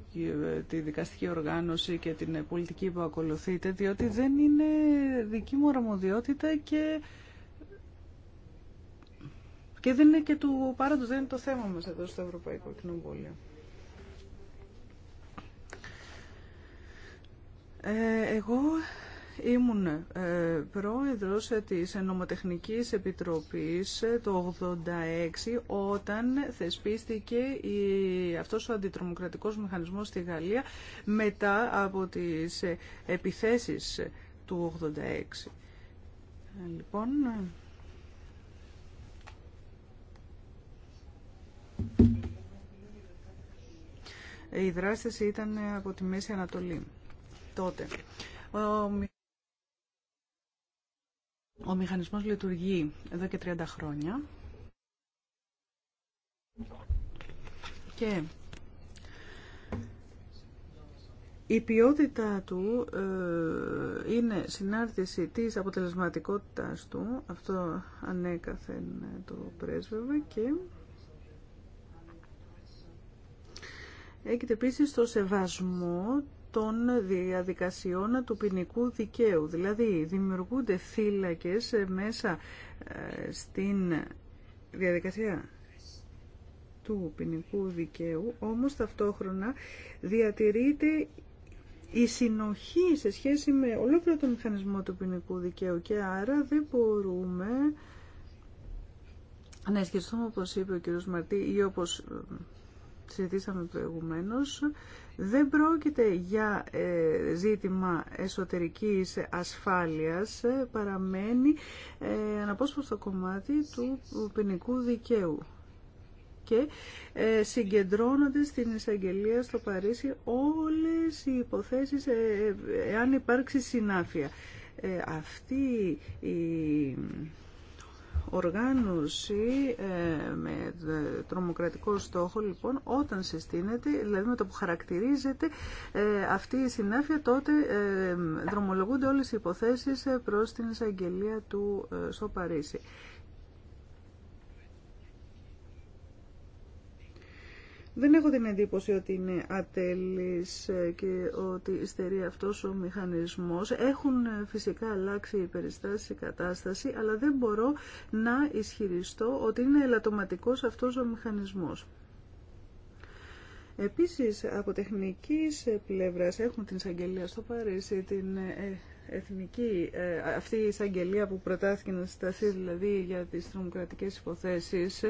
ε, τη δικαστική οργάνωση και την πολιτική που ακολουθείτε, διότι δεν είναι δική μου αρμοδιότητα και, και δεν είναι και του παράντος, δεν είναι το θέμα μας εδώ στο Ευρωπαϊκό Κοινοβούλιο. εγώ Ήμουν ε, πρόεδρος της Νομοτεχνικής Επιτροπής ε, το 86 όταν θεσπίστηκε η, αυτός ο αντιτρομοκρατικός μηχανισμός στη Γαλλία μετά από τις ε, επιθέσεις του 86. Ε, λοιπόν... Οι δράστες ήταν από τη Μέση Ανατολή τότε. Ο μηχανισμός λειτουργεί εδώ και 30 χρόνια και η ποιότητα του ε, είναι συνάρτηση της αποτελεσματικότητας του, αυτό ανέκαθεν το πρέσβευε και έχετε επίση το σεβασμό των διαδικασιών του ποινικού δικαίου. Δηλαδή δημιουργούνται θύλακες ε, μέσα ε, στην διαδικασία του ποινικού δικαίου, όμως ταυτόχρονα διατηρείται η συνοχή σε σχέση με ολόκληρο τον μηχανισμό του ποινικού δικαίου και άρα δεν μπορούμε να ισχυριστούμε όπως είπε ο κ. Μαρτή ή όπως ε, συζητήσαμε προηγουμένως δεν πρόκειται για ε, ζήτημα εσωτερικής ασφάλειας, ε, παραμένει ε, αναπόσπαστο κομμάτι του ποινικού δικαίου και συγκεντρώνονται στην εισαγγελία στο Παρίσι όλες οι υποθέσεις εάν υπάρξει συνάφεια. Αυτή η οργάνωση ε, με τρομοκρατικό στόχο, λοιπόν, όταν συστήνεται, δηλαδή με το που χαρακτηρίζεται ε, αυτή η συνάφεια, τότε ε, δρομολογούνται όλες οι υποθέσεις προς την εισαγγελία του στο Παρίσι. Δεν έχω την εντύπωση ότι είναι ατέλης και ότι στερεί αυτός ο μηχανισμός. Έχουν ε, φυσικά αλλάξει οι περιστάσεις, η κατάσταση, αλλά δεν μπορώ να ισχυριστώ ότι είναι ελαττωματικός αυτός ο μηχανισμός. Επίσης, από τεχνικής πλευράς έχουν την εισαγγελία στο Παρίσι, την ε, εθνική, ε, αυτή η εισαγγελία που προτάθηκε να συσταθεί δηλαδή για τις τρομοκρατικές υποθέσεις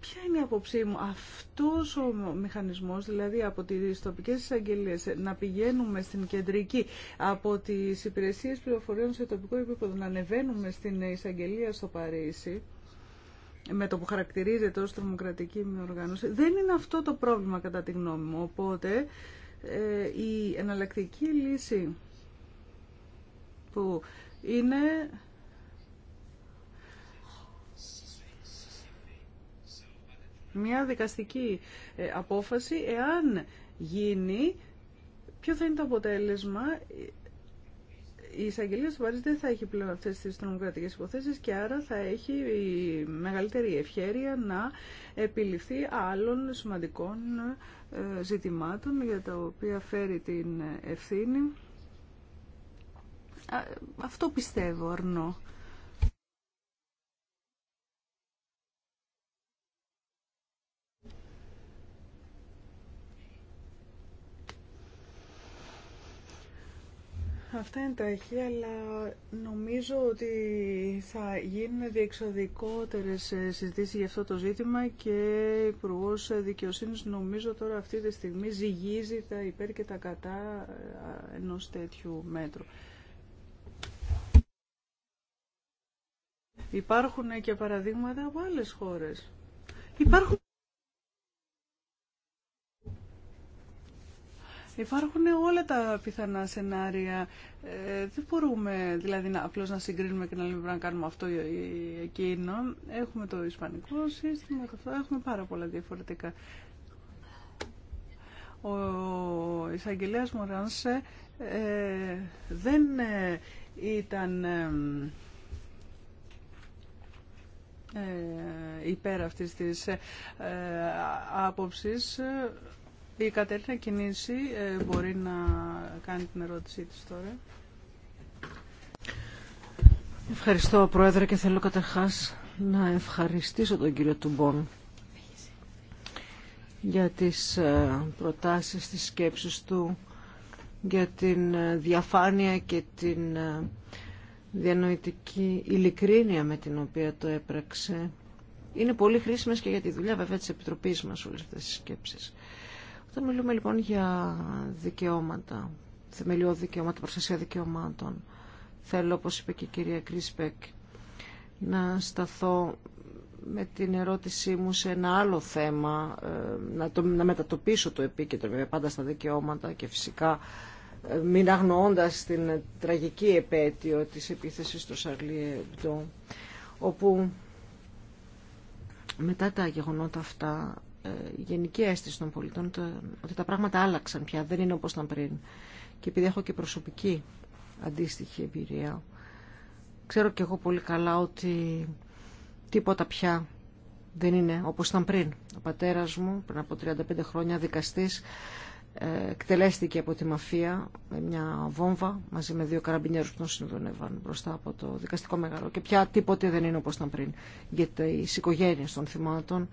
Ποια είναι η απόψή μου. αυτό ο μηχανισμός, δηλαδή από τι τοπικέ εισαγγελίε, να πηγαίνουμε στην κεντρική, από τι υπηρεσίε πληροφοριών σε τοπικό επίπεδο να ανεβαίνουμε στην εισαγγελία στο Παρίσι, με το που χαρακτηρίζεται ως τρομοκρατική οργάνωση, δεν είναι αυτό το πρόβλημα κατά τη γνώμη μου. Οπότε ε, η εναλλακτική λύση που είναι μια δικαστική ε, απόφαση, εάν γίνει, ποιο θα είναι το αποτέλεσμα. Η εισαγγελία του Παρίσι δεν θα έχει πλέον αυτές τις τρομοκρατικές υποθέσεις και άρα θα έχει μεγαλύτερη ευχέρεια να επιληφθεί άλλων σημαντικών ε, ζητημάτων για τα οποία φέρει την ευθύνη. Αυτό πιστεύω, Αρνό. Αυτά είναι τα αρχή, αλλά νομίζω ότι θα γίνουν διεξοδικότερες ε, συζητήσεις για αυτό το ζήτημα και ο υπουργό δικαιοσύνη νομίζω τώρα αυτή τη στιγμή ζυγίζει τα υπέρ και τα κατά ε, ενός τέτοιου μέτρου. Υπάρχουν και παραδείγματα από άλλες χώρες. Υπάρχουν... Υπάρχουν όλα τα πιθανά σενάρια. Ε, δεν μπορούμε δηλαδή να, απλώς να συγκρίνουμε και να λέμε να κάνουμε αυτό ή εκείνο. Έχουμε το ισπανικό σύστημα, έχουμε πάρα πολλά διαφορετικά. Ο εισαγγελέα Μωράνσε ε, δεν ε, ήταν ε, ε, υπέρ αυτής της ε, άποψης η Κατερίνα Κινήση ε, μπορεί να κάνει την ερώτησή της τώρα. Ευχαριστώ, Πρόεδρε, και θέλω καταρχάς να ευχαριστήσω τον κύριο Τουμπόν για τις ε, προτάσεις, τις σκέψεις του, για την ε, διαφάνεια και την διανοητική ειλικρίνεια με την οποία το έπραξε. Είναι πολύ χρήσιμες και για τη δουλειά βέβαια της Επιτροπής μας όλες αυτές τις σκέψεις. Όταν μιλούμε λοιπόν για δικαιώματα, θεμελιώδη δικαιώματα, προστασία δικαιωμάτων, θέλω, όπως είπε και η κυρία Κρίσπεκ, να σταθώ με την ερώτησή μου σε ένα άλλο θέμα, ε, να, να μετατοπίσω το επίκεντρο βέβαια πάντα στα δικαιώματα και φυσικά ε, μην αγνοώντας την τραγική επέτειο της επίθεσης στο Σαρλί όπου μετά τα γεγονότα αυτά ε, γενική αίσθηση των πολιτών ότι τα πράγματα άλλαξαν πια, δεν είναι όπως ήταν πριν. Και επειδή έχω και προσωπική αντίστοιχη εμπειρία, ξέρω και εγώ πολύ καλά ότι τίποτα πια δεν είναι όπως ήταν πριν. Ο πατέρας μου πριν από 35 χρόνια δικαστής ε, εκτελέστηκε από τη μαφία με μια βόμβα μαζί με δύο καραμπινιέρους που τον συνδωνεύαν μπροστά από το δικαστικό μεγάλο και πια τίποτε δεν είναι όπως ήταν πριν για τις οικογένειες των θυμάτων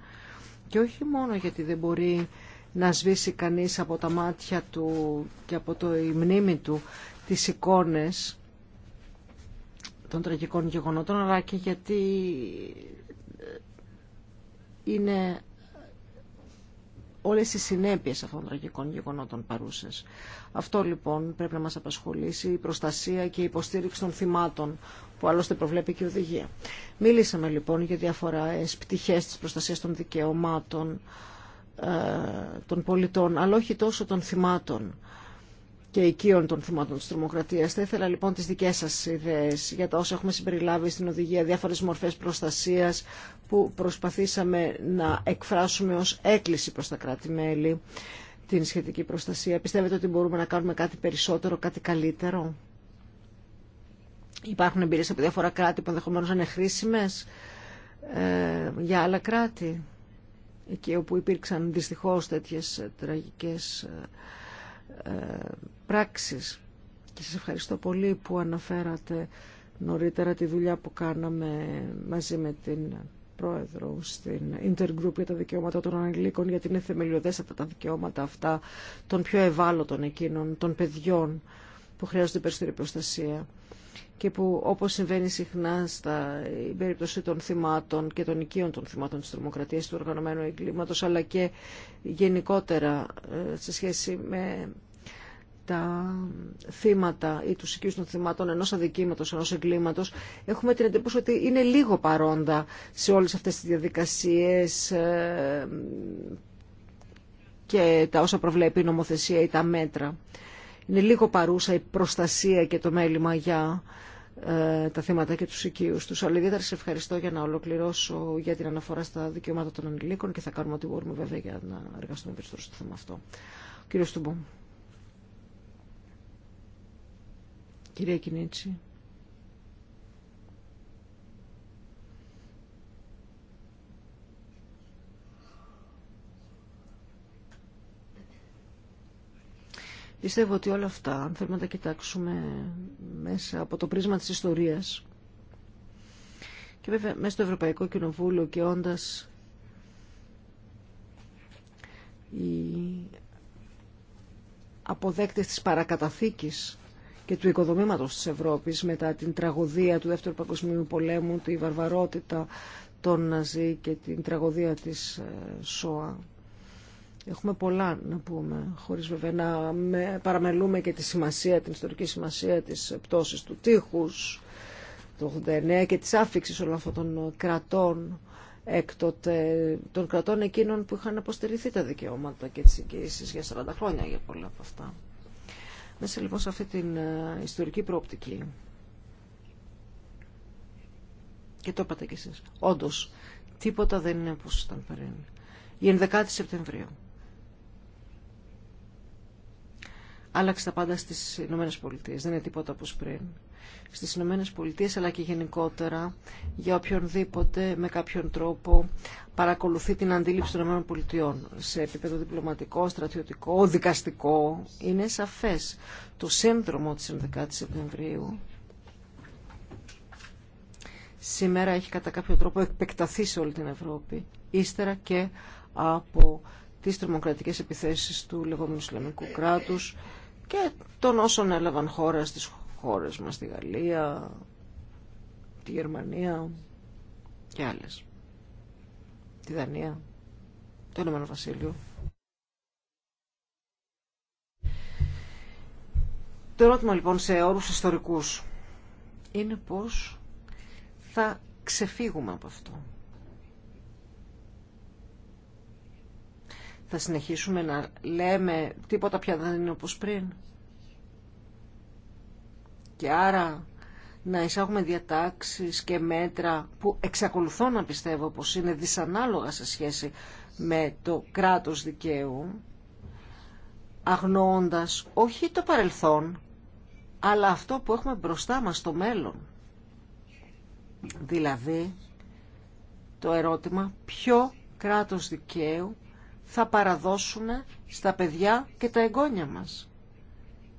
και όχι μόνο γιατί δεν μπορεί να σβήσει κανείς από τα μάτια του και από το η μνήμη του τις εικόνες των τραγικών γεγονότων, αλλά και γιατί ε, είναι όλες οι συνέπειες αυτών των τραγικών γεγονότων παρούσες. Αυτό λοιπόν πρέπει να μας απασχολήσει, η προστασία και η υποστήριξη των θυμάτων που άλλωστε προβλέπει και η οδηγία. Μίλησαμε λοιπόν για διάφορες πτυχές της προστασίας των δικαιωμάτων ε, των πολιτών, αλλά όχι τόσο των θυμάτων και οικείων των θυμάτων της τρομοκρατίας. Θα ήθελα λοιπόν τις δικές σας ιδέες για τα όσα έχουμε συμπεριλάβει στην οδηγία, διάφορες μορφές προστασίας που προσπαθήσαμε να εκφράσουμε ως έκκληση προς τα κράτη-μέλη την σχετική προστασία. Πιστεύετε ότι μπορούμε να κάνουμε κάτι περισσότερο, κάτι καλύτερο. Υπάρχουν εμπειρίες από διάφορα κράτη που ενδεχομένω να είναι χρήσιμε ε, για άλλα κράτη. Εκεί όπου υπήρξαν δυστυχώς τέτοιες τραγικές ε, ε, πράξεις. Και σας ευχαριστώ πολύ που αναφέρατε νωρίτερα τη δουλειά που κάναμε μαζί με την πρόεδρο στην Intergroup για τα δικαιώματα των ανηλίκων, γιατί είναι θεμελιωδέστατα τα δικαιώματα αυτά των πιο ευάλωτων εκείνων, των παιδιών που χρειάζονται περισσότερη προστασία και που όπως συμβαίνει συχνά στα περίπτωση των θυμάτων και των οικείων των θυμάτων της τρομοκρατίας του οργανωμένου εγκλήματος αλλά και γενικότερα ε, σε σχέση με τα θύματα ή τους οικείους των θυμάτων ενός αδικήματος, ενός εγκλήματος, έχουμε την εντύπωση ότι είναι λίγο παρόντα σε όλες αυτές τις διαδικασίες ε, και τα όσα προβλέπει η νομοθεσία ή τα μέτρα είναι λίγο παρούσα η προστασία και το μέλημα για ε, τα θύματα και τους οικείους τους. Αλλά ιδιαίτερα σε ευχαριστώ για να ολοκληρώσω για την αναφορά στα δικαιώματα των ανηλίκων και θα κάνουμε ό,τι μπορούμε βέβαια για να εργαστούμε περισσότερο στο θέμα αυτό. Κύριε Στουμπού. Κυρία Κινίτσι. Πιστεύω ότι όλα αυτά, αν θέλουμε να τα κοιτάξουμε μέσα από το πρίσμα της ιστορίας και βέβαια μέσα στο Ευρωπαϊκό Κοινοβούλιο και όντας οι αποδέκτες της παρακαταθήκης και του οικοδομήματος της Ευρώπης μετά την τραγωδία του Δεύτερου Παγκοσμίου Πολέμου, τη βαρβαρότητα των Ναζί και την τραγωδία της ε, ΣΟΑ. Έχουμε πολλά να πούμε, χωρίς βέβαια να παραμελούμε και τη σημασία, την ιστορική σημασία της πτώσης του τείχους το 89 και της άφηξης όλων αυτών των κρατών έκτοτε, των κρατών εκείνων που είχαν αποστηριθεί τα δικαιώματα και τις εγγύησεις για 40 χρόνια για πολλά από αυτά. Μέσα λοιπόν σε αυτή την ε, ιστορική προοπτική και το είπατε κι εσείς, όντως τίποτα δεν είναι όπως ήταν πριν. Η 11η Σεπτεμβρίου άλλαξε τα πάντα στις Ηνωμένε Πολιτείες. Δεν είναι τίποτα όπως πριν. Στις Ηνωμένε Πολιτείες αλλά και γενικότερα για οποιονδήποτε με κάποιον τρόπο παρακολουθεί την αντίληψη των Ηνωμένων Πολιτείων σε επίπεδο διπλωματικό, στρατιωτικό, δικαστικό. Είναι σαφές το σύνδρομο της 11 Σεπτεμβρίου σήμερα έχει κατά κάποιο τρόπο εκπεκταθεί σε όλη την Ευρώπη, ύστερα και από τις τρομοκρατικές επιθέσεις του λεγόμενου Ισλαμικού κράτους και των όσων έλαβαν χώρα στις χώρες μας, τη Γαλλία, τη Γερμανία και άλλες. Τη Δανία, το Ηνωμένο Βασίλειο. Το ερώτημα λοιπόν σε όρους ιστορικούς είναι πώς θα ξεφύγουμε από αυτό. Θα συνεχίσουμε να λέμε τίποτα πια δεν είναι όπως πριν. Και άρα να εισάγουμε διατάξεις και μέτρα που εξακολουθώ να πιστεύω πως είναι δυσανάλογα σε σχέση με το κράτος δικαίου, αγνώντας όχι το παρελθόν, αλλά αυτό που έχουμε μπροστά μας στο μέλλον. Δηλαδή, το ερώτημα ποιο κράτος δικαίου θα παραδώσουμε στα παιδιά και τα εγγόνια μας.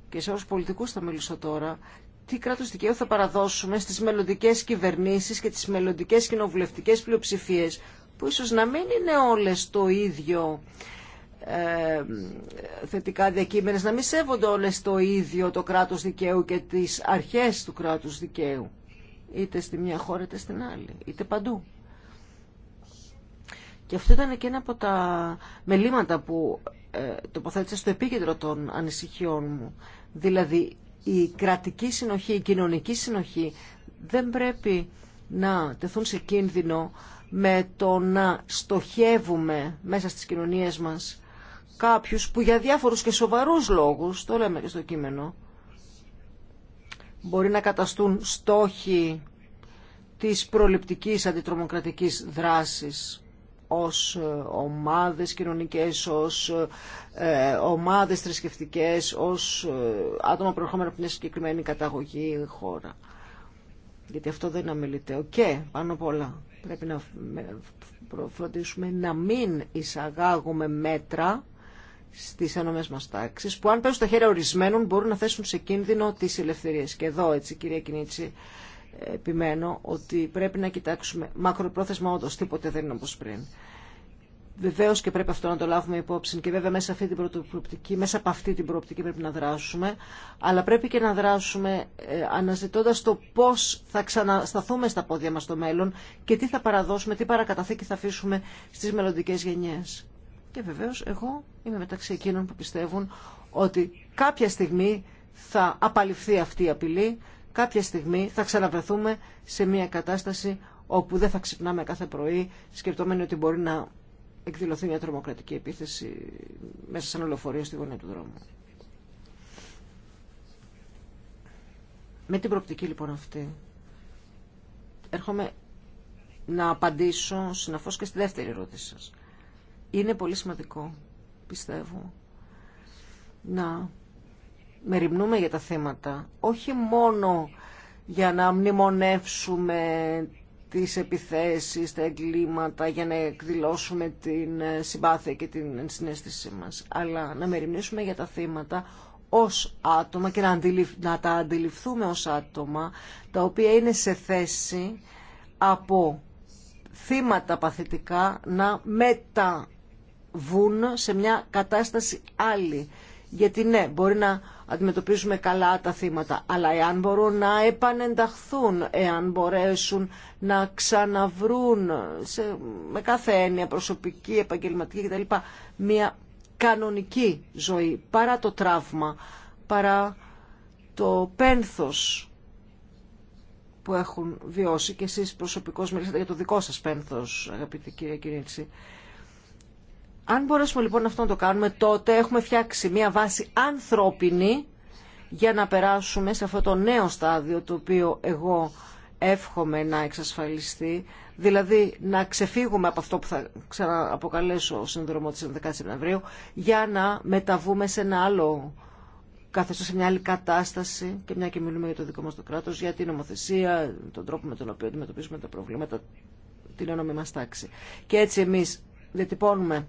Και σε όσους πολιτικούς θα μιλήσω τώρα, τι κράτος δικαίου θα παραδώσουμε στις μελλοντικέ κυβερνήσεις και τις μελλοντικέ κοινοβουλευτικέ πλειοψηφίες, που ίσως να μην είναι όλες το ίδιο ε, θετικά διακείμενες, να μην σέβονται όλες το ίδιο το κράτος δικαίου και τις αρχές του κράτους δικαίου, είτε στη μια χώρα είτε στην άλλη, είτε παντού. Και αυτό ήταν και ένα από τα μελήματα που ε, τοποθέτησα στο επίκεντρο των ανησυχιών μου. Δηλαδή η κρατική συνοχή, η κοινωνική συνοχή δεν πρέπει να τεθούν σε κίνδυνο με το να στοχεύουμε μέσα στις κοινωνίες μας κάποιους που για διάφορους και σοβαρούς λόγους, το λέμε και στο κείμενο, μπορεί να καταστούν στόχοι της προληπτικής αντιτρομοκρατικής δράσης ως ε, ομάδες κοινωνικές, ως ε, ομάδες θρησκευτικέ, ως ε, άτομα προερχόμενα από μια συγκεκριμένη καταγωγή χώρα. Γιατί αυτό δεν είναι αμεληταίο. Και πάνω απ' όλα πρέπει να φροντίσουμε να μην εισαγάγουμε μέτρα στις ανομές μας τάξεις που αν πέσουν στα χέρια ορισμένων μπορούν να θέσουν σε κίνδυνο τις ελευθερίες. Και εδώ έτσι κυρία Κινίτση επιμένω ότι πρέπει να κοιτάξουμε μακροπρόθεσμα όντω, τίποτε δεν είναι όπω πριν. Βεβαίω και πρέπει αυτό να το λάβουμε υπόψη και βέβαια μέσα, αυτή την μέσα από αυτή την προοπτική πρέπει να δράσουμε, αλλά πρέπει και να δράσουμε ε, αναζητώντα το πώ θα ξανασταθούμε στα πόδια μα στο μέλλον και τι θα παραδώσουμε, τι παρακαταθήκη θα αφήσουμε στι μελλοντικέ γενιέ. Και βεβαίω εγώ είμαι μεταξύ εκείνων που πιστεύουν ότι κάποια στιγμή θα απαλληφθεί αυτή η απειλή, κάποια στιγμή θα ξαναβρεθούμε σε μια κατάσταση όπου δεν θα ξυπνάμε κάθε πρωί σκεπτόμενοι ότι μπορεί να εκδηλωθεί μια τρομοκρατική επίθεση μέσα σε ένα λεωφορείο στη γωνία του δρόμου. Με την προπτική λοιπόν αυτή έρχομαι να απαντήσω συναφώς και στη δεύτερη ερώτηση σας. Είναι πολύ σημαντικό, πιστεύω, να μεριμνούμε για τα θέματα, όχι μόνο για να μνημονεύσουμε τις επιθέσεις, τα εγκλήματα, για να εκδηλώσουμε την συμπάθεια και την συνέστησή μας, αλλά να μεριμνήσουμε για τα θέματα ως άτομα και να, τα αντιληφθούμε ως άτομα τα οποία είναι σε θέση από θύματα παθητικά να μεταβούν σε μια κατάσταση άλλη γιατί ναι, μπορεί να αντιμετωπίσουμε καλά τα θύματα, αλλά εάν μπορούν να επανενταχθούν, εάν μπορέσουν να ξαναβρούν με κάθε έννοια προσωπική, επαγγελματική κτλ. μια κανονική ζωή, παρά το τραύμα, παρά το πένθος που έχουν βιώσει και εσείς προσωπικώς μιλήσατε για το δικό σας πένθος, αγαπητή κυρία Κυρίτση. Αν μπορέσουμε λοιπόν αυτό να το κάνουμε, τότε έχουμε φτιάξει μια βάση ανθρώπινη για να περάσουμε σε αυτό το νέο στάδιο το οποίο εγώ εύχομαι να εξασφαλιστεί, δηλαδή να ξεφύγουμε από αυτό που θα ξανααποκαλέσω σύνδρομο της 11 Σεπτεμβρίου, για να μεταβούμε σε ένα άλλο καθεστώ σε μια άλλη κατάσταση και μια και μιλούμε για το δικό μας το κράτος, για την νομοθεσία, τον τρόπο με τον οποίο αντιμετωπίζουμε τα προβλήματα, την ένωμη μας τάξη. Και έτσι εμείς διατυπώνουμε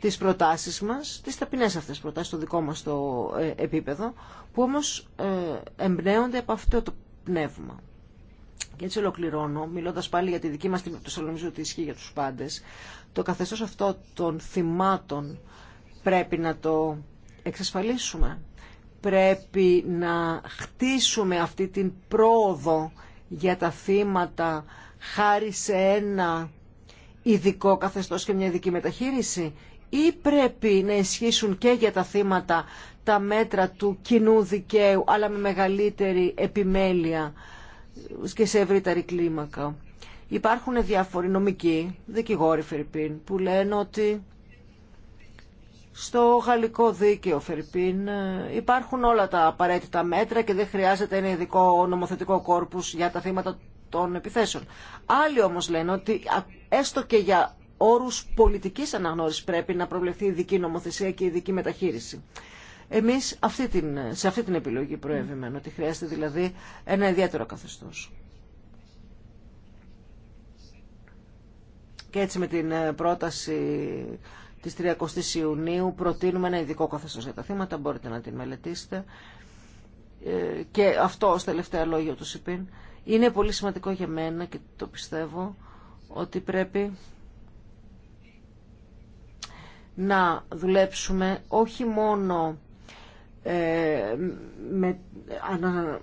τις προτάσεις μας, τις ταπεινές αυτές προτάσεις, στο δικό μας το ε, επίπεδο, που όμως ε, εμπνέονται από αυτό το πνεύμα. Και έτσι ολοκληρώνω, μιλώντας πάλι για τη δική μας την το νομίζω ότι ισχύει για τους πάντες... Το καθεστώς αυτό των θυμάτων πρέπει να το εξασφαλίσουμε. Πρέπει να χτίσουμε αυτή την πρόοδο για τα θύματα χάρη σε ένα ειδικό καθεστώς και μια ειδική μεταχείριση ή πρέπει να ισχύσουν και για τα θύματα τα μέτρα του κοινού δικαίου αλλά με μεγαλύτερη επιμέλεια και σε ευρύτερη κλίμακα. Υπάρχουν διάφοροι νομικοί, δικηγόροι Φερρυπίν, που λένε ότι στο γαλλικό δίκαιο Φερρυπίν υπάρχουν όλα τα απαραίτητα μέτρα και δεν χρειάζεται ένα ειδικό νομοθετικό κόρπους για τα θύματα των επιθέσεων. Άλλοι όμως λένε ότι έστω και για όρους πολιτικής αναγνώρισης πρέπει να προβλεφθεί ειδική νομοθεσία και η ειδική μεταχείριση. Εμείς σε αυτή την επιλογή προέβημε, ότι χρειάζεται δηλαδή ένα ιδιαίτερο καθεστώ. Και έτσι με την ε, πρόταση της 30ης Ιουνίου προτείνουμε ένα ειδικό καθεστώς για τα θύματα, μπορείτε να την μελετήσετε. Ε, και αυτό ως τελευταία λόγια του ΣΥΠΗΝ. Είναι πολύ σημαντικό για μένα και το πιστεύω ότι πρέπει να δουλέψουμε όχι μόνο ε, με, ανα,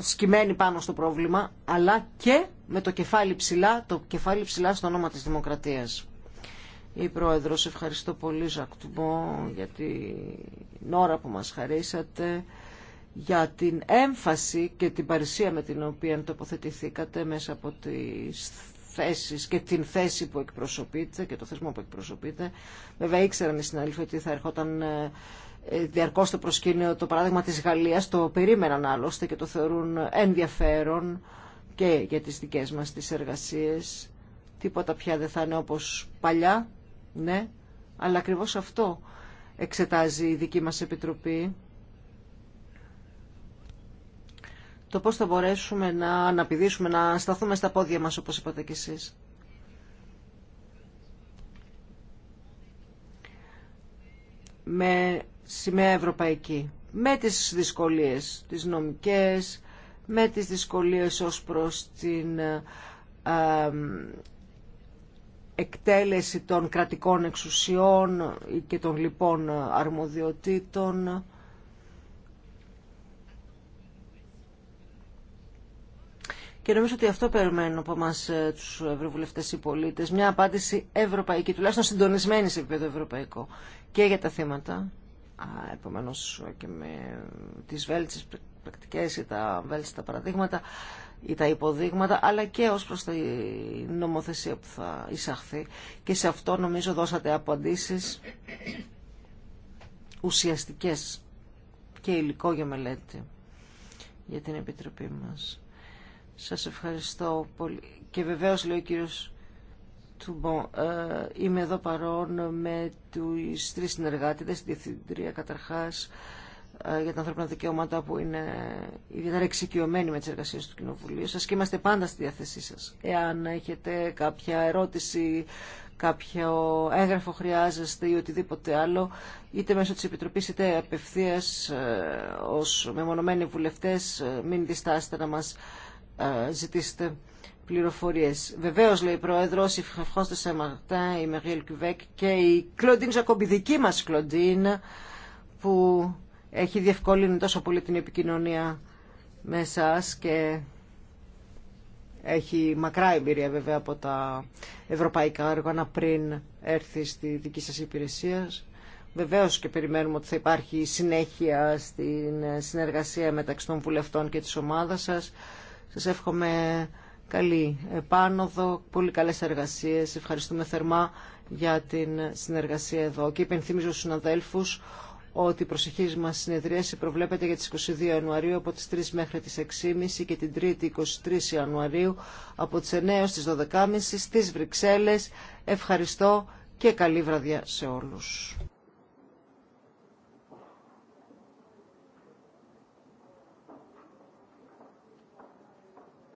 σκημένη πάνω στο πρόβλημα, αλλά και με το κεφάλι ψηλά, το κεφάλι ψηλά στο όνομα της δημοκρατίας. Η Πρόεδρος, ευχαριστώ πολύ Ζακτουμπό για την ώρα που μας χαρίσατε, για την έμφαση και την παρουσία με την οποία τοποθετηθήκατε μέσα από τις και την θέση που εκπροσωπείται και το θεσμό που εκπροσωπείται. Βέβαια ήξεραν οι συναδέλφοι ότι θα ερχόταν ε, ε, διαρκώ στο προσκήνιο το παράδειγμα της Γαλλίας, το περίμεναν άλλωστε και το θεωρούν ενδιαφέρον και για τις δικές μας τις εργασίες. Τίποτα πια δεν θα είναι όπως παλιά, ναι, αλλά ακριβώς αυτό εξετάζει η δική μας Επιτροπή το πώς θα μπορέσουμε να αναπηδήσουμε, να σταθούμε στα πόδια μας, όπως είπατε κι εσείς. Με σημαία ευρωπαϊκή, με τις δυσκολίες, τις νομικές, με τις δυσκολίες ως προς την εκτέλεση των κρατικών εξουσιών και των λοιπών αρμοδιοτήτων Και νομίζω ότι αυτό περιμένουν από εμά ε, του ευρωβουλευτέ ή πολίτε. Μια απάντηση ευρωπαϊκή, τουλάχιστον συντονισμένη σε επίπεδο ευρωπαϊκό. Και για τα θύματα. Επομένω και με τι βέλτιστε πρακτικέ ή τα βέλτιστα παραδείγματα ή τα υποδείγματα, αλλά και ως προς τη νομοθεσία που θα εισαχθεί. Και σε αυτό νομίζω δώσατε απαντήσεις ουσιαστικές και υλικό για μελέτη για την Επιτροπή μας. Σας ευχαριστώ πολύ. Και βεβαίως λέει ο κύριος Τουμπον, ε, είμαι εδώ παρόν με τους τρεις συνεργάτητες, τη Διευθυντρία καταρχάς, ε, για τα ανθρώπινα δικαιώματα που είναι ιδιαίτερα εξοικειωμένοι με τις εργασίες του Κοινοβουλίου σας και είμαστε πάντα στη διάθεσή σας. Εάν έχετε κάποια ερώτηση, κάποιο έγγραφο χρειάζεστε ή οτιδήποτε άλλο, είτε μέσω της Επιτροπής είτε απευθείας ε, ως μεμονωμένοι βουλευτές, ε, μην διστάσετε να μας ε, ζητήσετε πληροφορίες. Βεβαίως, λέει η Πρόεδρος, η Φχαυχώστε Σαμαρτά, η Μεριέλ Κουβέκ και η Κλοντίν Ζακόμπη, δική μας Κλοντίν, που έχει διευκολύνει τόσο πολύ την επικοινωνία με εσάς και έχει μακρά εμπειρία βέβαια από τα ευρωπαϊκά όργανα πριν έρθει στη δική σας υπηρεσία. Βεβαίως και περιμένουμε ότι θα υπάρχει συνέχεια στην συνεργασία μεταξύ των βουλευτών και της ομάδας σας. Σας εύχομαι καλή επάνωδο, πολύ καλές εργασίες. Ευχαριστούμε θερμά για την συνεργασία εδώ. Και υπενθύμιζω στους συναδέλφου ότι η προσεχή μα συνεδρίαση προβλέπεται για τις 22 Ιανουαρίου από τις 3 μέχρι τις 6.30 και την 3η 23 Ιανουαρίου από τις 9 έως τι 12.30 στι Βρυξέλλες. Ευχαριστώ και καλή βραδιά σε όλου.